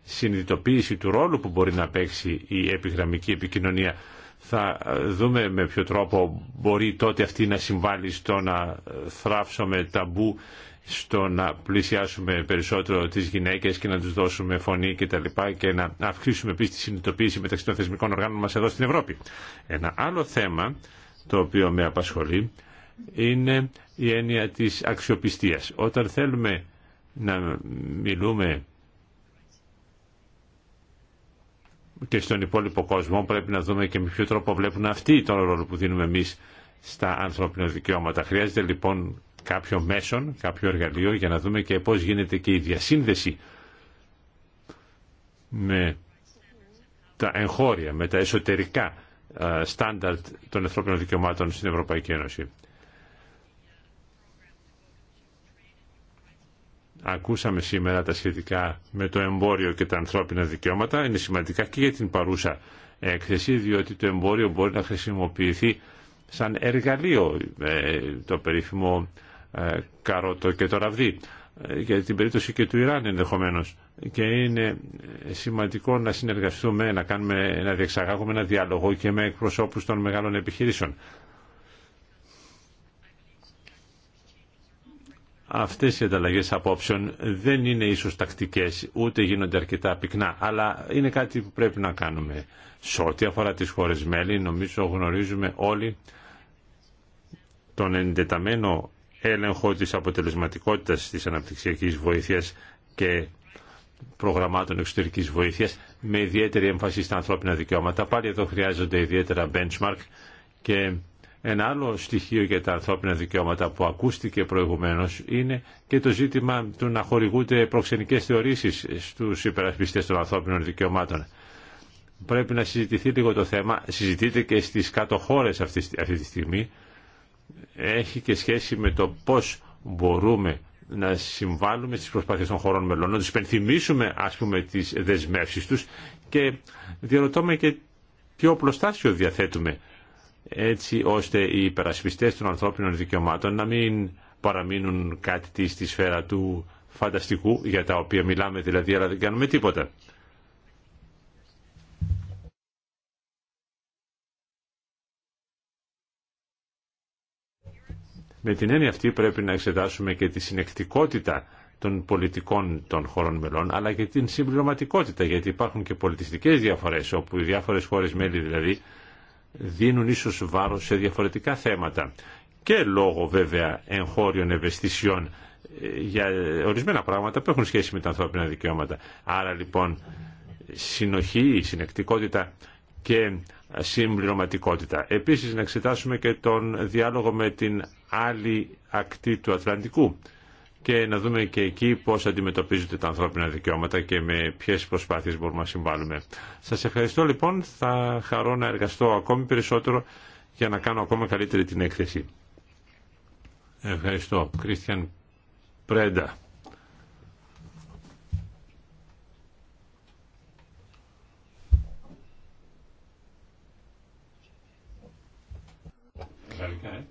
συνειδητοποίηση του ρόλου που μπορεί να παίξει η επιγραμμική επικοινωνία θα δούμε με ποιο τρόπο μπορεί τότε αυτή να συμβάλλει στο να θράψουμε ταμπού, στο να πλησιάσουμε περισσότερο τις γυναίκες και να τους δώσουμε φωνή και τα λοιπά και να αυξήσουμε επίσης τη συνειδητοποίηση μεταξύ των θεσμικών οργάνων μας εδώ στην Ευρώπη. Ένα άλλο θέμα το οποίο με απασχολεί είναι η έννοια της αξιοπιστίας. Όταν θέλουμε να μιλούμε και στον υπόλοιπο κόσμο πρέπει να δούμε και με ποιο τρόπο βλέπουν αυτοί τον ρόλο που δίνουμε εμείς στα ανθρώπινα δικαιώματα. Χρειάζεται λοιπόν κάποιο μέσον, κάποιο εργαλείο για να δούμε και πώς γίνεται και η διασύνδεση με τα εγχώρια, με τα εσωτερικά ε, στάνταρτ των ανθρώπινων δικαιωμάτων στην Ευρωπαϊκή Ένωση. Ακούσαμε σήμερα τα σχετικά με το εμπόριο και τα ανθρώπινα δικαιώματα. Είναι σημαντικά και για την παρούσα έκθεση, διότι το εμπόριο μπορεί να χρησιμοποιηθεί σαν εργαλείο, ε, το περίφημο ε, καρότο και το ραβδί, ε, για την περίπτωση και του Ιράν ενδεχομένως. Και είναι σημαντικό να συνεργαστούμε, να, κάνουμε, να διεξαγάγουμε ένα διάλογο και με εκπροσώπους των μεγάλων επιχειρήσεων. Αυτές οι ανταλλαγές απόψεων δεν είναι ίσως τακτικές, ούτε γίνονται αρκετά πυκνά, αλλά είναι κάτι που πρέπει να κάνουμε. Σε ό,τι αφορά τις χώρες μέλη, νομίζω γνωρίζουμε όλοι τον εντεταμένο έλεγχο της αποτελεσματικότητας της αναπτυξιακής βοήθειας και προγραμμάτων εξωτερικής βοήθειας με ιδιαίτερη έμφαση στα ανθρώπινα δικαιώματα. Πάλι εδώ χρειάζονται ιδιαίτερα benchmark και ένα άλλο στοιχείο για τα ανθρώπινα δικαιώματα που ακούστηκε προηγουμένως είναι και το ζήτημα του να χορηγούνται προξενικές θεωρήσεις στους υπερασπιστές των ανθρώπινων δικαιωμάτων. Πρέπει να συζητηθεί λίγο το θέμα. Συζητείται και στις κάτω χώρες αυτή, αυτή τη στιγμή. Έχει και σχέση με το πώς μπορούμε να συμβάλλουμε στις προσπάθειες των χωρών μελών, να τους υπενθυμίσουμε ας πούμε τις δεσμεύσεις τους και διαρωτώμε και ποιο οπλοστάσιο διαθέτουμε έτσι ώστε οι υπερασπιστές των ανθρώπινων δικαιωμάτων να μην παραμείνουν κάτι στη σφαίρα του φανταστικού για τα οποία μιλάμε δηλαδή αλλά δεν κάνουμε τίποτα. Με την έννοια αυτή πρέπει να εξετάσουμε και τη συνεκτικότητα των πολιτικών των χωρών μελών, αλλά και την συμπληρωματικότητα, γιατί υπάρχουν και πολιτιστικές διαφορές, όπου οι διάφορες χώρες μέλη δηλαδή δίνουν ίσως βάρος σε διαφορετικά θέματα και λόγω βέβαια εγχώριων ευαισθησιών ε, για ορισμένα πράγματα που έχουν σχέση με τα ανθρώπινα δικαιώματα. Άρα λοιπόν συνοχή, συνεκτικότητα και συμπληρωματικότητα. Επίσης να εξετάσουμε και τον διάλογο με την άλλη ακτή του Ατλαντικού και να δούμε και εκεί πώς αντιμετωπίζονται τα ανθρώπινα δικαιώματα και με ποιες προσπάθειες μπορούμε να συμβάλλουμε. Σας ευχαριστώ λοιπόν, θα χαρώ να εργαστώ ακόμη περισσότερο για να κάνω ακόμα καλύτερη την έκθεση. Ευχαριστώ. Κρίστιαν Πρέντα.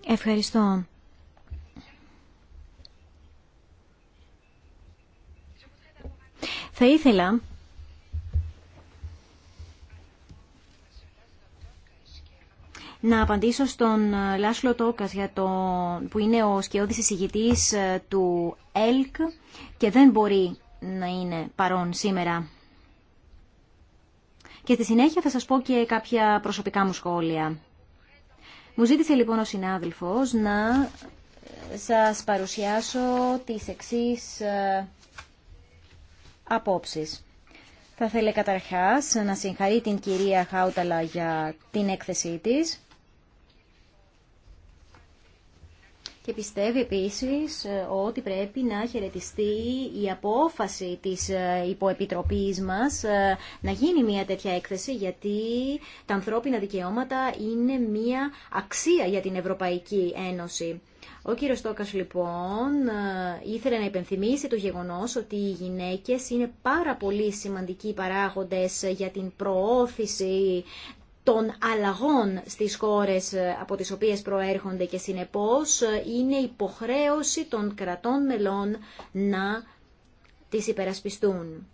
Ευχαριστώ. Θα ήθελα να απαντήσω στον Λάσλο Τόκας για το, που είναι ο σκιώδης εισηγητής ε, του ΕΛΚ και δεν μπορεί να είναι παρόν σήμερα. Και στη συνέχεια θα σας πω και κάποια προσωπικά μου σχόλια. Μου ζήτησε λοιπόν ο συνάδελφος να ε, σας παρουσιάσω τις εξής ε, απόψεις. Θα θέλε καταρχάς να συγχαρεί την κυρία Χάουταλα για την έκθεσή της και πιστεύει επίσης ε, ότι πρέπει να χαιρετιστεί η απόφαση της ε, υποεπιτροπής μας ε, να γίνει μια τέτοια έκθεση γιατί τα ανθρώπινα δικαιώματα είναι μια αξία για την Ευρωπαϊκή Ένωση. Ο κύριος Στόκας, λοιπόν ήθελε να υπενθυμίσει το γεγονός ότι οι γυναίκες είναι πάρα πολύ σημαντικοί παράγοντες για την προώθηση των αλλαγών στις χώρες ε, από τις οποίες προέρχονται και συνεπώς ε, είναι υποχρέωση των κρατών μελών να τις υπερασπιστούν.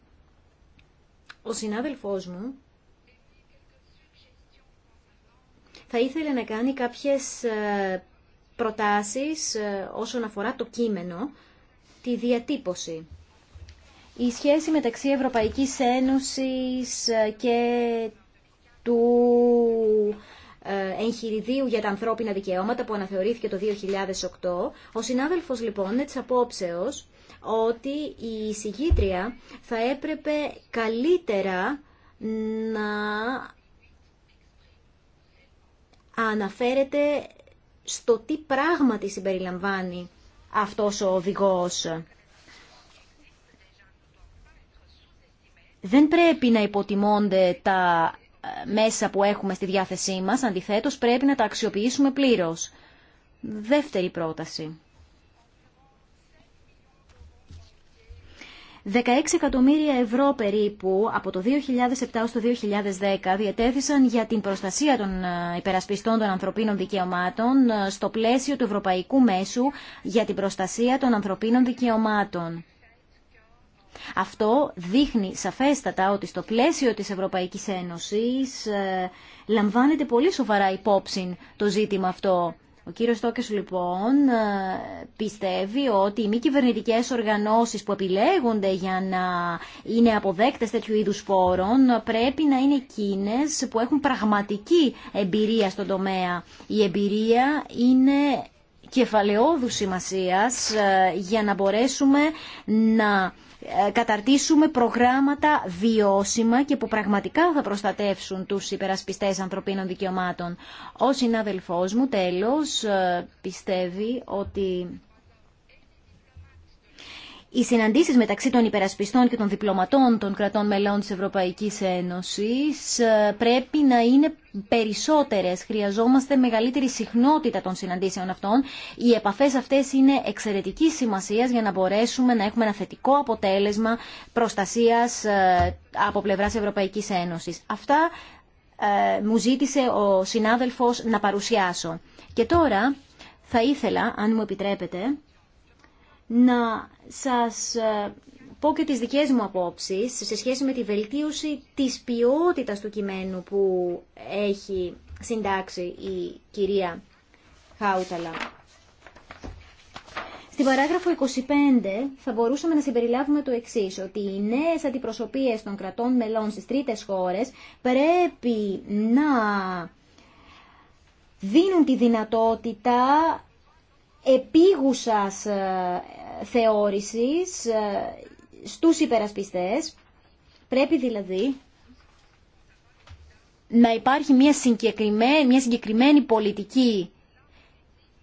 Ο συνάδελφός μου θα ήθελε να κάνει κάποιες ε, προτάσεις όσον αφορά το κείμενο, τη διατύπωση. Η σχέση μεταξύ Ευρωπαϊκής Ένωσης και του ε, εγχειριδίου για τα ανθρώπινα δικαιώματα που αναθεωρήθηκε το 2008. Ο συνάδελφος λοιπόν είναι της απόψεως ότι η συγκήτρια θα έπρεπε καλύτερα να αναφέρεται στο τι πράγματι συμπεριλαμβάνει αυτός ο οδηγός. Δεν πρέπει να υποτιμώνται τα μέσα που έχουμε στη διάθεσή μας, αντιθέτως πρέπει να τα αξιοποιήσουμε πλήρως. Δεύτερη πρόταση. 16 εκατομμύρια ευρώ περίπου από το 2007 το 2010 διατέθησαν για την προστασία των ε, υπερασπιστών των ανθρωπίνων δικαιωμάτων ε, στο πλαίσιο του Ευρωπαϊκού Μέσου για την προστασία των ανθρωπίνων δικαιωμάτων. Αυτό δείχνει σαφέστατα ότι στο πλαίσιο της Ευρωπαϊκής Ένωσης ε, λαμβάνεται πολύ σοβαρά υπόψη το ζήτημα αυτό. Ο κύριος Τόκες λοιπόν ε, πιστεύει ότι οι μη κυβερνητικέ οργανώσεις που επιλέγονται για να είναι αποδέκτες τέτοιου είδους φόρων πρέπει να είναι εκείνες που έχουν πραγματική εμπειρία στον τομέα. Η εμπειρία είναι κεφαλαιόδου σημασίας ε, για να μπορέσουμε να ε, καταρτήσουμε προγράμματα βιώσιμα και που πραγματικά θα προστατεύσουν τους υπερασπιστές ανθρωπίνων δικαιωμάτων. Ο συνάδελφός μου τέλος ε, πιστεύει ότι οι συναντήσεις μεταξύ των υπερασπιστών και των διπλωματών των κρατών μελών της Ευρωπαϊκής Ένωσης ε, πρέπει να είναι περισσότερες. Χρειαζόμαστε μεγαλύτερη συχνότητα των συναντήσεων αυτών. Οι επαφές αυτές είναι εξαιρετική σημασία για να μπορέσουμε να έχουμε ένα θετικό αποτέλεσμα προστασίας ε, από πλευράς Ευρωπαϊκής Ένωσης. Αυτά ε, μου ζήτησε ο συνάδελφος να παρουσιάσω. Και τώρα θα ήθελα, αν μου επιτρέπετε, να σας ε, πω και τις δικές μου απόψεις σε σχέση με τη βελτίωση της ποιότητας του κειμένου που έχει συντάξει η κυρία Χάουταλα. Στην παράγραφο 25 θα μπορούσαμε να συμπεριλάβουμε το εξή, ότι οι νέε αντιπροσωπείε των κρατών μελών στι τρίτε χώρε πρέπει να δίνουν τη δυνατότητα επίγουσας ε, θεώρησης ε, στους υπερασπιστές. Πρέπει δηλαδή να υπάρχει μια συγκεκριμένη, μια συγκεκριμένη πολιτική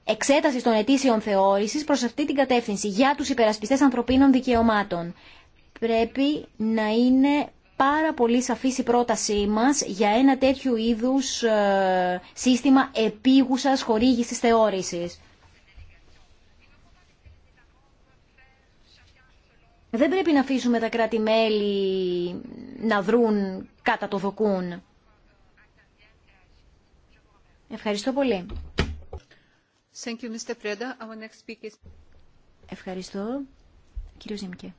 εξέταση των αιτήσεων θεώρησης προς αυτή την κατεύθυνση για τους υπερασπιστές ανθρωπίνων δικαιωμάτων. Πρέπει να είναι πάρα πολύ σαφής η πρότασή μας για ένα τέτοιου είδους ε, σύστημα επίγουσας χορήγησης θεώρησης. Δεν πρέπει να αφήσουμε τα κράτη-μέλη να δρούν κατά το δοκούν. Ευχαριστώ πολύ. Thank you, Mr. Preda. Our next speaker is... Ευχαριστώ. Κύριο Ζήμκε.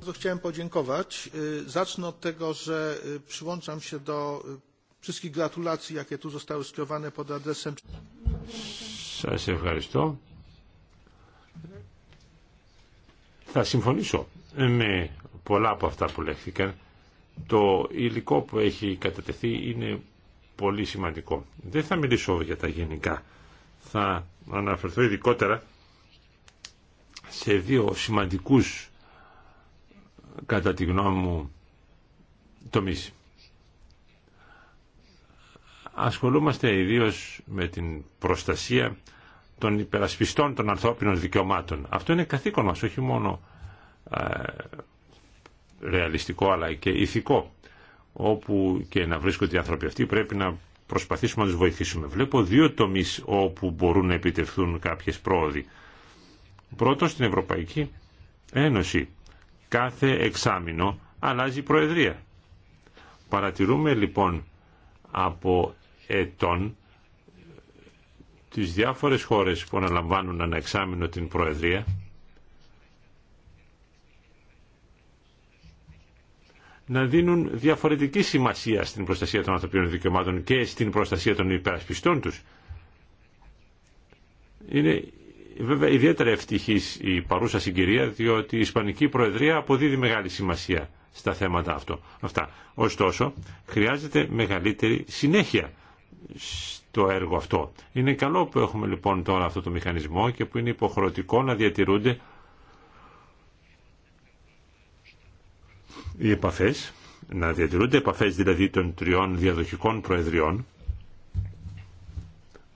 Bardzo chciałem podziękować. Zacznę od tego, że przyłączam się do wszystkich gratulacji, jakie tu zostały skierowane pod adresem. Σας ευχαριστώ. Θα συμφωνήσω με ναι, πολλά από αυτά που λέχθηκαν. Το υλικό που έχει κατατεθεί είναι πολύ σημαντικό. Δεν θα μιλήσω για τα γενικά. Θα αναφερθώ ειδικότερα σε δύο σημαντικούς κατά τη γνώμη μου τομείς. Ασχολούμαστε ιδίως με την προστασία των υπερασπιστών των ανθρώπινων δικαιωμάτων. Αυτό είναι καθήκον μας, όχι μόνο ε, ρεαλιστικό αλλά και ηθικό. Όπου και να βρίσκονται οι άνθρωποι αυτοί πρέπει να προσπαθήσουμε να τους βοηθήσουμε. Βλέπω δύο τομείς όπου μπορούν να επιτευχθούν κάποιες πρόοδοι. πρώτο στην Ευρωπαϊκή Ένωση. Κάθε εξάμεινο αλλάζει η Προεδρία. Παρατηρούμε λοιπόν από ετών τις διάφορες χώρες που αναλαμβάνουν ένα εξάμεινο την Προεδρία να δίνουν διαφορετική σημασία στην προστασία των ανθρωπίνων δικαιωμάτων και στην προστασία των υπερασπιστών τους. Είναι βέβαια ιδιαίτερα ευτυχής η παρούσα συγκυρία διότι η Ισπανική Προεδρία αποδίδει μεγάλη σημασία στα θέματα αυτό. αυτά. Ωστόσο, χρειάζεται μεγαλύτερη συνέχεια στο έργο αυτό. Είναι καλό που έχουμε λοιπόν τώρα αυτό το μηχανισμό και που είναι υποχρεωτικό να διατηρούνται οι επαφές, να διατηρούνται επαφές δηλαδή των τριών διαδοχικών προεδριών,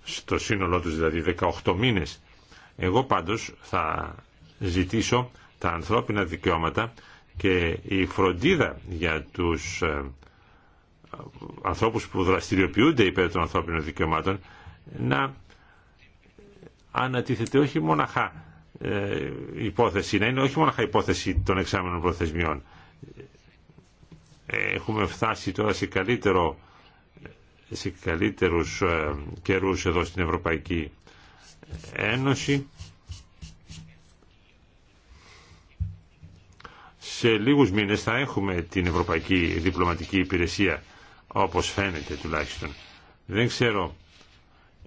στο σύνολό τους δηλαδή 18 μήνες. Εγώ πάντως θα ζητήσω τα ανθρώπινα δικαιώματα και η φροντίδα για τους ε, ανθρώπους που δραστηριοποιούνται υπέρ των ανθρώπινων δικαιωμάτων να ανατίθεται όχι μοναχά ε, υπόθεση, να είναι όχι μοναχά υπόθεση των εξάμενων προθεσμιών έχουμε φτάσει τώρα σε καλύτερο σε καλύτερους ε, καιρούς εδώ στην Ευρωπαϊκή Ένωση σε λίγους μήνες θα έχουμε την Ευρωπαϊκή Διπλωματική Υπηρεσία όπως φαίνεται τουλάχιστον δεν ξέρω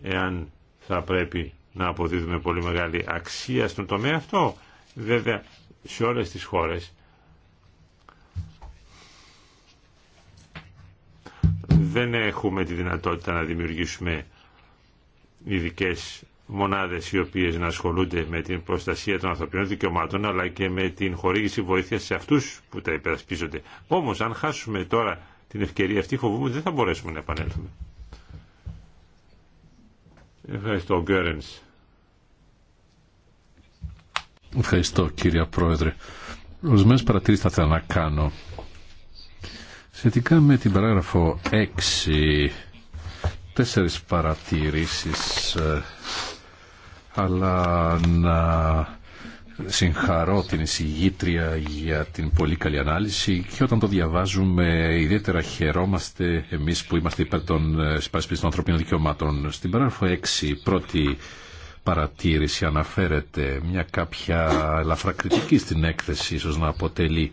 εάν θα πρέπει να αποδίδουμε πολύ μεγάλη αξία στον τομέα αυτό βέβαια σε όλες τις χώρες δεν έχουμε τη δυνατότητα να δημιουργήσουμε ειδικέ μονάδες οι οποίες να ασχολούνται με την προστασία των ανθρωπινών δικαιωμάτων αλλά και με την χορήγηση βοήθειας σε αυτούς που τα υπερασπίζονται. Όμως αν χάσουμε τώρα την ευκαιρία αυτή φοβούμαι δεν θα μπορέσουμε να επανέλθουμε. Ευχαριστώ, Γκέρενς. Ευχαριστώ, κύριε Πρόεδρε. Ορισμένε παρατηρήσει θα ήθελα να κάνω. Σχετικά με την παράγραφο 6, τέσσερις παρατηρήσεις, ε, αλλά να συγχαρώ την εισηγήτρια για την πολύ καλή ανάλυση και όταν το διαβάζουμε ιδιαίτερα χαιρόμαστε εμείς που είμαστε υπέρ των ε, υπερασπιστών των ανθρωπίνων δικαιωμάτων. Στην παράγραφο 6, πρώτη παρατήρηση αναφέρεται μια κάποια κριτική στην έκθεση, ίσως να αποτελεί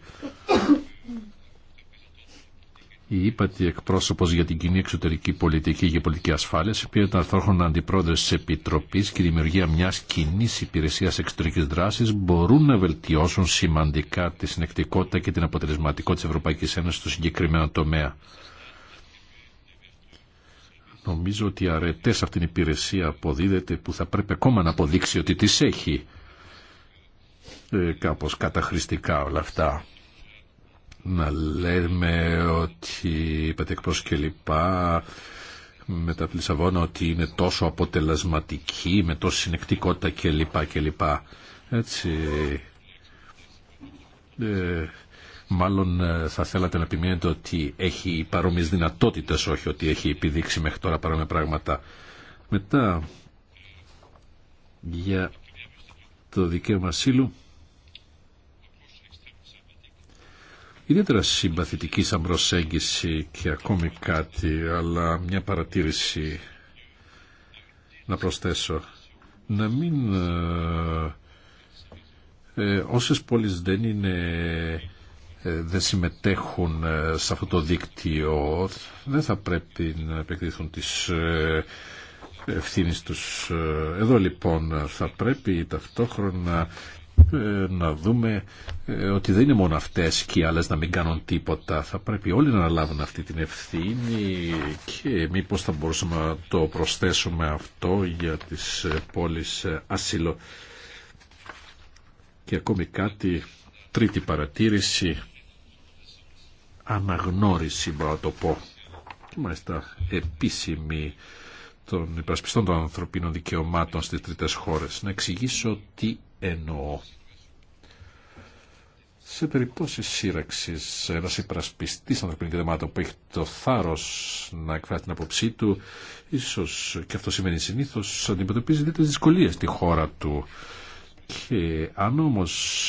η ύπατη εκπρόσωπο για την κοινή εξωτερική πολιτική και πολιτική ασφάλεια, η οποία ήταν αρθρόχων τη της Επιτροπής και η δημιουργία μια κοινή υπηρεσία εξωτερική δράση μπορούν να βελτιώσουν σημαντικά τη συνεκτικότητα και την αποτελεσματικότητα τη Ευρωπαϊκή Ένωση στο συγκεκριμένο τομέα. Νομίζω ότι αρετές αυτήν την υπηρεσία αποδίδεται που θα πρέπει ακόμα να αποδείξει ότι τις έχει ε, κάπως καταχρηστικά όλα αυτά να λέμε ότι είπατε εκπρός και λοιπά με τα πλησαβόνα ότι είναι τόσο αποτελεσματική με τόση συνεκτικότητα και λοιπά Έτσι. Ε, μάλλον ε, θα θέλατε να επιμείνετε ότι έχει παρόμοιες δυνατότητες, όχι ότι έχει επιδείξει μέχρι τώρα παρόμοια πράγματα. Μετά, για το δικαίωμα Σύλλου ιδιαίτερα συμπαθητική σαν προσέγγιση και ακόμη κάτι, αλλά μια παρατήρηση να προσθέσω. Να μην... Ε, ε όσες πόλεις δεν είναι ε, δεν συμμετέχουν ε, σε αυτό το δίκτυο δεν θα πρέπει να επεκτηθούν τις ευθύνες τους. Εδώ λοιπόν θα πρέπει ταυτόχρονα ε, να δούμε ε, ότι δεν είναι μόνο αυτές και οι άλλες να μην κάνουν τίποτα. Θα πρέπει όλοι να λάβουν αυτή την ευθύνη και μήπως θα μπορούσαμε να το προσθέσουμε αυτό για τις ε, πόλεις ασύλο. Και ακόμη κάτι, τρίτη παρατήρηση, αναγνώριση μπορώ να το πω. Και μάλιστα επίσημη των υπερασπιστών των ανθρωπίνων δικαιωμάτων στις τρίτες χώρες. Να εξηγήσω τι εννοώ. Σε περιπτώσει σύραξη ένα υπερασπιστή ανθρωπίνων δικαιωμάτων που έχει το θάρρο να εκφράσει την άποψή του, ίσω και αυτό σημαίνει συνήθω αντιμετωπίζει ιδιαίτερε δυσκολίε στη χώρα του. Και αν όμω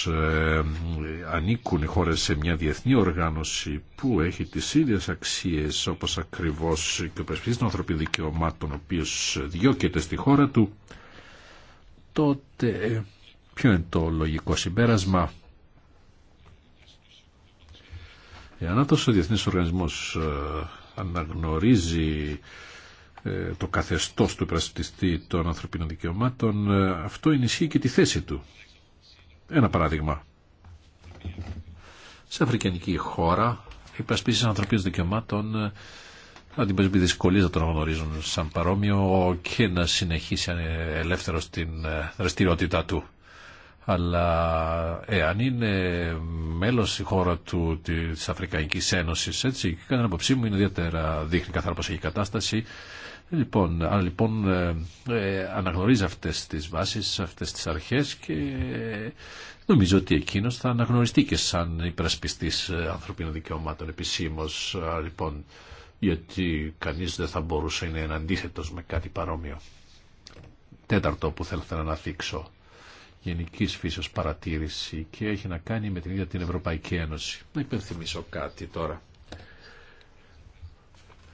ε, ανήκουν οι χώρε σε μια διεθνή οργάνωση που έχει τις ίδιες αξίες όπως ακριβώς και ο υπερασπιστή των Ανθρωπίνων Δικαιωμάτων ο οποίο διώκεται στη χώρα του τότε ε, Ποιο είναι το λογικό συμπέρασμα. Εάν αυτός ο Διεθνής Οργανισμός ε, αναγνωρίζει ε, το καθεστώς του υπερασπιστή των ανθρωπίνων δικαιωμάτων, ε, αυτό ενισχύει και τη θέση του. Ένα παράδειγμα. Σε αφρικανική χώρα, οι υπερασπίσεις ανθρωπίνων δικαιωμάτων αντιμετωπίζουν δυσκολίες να τον γνωρίζουν σαν παρόμοιο και να συνεχίσει ελεύθερο στην δραστηριότητά του αλλά εάν είναι μέλος η χώρα του, της Αφρικανικής Ένωσης, έτσι, κατά την απόψή μου είναι ιδιαίτερα δείχνει καθαρά πως έχει κατάσταση. Λοιπόν, αν λοιπόν ε, ε, αναγνωρίζει αυτές τις βάσεις, αυτές τις αρχές και νομίζω ότι εκείνος θα αναγνωριστεί και σαν υπερασπιστής ε, ανθρωπίνων δικαιωμάτων επισήμως, λοιπόν, γιατί κανείς δεν θα μπορούσε να είναι αντίθετο με κάτι παρόμοιο. Τέταρτο που θέλω να αναφήξω Γενική φύση παρατήρηση και έχει να κάνει με την ίδια την Ευρωπαϊκή Ένωση. Να υπενθυμίσω κάτι τώρα.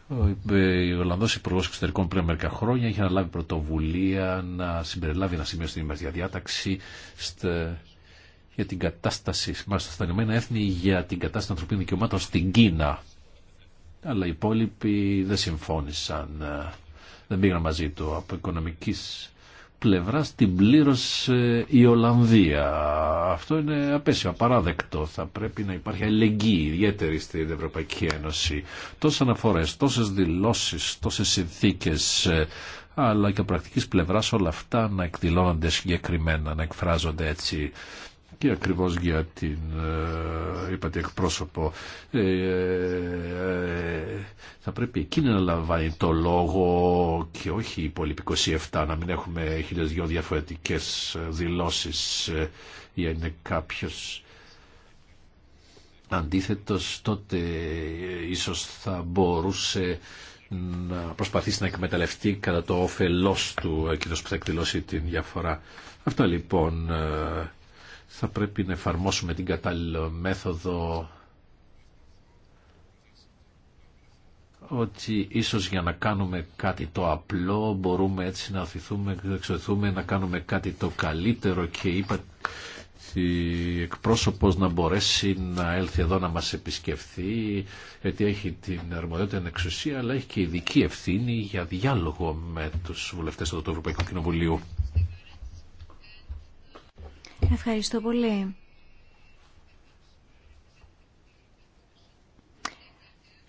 Ο ε, Ολλανδό Υπουργό Εξωτερικών πριν μερικά χρόνια είχε αναλάβει πρωτοβουλία να συμπεριλάβει ένα σημείο στην ημερήσια διάταξη για την κατάσταση, μάλιστα στα Ηνωμένα Έθνη, για την κατάσταση των ανθρωπίνων δικαιωμάτων στην Κίνα. Αλλά οι υπόλοιποι δεν συμφώνησαν, ε, δεν πήγαν μαζί του από οικονομική πλευρά στην πλήρωσε η Ολλανδία. Αυτό είναι απέσιο, απαράδεκτο. Θα πρέπει να υπάρχει αλληλεγγύη ιδιαίτερη στην Ευρωπαϊκή Ένωση. Τόσε αναφορέ, τόσε δηλώσει, τόσε συνθήκε, ε, αλλά και πρακτική πλευρά όλα αυτά να εκδηλώνονται συγκεκριμένα, να εκφράζονται έτσι και ακριβώς για την ε, είπατε εκπρόσωπο ε, ε, θα πρέπει εκείνη να λαμβάνει το λόγο και όχι οι υπόλοιποι 27 να μην έχουμε χίλιες δυο διαφορετικές δηλώσεις ε, για είναι κάποιος αντίθετος τότε ίσως θα μπορούσε να προσπαθήσει να εκμεταλλευτεί κατά το όφελός του εκείνος που θα εκδηλώσει την διαφορά. Αυτά λοιπόν θα πρέπει να εφαρμόσουμε την κατάλληλη μέθοδο ότι ίσως για να κάνουμε κάτι το απλό μπορούμε έτσι να οθηθούμε, να κάνουμε κάτι το καλύτερο και είπα ότι εκπρόσωπος να μπορέσει να έλθει εδώ να μας επισκεφθεί γιατί έχει την αρμοδιότητα την εξουσία αλλά έχει και ειδική ευθύνη για διάλογο με τους βουλευτές του Ευρωπαϊκού Κοινοβουλίου. Ευχαριστώ πολύ.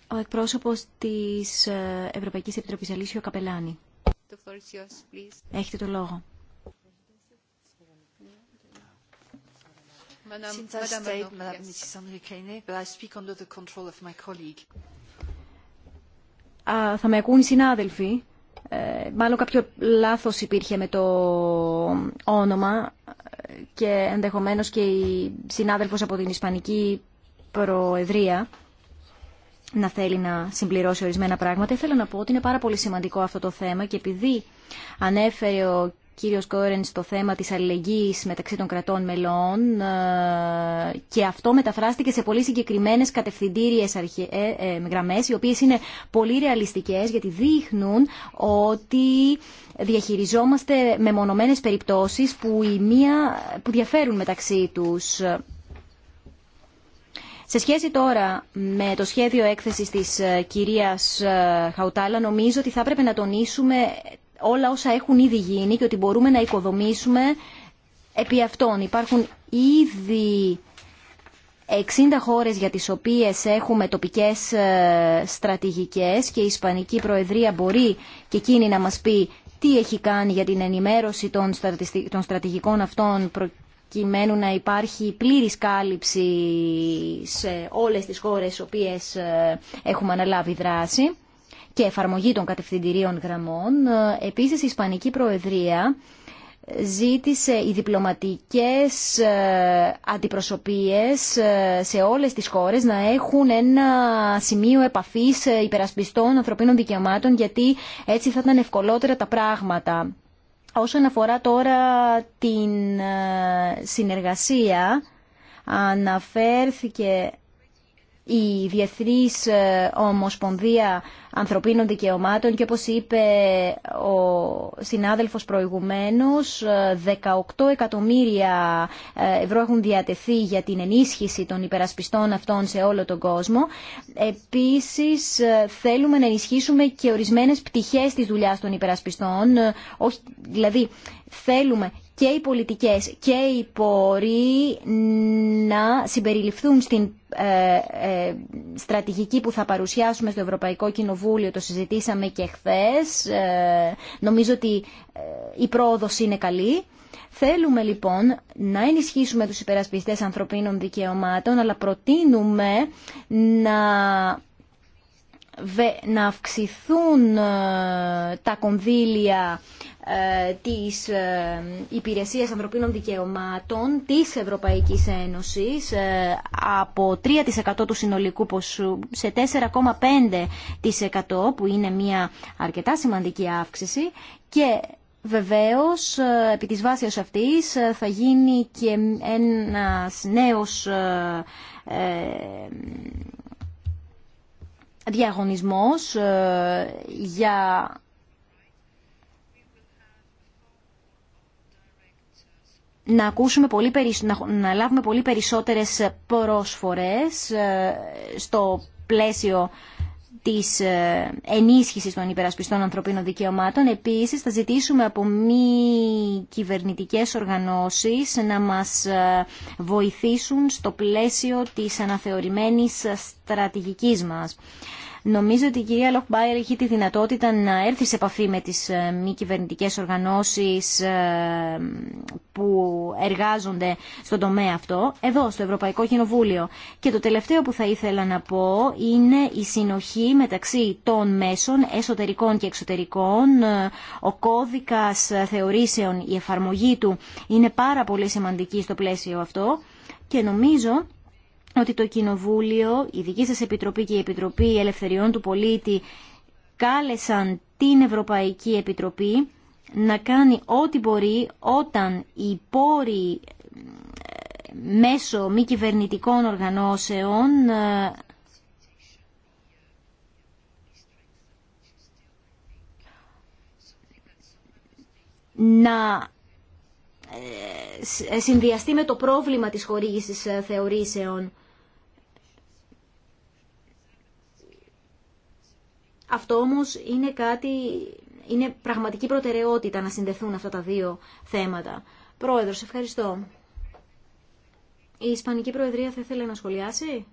Ο εκπρόσωπος της ε, Ευρωπαϊκής Επιτροπής Αλήσιο Καπελάνη. Έχετε το λόγο. Θα με ακούν οι συνάδελφοι. Ε, μάλλον κάποιο λάθος υπήρχε με το όνομα και ενδεχομένως και η συνάδελφος από την Ισπανική Προεδρία να θέλει να συμπληρώσει ορισμένα πράγματα. Θέλω να πω ότι είναι πάρα πολύ σημαντικό αυτό το θέμα και επειδή ανέφερε ο κύριος Κόρεν στο θέμα της αλληλεγγύης μεταξύ των κρατών μελών ε, και αυτό μεταφράστηκε σε πολύ συγκεκριμένες κατευθυντήριες ε, ε, γραμμές οι οποίες είναι πολύ ρεαλιστικές γιατί δείχνουν ότι διαχειριζόμαστε μονομένες περιπτώσεις που, η μία, που διαφέρουν μεταξύ τους. Σε σχέση τώρα με το σχέδιο έκθεσης της κυρίας Χαουτάλα, νομίζω ότι θα έπρεπε να τονίσουμε όλα όσα έχουν ήδη γίνει και ότι μπορούμε να οικοδομήσουμε επί αυτών. Υπάρχουν ήδη 60 χώρες για τις οποίες έχουμε τοπικές ε, στρατηγικές και η Ισπανική Προεδρία μπορεί και εκείνη να μας πει τι έχει κάνει για την ενημέρωση των στρατηγικών αυτών προκειμένου να υπάρχει πλήρης κάλυψη σε όλες τις χώρες οποίες ε, έχουμε αναλάβει δράση και εφαρμογή των κατευθυντηρίων γραμμών. Ε, επίσης, η Ισπανική Προεδρία ζήτησε οι διπλωματικές ε, αντιπροσωπείες ε, σε όλες τις χώρες να έχουν ένα σημείο επαφής υπερασπιστών ανθρωπίνων δικαιωμάτων γιατί έτσι θα ήταν ευκολότερα τα πράγματα. Όσον αφορά τώρα την συνεργασία, αναφέρθηκε η Διεθνής ε, Ομοσπονδία Ανθρωπίνων Δικαιωμάτων και όπως είπε ο συνάδελφος προηγουμένως 18 ε, εκατομμύρια ε, ευρώ έχουν διατεθεί για την ενίσχυση των υπερασπιστών αυτών σε όλο τον κόσμο. Επίσης θέλουμε να ενισχύσουμε και ορισμένες πτυχές της δουλειάς των υπερασπιστών, δηλαδή θέλουμε και οι πολιτικές και οι πορεί να συμπεριληφθούν στην ε, ε, στρατηγική που θα παρουσιάσουμε στο Ευρωπαϊκό Κοινοβούλιο. Το συζητήσαμε και χθες. Ε, νομίζω ότι η πρόοδος είναι καλή. Θέλουμε λοιπόν να ενισχύσουμε τους υπερασπιστές ανθρωπίνων δικαιωμάτων, αλλά προτείνουμε να να αυξηθούν ε, τα κονδύλια ε, της ε, Υπηρεσίας Ανθρωπίνων Δικαιωμάτων της Ευρωπαϊκής Ένωσης από 3% του συνολικού ποσού σε 4,5% που είναι μια αρκετά σημαντική αύξηση και Βεβαίως, επί της βάσης αυτής θα γίνει και ένας νέος διαγωνισμός ε, για να, ακούσουμε πολύ να λάβουμε πολύ περισσότερες πρόσφορες ε, στο πλαίσιο της ε, ενίσχυσης των υπερασπιστών ανθρωπίνων δικαιωμάτων. Επίσης θα ζητήσουμε από μη κυβερνητικές οργανώσεις να μας ε, βοηθήσουν στο πλαίσιο της αναθεωρημένης στρατηγικής μας. Νομίζω ότι η κυρία Λοχμπάιερ έχει τη δυνατότητα να έρθει σε επαφή με τις ε, μη κυβερνητικέ οργανώσεις ε, που εργάζονται στον τομέα αυτό, εδώ στο Ευρωπαϊκό Κοινοβούλιο. Και το τελευταίο που θα ήθελα να πω είναι η συνοχή μεταξύ των μέσων εσωτερικών και εξωτερικών. Ο κώδικας θεωρήσεων, η εφαρμογή του είναι πάρα πολύ σημαντική στο πλαίσιο αυτό και νομίζω ότι το Κοινοβούλιο, η δική σας Επιτροπή και η Επιτροπή Ελευθεριών του Πολίτη κάλεσαν την Ευρωπαϊκή Επιτροπή να κάνει ό,τι μπορεί όταν οι πόροι ε, μέσω μη κυβερνητικών οργανώσεων ε, να ε, συνδυαστεί με το πρόβλημα της χορήγησης θεωρήσεων. Αυτό όμως είναι κάτι, είναι πραγματική προτεραιότητα να συνδεθούν αυτά τα δύο θέματα. Πρόεδρος, ευχαριστώ. Η Ισπανική Προεδρία θα ήθελε να σχολιάσει.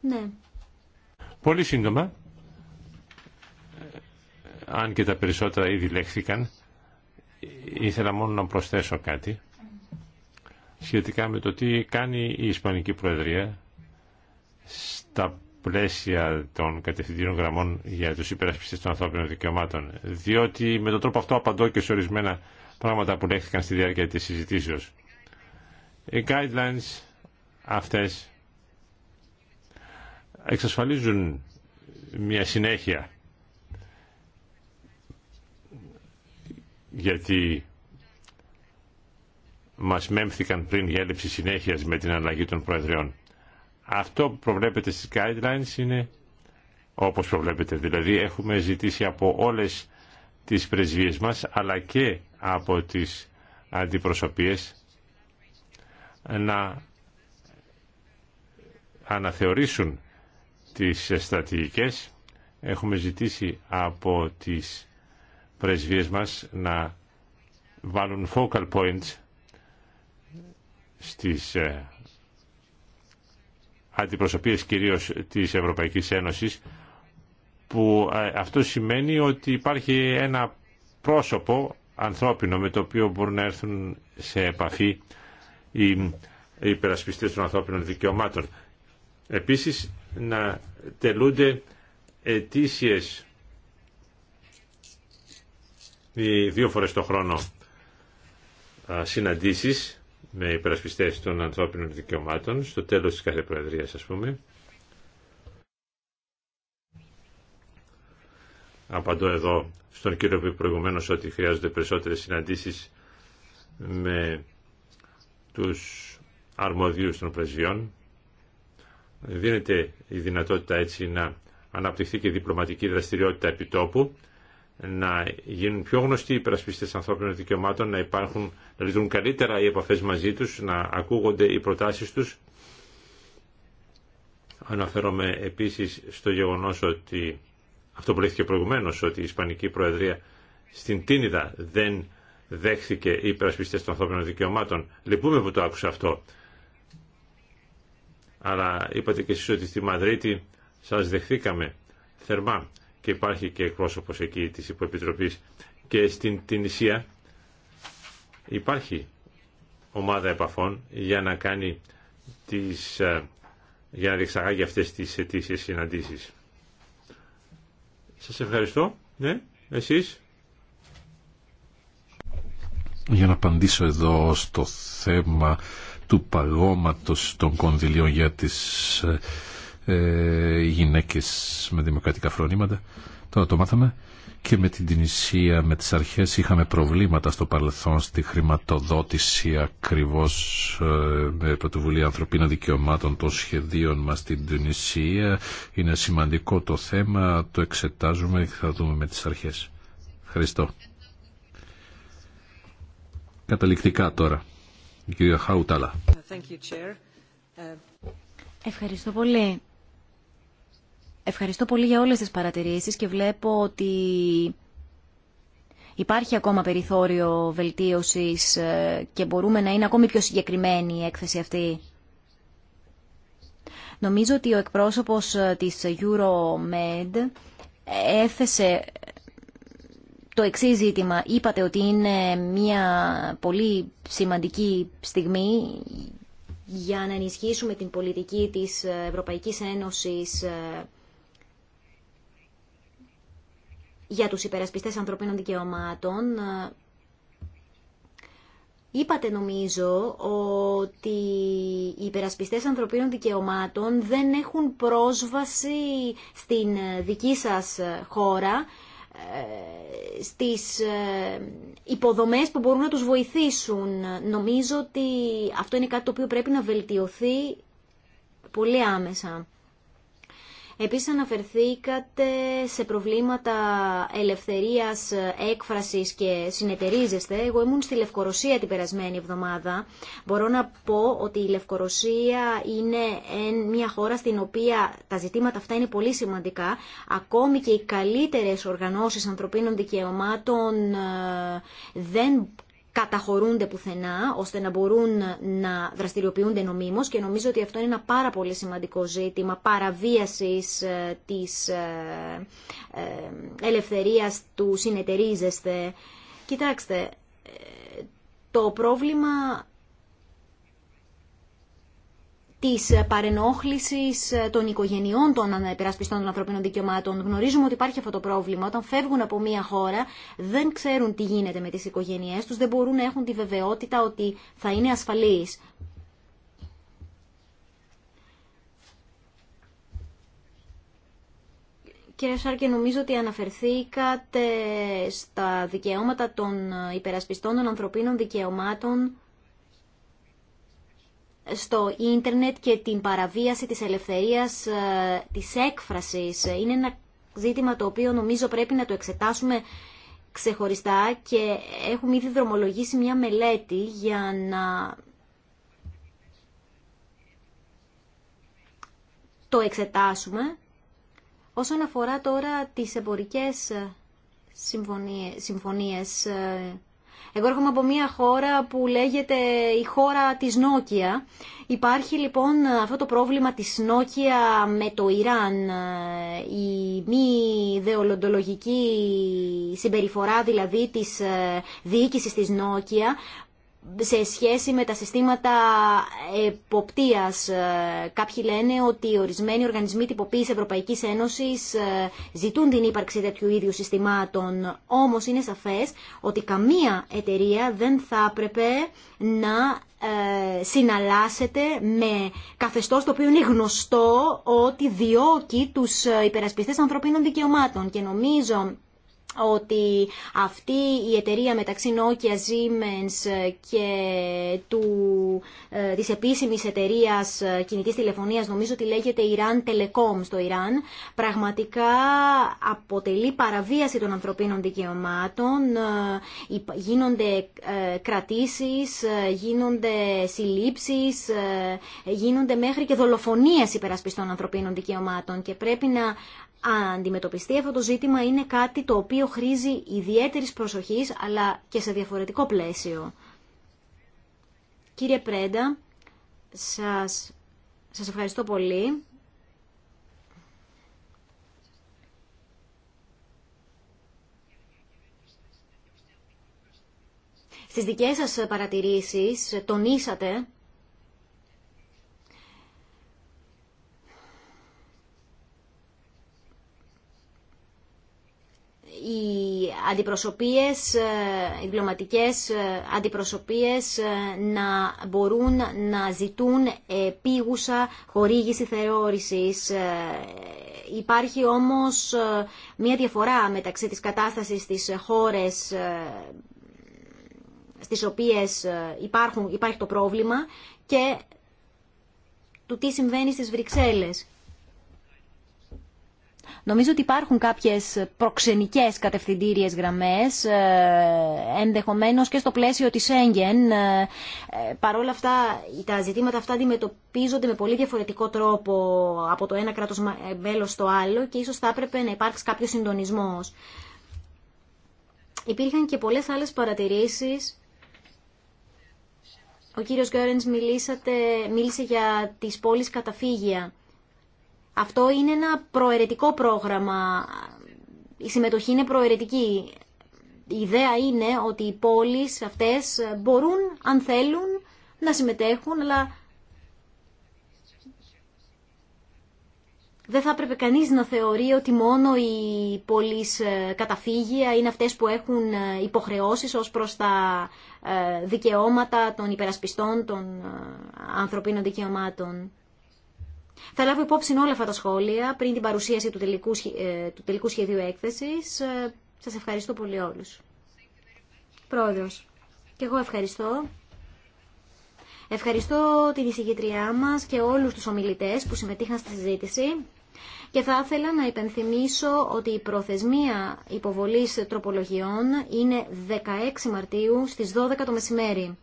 Ναι. Πολύ σύντομα, ε, αν και τα περισσότερα ήδη λέχθηκαν, ήθελα μόνο να προσθέσω κάτι σχετικά με το τι κάνει η Ισπανική Προεδρία στα πλαίσια των κατευθυντήρων γραμμών για τους υπερασπιστές των ανθρώπινων δικαιωμάτων. Διότι με τον τρόπο αυτό απαντώ και σε ορισμένα πράγματα που λέχθηκαν στη διάρκεια της συζητήσεως. Οι guidelines αυτές εξασφαλίζουν μια συνέχεια γιατί μας μέμφθηκαν πριν για έλλειψη συνέχειας με την αλλαγή των Προεδριών. Αυτό που προβλέπεται στις guidelines είναι όπως προβλέπετε. Δηλαδή έχουμε ζητήσει από όλες τις πρεσβείες μας αλλά και από τις αντιπροσωπείες να αναθεωρήσουν τις στρατηγικές. Έχουμε ζητήσει από τις πρεσβείες μας να βάλουν focal points στις ε, αντιπροσωπείες κυρίως της Ευρωπαϊκής Ένωσης που ε, αυτό σημαίνει ότι υπάρχει ένα πρόσωπο ανθρώπινο με το οποίο μπορούν να έρθουν σε επαφή οι υπερασπιστές των ανθρώπινων δικαιωμάτων. Επίσης να τελούνται ετήσιες δύο φορές το χρόνο συναντήσεις με υπερασπιστές των ανθρώπινων δικαιωμάτων στο τέλος της κάθε προεδρίας ας πούμε. Απαντώ εδώ στον κύριο που προηγουμένως ότι χρειάζονται περισσότερες συναντήσεις με τους αρμοδίους των πρεσβειών. Δίνεται η δυνατότητα έτσι να αναπτυχθεί και διπλωματική δραστηριότητα επιτόπου να γίνουν πιο γνωστοί οι υπερασπιστέ ανθρώπινων δικαιωμάτων, να υπάρχουν, να λειτουργούν καλύτερα οι επαφέ μαζί του, να ακούγονται οι προτάσει του. Αναφέρομαι επίση στο γεγονό ότι αυτό που και προηγουμένω, ότι η Ισπανική Προεδρία στην Τίνιδα δεν δέχθηκε οι υπερασπιστέ των ανθρώπινων δικαιωμάτων. Λυπούμε που το άκουσα αυτό. Αλλά είπατε και εσεί ότι στη Μαδρίτη σα δεχθήκαμε θερμά και υπάρχει και εκπροσωπο εκεί της Υποεπιτροπής και στην Ισία υπάρχει ομάδα επαφών για να κάνει τις, ε, για να διεξαγάγει αυτές τις αιτήσει συναντήσεις. Σας ευχαριστώ. Ναι, εσείς. Για να απαντήσω εδώ στο θέμα του παγώματος των κονδυλίων για τις ε, ε, γυναίκε με δημοκρατικά φρονήματα. Τώρα το μάθαμε και με την Τινησία, με τις αρχές είχαμε προβλήματα στο παρελθόν στη χρηματοδότηση ακριβώς ε, με πρωτοβουλία ανθρωπίνων δικαιωμάτων των σχεδίων μας στην Τινησία. Είναι σημαντικό το θέμα, το εξετάζουμε και θα δούμε με τις αρχές. Ευχαριστώ. Καταληκτικά τώρα. Κύριε Χαουτάλα. Ε, Ευχαριστώ πολύ. Ευχαριστώ πολύ για όλες τις παρατηρήσεις και βλέπω ότι υπάρχει ακόμα περιθώριο βελτίωσης ε, και μπορούμε να είναι ακόμη πιο συγκεκριμένη η έκθεση αυτή. Νομίζω ότι ο εκπρόσωπος ε, της Euromed έθεσε το εξή ζήτημα. Είπατε ότι είναι μια πολύ σημαντική στιγμή για να ενισχύσουμε την πολιτική της Ευρωπαϊκής Ένωσης ε, για τους υπερασπιστές ανθρωπίνων δικαιωμάτων. Ε, είπατε νομίζω ότι οι υπερασπιστές ανθρωπίνων δικαιωμάτων δεν έχουν πρόσβαση στην ε, δική σας ε, χώρα στις υποδομές που μπορούν να τους βοηθήσουν. Νομίζω ότι αυτό είναι κάτι το οποίο πρέπει να βελτιωθεί πολύ άμεσα. Επίσης αναφερθήκατε σε προβλήματα ελευθερίας έκφρασης και συνεταιρίζεστε. Εγώ ήμουν στη Λευκορωσία την περασμένη εβδομάδα. Μπορώ να πω ότι η Λευκορωσία είναι μια χώρα στην οποία τα ζητήματα αυτά είναι πολύ σημαντικά. Ακόμη και οι καλύτερες οργανώσεις ανθρωπίνων δικαιωμάτων ε, δεν καταχωρούνται πουθενά, ώστε να μπορούν να δραστηριοποιούνται νομίμως και νομίζω ότι αυτό είναι ένα πάρα πολύ σημαντικό ζήτημα παραβίασης ε, της ε, ε, ελευθερίας του συνεταιρίζεστε. Κοιτάξτε, το πρόβλημα Τη παρενόχληση των οικογενειών των υπερασπιστών των ανθρωπίνων δικαιωμάτων. Γνωρίζουμε ότι υπάρχει αυτό το πρόβλημα. Όταν φεύγουν από μια χώρα δεν ξέρουν τι γίνεται με τις οικογένειές τους, δεν μπορούν να έχουν τη βεβαιότητα ότι θα είναι ασφαλείς. Κύριε Σάρκε, νομίζω ότι αναφερθήκατε στα δικαιώματα των υπερασπιστών των ανθρωπίνων δικαιωμάτων στο ίντερνετ και την παραβίαση της ελευθερίας ε, της έκφρασης. Είναι ένα ζήτημα το οποίο νομίζω πρέπει να το εξετάσουμε ξεχωριστά και έχουμε ήδη δρομολογήσει μια μελέτη για να το εξετάσουμε. Όσον αφορά τώρα τις εμπορικές ε, συμφωνίες, συμφωνίες ε, εγώ έρχομαι από μια χώρα που λέγεται η χώρα της Νόκια. Υπάρχει λοιπόν αυτό το πρόβλημα της Νόκια με το Ιράν, η μη ιδεολοντολογική συμπεριφορά δηλαδή της ε, διοίκησης της Νόκια σε σχέση με τα συστήματα εποπτείας. Ε, κάποιοι λένε ότι ορισμένοι οργανισμοί τυποποίησης Ευρωπαϊκής Ένωσης ε, ζητούν την ύπαρξη τέτοιου ίδιου συστημάτων. Όμως είναι σαφές ότι καμία εταιρεία δεν θα έπρεπε να ε, συναλλάσσεται με καθεστώς το οποίο είναι γνωστό ότι διώκει τους υπερασπιστές ανθρωπίνων δικαιωμάτων. Και νομίζω ότι αυτή η εταιρεία μεταξύ Nokia, Siemens και του, ε, της επίσημης εταιρείας ε, κινητής τηλεφωνίας, νομίζω ότι λέγεται Iran Telecom στο Ιράν, πραγματικά αποτελεί παραβίαση των ανθρωπίνων δικαιωμάτων, ε, γίνονται ε, κρατήσεις, γίνονται συλλήψεις, γίνονται μέχρι και δολοφονίες υπερασπιστών ανθρωπίνων δικαιωμάτων και πρέπει να αντιμετωπιστεί αυτό το ζήτημα είναι κάτι το οποίο χρήζει ιδιαίτερης προσοχής αλλά και σε διαφορετικό πλαίσιο. Κύριε Πρέντα, σας, σας ευχαριστώ πολύ. Στις δικές σας παρατηρήσεις τονίσατε οι αντιπροσωπείες, ε, οι διπλωματικές ε, αντιπροσωπείες ε, να μπορούν να ζητούν επίγουσα χορήγηση θεώρησης. Υπάρχει όμως μια διαφορά μεταξύ της κατάστασης της χώρες στις οποίες υπάρχουν, υπάρχει το πρόβλημα και του τι συμβαίνει στις Βρυξέλλες. Νομίζω ότι υπάρχουν κάποιες προξενικές κατευθυντήριες γραμμές, ε, ενδεχομένως και στο πλαίσιο της Σέγγεν. Ε, παρόλα αυτά, τα ζητήματα αυτά αντιμετωπίζονται με πολύ διαφορετικό τρόπο από το ένα κράτος ε, μέλος στο άλλο και ίσως θα έπρεπε να υπάρξει κάποιο συντονισμός. Υπήρχαν και πολλές άλλες παρατηρήσεις ο κύριος Γκέρενς μίλησε για τις πόλεις καταφύγια. Αυτό είναι ένα προαιρετικό πρόγραμμα. Η συμμετοχή είναι προαιρετική. Η ιδέα είναι ότι οι πόλεις αυτές μπορούν, αν θέλουν, να συμμετέχουν, αλλά δεν θα έπρεπε κανείς να θεωρεί ότι μόνο οι πόλεις ε, καταφύγια είναι αυτές που έχουν ε, υποχρεώσεις ως προς τα ε, δικαιώματα των υπερασπιστών των ανθρωπίνων δικαιωμάτων. Θα λάβω υπόψη όλα αυτά τα σχόλια πριν την παρουσίαση του τελικού, ε, του τελικού σχεδίου έκθεσης. Ε, σας ευχαριστώ πολύ όλους. Πρόεδρος, και εγώ ευχαριστώ. Ευχαριστώ την εισηγητριά μας και όλους τους ομιλητές που συμμετείχαν στη συζήτηση. Και θα ήθελα να υπενθυμίσω ότι η προθεσμία υποβολής τροπολογιών είναι 16 Μαρτίου στις 12 το μεσημέρι.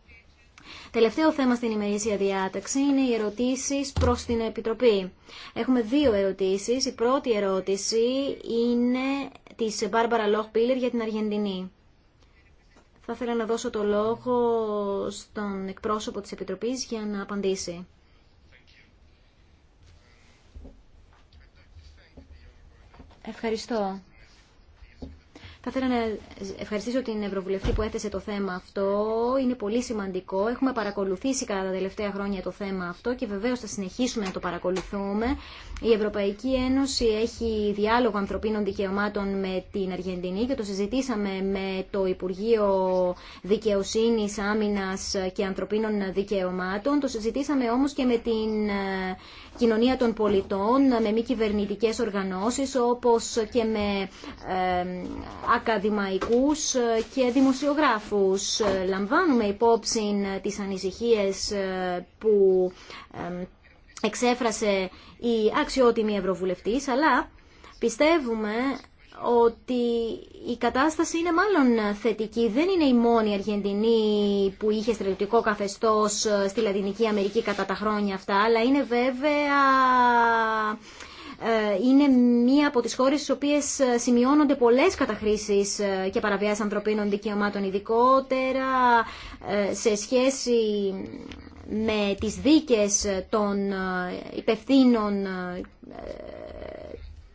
Τελευταίο θέμα στην ημερήσια διάταξη είναι οι ερωτήσεις προς την Επιτροπή. Έχουμε δύο ερωτήσεις. Η πρώτη ερώτηση είναι τη Μπάρμπαρα Λόχ Πίλερ για την Αργεντινή. Θα ήθελα να δώσω το λόγο στον εκπρόσωπο της Επιτροπής για να απαντήσει. Ευχαριστώ. Θα ήθελα να ευχαριστήσω την Ευρωβουλευτή που έθεσε το θέμα αυτό. Είναι πολύ σημαντικό. Έχουμε παρακολουθήσει κατά τα τελευταία χρόνια το θέμα αυτό και βεβαίως θα συνεχίσουμε να το παρακολουθούμε. Η Ευρωπαϊκή Ένωση έχει διάλογο ανθρωπίνων δικαιωμάτων με την Αργεντινή και το συζητήσαμε με το Υπουργείο Δικαιοσύνης, Άμυνας και Ανθρωπίνων Δικαιωμάτων. Το συζητήσαμε όμως και με την ε, κοινωνία των πολιτών, με μη κυβερνητικέ οργανώσεις όπως και με ακαδημαϊκούς και δημοσιογράφους. Λαμβάνουμε υπόψη τις ανησυχίες ε, που εξέφρασε η αξιότιμη Ευρωβουλευτής, αλλά πιστεύουμε ότι η κατάσταση είναι μάλλον θετική. Δεν είναι η μόνη Αργεντινή που είχε στρατιωτικό καθεστώς στη Λατινική Αμερική κατά τα χρόνια αυτά, αλλά είναι βέβαια ε, είναι μία από τις χώρες στις οποίες σημειώνονται πολλές καταχρήσεις ε, και παραβιάσεις ανθρωπίνων δικαιωμάτων, ειδικότερα ε, σε σχέση με τις δίκες των υπευθύνων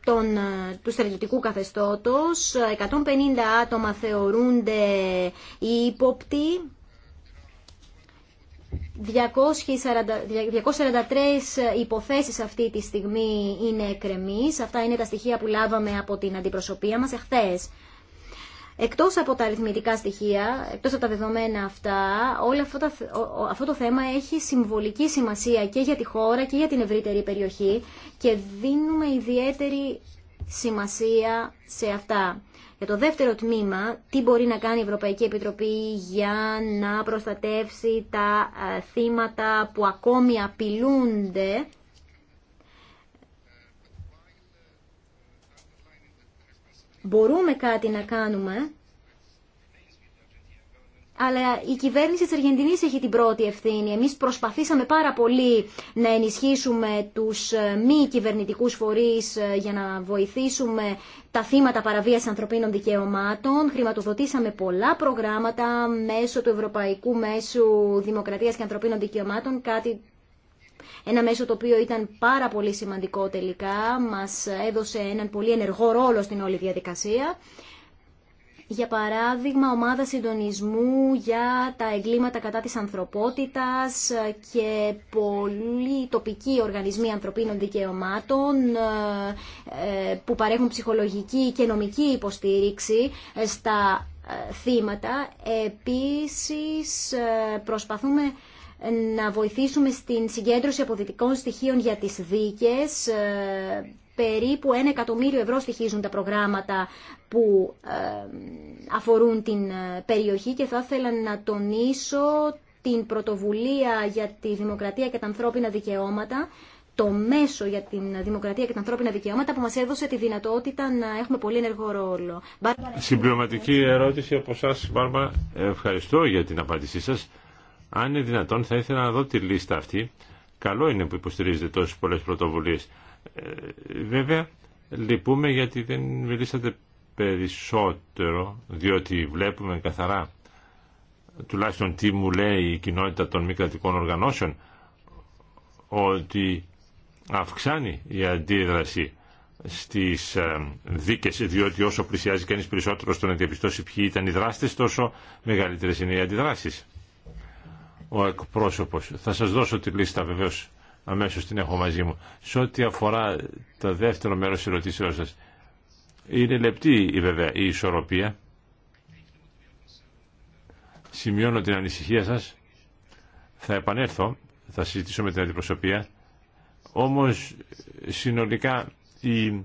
τον, ε, του στρατιωτικού καθεστώτος. 150 άτομα θεωρούνται ύποπτοι. 243 υποθέσεις αυτή τη στιγμή είναι εκρεμής. Αυτά είναι τα στοιχεία που λάβαμε από την αντιπροσωπεία μας εχθές. Εκτός από τα αριθμητικά στοιχεία, εκτός από τα δεδομένα αυτά, όλο αυτό, αυτό το θέμα έχει συμβολική σημασία και για τη χώρα και για την ευρύτερη περιοχή και δίνουμε ιδιαίτερη σημασία σε αυτά. Για το δεύτερο τμήμα, τι μπορεί να κάνει η Ευρωπαϊκή Επιτροπή για να προστατεύσει τα ε, θύματα που ακόμη απειλούνται μπορούμε κάτι να κάνουμε, αλλά η κυβέρνηση της Αργεντινής έχει την πρώτη ευθύνη. Εμείς προσπαθήσαμε πάρα πολύ να ενισχύσουμε τους ε, μη κυβερνητικούς φορείς ε, για να βοηθήσουμε τα θύματα παραβίαση ανθρωπίνων δικαιωμάτων. Χρηματοδοτήσαμε πολλά προγράμματα μέσω του Ευρωπαϊκού Μέσου Δημοκρατίας και Ανθρωπίνων Δικαιωμάτων, κάτι ένα μέσο το οποίο ήταν πάρα πολύ σημαντικό τελικά, μας έδωσε έναν πολύ ενεργό ρόλο στην όλη διαδικασία. Για παράδειγμα, ομάδα συντονισμού για τα εγκλήματα κατά της ανθρωπότητας και πολλοί τοπικοί οργανισμοί ανθρωπίνων δικαιωμάτων ε, που παρέχουν ψυχολογική και νομική υποστήριξη ε, στα ε, θύματα. Επίσης, προσπαθούμε να βοηθήσουμε στην συγκέντρωση αποδυτικών στοιχείων για τις δίκες. Ε, περίπου ένα εκατομμύριο ευρώ στοιχίζουν τα προγράμματα που ε, αφορούν την ε, περιοχή και θα ήθελα να τονίσω την πρωτοβουλία για τη δημοκρατία και τα ανθρώπινα δικαιώματα το μέσο για την δημοκρατία και τα ανθρώπινα δικαιώματα που μας έδωσε τη δυνατότητα να έχουμε πολύ ενεργό ρόλο. Συμπληρωματική ερώτηση από εσά, Μπάρμα. Ευχαριστώ για την απάντησή σας. Αν είναι δυνατόν θα ήθελα να δω τη λίστα αυτή. Καλό είναι που υποστηρίζετε τόσες πολλές πρωτοβουλίες. Ε, βέβαια, λυπούμε γιατί δεν μιλήσατε περισσότερο, διότι βλέπουμε καθαρά, τουλάχιστον τι μου λέει η κοινότητα των μη κρατικών οργανώσεων, ότι αυξάνει η αντίδραση στις ε, δίκες, διότι όσο πλησιάζει κανείς περισσότερο στο να διαπιστώσει ποιοι ήταν οι δράστες, τόσο μεγαλύτερες είναι οι αντιδράσεις ο εκπρόσωπος. Θα σας δώσω τη λίστα βεβαίως αμέσως την έχω μαζί μου. Σε ό,τι αφορά το δεύτερο μέρος της ερωτήσεώς σας, είναι λεπτή η, βέβαια η ισορροπία. Σημειώνω την ανησυχία σας. Θα επανέλθω, θα συζητήσω με την αντιπροσωπεία. Όμως συνολικά η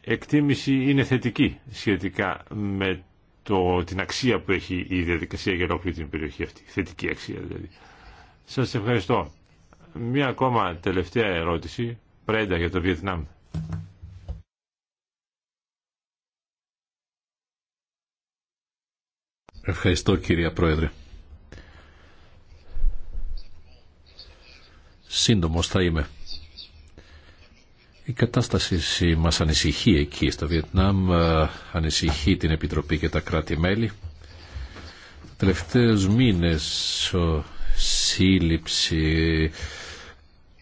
εκτίμηση είναι θετική σχετικά με το, την αξία που έχει η διαδικασία για ολόκληρη την περιοχή αυτή. Θετική αξία δηλαδή. Σας ευχαριστώ. Μία ακόμα τελευταία ερώτηση. Πρέντα για το Βιετνάμ. Ευχαριστώ κύριε Πρόεδρε. Σύντομος θα είμαι. Η κατάσταση μας ανησυχεί εκεί στο Βιετνάμ, ε, ανησυχεί την Επιτροπή και τα κράτη-μέλη. Τελευταίους μήνες σύλληψη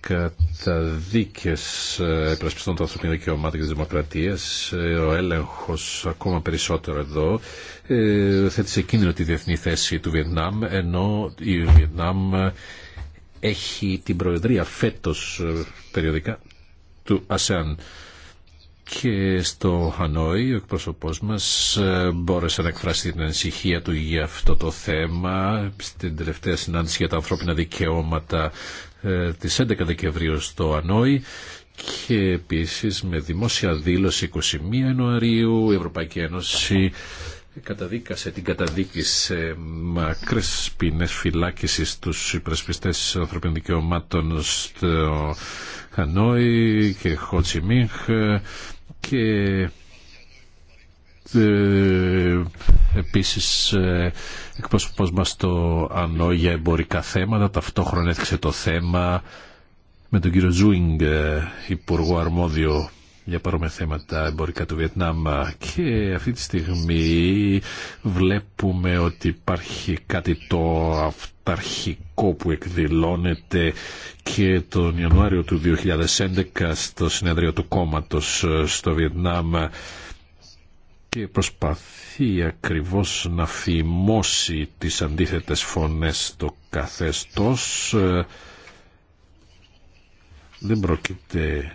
κατά δίκες επρασπιστών των ανθρωπίνων δικαιωμάτων και της δημοκρατίας, ε, ο έλεγχος ακόμα περισσότερο εδώ, ε, θέτει σε κίνδυνο τη διεθνή θέση του Βιετνάμ, ενώ η Βιετνάμ έχει την προεδρία φέτος περιοδικά του ΑΣΕΑΝ. Και στο Χανόη ο εκπρόσωπός μας ε, μπόρεσε να εκφράσει την ανησυχία του για αυτό το θέμα στην τελευταία συνάντηση για τα ανθρώπινα δικαιώματα ε, της 11 Δεκεμβρίου στο Ανόη και επίσης με δημόσια δήλωση 21 Ιανουαρίου η Ευρωπαϊκή Ένωση καταδίκασε την καταδίκη σε μακρέ ποινέ φυλάκιση στους υπερασπιστέ ανθρωπίνων δικαιωμάτων στο Χανόη και Χοτσιμίχ και ε, επίσης ε, εκπρόσωπος μας στο ΑΝΟ για εμπορικά θέματα ταυτόχρονα έθιξε το θέμα με τον κύριο Ζούινγκ ε, υπουργό αρμόδιο για παρόμοια θέματα εμπορικά του Βιετνάμ και αυτή τη στιγμή βλέπουμε ότι υπάρχει κάτι το αυταρχικό που εκδηλώνεται και τον Ιανουάριο του 2011 στο συνέδριο του κόμματος ε, στο Βιετνάμ και προσπαθεί ακριβώς να φημώσει τις αντίθετες φωνές το καθεστώς ε, δεν πρόκειται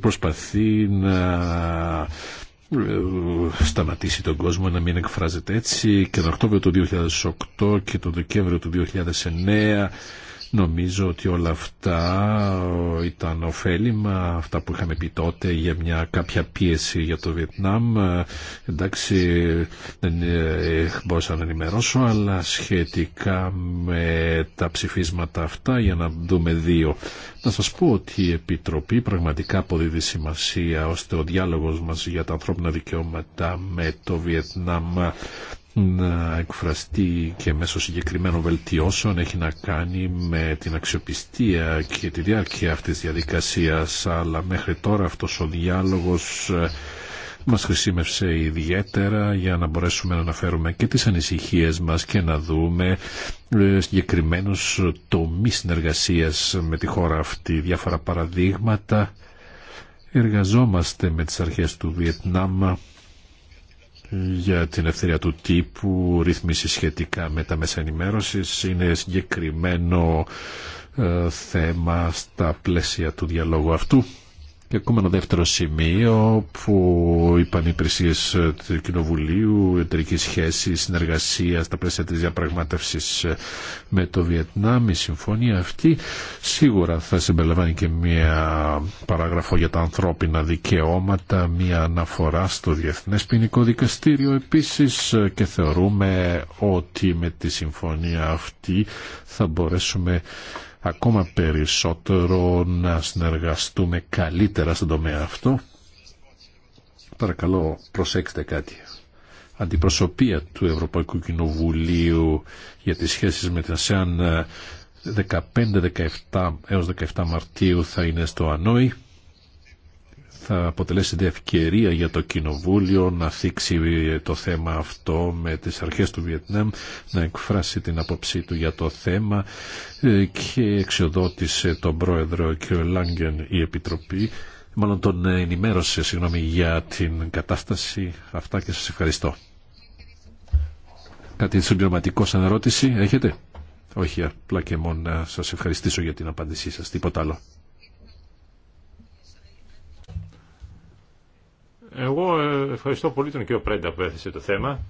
προσπαθεί να ε, σταματήσει τον κόσμο να μην εκφράζεται έτσι και τον Οκτώβριο του 2008 και τον Δεκέμβριο του 2009 Νομίζω ότι όλα αυτά ε, ήταν ωφέλιμα, αυτά που είχαμε πει τότε για μια κάποια πίεση για το Βιετνάμ. Ε, εντάξει, δεν ε, μπορούσα να ενημερώσω, αλλά σχετικά με τα ψηφίσματα αυτά, για να δούμε δύο. Να σας πω ότι η Επιτροπή πραγματικά αποδίδει σημασία ώστε ο διάλογος μας για τα ανθρώπινα δικαιώματα με το Βιετνάμ να εκφραστεί και μέσω συγκεκριμένων βελτιώσεων έχει να κάνει με την αξιοπιστία και τη διάρκεια αυτής της διαδικασίας αλλά μέχρι τώρα αυτός ο διάλογος ε, μας χρησιμεύσε ιδιαίτερα για να μπορέσουμε να αναφέρουμε και τις ανησυχίες μας και να δούμε ε, συγκεκριμένους τομείς συνεργασίας με τη χώρα αυτή, διάφορα παραδείγματα. Εργαζόμαστε με τις αρχές του Βιετνάμ για την ευθύρια του τύπου, ρύθμιση σχετικά με τα μέσα ενημέρωση, Είναι συγκεκριμένο ε, θέμα στα πλαίσια του διαλόγου αυτού. Και ακόμα δεύτερο σημείο που είπαν οι υπηρεσίε του Κοινοβουλίου, εταιρική σχέση, συνεργασία στα πλαίσια τη διαπραγμάτευση με το Βιετνάμ, η συμφωνία αυτή σίγουρα θα συμπεριλαμβάνει και μία παράγραφο για τα ανθρώπινα δικαιώματα, μία αναφορά στο Διεθνές Ποινικό Δικαστήριο επίσης και θεωρούμε ότι με τη συμφωνία αυτή θα μπορέσουμε ακόμα περισσότερο να συνεργαστούμε καλύτερα στον τομέα αυτό. Παρακαλώ προσέξτε κάτι. Αντιπροσωπεία του Ευρωπαϊκού Κοινοβουλίου για τις σχέσεις με την ΑΣΕΑΝ 15-17 ε, έως 17 Μαρτίου θα είναι στο Ανόη θα αποτελέσει ευκαιρία για το Κοινοβούλιο να θίξει το θέμα αυτό με τις αρχές του Βιετνάμ, να εκφράσει την απόψή του για το θέμα ε, και εξοδότησε τον πρόεδρο κ. Λάγκεν η Επιτροπή μάλλον τον ενημέρωσε συγγνώμη, για την κατάσταση αυτά και σας ευχαριστώ. Κάτι συμπληρωματικό σαν ερώτηση έχετε? Όχι, απλά και μόνο να σας ευχαριστήσω για την απάντησή σας, τίποτα άλλο. Εγώ ε, ευχαριστώ πολύ τον κύριο Πρέντα που έθεσε το θέμα.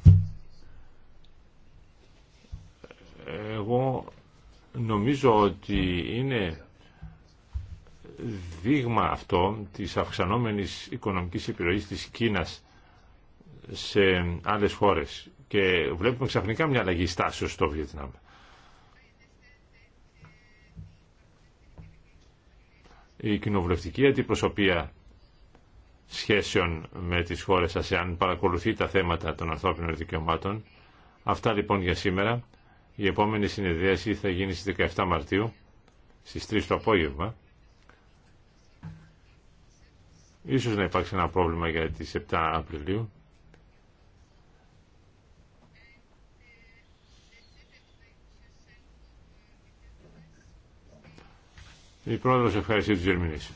Εγώ νομίζω ότι είναι δείγμα αυτό της αυξανόμενης οικονομικής επιρροής της Κίνας σε άλλες χώρες και βλέπουμε ξαφνικά μια αλλαγή στάσεως στο Βιετνάμ. Η κοινοβουλευτική αντιπροσωπεία σχέσεων με τις χώρες ΑΣΕΑΝ παρακολουθεί τα θέματα των ανθρώπινων δικαιωμάτων. Αυτά λοιπόν για σήμερα. Η επόμενη συνεδρίαση θα γίνει στις 17 Μαρτίου, στις 3 το απόγευμα. Ίσως να υπάρξει ένα πρόβλημα για τις 7 Απριλίου. Η πρόεδρος ευχαριστεί τους Γερμινείς.